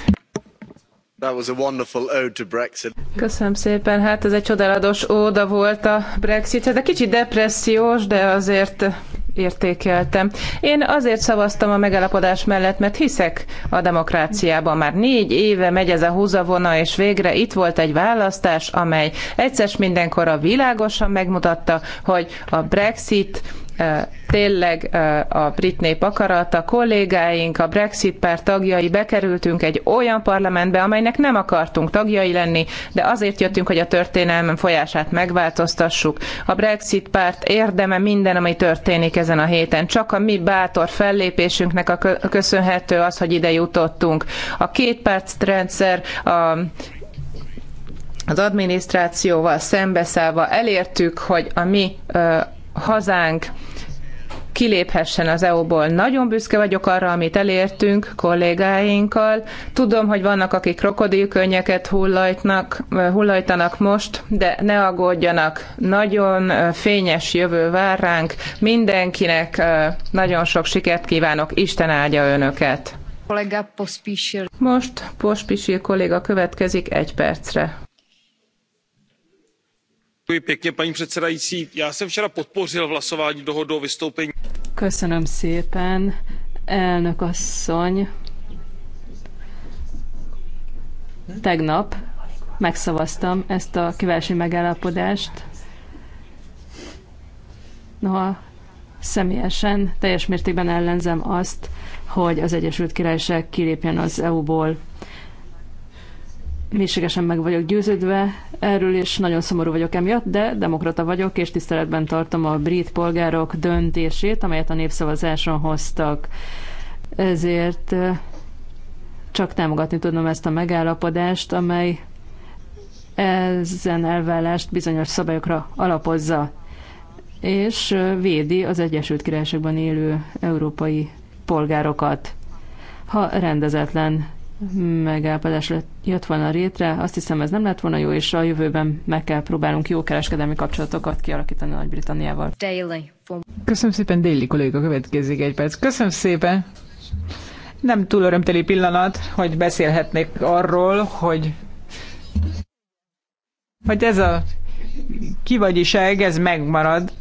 That was a wonderful ode to Brexit. Köszönöm szépen, hát ez egy csodálatos óda volt a Brexit. Ez egy kicsit depressziós, de azért értékeltem. Én azért szavaztam a megállapodás mellett, mert hiszek a demokráciában. Már négy éve megy ez a húzavona, és végre itt volt egy választás, amely egyszer mindenkor a világosan megmutatta, hogy a Brexit tényleg a brit nép akarata, kollégáink, a Brexit párt tagjai bekerültünk egy olyan parlamentbe, amelynek nem akartunk tagjai lenni, de azért jöttünk, hogy a történelmem folyását megváltoztassuk. A Brexit párt érdeme minden, ami történik ezen a héten. Csak a mi bátor fellépésünknek a köszönhető az, hogy ide jutottunk. A két párt rendszer, a az adminisztrációval szembeszállva elértük, hogy a mi hazánk kiléphessen az EU-ból. Nagyon büszke vagyok arra, amit elértünk kollégáinkkal. Tudom, hogy vannak, akik krokodilkönnyeket hullajtnak, hullajtanak most, de ne aggódjanak. Nagyon fényes jövő vár ránk. Mindenkinek nagyon sok sikert kívánok. Isten áldja önöket. Kollega Pospísil. Most Pospísil kolléga következik egy percre paní předsedající já jsem včera podpořil v hlasování dohodu o vystoupení. köszönöm szépen elnök asszony tegnap megszavaztam ezt a kiválási megállapodást noha személyesen teljes mértékben ellenzem azt hogy az egyesült királyság kilépjen az eu ból mélységesen meg vagyok győződve erről, és nagyon szomorú vagyok emiatt, de demokrata vagyok, és tiszteletben tartom a brit polgárok döntését, amelyet a népszavazáson hoztak. Ezért csak támogatni tudom ezt a megállapodást, amely ezen elvállást bizonyos szabályokra alapozza, és védi az Egyesült Királyságban élő európai polgárokat. Ha rendezetlen megállapodás jött volna létre, azt hiszem ez nem lett volna jó, és a jövőben meg kell próbálnunk jó kereskedelmi kapcsolatokat kialakítani Nagy-Britanniával. Köszönöm szépen, Déli kolléga, következik egy perc. Köszönöm szépen! Nem túl örömteli pillanat, hogy beszélhetnék arról, hogy hogy ez a kivagyiság, ez megmarad,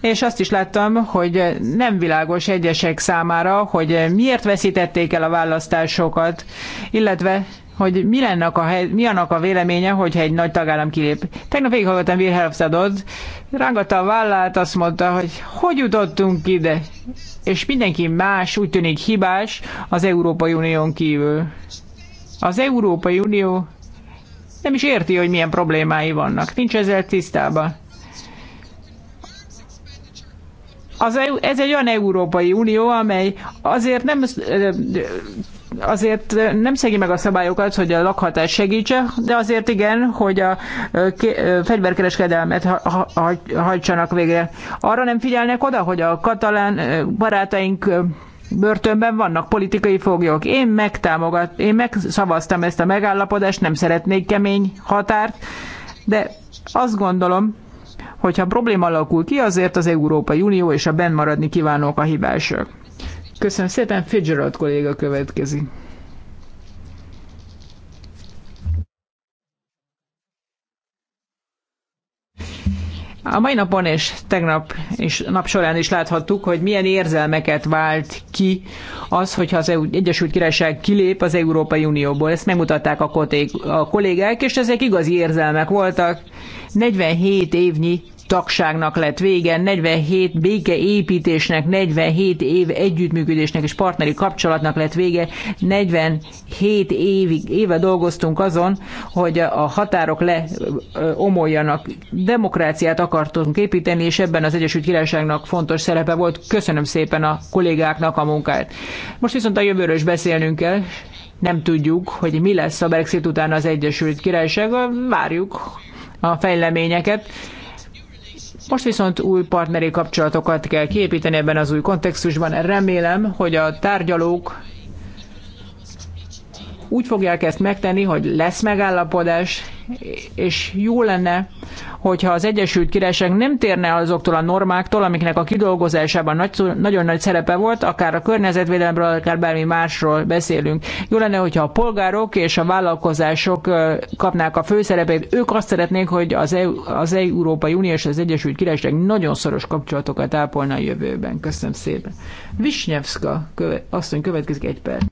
És azt is láttam, hogy nem világos egyesek számára, hogy miért veszítették el a választásokat, illetve hogy mi, lennek a, hely, mi annak a véleménye, hogyha egy nagy tagállam kilép. Tegnap végighallgattam Wilhelmstadot, rángatta a vállát, azt mondta, hogy hogy jutottunk ide, és mindenki más úgy tűnik hibás az Európai Unión kívül. Az Európai Unió nem is érti, hogy milyen problémái vannak. Nincs ezzel tisztában. Az, ez egy olyan Európai Unió, amely azért nem azért nem szegi meg a szabályokat, hogy a lakhatás segítse, de azért igen, hogy a fegyverkereskedelmet hajtsanak végre. Arra nem figyelnek oda, hogy a katalán barátaink börtönben vannak politikai foglyok. Én megtámogat, én megszavaztam ezt a megállapodást, nem szeretnék kemény határt, de azt gondolom, hogyha probléma alakul ki, azért az Európai Unió és a benmaradni kívánók a hibások. Köszönöm szépen, Fitzgerald kolléga következik. A mai napon és tegnap és nap során is láthattuk, hogy milyen érzelmeket vált ki az, hogyha az Egyesült Királyság kilép az Európai Unióból. Ezt megmutatták a, koték, a kollégák, és ezek igazi érzelmek voltak. 47 évnyi tagságnak lett vége, 47 békeépítésnek, 47 év együttműködésnek és partneri kapcsolatnak lett vége, 47 évig, éve dolgoztunk azon, hogy a határok leomoljanak. Demokráciát akartunk építeni, és ebben az Egyesült Királyságnak fontos szerepe volt. Köszönöm szépen a kollégáknak a munkát. Most viszont a jövőről is beszélnünk kell. Nem tudjuk, hogy mi lesz a Brexit után az Egyesült Királysággal. Várjuk a fejleményeket. Most viszont új partneri kapcsolatokat kell kiépíteni ebben az új kontextusban. Remélem, hogy a tárgyalók úgy fogják ezt megtenni, hogy lesz megállapodás, és jó lenne, hogyha az Egyesült Királyság nem térne azoktól a normáktól, amiknek a kidolgozásában nagy, nagyon nagy szerepe volt, akár a környezetvédelemről, akár bármi másról beszélünk. Jó lenne, hogyha a polgárok és a vállalkozások kapnák a főszerepét. Ők azt szeretnék, hogy az, EU, az Európai Unió és az Egyesült Királyság nagyon szoros kapcsolatokat ápolna a jövőben. Köszönöm szépen. Visnyevska azt mondja, következik egy perc.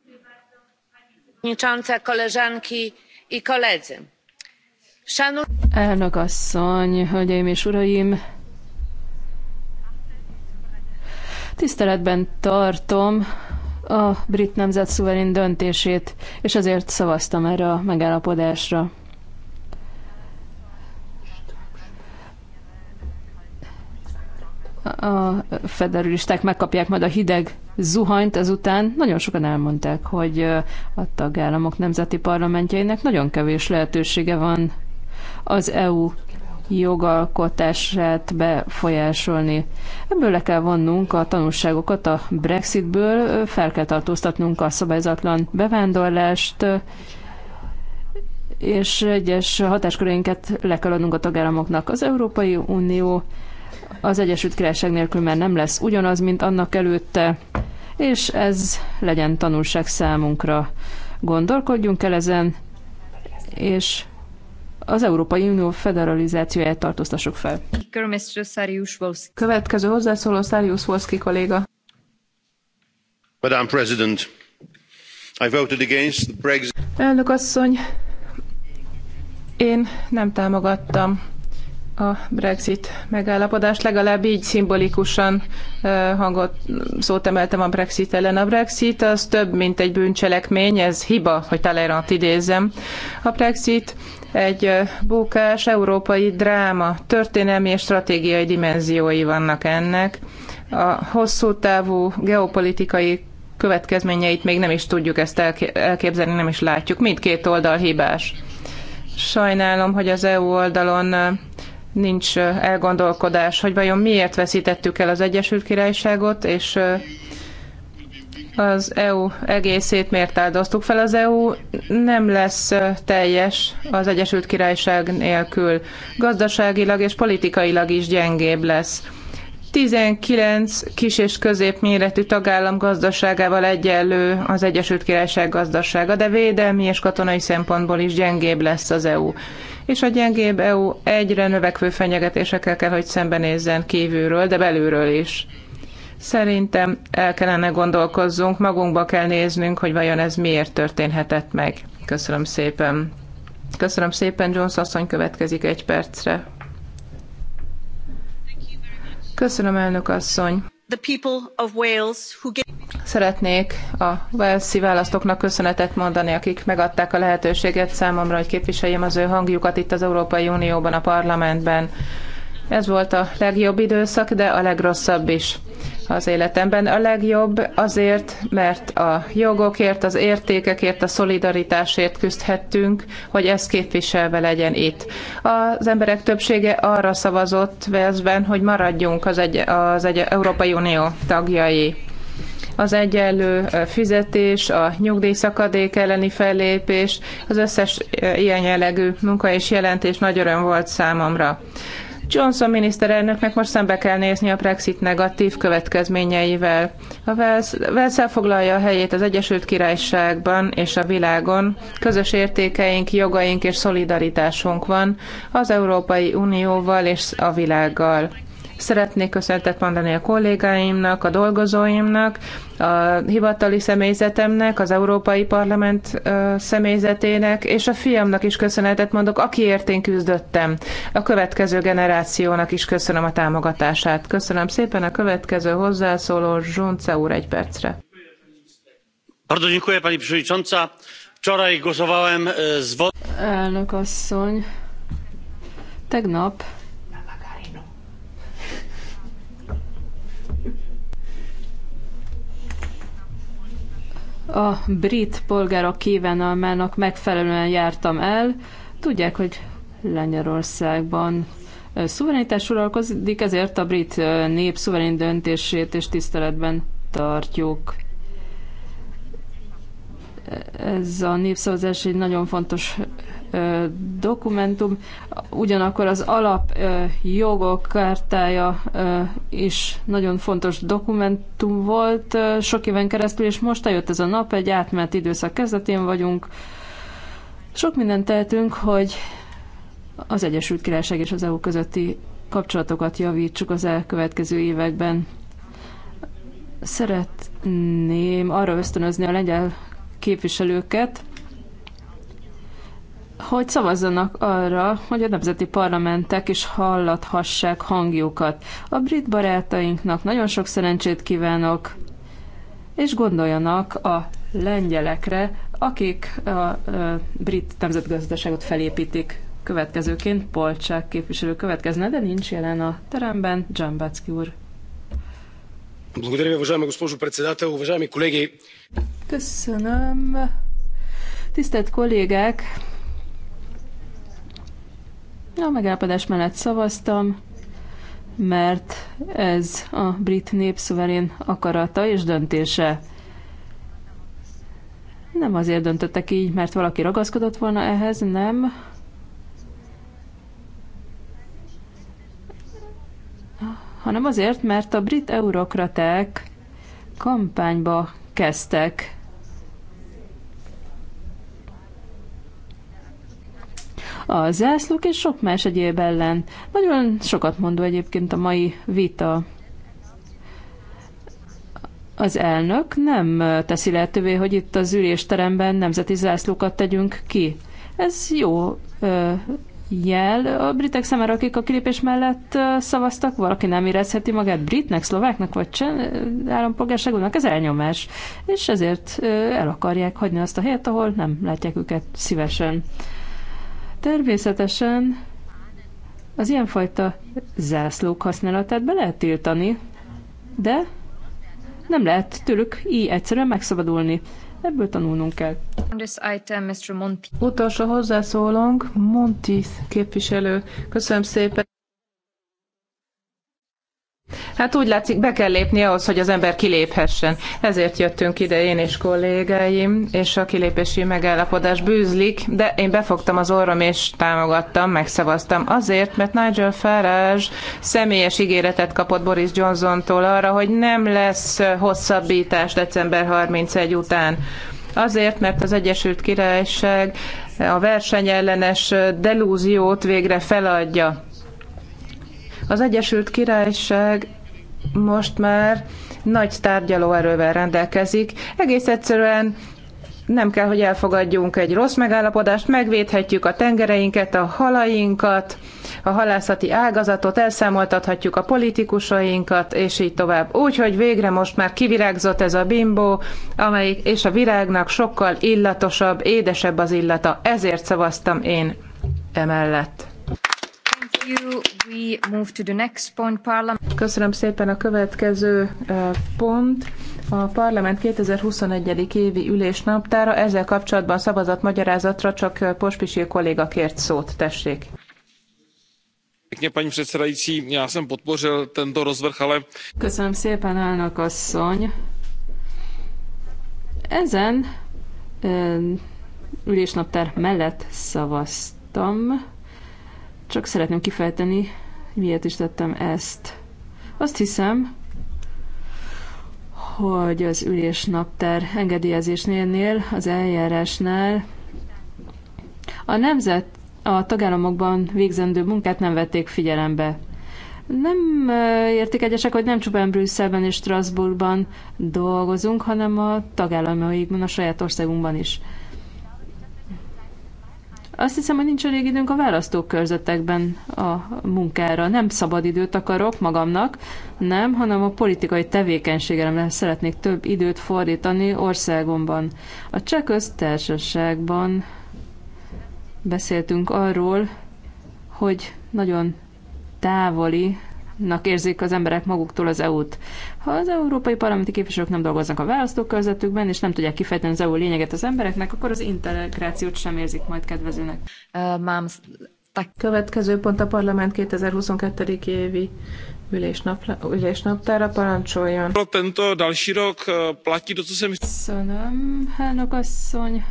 Elnök asszony, hölgyeim és uraim! Tiszteletben tartom a brit nemzet szuverén döntését, és ezért szavaztam erre a megállapodásra. a federalisták megkapják majd a hideg zuhanyt ezután. Nagyon sokan elmondták, hogy a tagállamok nemzeti parlamentjeinek nagyon kevés lehetősége van az EU jogalkotását befolyásolni. Ebből le kell vonnunk a tanulságokat a Brexitből, fel kell tartóztatnunk a szabályzatlan bevándorlást, és egyes hatáskörénket le kell adnunk a tagállamoknak. Az Európai Unió az Egyesült Királyság nélkül már nem lesz ugyanaz, mint annak előtte, és ez legyen tanulság számunkra. Gondolkodjunk el ezen, és az Európai Unió federalizációját tartóztassuk fel. Következő hozzászóló Szárius Wolski kolléga. Madam President, I voted against the Brexit. Elnök asszony, én nem támogattam a Brexit megállapodást, legalább így szimbolikusan hangot, szót emeltem a Brexit ellen. A Brexit az több, mint egy bűncselekmény, ez hiba, hogy Talleyrand idézem. A Brexit egy bókás európai dráma, történelmi és stratégiai dimenziói vannak ennek. A hosszú távú geopolitikai következményeit még nem is tudjuk ezt elképzelni, nem is látjuk. Mindkét oldal hibás. Sajnálom, hogy az EU oldalon nincs elgondolkodás, hogy vajon miért veszítettük el az Egyesült Királyságot, és az EU egészét miért áldoztuk fel. Az EU nem lesz teljes az Egyesült Királyság nélkül. Gazdaságilag és politikailag is gyengébb lesz. 19 kis és középméretű tagállam gazdaságával egyenlő az Egyesült Királyság gazdasága, de védelmi és katonai szempontból is gyengébb lesz az EU. És a gyengébb EU egyre növekvő fenyegetésekkel kell, hogy szembenézzen kívülről, de belülről is. Szerintem el kellene gondolkozzunk, magunkba kell néznünk, hogy vajon ez miért történhetett meg. Köszönöm szépen. Köszönöm szépen, Jones asszony következik egy percre. Köszönöm, elnök asszony. Szeretnék a Walesi választóknak köszönetet mondani, akik megadták a lehetőséget számomra, hogy képviseljem az ő hangjukat itt az Európai Unióban, a parlamentben. Ez volt a legjobb időszak, de a legrosszabb is az életemben. A legjobb azért, mert a jogokért, az értékekért, a szolidaritásért küzdhettünk, hogy ez képviselve legyen itt. Az emberek többsége arra szavazott Velszben, hogy maradjunk az, egy, az egy Európai Unió tagjai az egyenlő fizetés, a nyugdíjszakadék elleni fellépés, az összes ilyen jellegű munka és jelentés nagy öröm volt számomra. Johnson miniszterelnöknek most szembe kell nézni a Brexit negatív következményeivel. A Wales elfoglalja a helyét az Egyesült Királyságban és a világon. Közös értékeink, jogaink és szolidaritásunk van az Európai Unióval és a világgal. Szeretnék köszöntet mondani a kollégáimnak, a dolgozóimnak, a hivatali személyzetemnek, az Európai Parlament személyzetének, és a fiamnak is köszönetet mondok, akiért én küzdöttem. A következő generációnak is köszönöm a támogatását. Köszönöm szépen a következő hozzászóló Zsunce úr egy percre. Bardzo dziękuję pani przewodnicząca. Wczoraj głosowałem e, z... Elnök asszony, tegnap A brit polgárok kívánalmának megfelelően jártam el. Tudják, hogy Lengyelországban szuverenitás uralkozik, ezért a brit nép szuverén döntését és tiszteletben tartjuk. Ez a népszavazás egy nagyon fontos dokumentum, ugyanakkor az jogok kártája is nagyon fontos dokumentum volt sok éven keresztül, és most eljött ez a nap, egy átmenet időszak kezdetén vagyunk. Sok mindent tehetünk, hogy az Egyesült Királyság és az EU közötti kapcsolatokat javítsuk az elkövetkező években. Szeretném arra ösztönözni a lengyel képviselőket, hogy szavazzanak arra, hogy a nemzeti parlamentek is hallathassák hangjukat. A brit barátainknak nagyon sok szerencsét kívánok, és gondoljanak a lengyelekre, akik a brit nemzetgazdaságot felépítik. Következőként Polcsák képviselő következne, de nincs jelen a teremben Dzsambacki úr. Köszönöm. Tisztelt kollégák, a megállapodás mellett szavaztam, mert ez a brit nép akarata és döntése. Nem azért döntöttek így, mert valaki ragaszkodott volna ehhez, nem. Hanem azért, mert a brit eurokraták kampányba kezdtek a zászlók és sok más egyéb ellen. Nagyon sokat mondó egyébként a mai vita. Az elnök nem teszi lehetővé, hogy itt az ülésteremben nemzeti zászlókat tegyünk ki. Ez jó ö, jel a britek számára, akik a kilépés mellett szavaztak, valaki nem érezheti magát britnek, szlováknak vagy csen, állampolgárságúnak, ez elnyomás, és ezért el akarják hagyni azt a helyet, ahol nem látják őket szívesen. Természetesen az ilyenfajta zászlók használatát be lehet tiltani, de nem lehet tőlük így egyszerűen megszabadulni. Ebből tanulnunk kell. Item, Mr. Monti. Utolsó hozzászólónk, Monti képviselő. Köszönöm szépen. Hát úgy látszik, be kell lépni ahhoz, hogy az ember kiléphessen. Ezért jöttünk ide én és kollégáim, és a kilépési megállapodás bűzlik, de én befogtam az orrom és támogattam, megszavaztam. Azért, mert Nigel Farage személyes ígéretet kapott Boris Johnsontól arra, hogy nem lesz hosszabbítás december 31 után. Azért, mert az Egyesült Királyság a versenyellenes delúziót végre feladja az Egyesült Királyság most már nagy tárgyalóerővel rendelkezik. Egész egyszerűen nem kell, hogy elfogadjunk egy rossz megállapodást, megvédhetjük a tengereinket, a halainkat, a halászati ágazatot, elszámoltathatjuk a politikusainkat, és így tovább. Úgyhogy végre most már kivirágzott ez a bimbó, amelyik, és a virágnak sokkal illatosabb, édesebb az illata. Ezért szavaztam én emellett. Köszönöm szépen a következő eh, pont. A parlament 2021. évi ülés naptára ezzel kapcsolatban szavazat magyarázatra csak eh, Pospisil kolléga kért szót. Tessék. Köszönöm szépen, elnök asszony. Ezen eh, ülésnaptár mellett szavaztam csak szeretném kifejteni, miért is tettem ezt. Azt hiszem, hogy az napter engedélyezésnél, az eljárásnál a nemzet a tagállamokban végzendő munkát nem vették figyelembe. Nem értik egyesek, hogy nem csupán Brüsszelben és Strasbourgban dolgozunk, hanem a tagállamokban, a saját országunkban is. Azt hiszem, hogy nincs elég időnk a választókörzetekben a munkára. Nem szabad időt akarok magamnak, nem, hanem a politikai tevékenységemre szeretnék több időt fordítani országomban. A cseh köztársaságban beszéltünk arról, hogy nagyon távolinak érzik az emberek maguktól az EU-t. Ha az európai parlamenti képviselők nem dolgoznak a választókörzetükben, és nem tudják kifejteni az EU lényeget az embereknek, akkor az integrációt sem érzik majd kedvezőnek. A Következő pont a parlament 2022. évi ülésnapla, ülésnaptára parancsoljon. Tento další rok platí to, co jsem... Köszönöm, elnök asszony.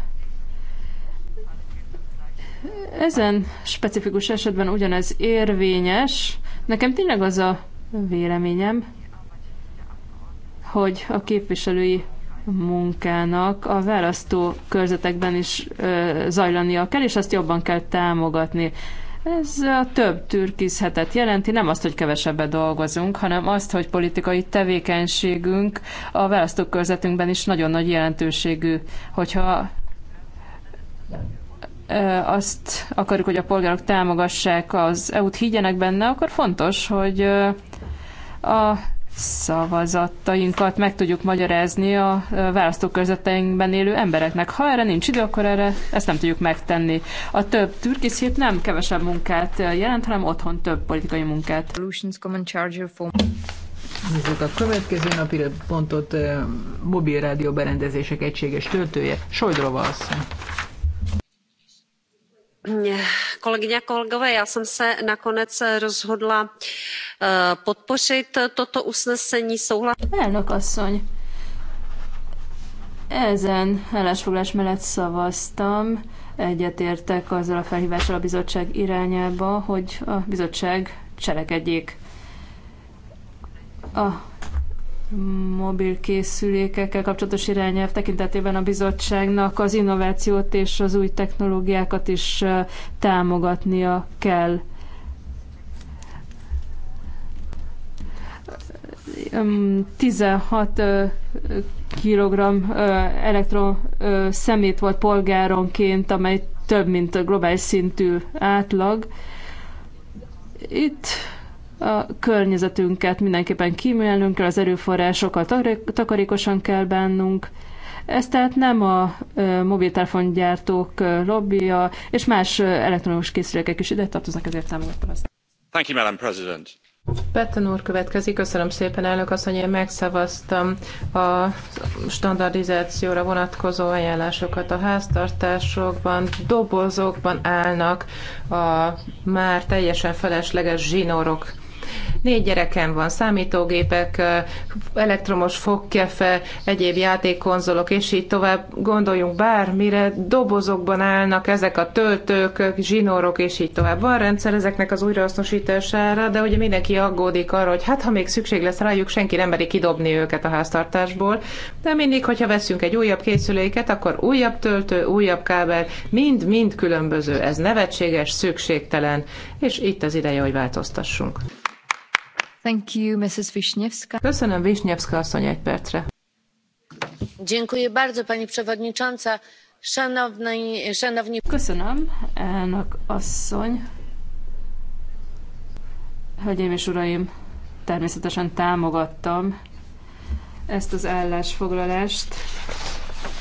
Ezen specifikus esetben ugyanez érvényes. Nekem tényleg az a véleményem, hogy a képviselői munkának a választó körzetekben is ö, zajlania kell, és azt jobban kell támogatni. Ez a több türkizhetet jelenti, nem azt, hogy kevesebbet dolgozunk, hanem azt, hogy politikai tevékenységünk a választókörzetünkben is nagyon nagy jelentőségű, hogyha azt akarjuk, hogy a polgárok támogassák az EU-t, higgyenek benne, akkor fontos, hogy a szavazatainkat meg tudjuk magyarázni a választókörzeteinkben élő embereknek. Ha erre nincs idő, akkor erre ezt nem tudjuk megtenni. A több türkisz hét nem kevesebb munkát jelent, hanem otthon több politikai munkát. Nézzük a következő napi pontot, mobil rádió berendezések egységes töltője, Sojdrova asszony. Hm, kolegyně a kolegové já jsem se nakonec rozhodla eh, podpořit toto usnesení. elnök asszony ezen állásfoglalás mellett szavaztam egyetértek azzal a felhívással a bizottság irányába hogy a bizottság cselekedjék. a mobil készülékekkel kapcsolatos irányelv tekintetében a bizottságnak az innovációt és az új technológiákat is támogatnia kell. Um, 16 kg elektron szemét volt polgáronként, amely több, mint a globális szintű átlag. Itt a környezetünket mindenképpen kímélnünk kell, az erőforrásokkal takarékosan kell bánnunk. Ez tehát nem a mobiltelefongyártók lobbija, és más elektronikus készülékek is ide tartoznak, ezért támogattam ezt. Thank you, Madam President. Petten úr következik, köszönöm szépen elnök asszony, én megszavaztam a standardizációra vonatkozó ajánlásokat a háztartásokban, dobozokban állnak a már teljesen felesleges zsinórok Négy gyerekem van, számítógépek, elektromos fogkefe, egyéb játékkonzolok, és így tovább gondoljunk bármire, dobozokban állnak ezek a töltők, zsinórok, és így tovább. Van rendszer ezeknek az újrahasznosítására, de ugye mindenki aggódik arra, hogy hát ha még szükség lesz rájuk, senki nem meri kidobni őket a háztartásból, de mindig, hogyha veszünk egy újabb készüléket, akkor újabb töltő, újabb kábel, mind-mind különböző. Ez nevetséges, szükségtelen, és itt az ideje, hogy változtassunk. Thank you, Mrs. Wisniewska. Köszönöm, Wisniewska asszony, egy percre. Dziękuję bardzo, pani przewodnicząca. Szanowni, szanowni... Köszönöm, elnök asszony. Hölgyeim és uraim, természetesen támogattam ezt az állásfoglalást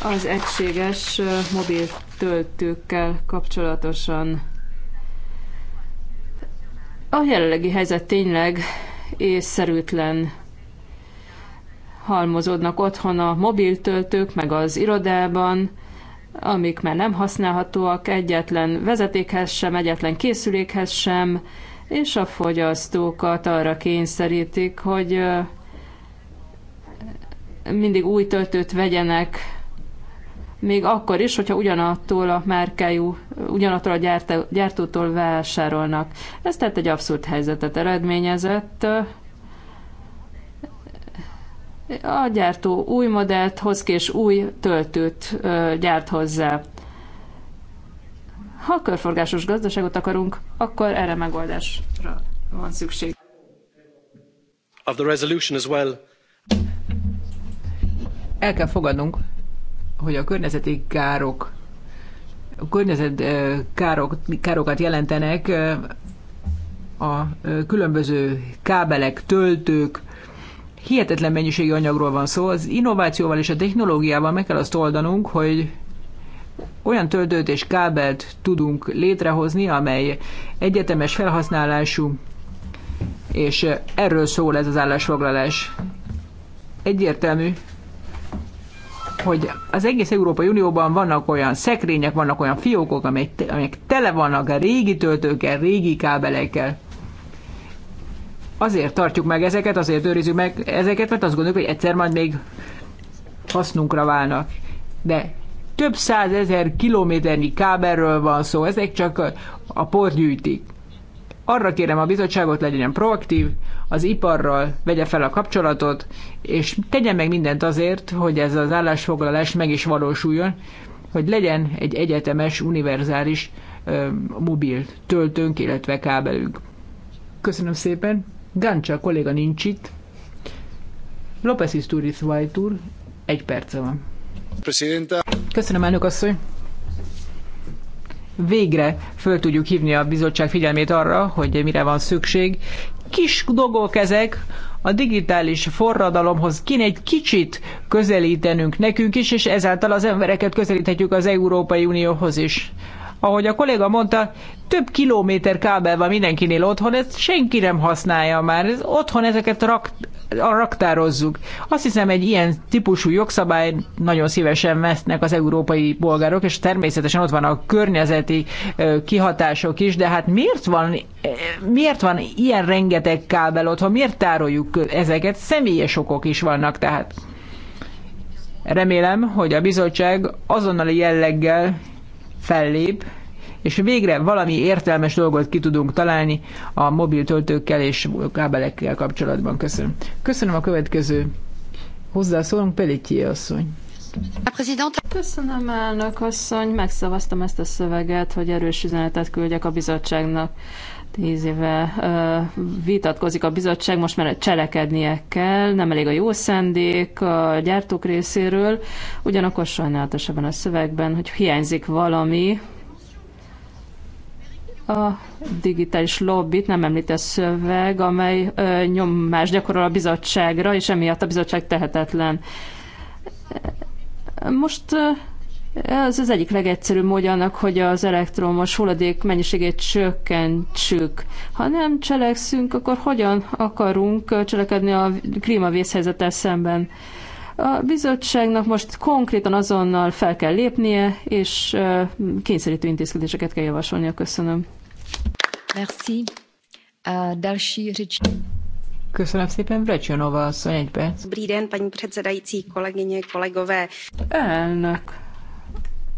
az egységes mobil töltőkkel kapcsolatosan. A jelenlegi helyzet tényleg észszerűtlen halmozódnak otthon a mobiltöltők, meg az irodában, amik már nem használhatóak egyetlen vezetékhez sem, egyetlen készülékhez sem, és a fogyasztókat arra kényszerítik, hogy mindig új töltőt vegyenek, még akkor is, hogyha ugyanattól a márkájú ugyanattól a gyártó, gyártótól vásárolnak. Ez tehát egy abszurd helyzetet eredményezett. A gyártó új modellt hoz ki, és új töltőt gyárt hozzá. Ha körforgásos gazdaságot akarunk, akkor erre megoldásra van szükség. Of the resolution as well. El kell fogadnunk, hogy a környezeti károk környezetkárokat károkat jelentenek a különböző kábelek, töltők, hihetetlen mennyiségű anyagról van szó. Az innovációval és a technológiával meg kell azt oldanunk, hogy olyan töltőt és kábelt tudunk létrehozni, amely egyetemes felhasználású, és erről szól ez az állásfoglalás. Egyértelmű, hogy az egész Európai Unióban vannak olyan szekrények, vannak olyan fiókok, amelyek, amelyek tele vannak a régi töltőkkel, régi kábelekkel. Azért tartjuk meg ezeket, azért őrizzük meg ezeket, mert azt gondoljuk, hogy egyszer majd még hasznunkra válnak. De több százezer kilométernyi kábelről van szó, ezek csak a port gyűjtik. Arra kérem a bizottságot, legyen proaktív, az iparral vegye fel a kapcsolatot, és tegyen meg mindent azért, hogy ez az állásfoglalás meg is valósuljon, hogy legyen egy egyetemes, univerzális mobil töltőnk, illetve kábelünk. Köszönöm szépen. Gáncsa kolléga nincs itt. López Isturiz Vajtúr, egy perce van. Presidenta. Köszönöm, elnök asszony végre föl tudjuk hívni a bizottság figyelmét arra, hogy mire van szükség. Kis dolgok ezek, a digitális forradalomhoz kéne egy kicsit közelítenünk nekünk is, és ezáltal az embereket közelíthetjük az Európai Unióhoz is. Ahogy a kolléga mondta, több kilométer kábel van mindenkinél otthon, ezt senki nem használja már, ez, otthon ezeket rak, raktározzuk. Azt hiszem, egy ilyen típusú jogszabály nagyon szívesen vesznek az európai polgárok, és természetesen ott van a környezeti kihatások is, de hát miért van, miért van ilyen rengeteg kábel otthon, miért tároljuk ezeket? Személyes okok is vannak tehát. Remélem, hogy a bizottság azonnali jelleggel fellép, és végre valami értelmes dolgot ki tudunk találni a mobil töltőkkel és kábelekkel kapcsolatban. Köszönöm. Köszönöm a következő hozzászólunk, Pelicki asszony. Köszönöm, elnök asszony, megszavaztam ezt a szöveget, hogy erős üzenetet küldjek a bizottságnak tíz éve vitatkozik a bizottság, most már cselekednie kell, nem elég a jó szendék a gyártók részéről, ugyanakkor sajnálatos ebben a szövegben, hogy hiányzik valami, a digitális lobbit nem említ a szöveg, amely ö, nyomás gyakorol a bizottságra, és emiatt a bizottság tehetetlen. Most ö, ez az egyik legegyszerűbb módja annak, hogy az elektromos hulladék mennyiségét csökkentsük. Ha nem cselekszünk, akkor hogyan akarunk cselekedni a klímavészhelyzettel szemben? A bizottságnak most konkrétan azonnal fel kell lépnie, és kényszerítő intézkedéseket kell javasolnia. Köszönöm. Merci. A další řeč... Köszönöm szépen, Vrecsionova szóval egy perc. Dobrý den, paní předsedající, kolegyně, kolegové. Elnök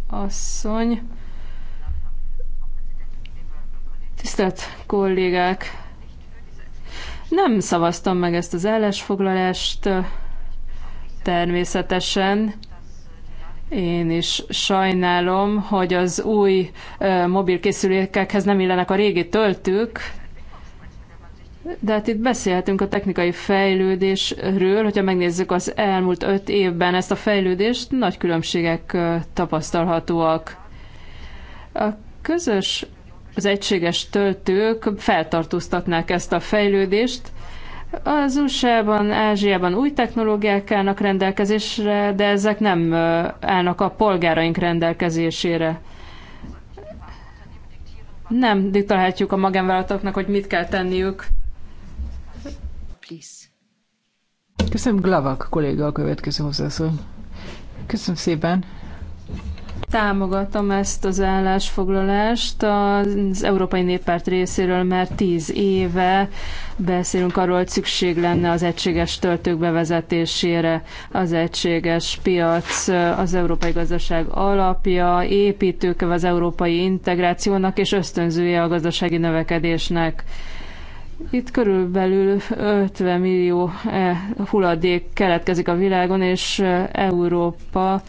asszony. Tisztelt kollégák! Nem szavaztam meg ezt az állásfoglalást, természetesen. Én is sajnálom, hogy az új mobilkészülékekhez nem illenek a régi töltők, de hát itt beszélhetünk a technikai fejlődésről, hogyha megnézzük az elmúlt öt évben ezt a fejlődést, nagy különbségek tapasztalhatóak. A közös, az egységes töltők feltartóztatnák ezt a fejlődést, az USA-ban, Ázsiában új technológiák állnak rendelkezésre, de ezek nem állnak a polgáraink rendelkezésére. Nem diktálhatjuk a magánvállalatoknak, hogy mit kell tenniük please. Köszönöm, Glavak kolléga a következő hozzászól. Köszönöm szépen. Támogatom ezt az állásfoglalást az Európai Néppárt részéről, mert tíz éve beszélünk arról, hogy szükség lenne az egységes töltők bevezetésére, az egységes piac, az európai gazdaság alapja, építőköve az európai integrációnak és ösztönzője a gazdasági növekedésnek. Itt körülbelül 50 millió eh, hulladék keletkezik a világon, és eh, Európa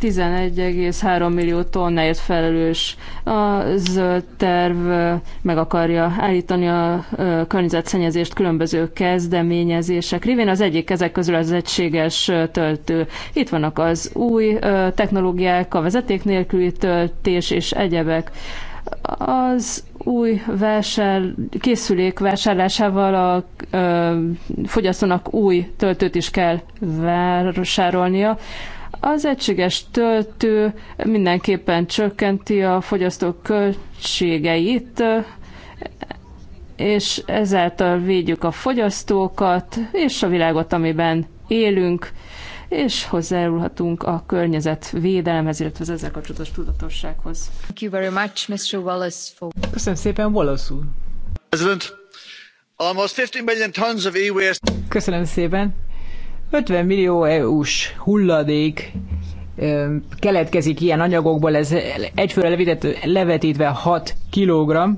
11,3 millió tonnáért felelős. A zöld terv eh, meg akarja állítani a környezetszennyezést különböző kezdeményezések révén. Az egyik ezek közül az egységes töltő. Itt vannak az új technológiák, a vezeték nélküli töltés és egyebek az új vásár, készülék vásárlásával a ö, fogyasztónak új töltőt is kell vásárolnia. Az egységes töltő mindenképpen csökkenti a fogyasztók költségeit, és ezáltal védjük a fogyasztókat és a világot, amiben élünk és hozzájárulhatunk a környezet védelemhez, illetve az ezzel kapcsolatos tudatossághoz. Thank you very much, Mr. Wallace, for... Köszönöm szépen, Wallace úr. President, almost 50 million tons of e-waste. Köszönöm szépen. 50 millió EU-s hulladék keletkezik ilyen anyagokból, ez egyfőre levetítve 6 kilogramm.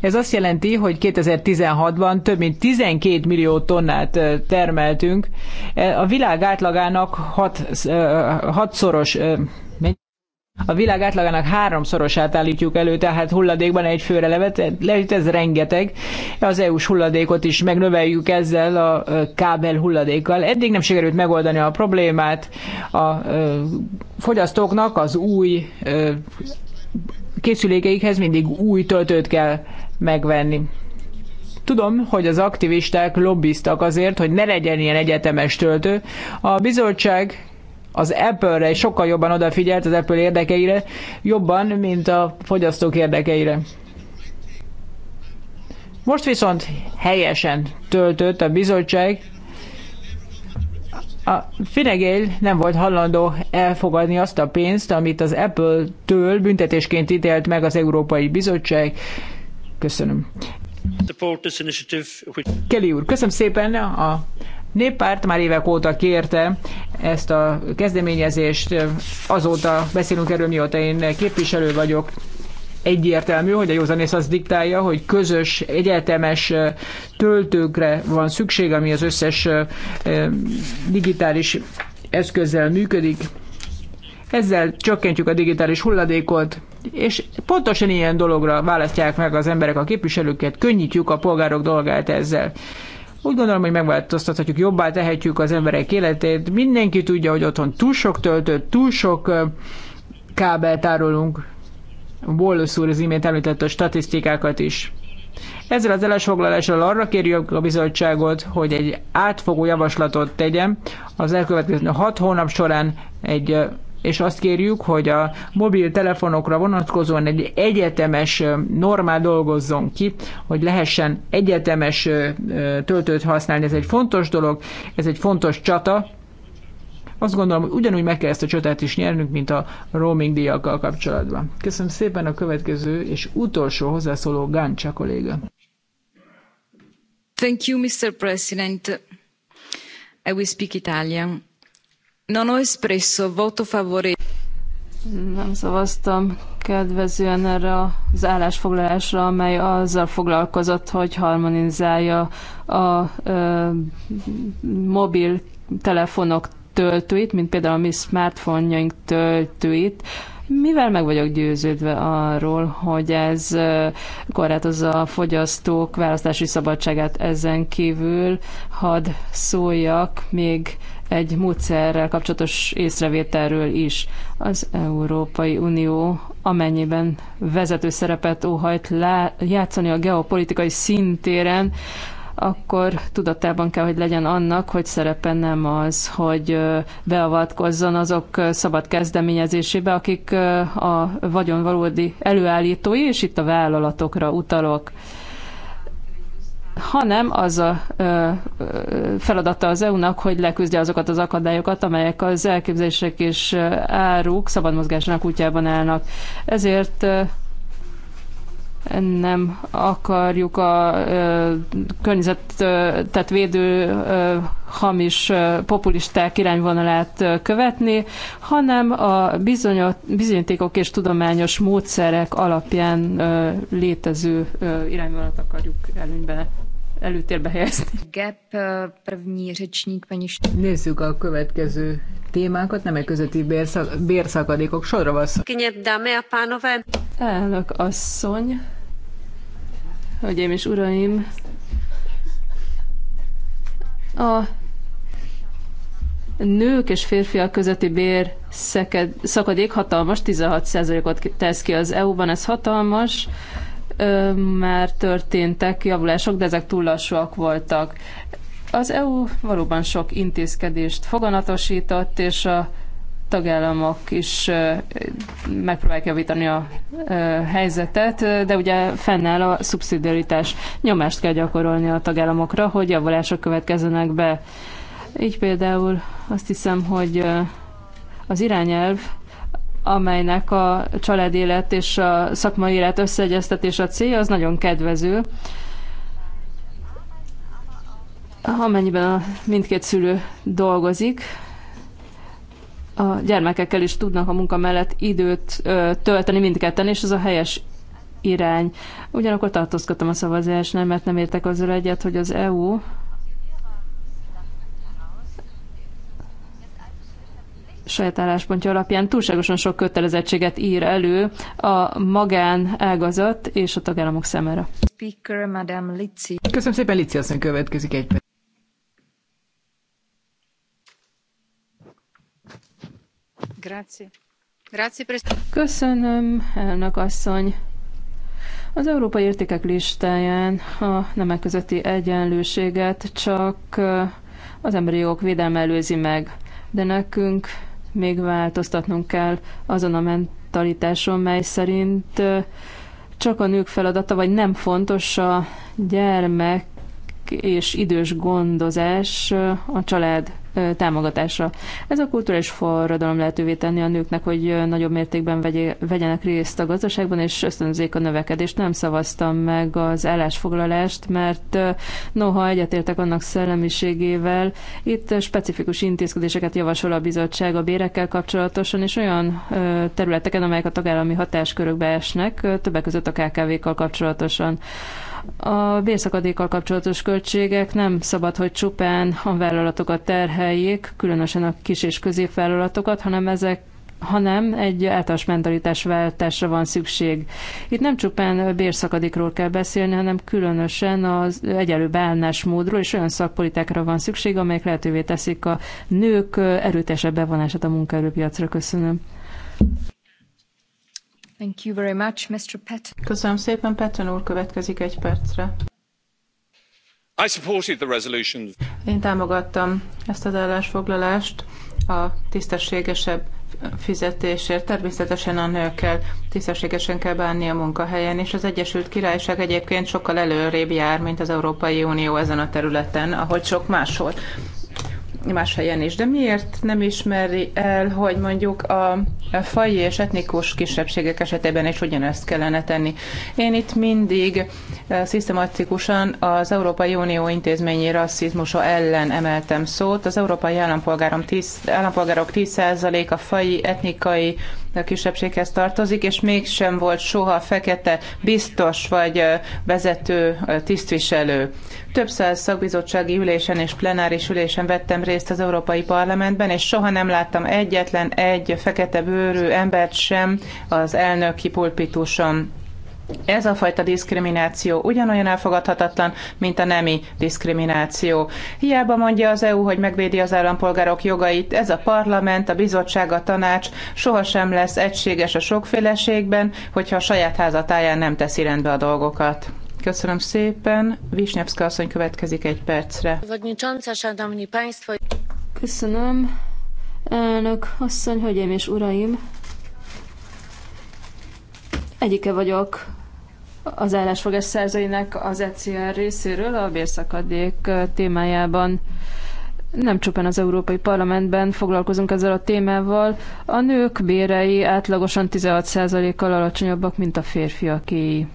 Ez azt jelenti, hogy 2016-ban több mint 12 millió tonnát termeltünk. E, a világ átlagának 6 hat, szoros a világ átlagának háromszorosát állítjuk elő, tehát hulladékban egy főre levet, ez rengeteg. Az EU-s hulladékot is megnöveljük ezzel a kábel hulladékkal. Eddig nem sikerült megoldani a problémát. A fogyasztóknak az új készülékeikhez mindig új töltőt kell megvenni. Tudom, hogy az aktivisták lobbiztak azért, hogy ne legyen ilyen egyetemes töltő. A bizottság az Apple-re sokkal jobban odafigyelt az Apple érdekeire, jobban, mint a fogyasztók érdekeire. Most viszont helyesen töltött a bizottság. A Finegél nem volt hallandó elfogadni azt a pénzt, amit az Apple-től büntetésként ítélt meg az Európai Bizottság. Köszönöm. Kelly úr, köszönöm szépen. A néppárt már évek óta kérte ezt a kezdeményezést. Azóta beszélünk erről, mióta én képviselő vagyok. Egyértelmű, hogy a józanész azt diktálja, hogy közös, egyetemes töltőkre van szükség, ami az összes digitális eszközzel működik ezzel csökkentjük a digitális hulladékot, és pontosan ilyen dologra választják meg az emberek a képviselőket, könnyítjük a polgárok dolgát ezzel. Úgy gondolom, hogy megváltoztathatjuk, jobbá tehetjük az emberek életét. Mindenki tudja, hogy otthon túl sok töltőt, túl sok kábelt tárolunk. Wallace úr az imént említett a statisztikákat is. Ezzel az elesfoglalással arra kérjük a bizottságot, hogy egy átfogó javaslatot tegyen az elkövetkező hat hónap során egy és azt kérjük, hogy a mobiltelefonokra vonatkozóan egy egyetemes normál dolgozzon ki, hogy lehessen egyetemes töltőt használni. Ez egy fontos dolog, ez egy fontos csata, azt gondolom, hogy ugyanúgy meg kell ezt a csatát is nyernünk, mint a roaming díjakkal kapcsolatban. Köszönöm szépen a következő és utolsó hozzászóló Gáncsa kolléga. Thank you, Mr. President. I will speak Italian. Non ho espresso voto Nem szavaztam kedvezően erre az állásfoglalásra, amely azzal foglalkozott, hogy harmonizálja a ö, mobil telefonok töltőit, mint például a mi smartphone-jaink töltőit, mivel meg vagyok győződve arról, hogy ez korlátozza a fogyasztók választási szabadságát ezen kívül, hadd szóljak még egy módszerrel kapcsolatos észrevételről is. Az Európai Unió amennyiben vezető szerepet óhajt lá- játszani a geopolitikai szintéren, akkor tudatában kell, hogy legyen annak, hogy szerepe nem az, hogy beavatkozzon azok szabad kezdeményezésébe, akik a vagyon valódi előállítói, és itt a vállalatokra utalok hanem az a feladata az EU-nak, hogy leküzdje azokat az akadályokat, amelyek az elképzelések és áruk szabad mozgásának útjában állnak. Ezért nem akarjuk a ö, környezetet védő ö, hamis populisták irányvonalát követni, hanem a bizonyítékok és tudományos módszerek alapján létező irányvonalat akarjuk előnyben előtérbe helyezni. Gap, první řečník, paní... Nézzük a következő témákat, nemek közötti bérszakadékok. Sorra vasszony. Dámy a pánové. Elnök asszony, hölgyeim és uraim, a nők és férfiak közötti bér szakadék hatalmas, 16%-ot tesz ki az EU-ban, ez hatalmas már történtek javulások, de ezek túl lassúak voltak. Az EU valóban sok intézkedést foganatosított, és a tagállamok is megpróbálják javítani a helyzetet, de ugye fennáll a szubszidiaritás. Nyomást kell gyakorolni a tagállamokra, hogy javulások következzenek be. Így például azt hiszem, hogy az irányelv amelynek a családélet és a szakmai élet összeegyeztetése a célja, az nagyon kedvező. Amennyiben a mindkét szülő dolgozik, a gyermekekkel is tudnak a munka mellett időt ö, tölteni mindketten, és ez a helyes irány. Ugyanakkor tartózkodtam a szavazásnál, mert nem értek azzal egyet, hogy az EU saját álláspontja alapján túlságosan sok kötelezettséget ír elő a magán ágazat és a tagállamok számára. Speaker, Madame Litzi. Köszönöm szépen, Lici, aztán következik egy perc. Grazie. Grazie, Köszönöm, elnök asszony. Az európai értékek listáján a nemek közötti egyenlőséget csak az emberi jogok védelme előzi meg, de nekünk még változtatnunk kell azon a mentalitáson, mely szerint csak a nők feladata, vagy nem fontos a gyermek és idős gondozás a család támogatása. Ez a kulturális forradalom lehetővé tenni a nőknek, hogy nagyobb mértékben vegyenek részt a gazdaságban, és ösztönözzék a növekedést. Nem szavaztam meg az állásfoglalást, mert noha egyetértek annak szellemiségével, itt specifikus intézkedéseket javasol a bizottság a bérekkel kapcsolatosan, és olyan területeken, amelyek a tagállami hatáskörökbe esnek, többek között a KKV-kkal kapcsolatosan. A bérszakadékkal kapcsolatos költségek nem szabad, hogy csupán a vállalatokat terheljék, különösen a kis és középvállalatokat, hanem ezek hanem egy általános váltásra van szükség. Itt nem csupán bérszakadikról kell beszélni, hanem különösen az egyelő bánásmódról és olyan szakpolitikára van szükség, amelyek lehetővé teszik a nők erőtesebb bevonását a munkaerőpiacra. Köszönöm. Thank you very much, Mr. Köszönöm szépen, Patton úr következik egy percre. I supported the resolution. Én támogattam ezt az állásfoglalást a tisztességesebb fizetésért. Természetesen a nőkkel tisztességesen kell bánni a munkahelyen, és az Egyesült Királyság egyébként sokkal előrébb jár, mint az Európai Unió ezen a területen, ahogy sok máshol más helyen is. De miért nem ismeri el, hogy mondjuk a faji és etnikus kisebbségek esetében is ugyanezt kellene tenni? Én itt mindig eh, szisztematikusan az Európai Unió intézményi rasszizmusa ellen emeltem szót. Az európai állampolgárom állampolgárok 10% a faji, etnikai a kisebbséghez tartozik, és mégsem volt soha fekete biztos vagy vezető tisztviselő. Több száz szakbizottsági ülésen és plenáris ülésen vettem részt az Európai Parlamentben, és soha nem láttam egyetlen egy fekete bőrű embert sem az elnöki pulpituson. Ez a fajta diszkrimináció ugyanolyan elfogadhatatlan, mint a nemi diszkrimináció. Hiába mondja az EU, hogy megvédi az állampolgárok jogait, ez a parlament, a bizottság, a tanács sohasem lesz egységes a sokféleségben, hogyha a saját házatáján nem teszi rendbe a dolgokat. Köszönöm szépen. Visnyevszka asszony következik egy percre. Köszönöm. Elnök asszony, hölgyeim és uraim, egyike vagyok az állásfogás szerzőinek az ECR részéről a bérszakadék témájában. Nem csupán az Európai Parlamentben foglalkozunk ezzel a témával. A nők bérei átlagosan 16%-kal alacsonyabbak, mint a férfiakéi.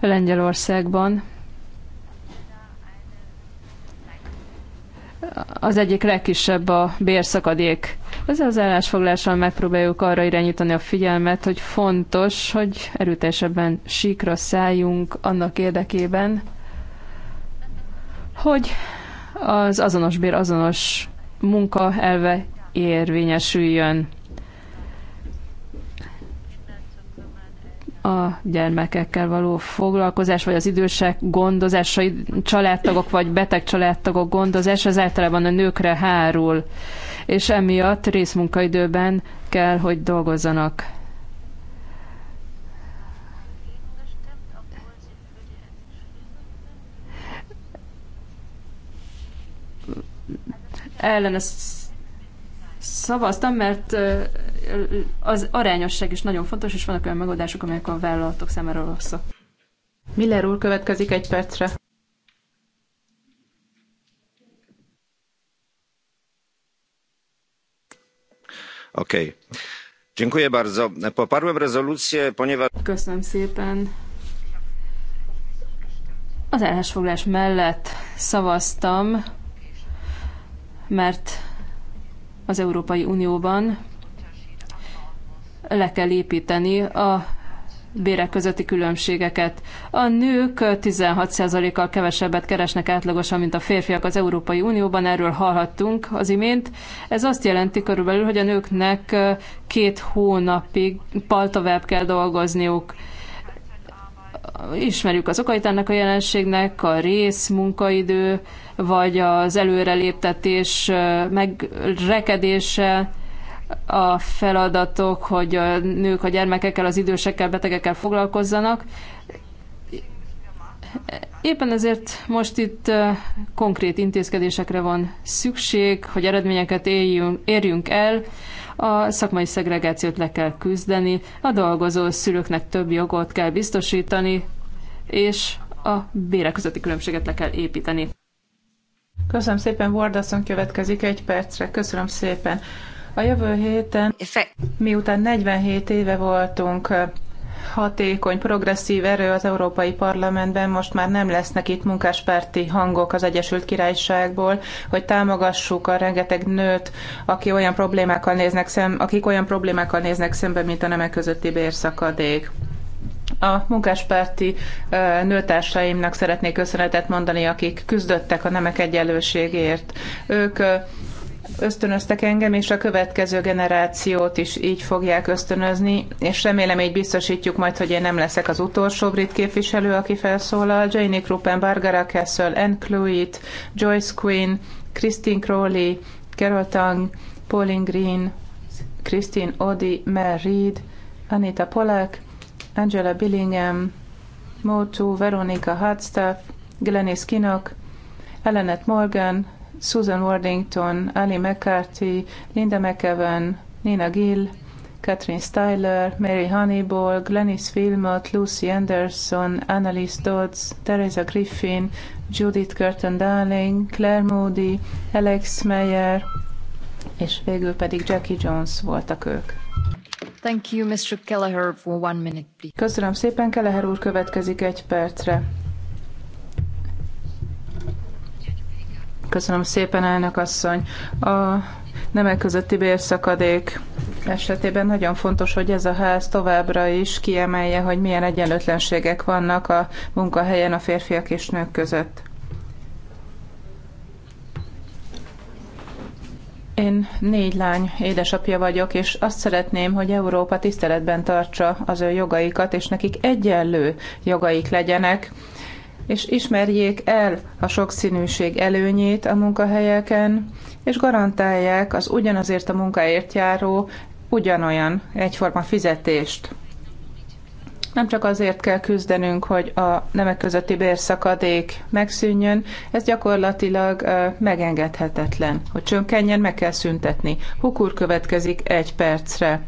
Lengyelországban az egyik legkisebb a bérszakadék. Az az állásfoglással megpróbáljuk arra irányítani a figyelmet, hogy fontos, hogy erőteljesebben síkra szálljunk annak érdekében, hogy az azonos bér azonos munka elve érvényesüljön. a gyermekekkel való foglalkozás, vagy az idősek gondozása, családtagok, vagy beteg családtagok gondozása az általában a nőkre hárul és emiatt részmunkaidőben kell, hogy dolgozzanak. Ellene szavaztam, mert az arányosság is nagyon fontos, és vannak olyan megoldások, amelyek a vállalatok számára rosszak. Miller úr következik egy percre. Köszönöm szépen. Az állásfoglás mellett szavaztam, mert az Európai Unióban le kell építeni a bérek közötti különbségeket. A nők 16%-kal kevesebbet keresnek átlagosan, mint a férfiak az Európai Unióban, erről hallhattunk az imént. Ez azt jelenti körülbelül, hogy a nőknek két hónapig paltovább kell dolgozniuk ismerjük az okait ennek a jelenségnek, a rész, munkaidő, vagy az előreléptetés megrekedése, a feladatok, hogy a nők a gyermekekkel, az idősekkel, betegekkel foglalkozzanak. Éppen ezért most itt konkrét intézkedésekre van szükség, hogy eredményeket éljünk, érjünk el. A szakmai szegregációt le kell küzdeni, a dolgozó szülőknek több jogot kell biztosítani, és a bérek közötti különbséget le kell építeni. Köszönöm szépen, Vardasson következik egy percre. Köszönöm szépen. A jövő héten, miután 47 éve voltunk hatékony, progresszív erő az Európai Parlamentben, most már nem lesznek itt munkáspárti hangok az Egyesült Királyságból, hogy támogassuk a rengeteg nőt, aki olyan problémákkal néznek szem, akik olyan problémákkal néznek szembe, mint a nemek közötti bérszakadék. A munkáspárti nőtársaimnak szeretnék köszönetet mondani, akik küzdöttek a nemek egyenlőségért. Ők ösztönöztek engem, és a következő generációt is így fogják ösztönözni, és remélem így biztosítjuk majd, hogy én nem leszek az utolsó brit képviselő, aki felszólal. Janie Kruppen, Barbara Castle, Anne Cluit, Joyce Quinn, Christine Crowley, Carol Tang, Pauline Green, Christine Odi, Mel Reed, Anita Polak, Angela Billingham, Motu, Veronika Hardstaff, Glenis Kinnock, Elenet Morgan, Susan Worthington, Ali McCarthy, Linda McEwen, Nina Gill, Catherine Styler, Mary Honeyball, Glennis Wilmot, Lucy Anderson, Annalise Dodds, Teresa Griffin, Judith Curtin Darling, Claire Moody, Alex Meyer, és végül pedig Jackie Jones voltak ők. Thank you, Mr. Kelleher, for one minute, please. Köszönöm szépen, Kelleher úr következik egy percre. Köszönöm szépen, elnök asszony. A nemek közötti bérszakadék esetében nagyon fontos, hogy ez a ház továbbra is kiemelje, hogy milyen egyenlőtlenségek vannak a munkahelyen a férfiak és nők között. Én négy lány édesapja vagyok, és azt szeretném, hogy Európa tiszteletben tartsa az ő jogaikat, és nekik egyenlő jogaik legyenek és ismerjék el a sokszínűség előnyét a munkahelyeken, és garantálják az ugyanazért a munkáért járó ugyanolyan egyforma fizetést. Nem csak azért kell küzdenünk, hogy a nemek közötti bérszakadék megszűnjön, ez gyakorlatilag megengedhetetlen. Hogy csökkenjen, meg kell szüntetni. Hukur következik egy percre.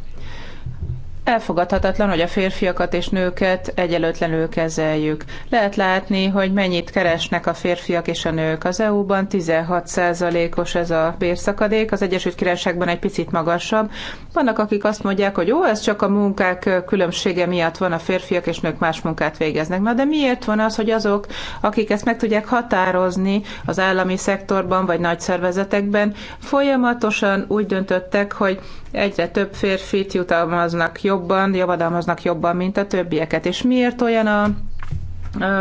Elfogadhatatlan, hogy a férfiakat és nőket egyelőtlenül kezeljük. Lehet látni, hogy mennyit keresnek a férfiak és a nők. Az EU-ban 16%-os ez a bérszakadék, az Egyesült Királyságban egy picit magasabb. Vannak, akik azt mondják, hogy jó, ez csak a munkák különbsége miatt van, a férfiak és nők más munkát végeznek. Na de miért van az, hogy azok, akik ezt meg tudják határozni az állami szektorban vagy nagy szervezetekben, folyamatosan úgy döntöttek, hogy egyre több férfit jutalmaznak jobb jobban, javadalmaznak jobban, mint a többieket. És miért olyan a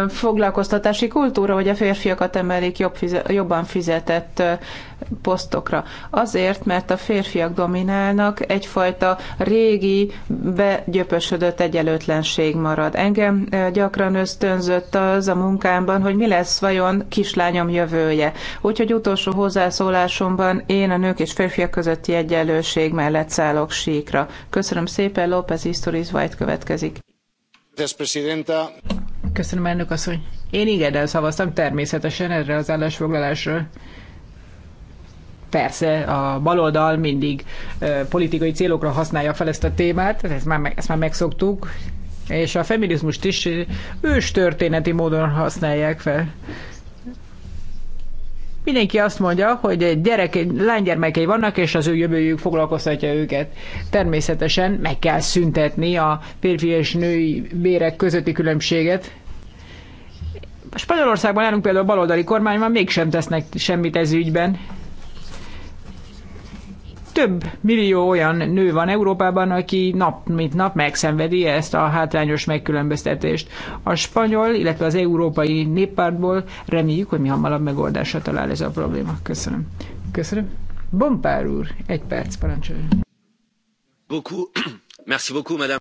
foglalkoztatási kultúra, hogy a férfiakat emelik jobb fizet, jobban fizetett posztokra. Azért, mert a férfiak dominálnak, egyfajta régi, begyöpösödött egyenlőtlenség marad. Engem gyakran ösztönzött az a munkámban, hogy mi lesz vajon kislányom jövője. Úgyhogy utolsó hozzászólásomban én a nők és férfiak közötti egyenlőség mellett szállok síkra. Köszönöm szépen, López Isturiz White következik. Köszönöm, elnök asszony. Én igennel szavaztam természetesen erre az állásfoglalásra. Persze, a baloldal mindig ö, politikai célokra használja fel ezt a témát, ezt már, ezt már megszoktuk, és a feminizmust is ős történeti módon használják fel. Mindenki azt mondja, hogy gyerek, lánygyermekei vannak, és az ő jövőjük foglalkoztatja őket. Természetesen meg kell szüntetni a férfi és női bérek közötti különbséget. Spanyolországban nálunk például baloldali kormány van, mégsem tesznek semmit ez ügyben több millió olyan nő van Európában, aki nap mint nap megszenvedi ezt a hátrányos megkülönböztetést. A spanyol, illetve az európai néppártból reméljük, hogy mi hamarabb megoldásra talál ez a probléma. Köszönöm. Köszönöm. Bompár úr, egy perc, parancsoljon.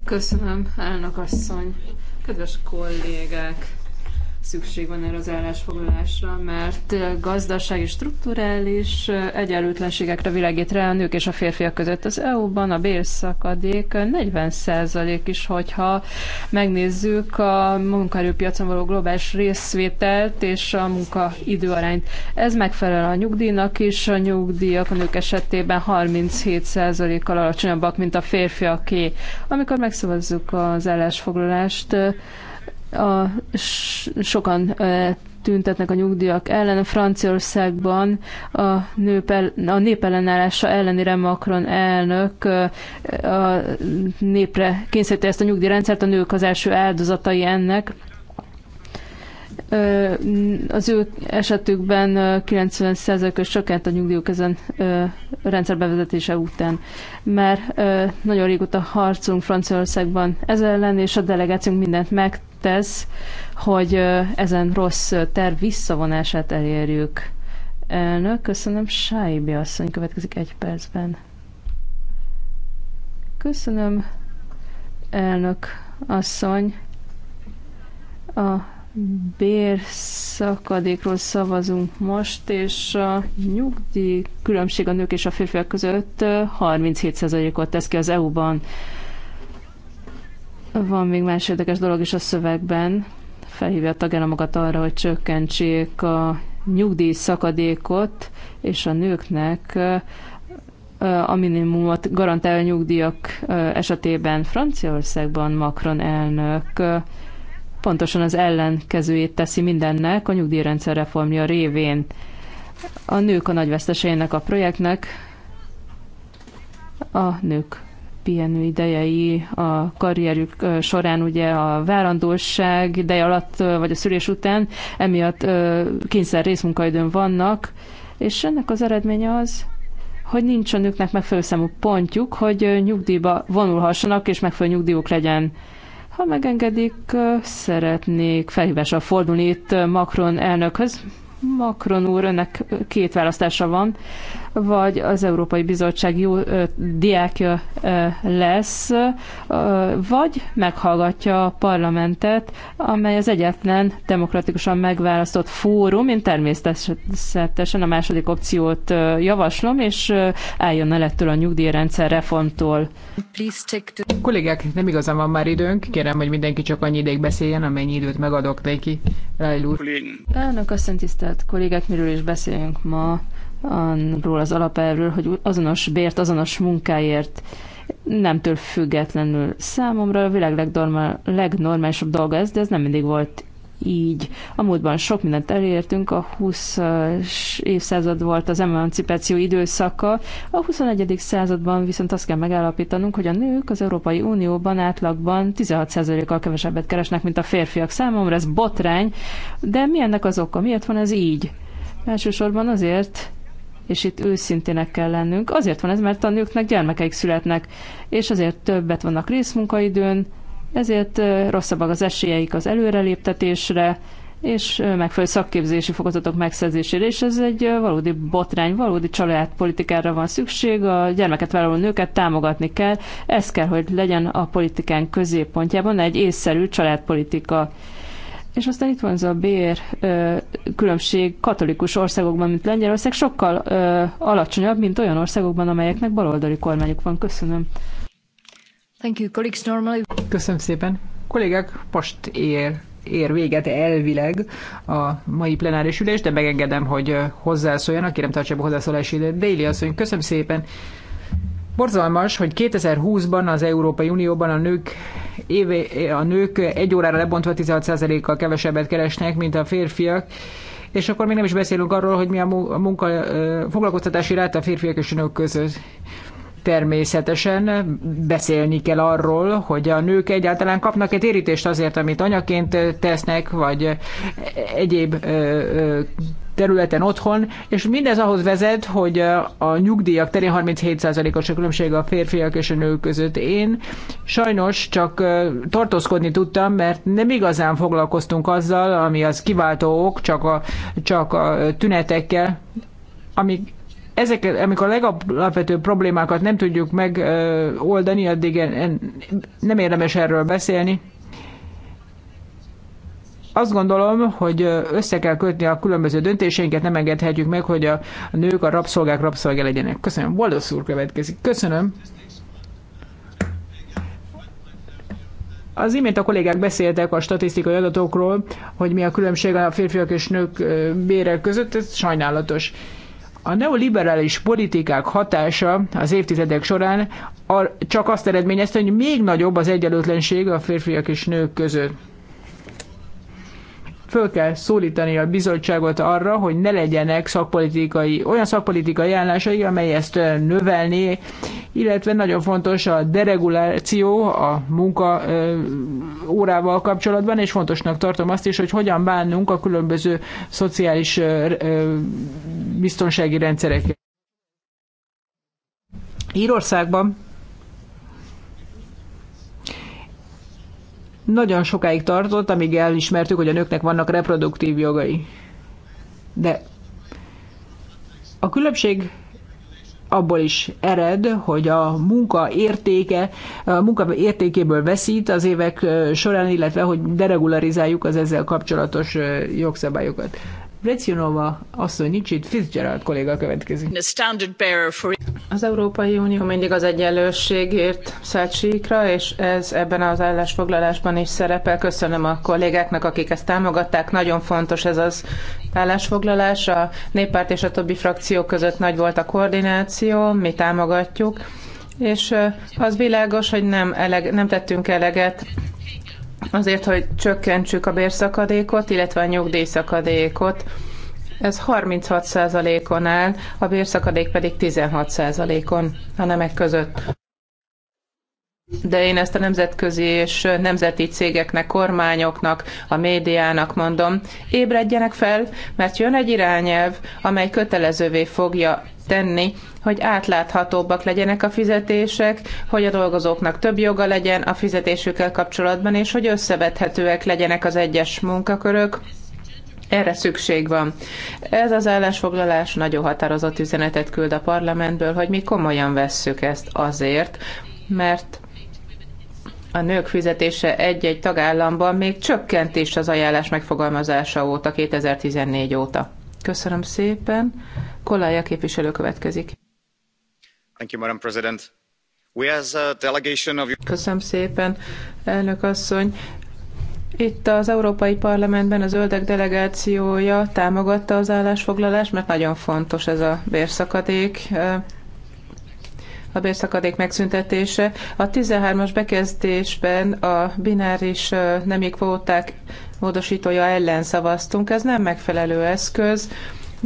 Köszönöm, elnök asszony. Kedves kollégák, szükség van erre az állásfoglalásra, mert gazdasági és strukturális egyenlőtlenségekre világít rá a nők és a férfiak között. Az EU-ban a bérszakadék 40% is, hogyha megnézzük a munkaerőpiacon való globális részvételt és a munkaidőarányt. Ez megfelel a nyugdíjnak is, a nyugdíjak a nők esetében 37%-kal alacsonyabbak, mint a férfiaké. Amikor megszavazzuk az állásfoglalást, a, sokan tüntetnek a nyugdíjak ellen. A Franciaországban a, nőp el, a nép ellenállása ellenére Macron elnök a népre kényszerítette ezt a nyugdíjrendszert, a nők az első áldozatai ennek. Az ő esetükben 90%-os csökkent a nyugdíjuk ezen rendszer bevezetése után. mert nagyon régóta harcolunk Franciaországban ezzel ellen, és a delegációnk mindent megtesz, hogy ezen rossz terv visszavonását elérjük. Elnök, köszönöm. Sáibi asszony következik egy percben. Köszönöm, elnök asszony. A bérszakadékról szavazunk most, és a nyugdíj különbség a nők és a férfiak között 37%-ot tesz ki az EU-ban. Van még más érdekes dolog is a szövegben. Felhívja a tagállamokat arra, hogy csökkentsék a nyugdíj szakadékot, és a nőknek a minimumot garantál a nyugdíjak esetében Franciaországban Macron elnök pontosan az ellenkezőjét teszi mindennek a nyugdíjrendszer reformja révén. A nők a nagy veszteseinek a projektnek, a nők pihenő idejei a karrierük során ugye a várandóság ideje alatt, vagy a szülés után, emiatt kényszer részmunkaidőn vannak, és ennek az eredménye az, hogy nincs a nőknek megfelelő számú pontjuk, hogy nyugdíjba vonulhassanak, és megfelelő nyugdíjuk legyen. Ha megengedik, szeretnék felhívással fordulni itt Macron elnökhöz. Macron úr, önnek két választása van vagy az Európai Bizottság jó ö, diákja ö, lesz, ö, vagy meghallgatja a parlamentet, amely az egyetlen demokratikusan megválasztott fórum. Én természetesen a második opciót ö, javaslom, és ö, álljon el ettől a nyugdíjrendszer reformtól. To... Kollégák, nem igazán van már időnk. Kérem, hogy mindenki csak annyi ideig beszéljen, amennyi időt megadok neki. Rájl úr. Elnök, azt tisztelt kollégák, miről is beszélünk ma arról az alapelvről, hogy azonos bért, azonos munkáért nemtől függetlenül számomra a világ legnormál, legnormálisabb dolga ez, de ez nem mindig volt így. A múltban sok mindent elértünk, a 20-as évszázad volt az emancipáció időszaka, a 21. században viszont azt kell megállapítanunk, hogy a nők az Európai Unióban átlagban 16%-kal kevesebbet keresnek, mint a férfiak számomra, ez botrány, de mi ennek az oka? Miért van ez így? Elsősorban azért, és itt őszintének kell lennünk. Azért van ez, mert a nőknek gyermekeik születnek, és azért többet vannak részmunkaidőn, ezért rosszabbak az esélyeik az előreléptetésre, és megfelelő szakképzési fokozatok megszerzésére, és ez egy valódi botrány, valódi családpolitikára van szükség, a gyermeket vállaló nőket támogatni kell, ez kell, hogy legyen a politikán középpontjában egy észszerű családpolitika. És aztán itt van ez a bér ö, különbség katolikus országokban, mint Lengyelország, sokkal ö, alacsonyabb, mint olyan országokban, amelyeknek baloldali kormányuk van. Köszönöm. Thank you, colleagues, normally... Köszönöm szépen. Kollégák, most ér, ér véget elvileg a mai plenáris ülés, de megengedem, hogy hozzászóljanak. Kérem, tartsa be hozzászólási időt. Déli asszony, köszönöm szépen. Borzalmas, hogy 2020-ban az Európai Unióban a nők, éve, a nők egy órára lebontva 16%-kal kevesebbet keresnek, mint a férfiak, és akkor még nem is beszélünk arról, hogy mi a munka, a foglalkoztatási ráta a férfiak és a nők között. Természetesen beszélni kell arról, hogy a nők egyáltalán kapnak-e térítést azért, amit anyaként tesznek, vagy egyéb területen otthon, és mindez ahhoz vezet, hogy a nyugdíjak terén 37%-os a különbség a férfiak és a nők között. Én sajnos csak tartózkodni tudtam, mert nem igazán foglalkoztunk azzal, ami az kiváltó ok, csak a, csak a tünetekkel, amik ezeket, amikor a legalapvetőbb problémákat nem tudjuk megoldani, addig nem érdemes erről beszélni. Azt gondolom, hogy össze kell kötni a különböző döntéseinket, nem engedhetjük meg, hogy a nők a rabszolgák rabszolgá legyenek. Köszönöm. Waldos úr következik. Köszönöm. Az imént a kollégák beszéltek a statisztikai adatokról, hogy mi a különbség a férfiak és nők bérek között, ez sajnálatos. A neoliberális politikák hatása az évtizedek során csak azt eredményezte, hogy még nagyobb az egyenlőtlenség a férfiak és nők között föl kell szólítani a bizottságot arra, hogy ne legyenek szakpolitikai, olyan szakpolitikai állásai, amely ezt növelni, illetve nagyon fontos a dereguláció a munka ö, órával kapcsolatban, és fontosnak tartom azt is, hogy hogyan bánunk a különböző szociális ö, ö, biztonsági rendszerekkel. Írországban Nagyon sokáig tartott, amíg elismertük, hogy a nőknek vannak reproduktív jogai. De a különbség abból is ered, hogy a munka értéke, a munka értékéből veszít az évek során, illetve hogy deregularizáljuk az ezzel kapcsolatos jogszabályokat. Brecinova asszony nincs itt, Fitzgerald kolléga következik. Az Európai Unió mindig az egyenlőségért szállt síkra, és ez ebben az állásfoglalásban is szerepel. Köszönöm a kollégáknak, akik ezt támogatták. Nagyon fontos ez az állásfoglalás. A néppárt és a többi frakció között nagy volt a koordináció, mi támogatjuk. És az világos, hogy nem, eleg, nem tettünk eleget azért, hogy csökkentsük a bérszakadékot, illetve a nyugdíjszakadékot. Ez 36%-on áll, a bérszakadék pedig 16%-on a nemek között. De én ezt a nemzetközi és nemzeti cégeknek, kormányoknak, a médiának mondom, ébredjenek fel, mert jön egy irányelv, amely kötelezővé fogja tenni, hogy átláthatóbbak legyenek a fizetések, hogy a dolgozóknak több joga legyen a fizetésükkel kapcsolatban, és hogy összevethetőek legyenek az egyes munkakörök, erre szükség van. Ez az állásfoglalás nagyon határozott üzenetet küld a parlamentből, hogy mi komolyan vesszük ezt azért, mert a nők fizetése egy-egy tagállamban még csökkent is az ajánlás megfogalmazása óta, 2014 óta. Köszönöm szépen. Kolája képviselő következik. Thank you, Madam President. We as a delegation of... Köszönöm szépen, elnök asszony. Itt az Európai Parlamentben a zöldek delegációja támogatta az állásfoglalást, mert nagyon fontos ez a bérszakadék a bérszakadék megszüntetése. A 13-as bekezdésben a bináris nemi kvóták módosítója ellen szavaztunk. Ez nem megfelelő eszköz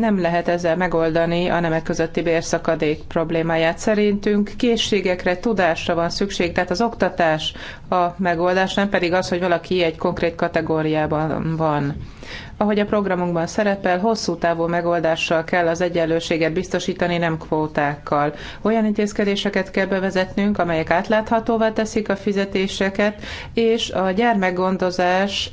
nem lehet ezzel megoldani a nemek közötti bérszakadék problémáját. Szerintünk készségekre, tudásra van szükség, tehát az oktatás a megoldás, nem pedig az, hogy valaki egy konkrét kategóriában van. Ahogy a programunkban szerepel, hosszú távú megoldással kell az egyenlőséget biztosítani, nem kvótákkal. Olyan intézkedéseket kell bevezetnünk, amelyek átláthatóvá teszik a fizetéseket, és a gyermekgondozás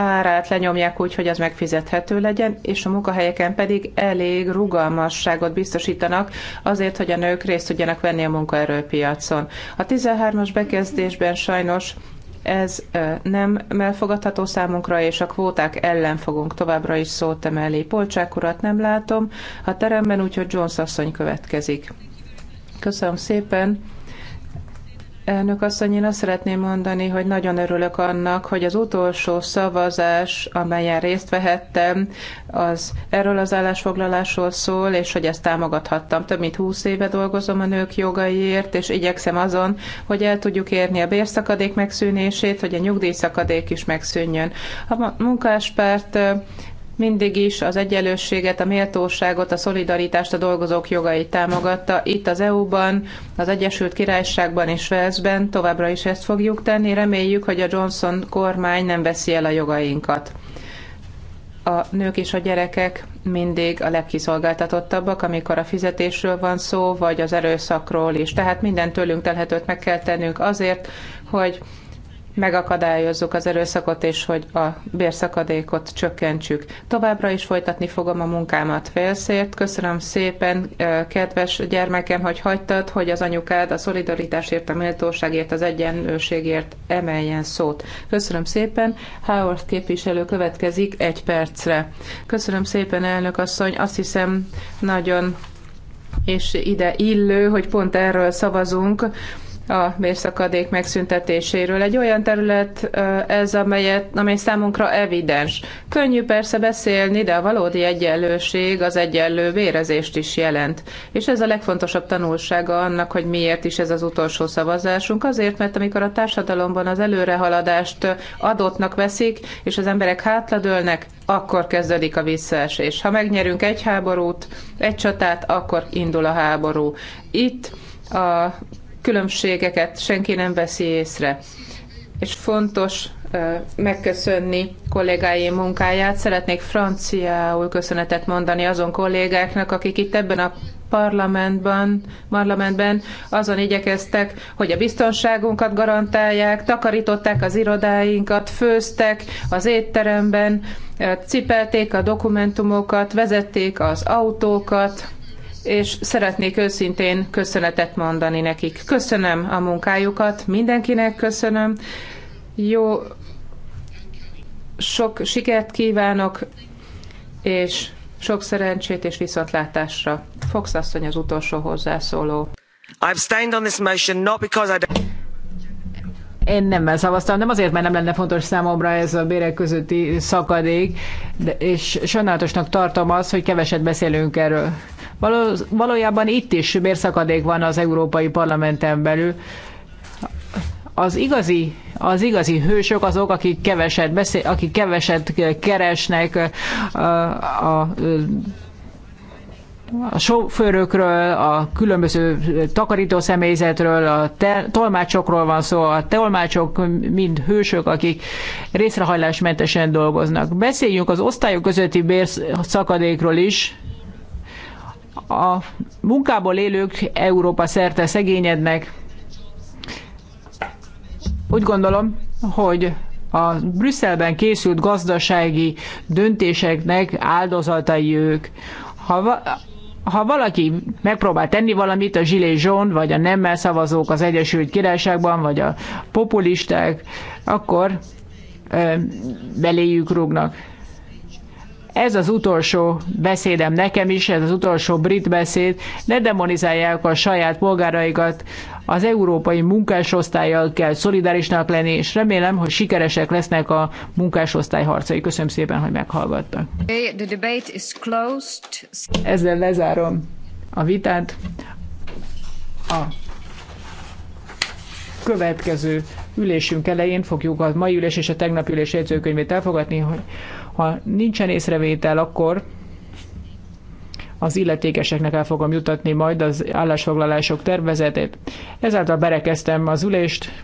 árát lenyomják úgy, hogy az megfizethető legyen, és a munkahelyeken pedig elég rugalmasságot biztosítanak azért, hogy a nők részt tudjanak venni a munkaerőpiacon. A 13-as bekezdésben sajnos ez nem elfogadható számunkra, és a kvóták ellen fogunk továbbra is szót emelni. Polcsák urat nem látom a teremben, úgyhogy Jones asszony következik. Köszönöm szépen! Elnök asszony, én azt szeretném mondani, hogy nagyon örülök annak, hogy az utolsó szavazás, amelyen részt vehettem, az erről az állásfoglalásról szól, és hogy ezt támogathattam. Több mint húsz éve dolgozom a nők jogaiért, és igyekszem azon, hogy el tudjuk érni a bérszakadék megszűnését, hogy a nyugdíjszakadék is megszűnjön. A munkáspárt mindig is az egyenlősséget, a méltóságot, a szolidaritást, a dolgozók jogait támogatta. Itt az EU-ban, az Egyesült Királyságban és Walesben továbbra is ezt fogjuk tenni. Reméljük, hogy a Johnson kormány nem veszi el a jogainkat. A nők és a gyerekek mindig a legkiszolgáltatottabbak, amikor a fizetésről van szó, vagy az erőszakról is. Tehát minden tőlünk telhetőt meg kell tennünk azért, hogy megakadályozzuk az erőszakot, és hogy a bérszakadékot csökkentsük. Továbbra is folytatni fogom a munkámat félszért. Köszönöm szépen, kedves gyermekem, hogy hagytad, hogy az anyukád a szolidaritásért, a méltóságért, az egyenlőségért emeljen szót. Köszönöm szépen. Howard képviselő következik egy percre. Köszönöm szépen, elnök asszony. Azt hiszem, nagyon és ide illő, hogy pont erről szavazunk a mérszakadék megszüntetéséről. Egy olyan terület ez, amelyet, amely számunkra evidens. Könnyű persze beszélni, de a valódi egyenlőség az egyenlő vérezést is jelent. És ez a legfontosabb tanulsága annak, hogy miért is ez az utolsó szavazásunk. Azért, mert amikor a társadalomban az előrehaladást adottnak veszik, és az emberek hátladőlnek, akkor kezdődik a visszaesés. Ha megnyerünk egy háborút, egy csatát, akkor indul a háború. Itt a különbségeket senki nem veszi észre. És fontos megköszönni kollégáim munkáját. Szeretnék franciául köszönetet mondani azon kollégáknak, akik itt ebben a parlamentben, parlamentben azon igyekeztek, hogy a biztonságunkat garantálják, takarították az irodáinkat, főztek az étteremben, cipelték a dokumentumokat, vezették az autókat, és szeretnék őszintén köszönetet mondani nekik. Köszönöm a munkájukat, mindenkinek köszönöm. Jó, sok sikert kívánok, és sok szerencsét és viszontlátásra. Fox asszony az utolsó hozzászóló. Én nem szavaztam, nem azért, mert nem lenne fontos számomra ez a bérek közötti szakadék, de, és sajnálatosnak tartom az, hogy keveset beszélünk erről. Való, valójában itt is bérszakadék van az Európai Parlamenten belül. Az igazi, az igazi hősök azok, akik keveset, beszél, akik keveset keresnek a, a, a a sofőrökről, a különböző takarító személyzetről, a te- tolmácsokról van szó, a tolmácsok mind hősök, akik részrehajlásmentesen dolgoznak. Beszéljünk az osztályok közötti bérszakadékról is. A munkából élők Európa szerte szegényednek. Úgy gondolom, hogy a Brüsszelben készült gazdasági döntéseknek áldozatai ők. Ha ha valaki megpróbál tenni valamit, a zsilé zsón, vagy a nemmel szavazók az Egyesült Királyságban, vagy a populisták, akkor ö, beléjük rúgnak. Ez az utolsó beszédem nekem is, ez az utolsó brit beszéd. Ne demonizálják a saját polgáraikat az európai munkásosztályjal kell szolidárisnak lenni, és remélem, hogy sikeresek lesznek a munkásosztály harcai. Köszönöm szépen, hogy meghallgattak. The debate is closed. Ezzel lezárom a vitát. A következő ülésünk elején fogjuk a mai ülés és a tegnapi ülés jegyzőkönyvét elfogadni, hogy ha nincsen észrevétel, akkor az illetékeseknek el fogom jutatni majd az állásfoglalások tervezetét. Ezáltal berekeztem az ülést,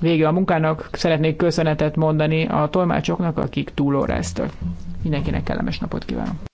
vége a munkának, szeretnék köszönetet mondani a tolmácsoknak, akik túlóráztak. Mindenkinek kellemes napot kívánok!